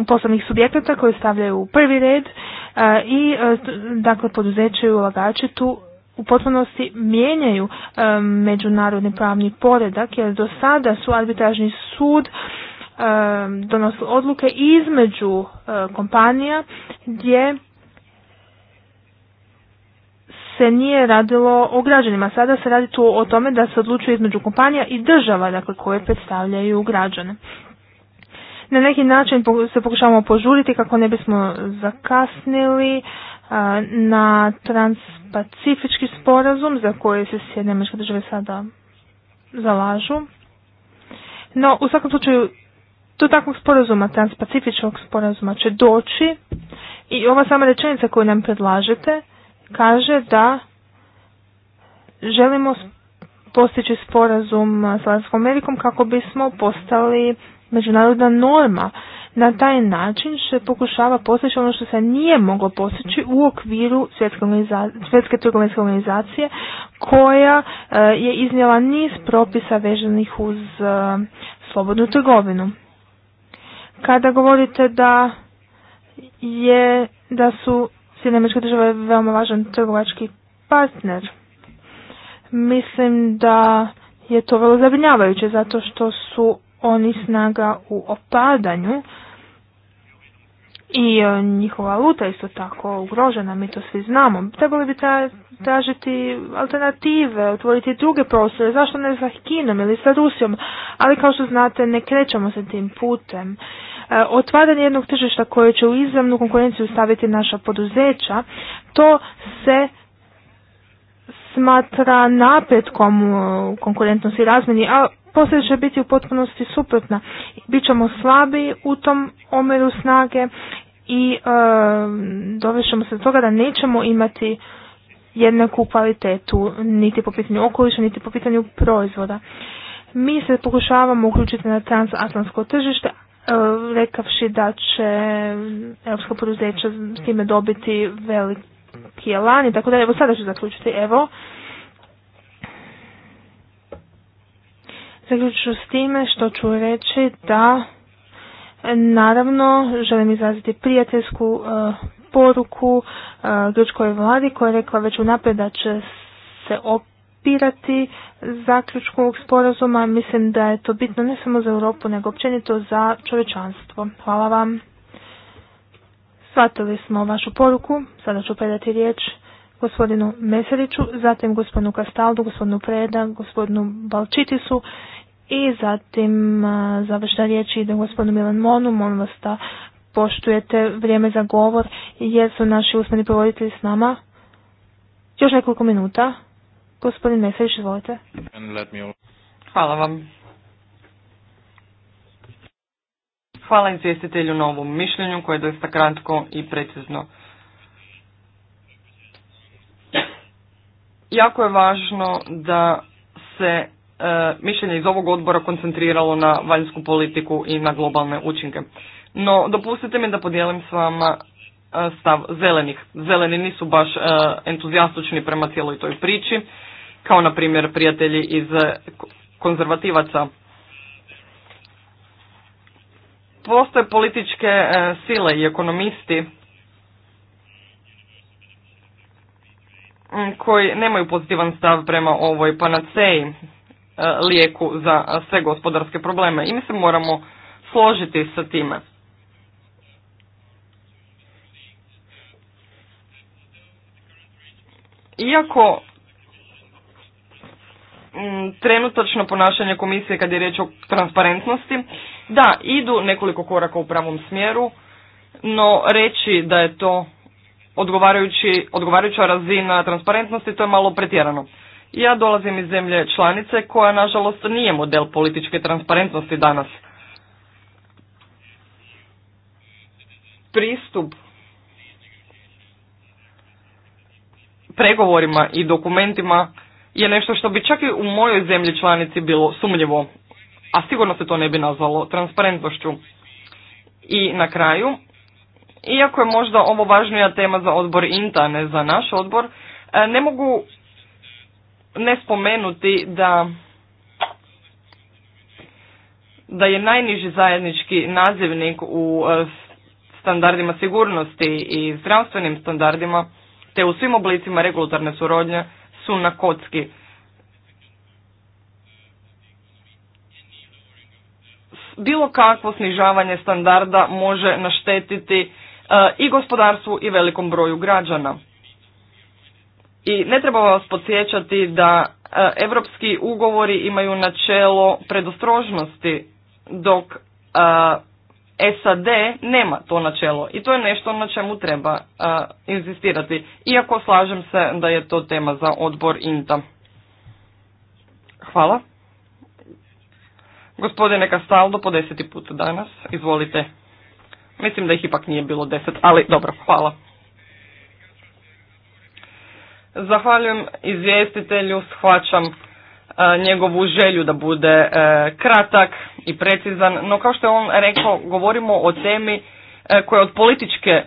poslovnih subjekata koje stavljaju u prvi red i dakle poduzeće i ulagači tu u potpunosti mijenjaju međunarodni pravni poredak jer do sada su arbitražni sud donosu odluke između e, kompanija gdje se nije radilo o građanima. Sada se radi tu o tome da se odlučuje između kompanija i država dakle, koje predstavljaju građane. Na neki način se pokušavamo požuriti kako ne bismo zakasnili e, na transpacifički sporazum za koje se Sjedinjene države sada zalažu. No, u svakom slučaju do takvog sporazuma, transpacifičnog sporazuma će doći i ova sama rečenica koju nam predlažete kaže da želimo postići sporazum s Latinskom Amerikom kako bismo postali međunarodna norma. Na taj način se pokušava postići ono što se nije moglo postići u okviru Svjetske trgovinske organizacije koja e, je iznijela niz propisa vezanih uz e, slobodnu trgovinu. Kada govorite da je da su Sjedinjene države veoma važan trgovački partner, mislim da je to vrlo zabrinjavajuće zato što su oni snaga u opadanju i e, njihova luta isto tako ugrožena, mi to svi znamo. Trebali bi tražiti alternative, otvoriti druge prostore, zašto ne sa Kinom ili sa Rusijom, ali kao što znate ne krećemo se tim putem Eh, otvaranje jednog tržišta koje će u izravnu konkurenciju staviti naša poduzeća, to se smatra napetkom konkurentnosti i razmeni, a poslije će biti u potpunosti suprotna. Bićemo slabi u tom omeru snage i e, eh, dovešemo se do toga da nećemo imati jednaku kvalitetu niti po pitanju okoliša, niti po pitanju proizvoda. Mi se pokušavamo uključiti na transatlantsko tržište, Eh, rekavši da će evropska poduzeća s time dobiti veliki elan i tako da evo sada ću zaključiti evo zaključit s time što ću reći da naravno želim izraziti prijateljsku eh, poruku eh, grčkoj vladi koja je rekla već unaprijed da će se opet pirati zaključku sporazuma. Mislim da je to bitno ne samo za Europu, nego općenito za čovečanstvo. Hvala vam. Shvatili smo vašu poruku. Sada ću predati riječ gospodinu Meseriću, zatim gospodinu Kastaldu, gospodinu Preda, gospodinu Balčitisu i zatim završna riječ ide gospodinu Milan Monu. Molim vas da poštujete vrijeme za govor jer su naši usmeni provoditelji s nama. Još nekoliko minuta. Gospodin izvolite. Hvala vam. Hvala izvjestitelju na ovom mišljenju koje je doista kratko i precizno. Jako je važno da se e, mišljenje iz ovog odbora koncentriralo na vanjsku politiku i na globalne učinke. No, dopustite mi da podijelim s vama e, stav zelenih. Zeleni nisu baš e, entuzijastični prema cijeloj toj priči kao na primjer prijatelji iz konzervativaca. Postoje političke e, sile i ekonomisti koji nemaju pozitivan stav prema ovoj panaceji e, lijeku za sve gospodarske probleme i mi se moramo složiti sa time. Iako Mm, trenutačno ponašanje komisije kad je riječ o transparentnosti, da, idu nekoliko koraka u pravom smjeru, no reći da je to odgovarajući, odgovarajuća razina transparentnosti, to je malo pretjerano. Ja dolazim iz zemlje članice koja nažalost nije model političke transparentnosti danas. Pristup pregovorima i dokumentima je nešto što bi čak i u mojoj zemlji članici bilo sumnjivo, a sigurno se to ne bi nazvalo transparentnošću. I na kraju, iako je možda ovo važnija tema za odbor INTA, ne za naš odbor, e, ne mogu ne spomenuti da da je najniži zajednički nazivnik u e, standardima sigurnosti i zdravstvenim standardima, te u svim oblicima regulatorne suradnje, na kocki. Bilo kakvo snižavanje standarda može naštetiti e, i gospodarstvu i velikom broju građana. I ne treba vas podsjećati da europski ugovori imaju načelo predostrožnosti dok e, SAD nema to načelo i to je nešto na čemu treba uh, inzistirati. Iako slažem se da je to tema za odbor INTA. Hvala. Gospodine Kastaldo, po deseti put danas, izvolite. Mislim da ih ipak nije bilo deset, ali dobro, hvala. Zahvaljujem izvjestitelju, shvaćam E, njegovu želju da bude e, kratak i precizan, no kao što je on rekao, govorimo o temi e, koja je od političke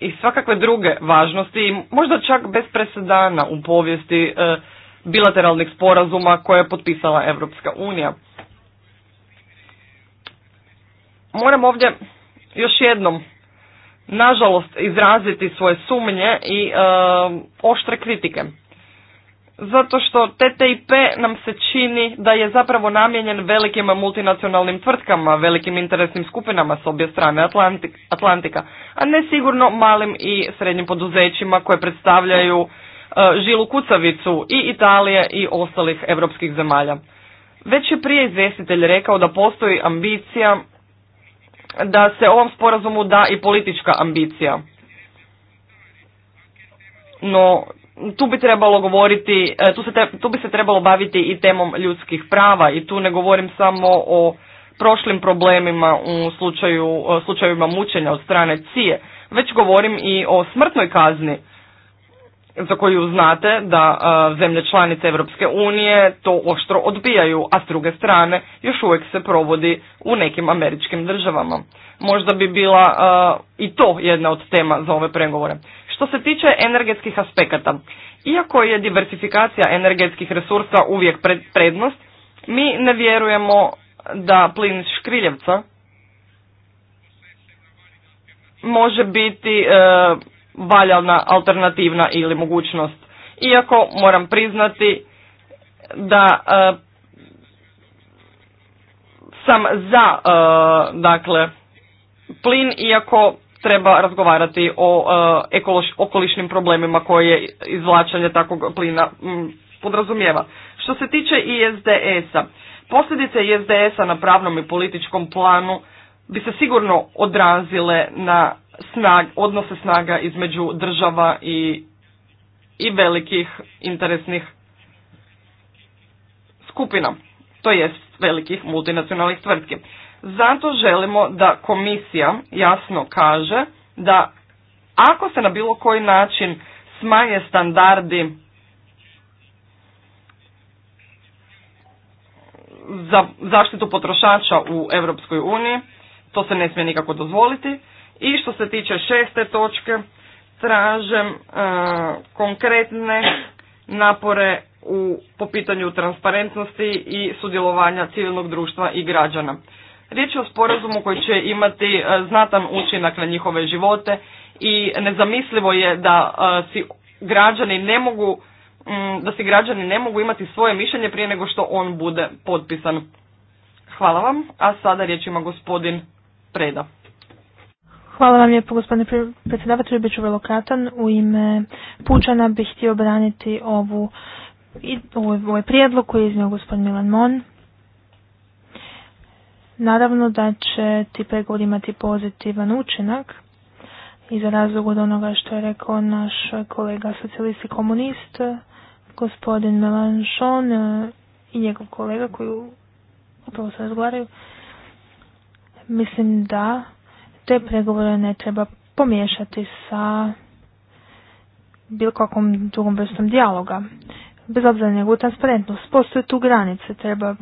i svakakve druge važnosti i možda čak bez presedana u povijesti bilateralnih sporazuma koje je potpisala Europska unija. Moram ovdje još jednom nažalost izraziti svoje sumnje i oštre kritike zato što TTIP nam se čini da je zapravo namijenjen velikim multinacionalnim tvrtkama, velikim interesnim skupinama s obje strane Atlantik, Atlantika, a ne sigurno malim i srednjim poduzećima koje predstavljaju e, žilu kucavicu i Italije i ostalih europskih zemalja. Već je prije izvjestitelj rekao da postoji ambicija da se ovom sporazumu da i politička ambicija. No, tu bi trebalo govoriti, e, tu, se tu bi se trebalo baviti i temom ljudskih prava i tu ne govorim samo o prošlim problemima u slučaju, e, slučajevima mučenja od strane Cije, već govorim i o smrtnoj kazni za koju znate da e, zemlje članice Europske unije to oštro odbijaju, a s druge strane još uvijek se provodi u nekim američkim državama. Možda bi bila i to jedna od tema za ove pregovore. Što se tiče energetskih aspekata, iako je diversifikacija energetskih resursa uvijek prednost, mi ne vjerujemo da plin Škriljevca može biti e, valjana alternativna ili mogućnost. Iako moram priznati da e, sam za e, dakle plin iako treba razgovarati o e, ekološ, okolišnim problemima koje izvlačenje takvog plina mm, podrazumijeva. Što se tiče ISDS-a, posljedice ISDS-a na pravnom i političkom planu bi se sigurno odrazile na odnose snaga između država i, i velikih interesnih skupina, to jest velikih multinacionalnih tvrtki. Zato želimo da komisija jasno kaže da ako se na bilo koji način smanje standardi za zaštitu potrošača u Europskoj uniji, to se ne smije nikako dozvoliti. I što se tiče šeste točke, tražem e, konkretne napore u, po pitanju transparentnosti i sudjelovanja civilnog društva i građana. Riječ je o sporazumu koji će imati e, znatan učinak na njihove živote i nezamislivo je da e, si građani ne mogu mm, da si građani ne mogu imati svoje mišljenje prije nego što on bude potpisan. Hvala vam, a sada riječ ima gospodin Preda. Hvala vam lijepo gospodine predsjedavatelju, bit ću vrlo kratan. U ime Pučana bih htio braniti ovu, ovaj-, ovaj prijedlog koji je iznio gospodin Milan Mon. Naravno da će ti pregovori imati pozitivan učinak i za razlog od onoga što je rekao naš kolega socijalisti komunist, gospodin Melanchon eh, i njegov kolega koji upravo se razgovaraju, mislim da te pregovore ne treba pomiješati sa bilo kakvom drugom vrstom dijaloga. Bez obzira na njegovu transparentnost, postoje tu granice, treba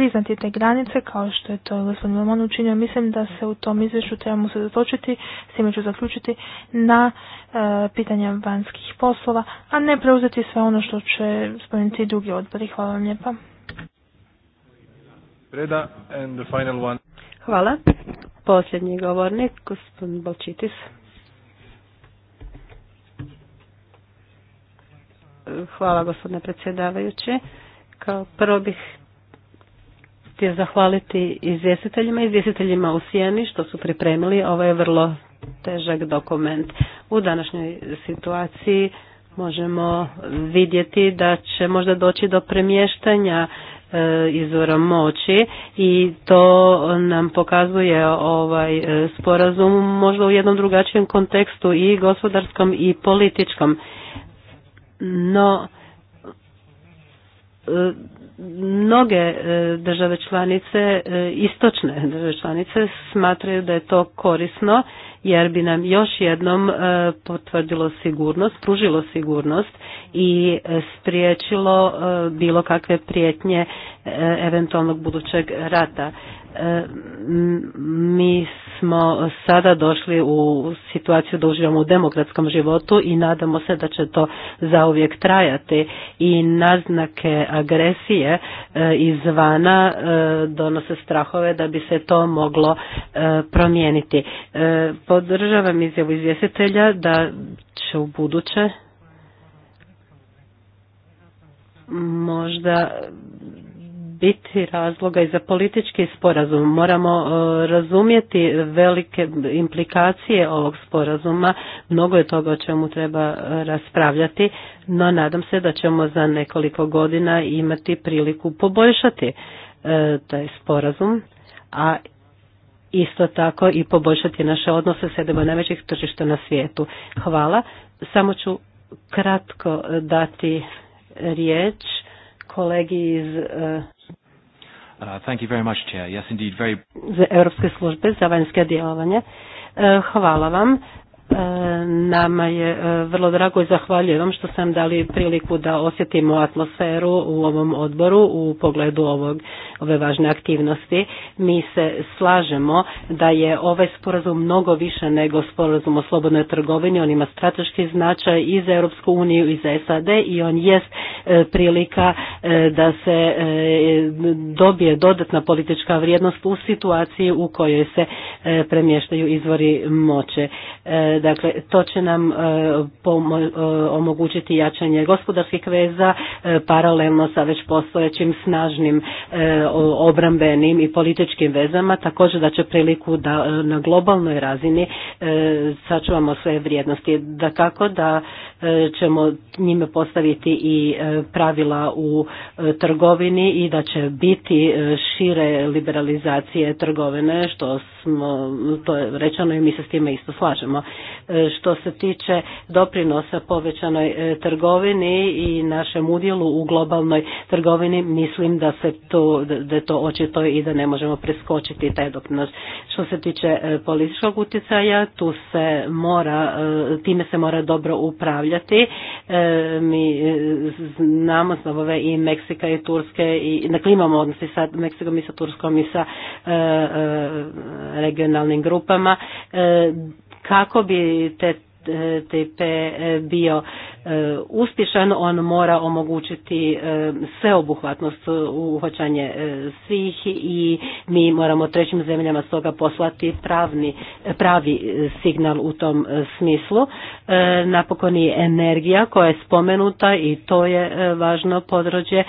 priznati te granice, kao što je to gospodin Roman učinio. Mislim da se u tom izvješću trebamo se zatočiti, s time ću zaključiti, na e, pitanja vanjskih poslova, a ne preuzeti sve ono što će spomenuti drugi odbori. Hvala vam lijepa. Preda and the final one. Hvala. Posljednji govornik, gospodin Balčitis. Hvala gospodine predsjedavajući. Kao prvo bih htio zahvaliti izvjestiteljima i izvjestiteljima u Sijeni što su pripremili. Ovo ovaj je vrlo težak dokument. U današnjoj situaciji možemo vidjeti da će možda doći do premještanja e, izvora moći i to nam pokazuje ovaj e, sporazum možda u jednom drugačijem kontekstu i gospodarskom i političkom. No, e, mnoge e, države članice, e, istočne države članice smatraju da je to korisno jer bi nam još jednom e, potvrdilo sigurnost, pružilo sigurnost i e, spriječilo e, bilo kakve prijetnje eventualnog budućeg rata. Mi smo sada došli u situaciju da uživamo u demokratskom životu i nadamo se da će to zauvijek trajati i naznake agresije izvana donose strahove da bi se to moglo promijeniti podržavam izjavu izvjestitelja da će u buduće možda biti razloga i za politički sporazum. Moramo e, razumjeti velike implikacije ovog sporazuma. Mnogo je toga o čemu treba raspravljati, no nadam se da ćemo za nekoliko godina imati priliku poboljšati e, taj sporazum, a isto tako i poboljšati naše odnose s jednom najvećih tržišta na svijetu. Hvala. Samo ću kratko dati riječ kolegi iz e, uh, Thank you very much, Chair. Yes, za Europske službe za vanjske djelovanje. E, hvala vam. Nama je e, vrlo drago i zahvaljujem vam što sam dali priliku da osjetimo atmosferu u ovom odboru u pogledu ovog, ove važne aktivnosti. Mi se slažemo da je ovaj sporazum mnogo više nego sporazum o slobodnoj trgovini. On ima strateški značaj i za Europsku uniju i za SAD i on jest e, prilika e, da se dobije dodatna politička vrijednost u situaciji u kojoj se premještaju izvori moće Dakle, to će nam e, e, omogućiti jačanje gospodarskih veza e, paralelno sa već postojećim snažnim obrambenim i političkim vezama, također da će priliku da na globalnoj razini sačuvamo sve vrijednosti. Da kako da ćemo njime postaviti i e, pravila u e, trgovini i da će biti e, šire liberalizacije trgovine što smo, to je rečeno i mi se s time isto slažemo. Što se tiče doprinosa povećanoj trgovini i našem udjelu u globalnoj trgovini mislim da se to, da je to očito i da ne možemo preskočiti taj doprinos. Što se tiče političkog utjecaja, tu se mora, time se mora dobro upravljati obavljati. E, mi e, znamo i Meksika i Turske i na klimamo odnosi sa Meksikom i sa Turskom i sa e, regionalnim grupama kako bi te bio E, uspješan, on mora omogućiti e, sveobuhvatnost e, uhvaćanje svih i mi moramo trećim zemljama stoga poslati pravni, pravi signal u tom smislu. Napokon i energija koja je spomenuta i to je važno podrođe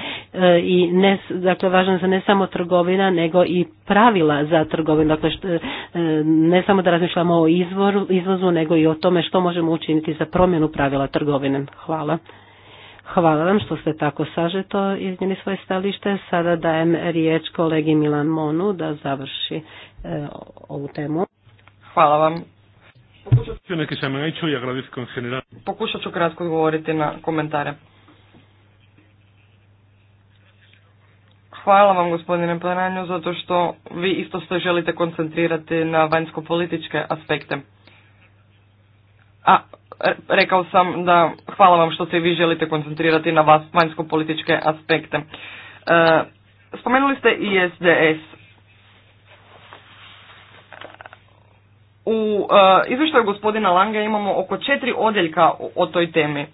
i ne, dakle važno za ne samo trgovina nego i pravila za trgovinu. Dakle ne samo da razmišljamo o izvoru, izvozu nego i o tome što možemo učiniti za promjenu pravila trgovine. Hvala. Hvala vam što ste tako sažeto iznijeli svoje stalište. Sada dajem riječ kolegi Milan Monu da završi e, ovu temu. Hvala vam. Pokušat ću kratko odgovoriti na komentare. Hvala vam gospodine Plananju zato što vi isto se želite koncentrirati na vanjsko-političke aspekte. A E, rekao sam da hvala vam što se vi želite koncentrirati na vas vanjsko-političke aspekte. E, spomenuli ste i SDS. U e, izvještaju gospodina Lange imamo oko četiri odjeljka o toj temi.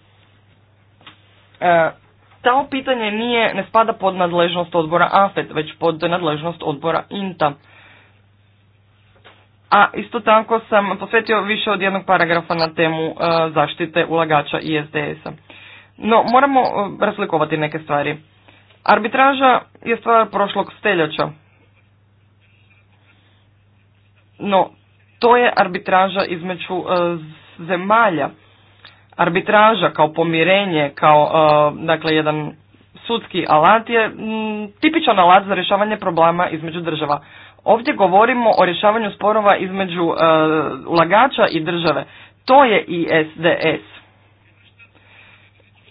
Tao pitanje nije, ne spada pod nadležnost odbora AFET, već pod nadležnost odbora INTA a isto tako sam posvetio više od jednog paragrafa na temu e, zaštite ulagača i SDS-a. No, moramo e, razlikovati neke stvari. Arbitraža je stvar prošlog steljača. No, to je arbitraža između e, zemalja. Arbitraža kao pomirenje, kao dakle jedan sudski alat je tipičan alat za rješavanje problema između država. Ovdje govorimo o rješavanju sporova između e, ulagača i države. To je i SDS.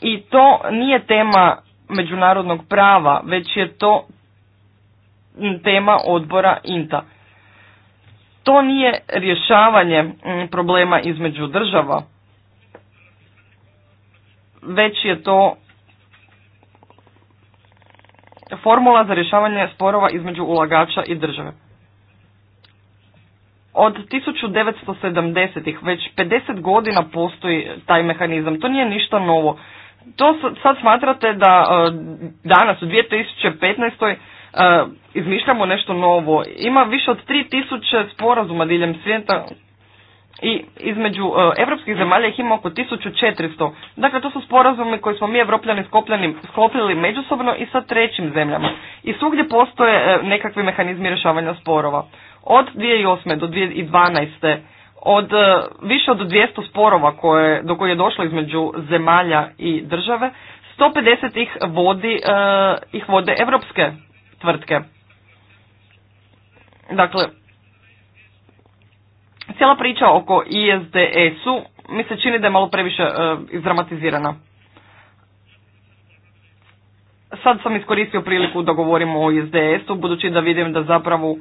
I to nije tema međunarodnog prava, već je to tema odbora INTA. To nije rješavanje problema između država, već je to formula za rješavanje sporova između ulagača i države od 1970-ih, već 50 godina postoji taj mehanizam. To nije ništa novo. To sad smatrate da e, danas u 2015. E, izmišljamo nešto novo. Ima više od 3000 sporazuma diljem svijeta i između e, evropskih zemalja ih ima oko 1400. Dakle, to su sporazumi koji smo mi evropljani sklopili međusobno i sa trećim zemljama. I svugdje postoje nekakvi mehanizmi rješavanja sporova. Od 2008. do 2012. Od e, više od 200 sporova koje, do koje je došlo između zemalja i države, 150 ih, vodi, e, ih vode evropske tvrtke. Dakle, cijela priča oko ISDS-u e mi se čini da je malo previše izdramatizirana. Sad sam iskoristio priliku da govorimo o ISDS-u, budući da vidim da zapravo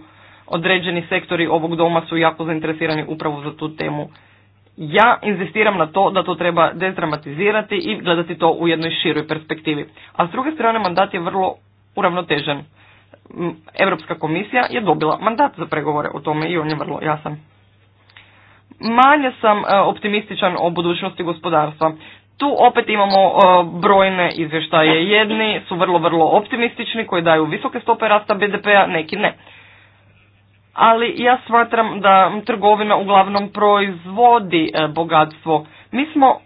određeni sektori ovog doma su jako zainteresirani upravo za tu temu. Ja inzistiram na to da to treba dezramatizirati i gledati to u jednoj široj perspektivi. A s druge strane mandat je vrlo uravnotežen. Europska komisija je dobila mandat za pregovore o tome i on je vrlo jasan. Manje sam e, optimističan o budućnosti gospodarstva. Tu opet imamo e, brojne izvještaje. Jedni su vrlo, vrlo optimistični koji daju visoke stope rasta BDP-a, neki ne ali ja smatram da trgovina uglavnom proizvodi e, bogatstvo. Mi smo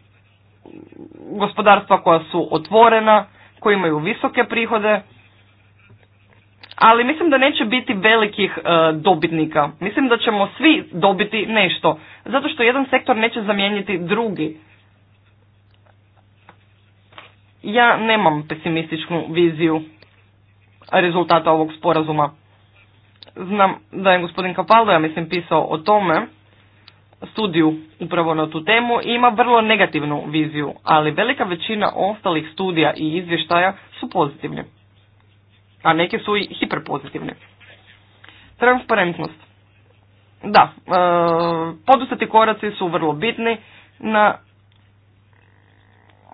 gospodarstva koja su otvorena, koji imaju visoke prihode, ali mislim da neće biti velikih e, dobitnika. Mislim da ćemo svi dobiti nešto, zato što jedan sektor neće zamijeniti drugi. Ja nemam pesimističnu viziju rezultata ovog sporazuma. Znam da je gospodin Kapaldo, ja mislim, pisao o tome, studiju upravo na tu temu i ima vrlo negativnu viziju, ali velika većina ostalih studija i izvještaja su pozitivni. A neke su i hiperpozitivne. Transparentnost. Da, e, koraci su vrlo bitni. Na,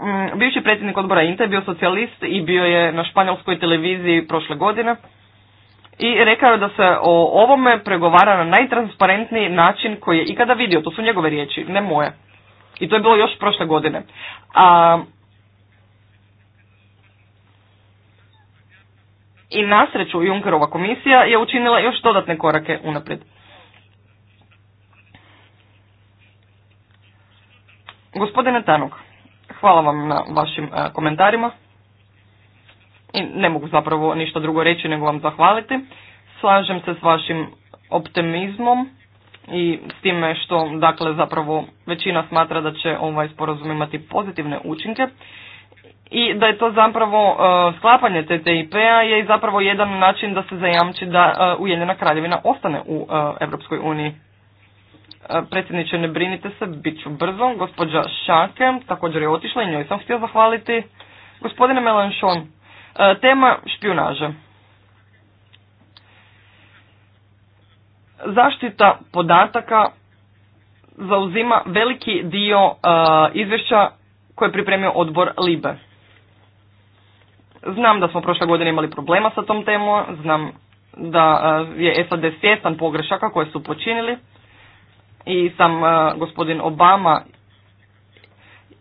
m, mm, bivši predsjednik odbora je bio socijalist i bio je na španjolskoj televiziji prošle godine i rekao je da se o ovome pregovara na najtransparentniji način koji je ikada vidio. To su njegove riječi, ne moje. I to je bilo još prošle godine. A, I nasreću Junkerova komisija je učinila još dodatne korake unaprijed. Gospodine Tanuk, hvala vam na vašim e, komentarima i ne mogu zapravo ništa drugo reći nego vam zahvaliti. Slažem se s vašim optimizmom i s time što dakle zapravo većina smatra da će ovaj sporazum imati pozitivne učinke i da je to zapravo e, sklapanje TTIP-a je zapravo jedan način da se zajamči da uh, Ujedinjena Kraljevina ostane u EU. Europskoj uniji. E, predsjedniče, ne brinite se, bit ću brzo. Gospođa Šake također je otišla i njoj sam htio zahvaliti. Gospodine Melanchon, E, tema špionaža. Zaštita podataka zauzima veliki dio e, izvješća koje je pripremio odbor LIBE. Znam da smo prošle godine imali problema sa tom temom, znam da e, je SAD svjestan pogrešaka koje su počinili i sam gospodin Obama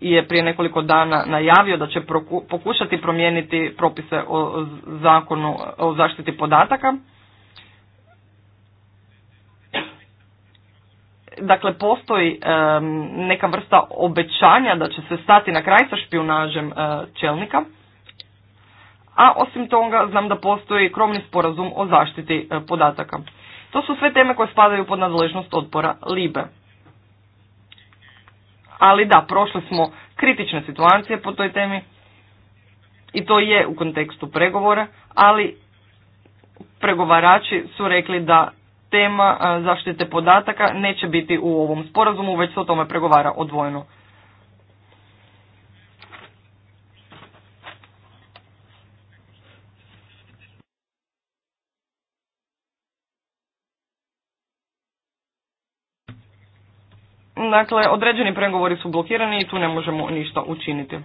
je prije nekoliko dana najavio da će pokušati promijeniti propise o zakonu o zaštiti podataka. Dakle, postoji neka vrsta obećanja da će se stati na kraj sa špionažem e, čelnika, a osim toga znam da postoji krovni sporazum o zaštiti e, podataka. To su sve teme koje spadaju pod nadležnost odpora LIBE. Ali da, prošli smo kritične situacije po toj temi i to je u kontekstu pregovora, ali pregovarači su rekli da tema zaštite podataka neće biti u ovom sporazumu, već se o tome pregovara odvojeno. Dakle, određeni pregovori su blokirani i tu ne možemo ništa učiniti.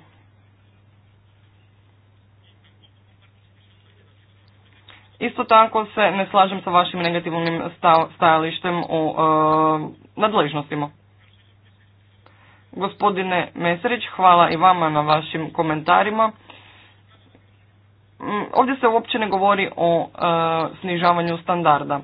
Isto tako se ne slažem sa vašim negativnim stajalištem o e, nadležnostima. Gospodine Meserić, hvala i vama na vašim komentarima. Mm, ovdje se uopće ne govori o e, snižavanju standarda.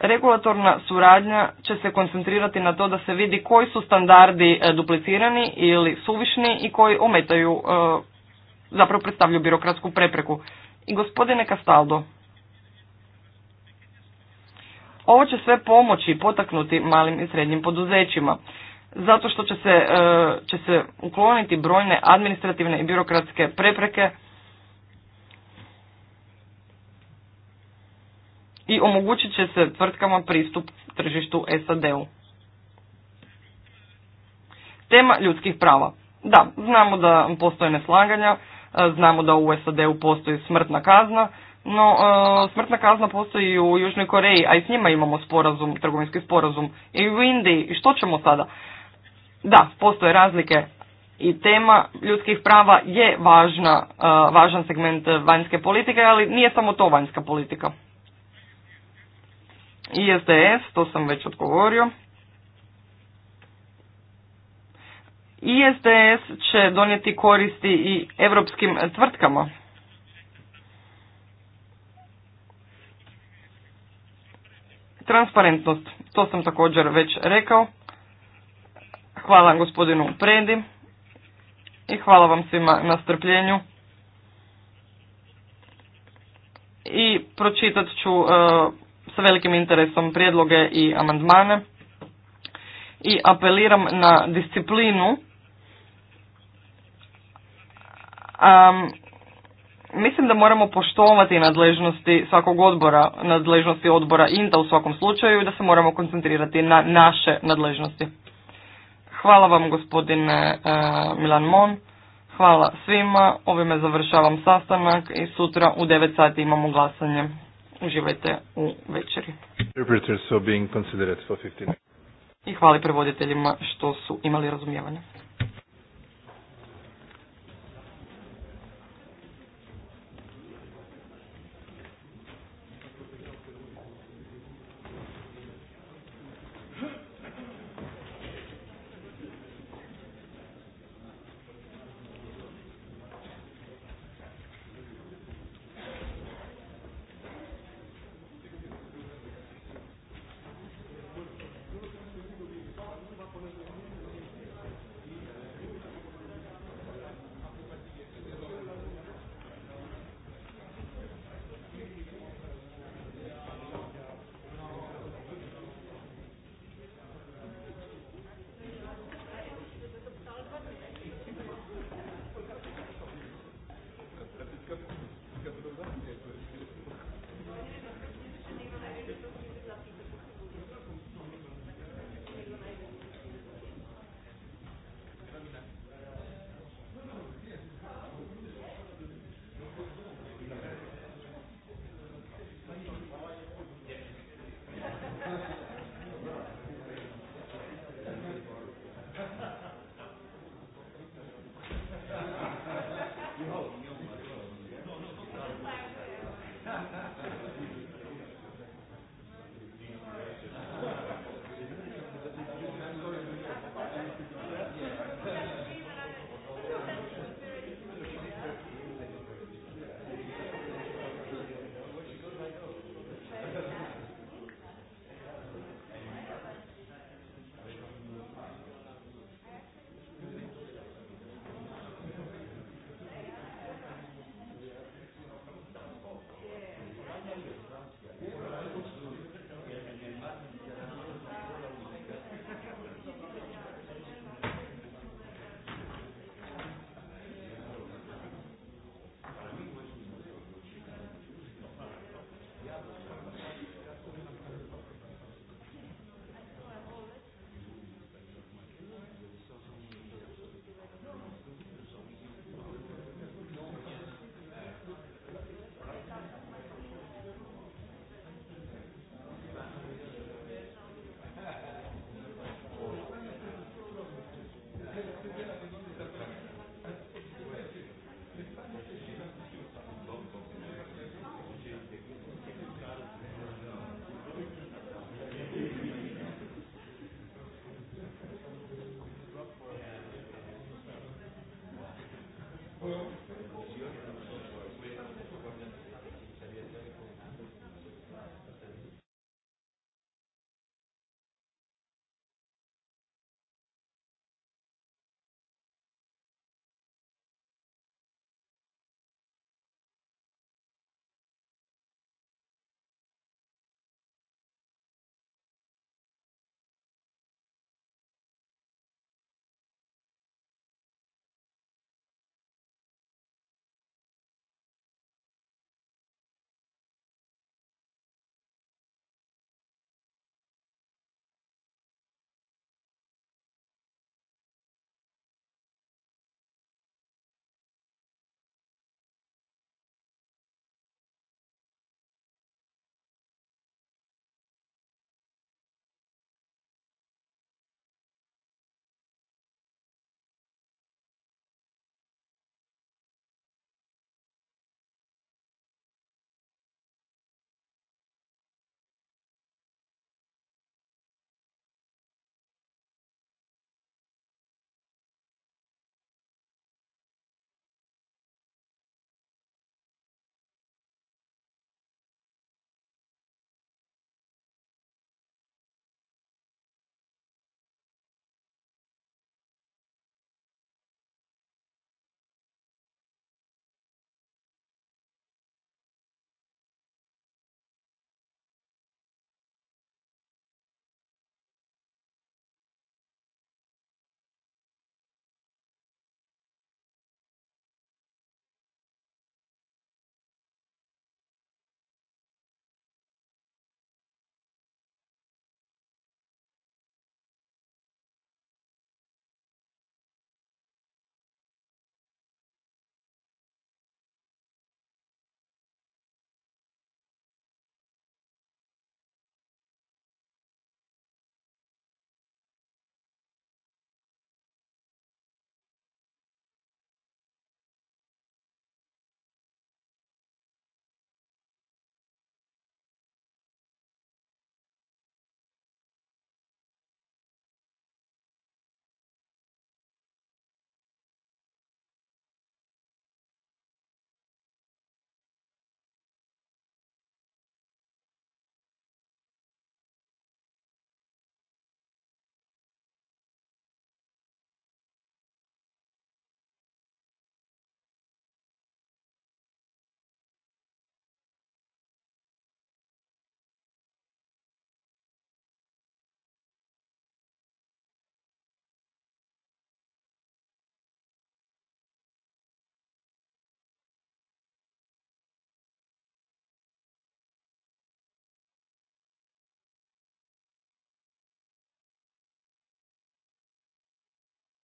Regulatorna suradnja će se koncentrirati na to da se vidi koji su standardi e, duplicirani ili suvišni i koji ometaju, e, zapravo predstavljaju birokratsku prepreku. I gospodine Castaldo, ovo će sve pomoći potaknuti malim i srednjim poduzećima, zato što će se, e, će se ukloniti brojne administrativne i birokratske prepreke i omogućit će se tvrtkama pristup tržištu SAD-u. Tema ljudskih prava. Da, znamo da postoje neslaganja, e, znamo da u SAD-u postoji smrtna kazna, no e, smrtna kazna postoji i u Južnoj Koreji, a i s njima imamo sporazum, trgovinski sporazum, i u Indiji. I što ćemo sada? Da, postoje razlike i tema ljudskih prava je važna, e, važan segment vanjske politike, ali nije samo to vanjska politika. ISDS, to sam već odgovorio. ISDS će donijeti koristi i europskim tvrtkama. Transparentnost, to sam također već rekao. Hvala gospodinu Predi i hvala vam svima na strpljenju. I pročitat ću... E, sa velikim interesom prijedloge i amandmane i apeliram na disciplinu. Um, mislim da moramo poštovati nadležnosti svakog odbora, nadležnosti odbora INTA u svakom slučaju i da se moramo koncentrirati na naše nadležnosti. Hvala vam gospodine e, Milan Mon. Hvala svima, ovime završavam sastanak i sutra u 9 sati imamo glasanje. Uživajte u večeri. I hvala prevoditeljima što su imali razumijevanje.